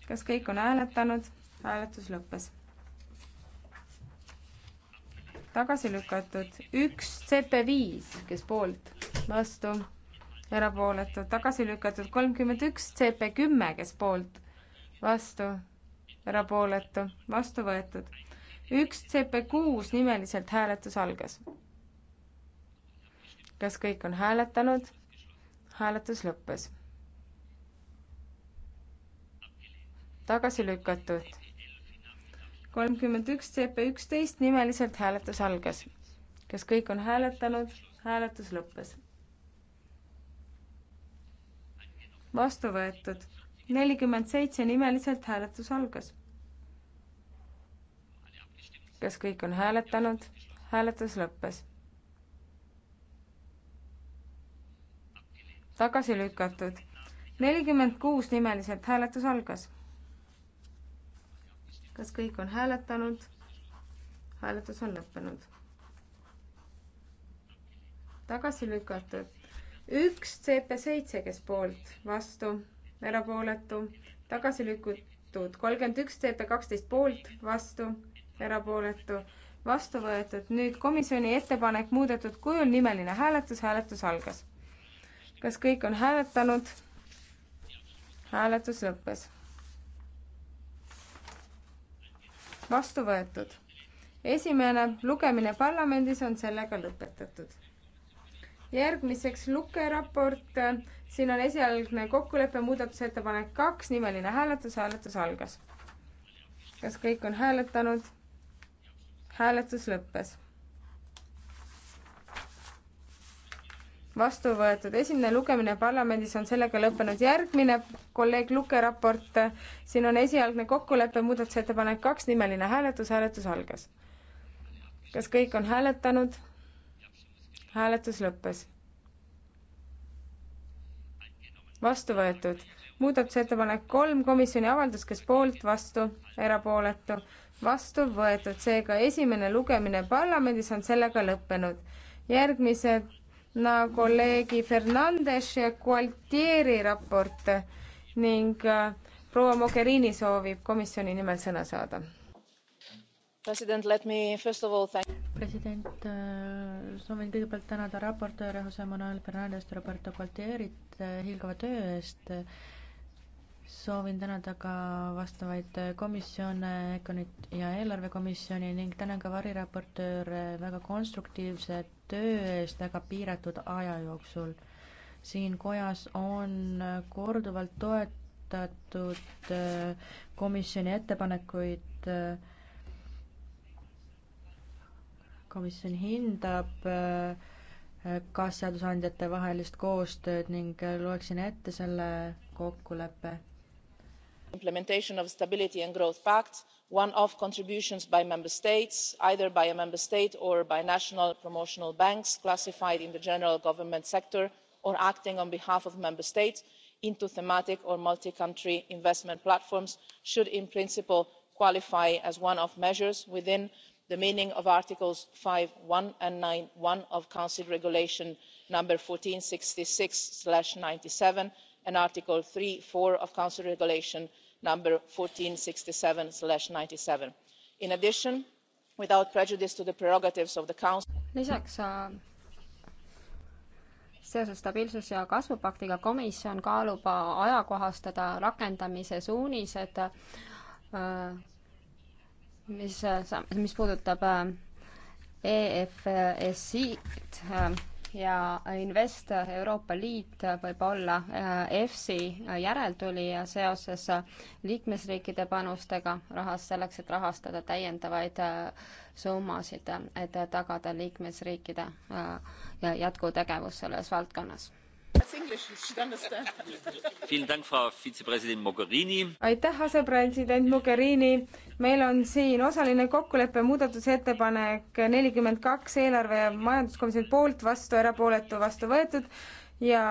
kas kõik on hääletanud, hääletus lõppes tagasi lükatud, üks CP5, kes poolt, vastu, erapooletud, tagasi lükatud, kolmkümmend üks CP10, kes poolt, vastu, erapooletu, vastu võetud. üks CP6 nimeliselt hääletus algas. kas kõik on hääletanud? hääletus lõppes. tagasi lükatud kolmkümmend üks CP üksteist nimeliselt hääletus algas. kas kõik on hääletanud? hääletus lõppes. vastu võetud nelikümmend seitse nimeliselt hääletus algas. kas kõik on hääletanud? hääletus lõppes. tagasi lükatud nelikümmend kuus nimeliselt hääletus algas kas kõik on hääletanud? hääletus on lõppenud. tagasi lükatud. üks CP7, kes poolt, vastu, erapooletu, tagasi lükatud. kolmkümmend üks CP12 poolt, vastu, erapooletu, vastu võetud. nüüd komisjoni ettepanek muudetud kujul, nimeline hääletus, hääletus algas. kas kõik on hääletanud? hääletus lõppes vastu võetud. esimene lugemine parlamendis on sellega lõpetatud. järgmiseks lukeraport, siin on esialgne kokkulepe, muudatusettepanek kaks, nimeline hääletus, hääletus algas. kas kõik on hääletanud? hääletus lõppes vastu võetud. esimene lugemine parlamendis on sellega lõppenud. järgmine kolleeg Luke raport, siin on esialgne kokkulepe, muudatusettepanek kaks, nimeline hääletus, hääletus algas. kas kõik on hääletanud? hääletus lõppes. vastu võetud. muudatusettepanek kolm, komisjoni avaldus, kes poolt, vastu, erapooletu, vastu võetud. seega esimene lugemine parlamendis on sellega lõppenud. järgmised na kolleegi Fernandes ja Gualtieri raport ning äh, proua Mogherini soovib komisjoni nimel sõna saada. president, president, äh, soovin kõigepealt tänada raportööre Jose Manuel Fernandest ja Roberto Gualtierit äh, hiilgava töö eest soovin tänada ka vastavaid komisjone, EKONit ja eelarvekomisjoni ning tänan ka variraportööre väga konstruktiivse töö eest väga piiratud aja jooksul. siin kojas on korduvalt toetatud äh, komisjoni ettepanekuid. Äh, komisjon hindab äh, kaasseadusandjate vahelist koostööd ning loeksin ette selle kokkuleppe implementation of the stability and growth pact one off contributions by member states either by a member state or by national promotional banks classified in the general government sector or acting on behalf of member states into thematic or multi country investment platforms should in principle qualify as one off measures within the meaning of articles five and nine of council regulation no one thousand four hundred and sixty six ninety seven and article three of council regulation one thousand four hundred and sixty seven ninety seven in addition without prejudice to the prerogatives of the council. lisaks äh, seoses stabiilsus ja kasvupaktiga komisjon kaalub äh, ajakohastada rakendamise suunised äh, mis mis puudutab EFSI-d ja Invest Euroopa Liit võib olla äh, EFSI järeltulija seoses liikmesriikide panustega rahas selleks, et rahastada täiendavaid äh, summasid, et tagada liikmesriikide äh, jätkutegevus selles valdkonnas aitäh, asepresident Mogherini. meil on siin osaline kokkulepe, muudatusettepanek nelikümmend kaks eelarve ja majanduskomisjoni poolt, vastu, erapooletu, vastu võetud ja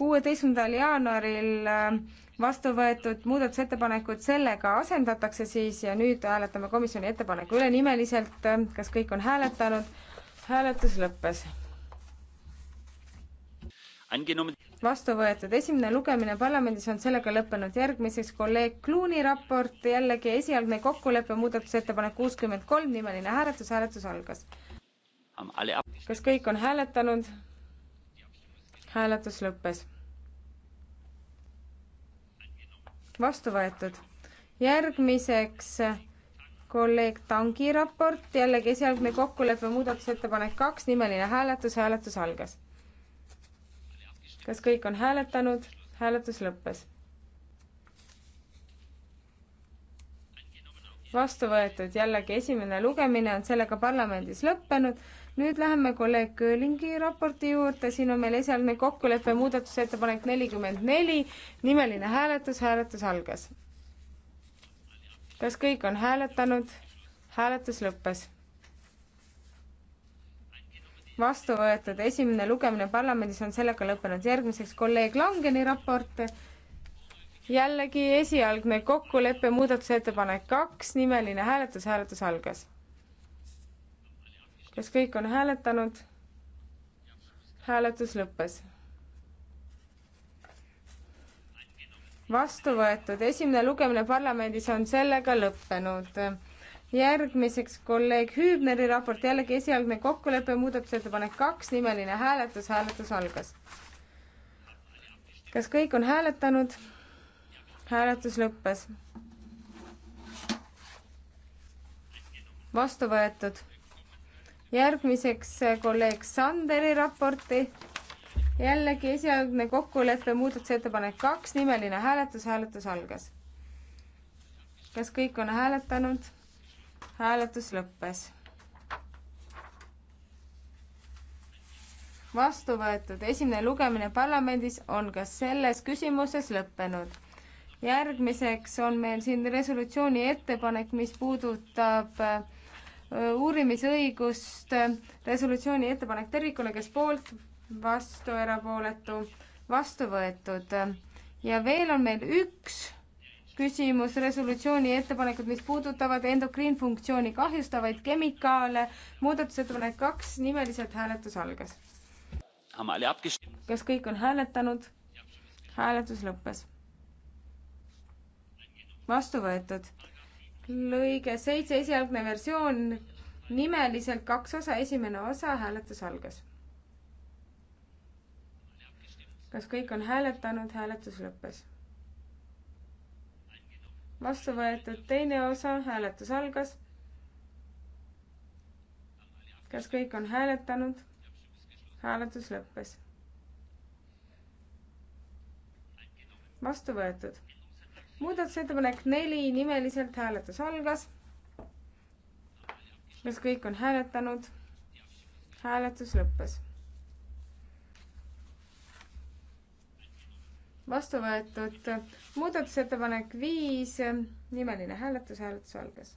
kuueteistkümnendal jaanuaril äh, vastu võetud muudatusettepanekud sellega asendatakse siis ja nüüd hääletame komisjoni ettepaneku üle nimeliselt. kas kõik on hääletanud? hääletus lõppes vastu võetud. esimene lugemine parlamendis on sellega lõppenud. järgmiseks kolleeg Kluuni raport, jällegi esialgne kokkulepe, muudatusettepanek kuuskümmend kolm, nimeline hääletus, hääletus algas. kas kõik on hääletanud? hääletus lõppes. vastu võetud. järgmiseks kolleeg Tangi raport, jällegi esialgne kokkulepe, muudatusettepanek kaks, nimeline hääletus, hääletus algas kas kõik on hääletanud? hääletus lõppes. vastu võetud, jällegi esimene lugemine on sellega parlamendis lõppenud. nüüd läheme kolleeg Köölingi raporti juurde, siin on meil esialgne kokkulepe, muudatusettepanek nelikümmend neli, nimeline hääletus, hääletus algas. kas kõik on hääletanud? hääletus lõppes vastu võetud, esimene lugemine parlamendis on sellega lõppenud, järgmiseks kolleeg Langeni raport. jällegi esialgne kokkulepe, muudatusettepanek kaks, nimeline hääletus, hääletus algas. kas kõik on hääletanud? hääletus lõppes. vastu võetud, esimene lugemine parlamendis on sellega lõppenud järgmiseks kolleeg Hüübneri raport, jällegi esialgne kokkulepe, muudatusettepanek kaks, nimeline hääletus, hääletus algas. kas kõik on hääletanud? hääletus lõppes. vastu võetud. järgmiseks kolleeg Sanderi raporti, jällegi esialgne kokkulepe, muudatusettepanek kaks, nimeline hääletus, hääletus algas. kas kõik on hääletanud? hääletus lõppes. vastu võetud esimene lugemine parlamendis on ka selles küsimuses lõppenud. järgmiseks on meil siin resolutsiooni ettepanek, mis puudutab äh, uurimisõigust, resolutsiooni ettepanek tervikuna, kes poolt, vastu, erapooletu, vastu võetud. ja veel on meil üks küsimus, resolutsiooni ettepanekud, mis puudutavad endokriinfunktsiooni kahjustavaid kemikaale. muudatusettepanek kaks, nimeliselt hääletus algas. kas kõik on hääletanud? hääletus lõppes. vastu võetud. lõige seitse, esialgne versioon, nimeliselt kaks osa, esimene osa, hääletus algas. kas kõik on hääletanud? hääletus lõppes vastu võetud, teine osa, hääletus algas. kas kõik on hääletanud? hääletus lõppes. vastu võetud. muudatusettepanek neli, nimeliselt hääletus algas. kas kõik on hääletanud? hääletus lõppes vastu võetud. muudatusettepanek viis, nimeline hääletus, hääletus algas.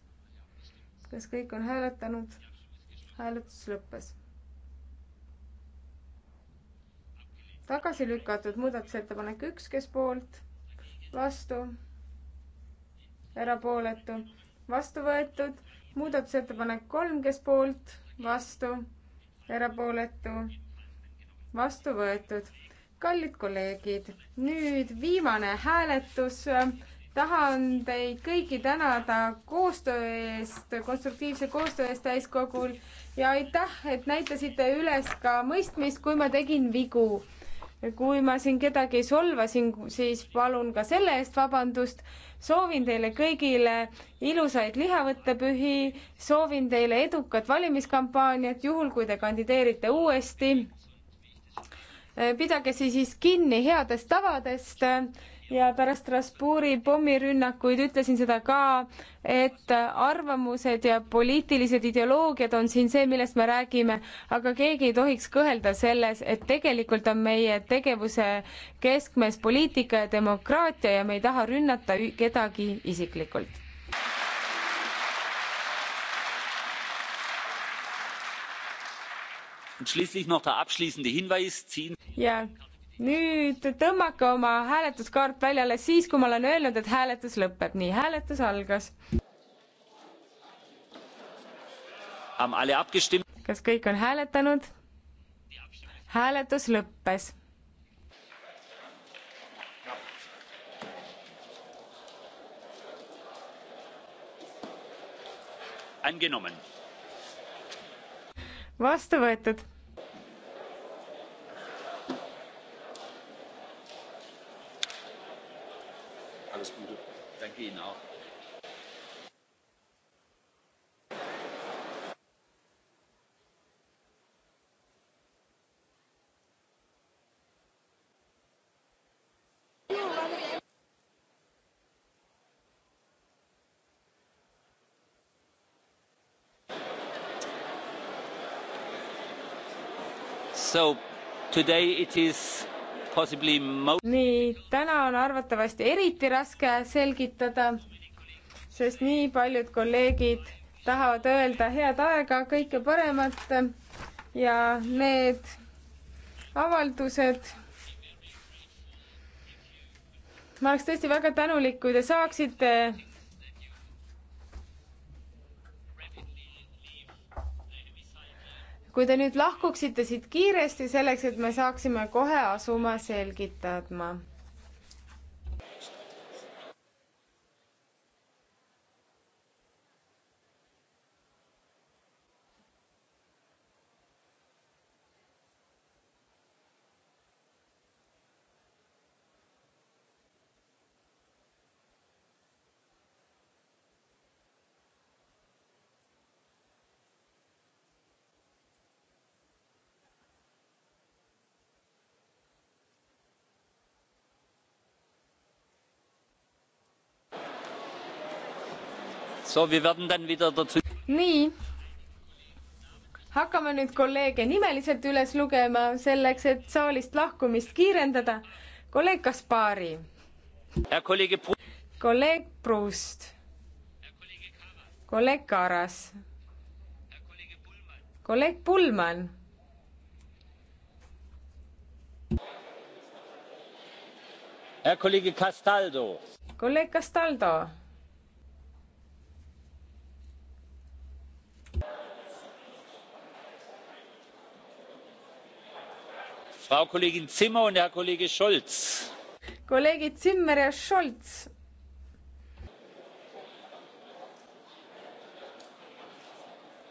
kas kõik on hääletanud? hääletus lõppes. tagasi lükatud muudatusettepanek üks, kes poolt, vastu, erapooletu, vastu võetud, muudatusettepanek kolm, kes poolt, vastu, erapooletu, vastu võetud kallid kolleegid, nüüd viimane hääletus. tahan teid kõiki tänada koostöö eest, konstruktiivse koostöö eest täiskogul ja aitäh, et näitasite üles ka mõistmist, kui ma tegin vigu. kui ma siin kedagi solvasin, siis palun ka selle eest vabandust. soovin teile kõigile ilusaid lihavõttepühi, soovin teile edukat valimiskampaaniat, juhul kui te kandideerite uuesti Eh, pidage siis, siis kinni headest tavadest ja pärast Strasbourgi pommirünnakuid ütlesin seda ka, et arvamused ja poliitilised ideoloogiad on siin see, millest me räägime, aga keegi ei tohiks kõhelda selles, et tegelikult on meie tegevuse keskmes poliitika ja demokraatia ja me ei taha rünnata kedagi isiklikult ja nüüd tõmmake oma hääletuskaart välja alles siis, kui ma olen öelnud, et hääletus lõpeb. nii, hääletus algas. kas kõik on hääletanud? hääletus lõppes. vastu võetud Genau. so today it is nii, täna on arvatavasti eriti raske selgitada, sest nii paljud kolleegid tahavad öelda head aega, kõike paremat ja need avaldused. ma oleks tõesti väga tänulik, kui te saaksite kui te nüüd lahkuksite siit kiiresti, selleks et me saaksime kohe asuma selgitama nii, hakkame nüüd kolleege nimeliselt üles lugema selleks, et saalist lahkumist kiirendada. kolleeg Kaspari. kolleeg Pruust. kolleeg Karas. kolleeg Pullmann kolleeg castaldo. frau kollegin zimmer und herr kollege scholz! kolleegid zimmer ja scholz!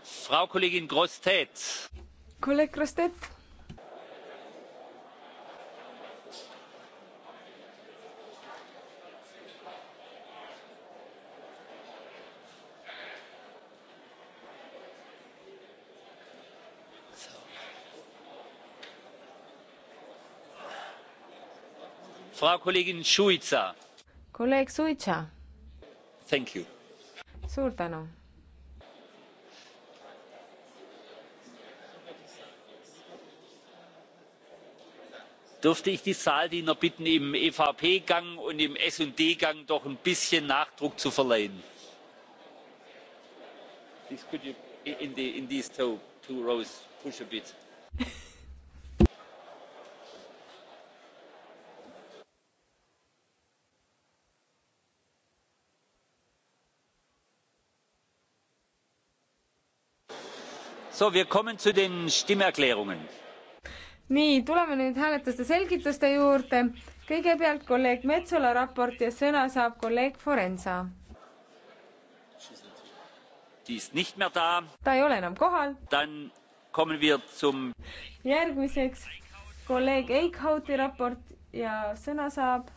frau kollegin grossette! kolleeg grossette! kolleeg Suitsa. suur tänu. dürfte ich die saaldiener bitten im evp gang und im sd gang doch ein bisschen nachdruck zu verleihen. nii, tuleme nüüd hääletuste selgituste juurde. kõigepealt kolleeg Metsola raport ja sõna saab kolleeg Forenza. ta ei ole enam kohal. Zum... järgmiseks kolleeg Eichhauti raport ja sõna saab.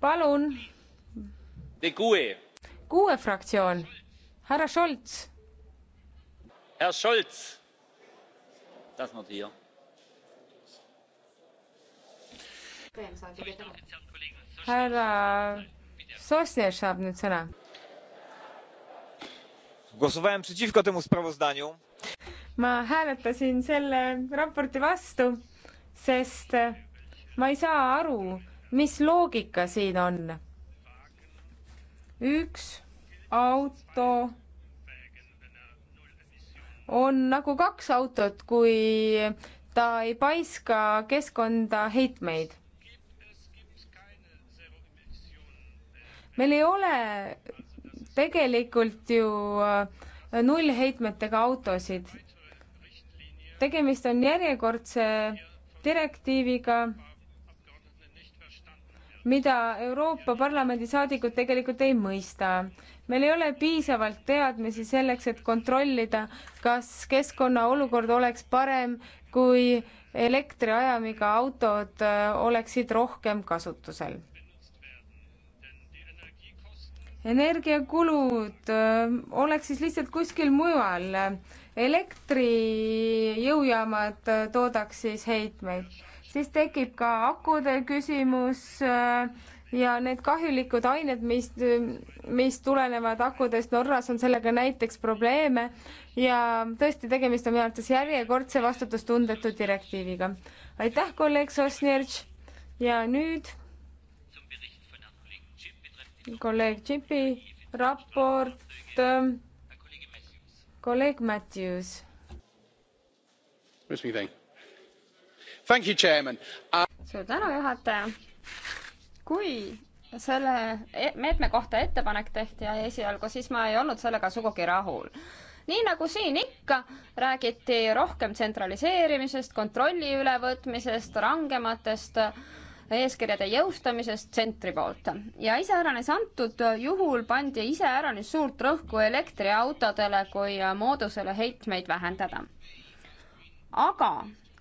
palun. De Gue kuue fraktsioon, härra Scholz. härra Scholz. härra Sosnjev saab nüüd sõna. Głosowałem przeciwko temu sprawozdaniu. ma hääletasin selle raporti vastu, sest ma ei saa aru, mis loogika siin on üks auto on nagu kaks autot, kui ta ei paiska keskkonda heitmeid. meil ei ole tegelikult ju äh, nullheitmetega autosid. tegemist on järjekordse direktiiviga mida Euroopa Parlamendi saadikud tegelikult ei mõista. meil ei ole piisavalt teadmisi selleks, et kontrollida, kas keskkonna olukord oleks parem, kui elektriajamiga autod äh, oleksid rohkem kasutusel. energiakulud äh, oleks siis lihtsalt kuskil mujal. elektrijõujaamad äh, toodaks siis heitmeid siis tekib ka akude küsimus äh, ja need kahjulikud ained, mis, mis tulenevad akudest, Norras on sellega näiteks probleeme ja tõesti, tegemist on minu arvates järjekordse vastutustundetu direktiiviga. aitäh, kolleeg Sosnjertš ja nüüd kolleeg Tšipi raport, ähm, kolleeg Matthews. mis midagi? Uh, suur tänu, juhataja. kui selle e-, meetme kohta ettepanek tehti ja esialgu, siis ma ei olnud sellega sugugi rahul nii nagu siin ikka, räägiti rohkem tsentraliseerimisest, kontrolli ülevõtmisest, rangematest eeskirjade jõustamisest tsentri poolt. ja iseäranis antud juhul pandi iseäranis suurt rõhku elektriautodele kui moodusele heitmeid vähendada. aga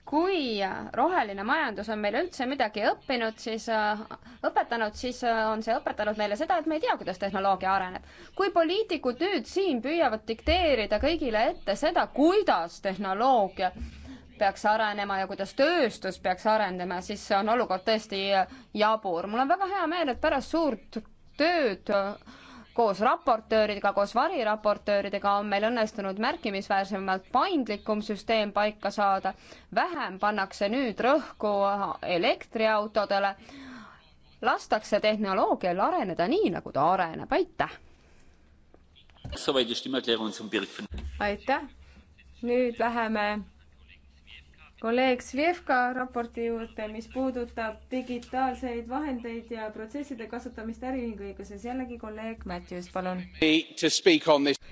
kui roheline majandus on meile üldse midagi õppinud, siis äh, õpetanud, siis äh, on see õpetanud meile seda, et me ei tea, kuidas tehnoloogia areneb. kui poliitikud nüüd siin püüavad dikteerida kõigile ette seda, kuidas tehnoloogia peaks arenema ja kuidas tööstus peaks arenema, siis on olukord tõesti jabur. mul on väga hea meel, et pärast suurt tööd koos raportööridega, koos variraportööridega on meil õnnestunud märkimisväärsemalt paindlikum süsteem paika saada, vähem pannakse nüüd rõhku elektriautodele, lastakse tehnoloogial areneda nii, nagu ta areneb, aitäh! aitäh, nüüd läheme kolleeg Svjevka raporti juurde, mis puudutab digitaalseid vahendeid ja protsesside kasutamist äriühinguõiguses. jällegi kolleeg Matthews, palun.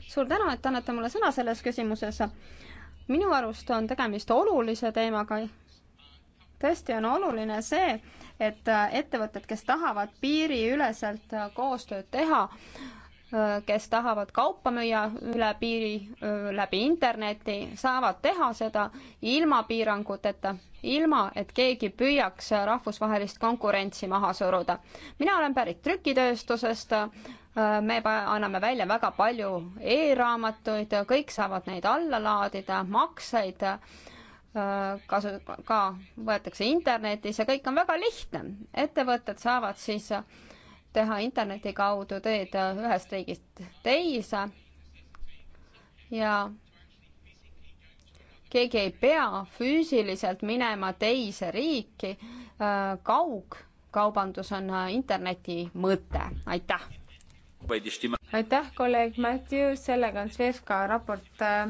suur tänu, et annate mulle sõna selles küsimuses. minu arust on tegemist olulise teemaga. tõesti on oluline see, et ettevõtted, kes tahavad piiriüleselt koostööd teha, kes tahavad kaupa müüa üle piiri, läbi interneti, saavad teha seda ilma piiranguteta, ilma et keegi püüaks rahvusvahelist konkurentsi maha suruda. mina olen pärit trükitööstusest, me anname välja väga palju e-raamatuid, kõik saavad neid alla laadida, makseid kasu, ka võetakse internetis ja kõik on väga lihtne. ettevõtted saavad siis teha interneti kaudu teed ühest riigist teise ja keegi ei pea füüsiliselt minema teise riiki. kaugkaubandus on interneti mõte, aitäh. aitäh, kolleeg Matthew, sellega on Svevka raport äh,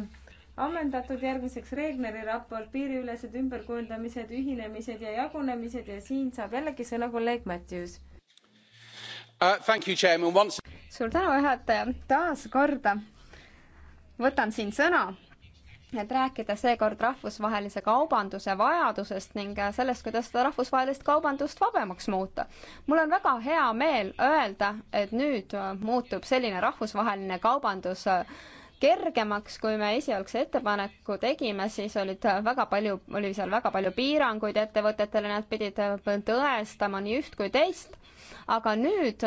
ammendatud järgmiseks Regneri raport Piiriülesed ümberkujundamised, ühinemised ja jagunemised ja siin saab jällegi sõna kolleeg Matthews uh,. Once... suur tänu, juhataja, taas korda võtan siin sõna et rääkida seekord rahvusvahelise kaubanduse vajadusest ning sellest, kuidas seda rahvusvahelist kaubandust vabamaks muuta. mul on väga hea meel öelda, et nüüd muutub selline rahvusvaheline kaubandus kergemaks, kui me esialgse ettepaneku tegime, siis olid väga palju, oli seal väga palju piiranguid ettevõtetele, nad pidid tõestama nii üht kui teist aga nüüd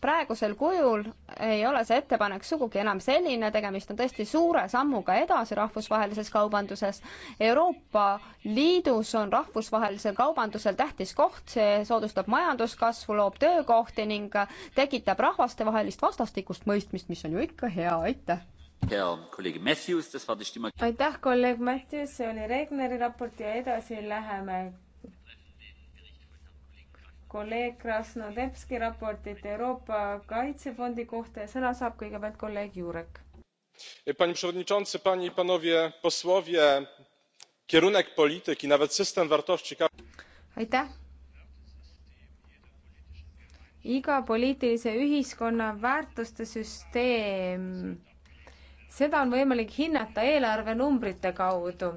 praegusel kujul ei ole see ettepanek sugugi enam selline, tegemist on tõesti suure sammuga edasi rahvusvahelises kaubanduses. Euroopa Liidus on rahvusvahelisel kaubandusel tähtis koht, see soodustab majanduskasvu, loob töökohti ning tekitab rahvastevahelist vastastikust mõistmist, mis on ju ikka hea, aitäh! aitäh, kolleeg Matthews, see oli Regneri raport ja edasi läheme kolleeg Krasnodebski raportit Euroopa Kaitsefondi kohta ja sõna saab kõigepealt kolleeg Jurek. E, panie przewodniczący, panie i panowie posłowie, kierunek polityki, nawet system wartości. aitäh. iga poliitilise ühiskonna väärtuste süsteem, seda on võimalik hinnata eelarvenumbrite kaudu.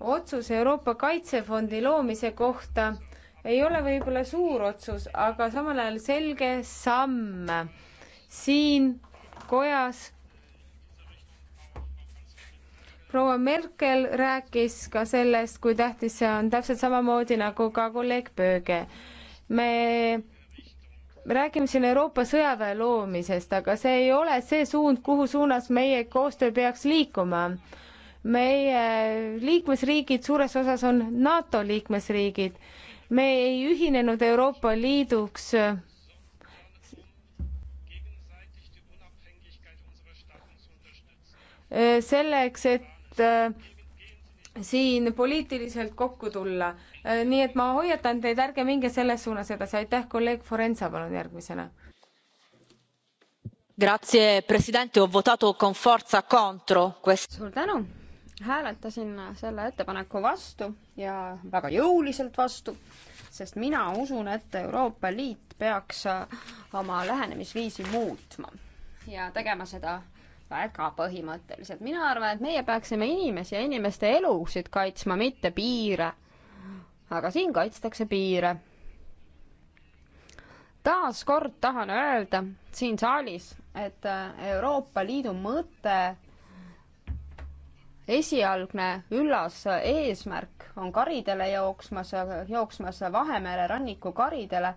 otsus Euroopa Kaitsefondi loomise kohta ei ole võib-olla suur otsus, aga samal ajal selge samm siin kojas. proua Merkel rääkis ka sellest, kui tähtis see on, täpselt samamoodi nagu ka kolleeg Pööge. me räägime siin Euroopa sõjaväe loomisest, aga see ei ole see suund, kuhu suunas meie koostöö peaks liikuma meie liikmesriigid suures osas on NATO liikmesriigid me ei ühinenud Euroopa Liiduks selleks, et äh, siin poliitiliselt kokku tulla. Äh, nii et ma hoiatan teid, ärge minge selles suunas edasi. aitäh, kolleeg Forenza, palun järgmisena. Grazie presidente, ho votato con forza contro quest-. suur tänu hääletasin selle ettepaneku vastu ja väga jõuliselt vastu, sest mina usun, et Euroopa Liit peaks oma lähenemisviisi muutma ja tegema seda väga põhimõtteliselt. mina arvan, et meie peaksime inimesi ja inimeste elusid kaitsma, mitte piire. aga siin kaitstakse piire. taaskord tahan öelda siin saalis, et Euroopa Liidu mõte esialgne üllas eesmärk on karidele jooksmas, jooksmas Vahemere ranniku karidele.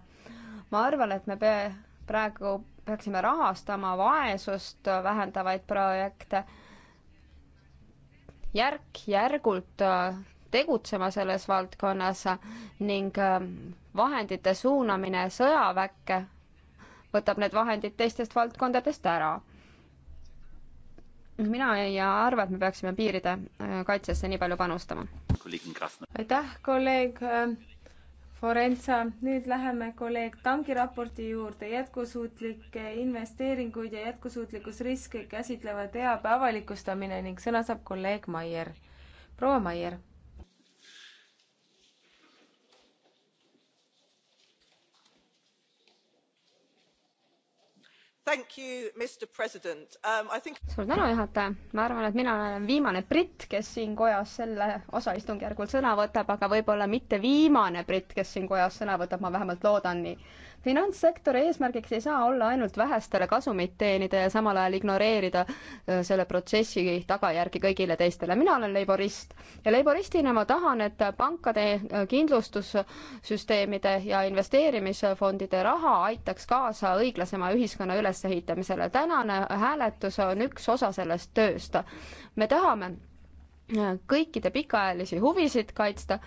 ma arvan, et me pea, praegu peaksime rahastama vaesust vähendavaid projekte, järk-järgult tegutsema selles valdkonnas ning ähm, vahendite suunamine sõjaväkke võtab need vahendid teistest valdkondadest ära mina ei arva, et me peaksime piiride äh, kaitsesse nii palju panustama. aitäh, kolleeg äh, Forenza, nüüd läheme kolleeg Tangi raporti juurde, jätkusuutlikke investeeringuid ja jätkusuutlikkusriske käsitleva teabe avalikustamine ning sõna saab kolleeg Maier. proua Maier Um, think... suur tänu, juhataja. ma arvan, et mina olen viimane britt, kes siin kojas selle osaistungjärgul sõna võtab, aga võib-olla mitte viimane britt, kes siin kojas sõna võtab, ma vähemalt loodan nii finantssektori eesmärgiks ei saa olla ainult vähestele kasumit teenida ja samal ajal ignoreerida selle protsessi tagajärgi kõigile teistele. mina olen leiborist ja leiboristina ma tahan, et pankade kindlustussüsteemide ja investeerimisfondide raha aitaks kaasa õiglasema ühiskonna ülesehitamisele. tänane hääletus on üks osa sellest tööst. me tahame kõikide pikaajalisi huvisid kaitsta,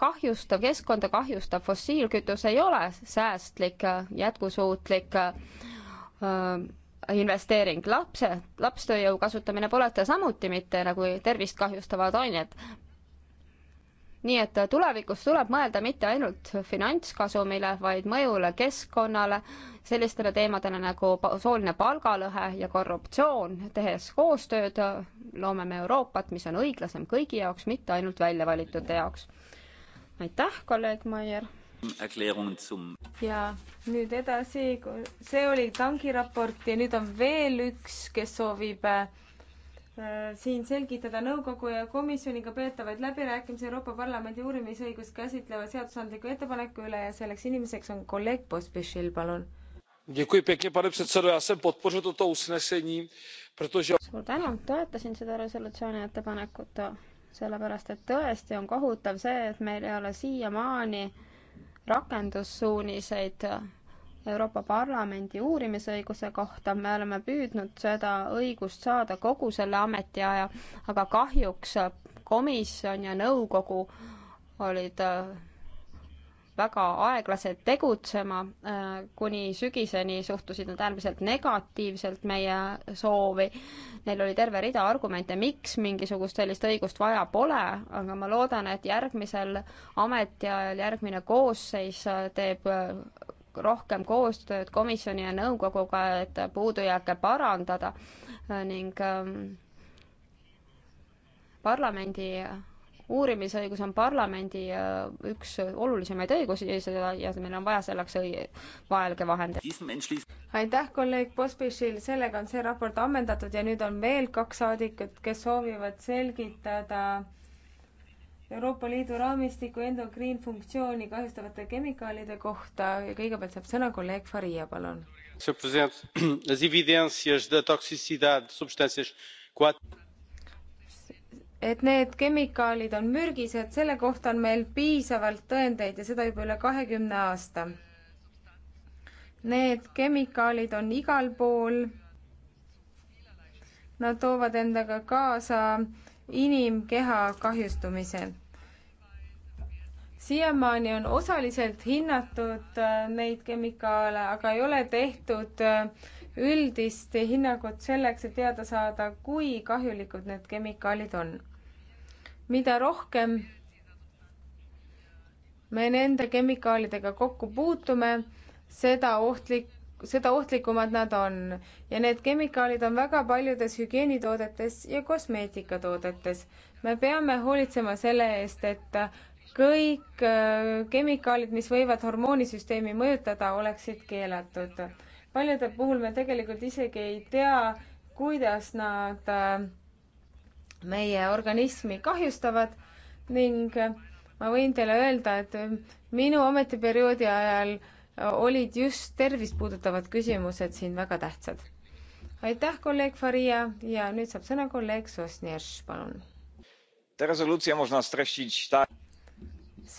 kahjustav, keskkonda kahjustav fossiilkütus ei ole säästlik, jätkusuutlik äh, investeering. lapse, lapstööjõu kasutamine pole ta samuti mitte nagu tervist kahjustavad ained. nii et tulevikus tuleb mõelda mitte ainult finantskasumile, vaid mõjule keskkonnale, sellistele teemadele nagu sooline palgalõhe ja korruptsioon. tehes koostööd, loome me Euroopat, mis on õiglasem kõigi jaoks, mitte ainult väljavalitute jaoks aitäh, kolleeg Maier. ja nüüd edasi, see oli tangi raport ja nüüd on veel üks, kes soovib äh, siin selgitada nõukogu ja komisjoniga peetavaid läbirääkimisi Euroopa Parlamendi uurimisõigust käsitleva seadusandliku ettepaneku üle ja selleks inimeseks on kolleeg Pospišil, palun. suur tänu, toetasin seda resolutsiooni ettepanekut sellepärast et tõesti on kohutav see, et meil ei ole siiamaani rakendussuuniseid Euroopa Parlamendi uurimisõiguse kohta, me oleme püüdnud seda õigust saada kogu selle ametiaja, aga kahjuks komisjon ja nõukogu olid äh, väga aeglaselt tegutsema, äh, kuni sügiseni suhtusid nad äärmiselt negatiivselt meie soovi. Neil oli terve rida argumente, miks mingisugust sellist õigust vaja pole, aga ma loodan, et järgmisel ametiajal järgmine koosseis äh, teeb äh, rohkem koostööd komisjoni ja nõukoguga, et puudujääke parandada ning ähm, parlamendi uurimisõigus on parlamendi äh, üks olulisemaid õigusi ja, ja meil on vaja selleks vajalikke vahendeid. aitäh, kolleeg Pospišil, sellega on see raport ammendatud ja nüüd on veel kaks saadikut, kes soovivad selgitada Euroopa Liidu raamistiku endokriinfunktsiooni kahjustavate kemikaalide kohta ja kõigepealt saab sõna kolleeg Faria, palun et need kemikaalid on mürgised, selle kohta on meil piisavalt tõendeid ja seda juba üle kahekümne aasta. Need kemikaalid on igal pool. Nad toovad endaga kaasa inimkeha kahjustumise siiamaani on osaliselt hinnatud äh, neid kemikaale, aga ei ole tehtud äh, üldist hinnangut selleks, et teada saada, kui kahjulikud need kemikaalid on. mida rohkem me nende kemikaalidega kokku puutume, seda ohtlik, seda ohtlikumad nad on ja need kemikaalid on väga paljudes hügieenitoodetes ja kosmeetikatoodetes. me peame hoolitsema selle eest, et kõik äh, kemikaalid, mis võivad hormoonisüsteemi mõjutada, oleksid keelatud paljude puhul me tegelikult isegi ei tea, kuidas nad äh, meie organismi kahjustavad ning äh, ma võin teile öelda, et äh, minu ametiperioodi ajal olid just tervist puudutavad küsimused siin väga tähtsad. aitäh, kolleeg Faria ja nüüd saab sõna kolleeg Sosnjerš, palun.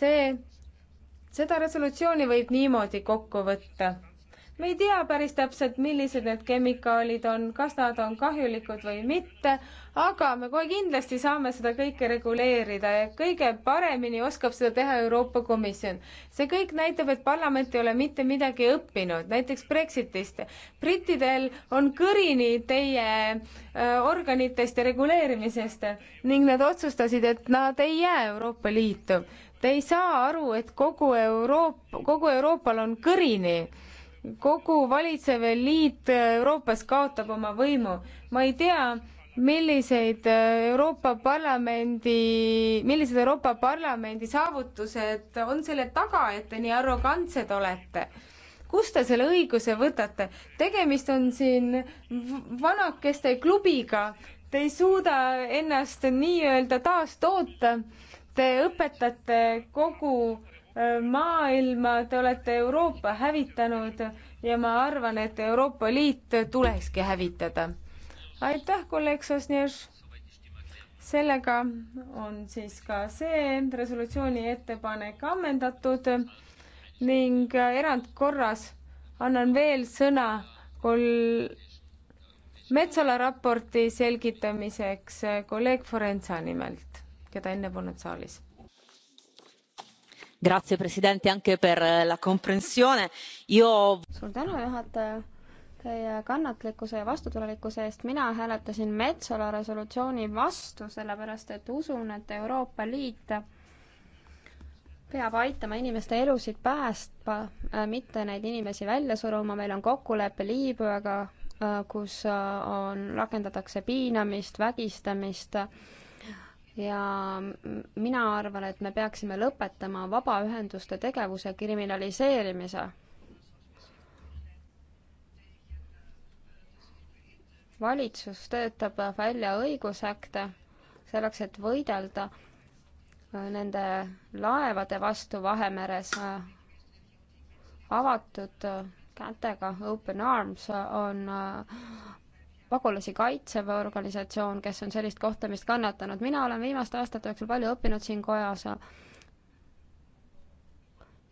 see, seda resolutsiooni võib niimoodi kokku võtta me ei tea päris täpselt, millised need kemikaalid on, kas nad on kahjulikud või mitte, aga me kohe kindlasti saame seda kõike reguleerida ja kõige paremini oskab seda teha Euroopa Komisjon. see kõik näitab, et parlament ei ole mitte midagi õppinud, näiteks Brexitist. brittidel on kõrini teie äh, organitest ja reguleerimisest ning nad otsustasid, et nad ei jää Euroopa Liitu. Te ei saa aru, et kogu Euroopa, kogu Euroopal on kõrini kogu valitsev eliit Euroopas kaotab oma võimu. ma ei tea, milliseid Euroopa Parlamendi, millised Euroopa Parlamendi saavutused on selle taga, et te nii arrogantsed olete? kust te selle õiguse võtate? tegemist on siin vanakeste klubiga, te ei suuda ennast nii-öelda taastoota, te õpetate kogu maailma, te olete Euroopa hävitanud ja ma arvan, et Euroopa Liit tulekski hävitada. aitäh, kolleeg Sosnjev. sellega on siis ka see resolutsiooni ettepanek ammendatud ning erandkorras annan veel sõna kol-, Metsala raporti selgitamiseks kolleeg Forenza nimelt, keda enne polnud saalis grazie presidente anche per eh, la comprensione io. suur tänu juhataja teie kannatlikkuse ja vastutulelikkuse eest mina hääletasin metsola resolutsiooni vastu sellepärast et usun et euroopa liit peab aitama inimeste elusid päästma äh, mitte neid inimesi välja suruma meil on kokkulepe liibüaga äh, kus äh, on rakendatakse piinamist vägistamist ja mina arvan, et me peaksime lõpetama vabaühenduste tegevuse kriminaliseerimise. valitsus töötab välja õigusakte selleks, et võidelda nende laevade vastu Vahemeres avatud kätega, open arms on pagulasi kaitsev organisatsioon, kes on sellist kohtlemist kannatanud. mina olen viimaste aastate jooksul palju õppinud siin kojas.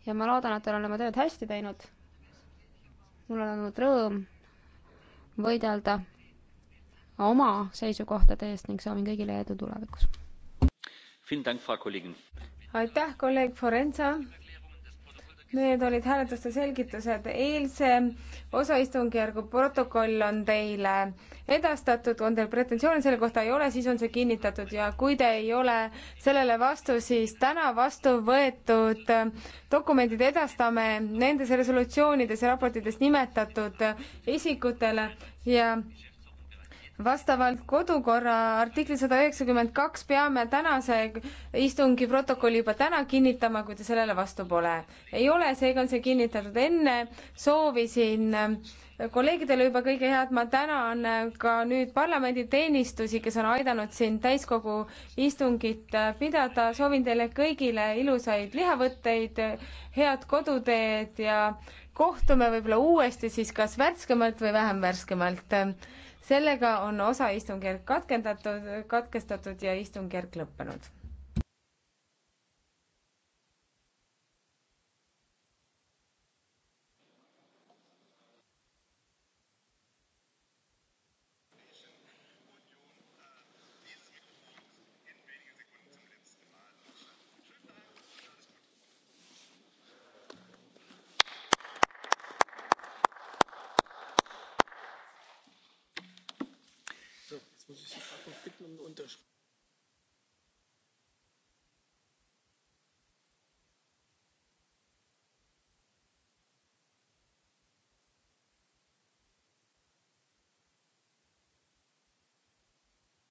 ja ma loodan, et olen oma tööd hästi teinud. mul on olnud rõõm võidelda oma seisukohtade eest ning soovin kõigile edu tulevikus. aitäh, kolleeg Forenza. Need olid hääletuste selgitused. eilse osaistungjärgu protokoll on teile edastatud, on teil pretensioone selle kohta, ei ole, siis on see kinnitatud ja kui te ei ole sellele vastu, siis täna vastu võetud dokumendid edastame nendes resolutsioonides ja raportites nimetatud isikutele ja vastavalt kodukorra artikli sada üheksakümmend kaks peame tänase istungi protokolli juba täna kinnitama, kui te sellele vastu pole. ei ole, seega on see kinnitatud. enne soovisin kolleegidele juba kõige head, ma tänan ka nüüd parlamendi teenistusi, kes on aidanud siin täiskogu istungit pidada, soovin teile kõigile ilusaid lihavõtteid, head koduteed ja kohtume võib-olla uuesti siis kas värskemalt või vähem värskemalt sellega on osa istungjärk katkendatud, katkestatud ja istungjärk lõppenud.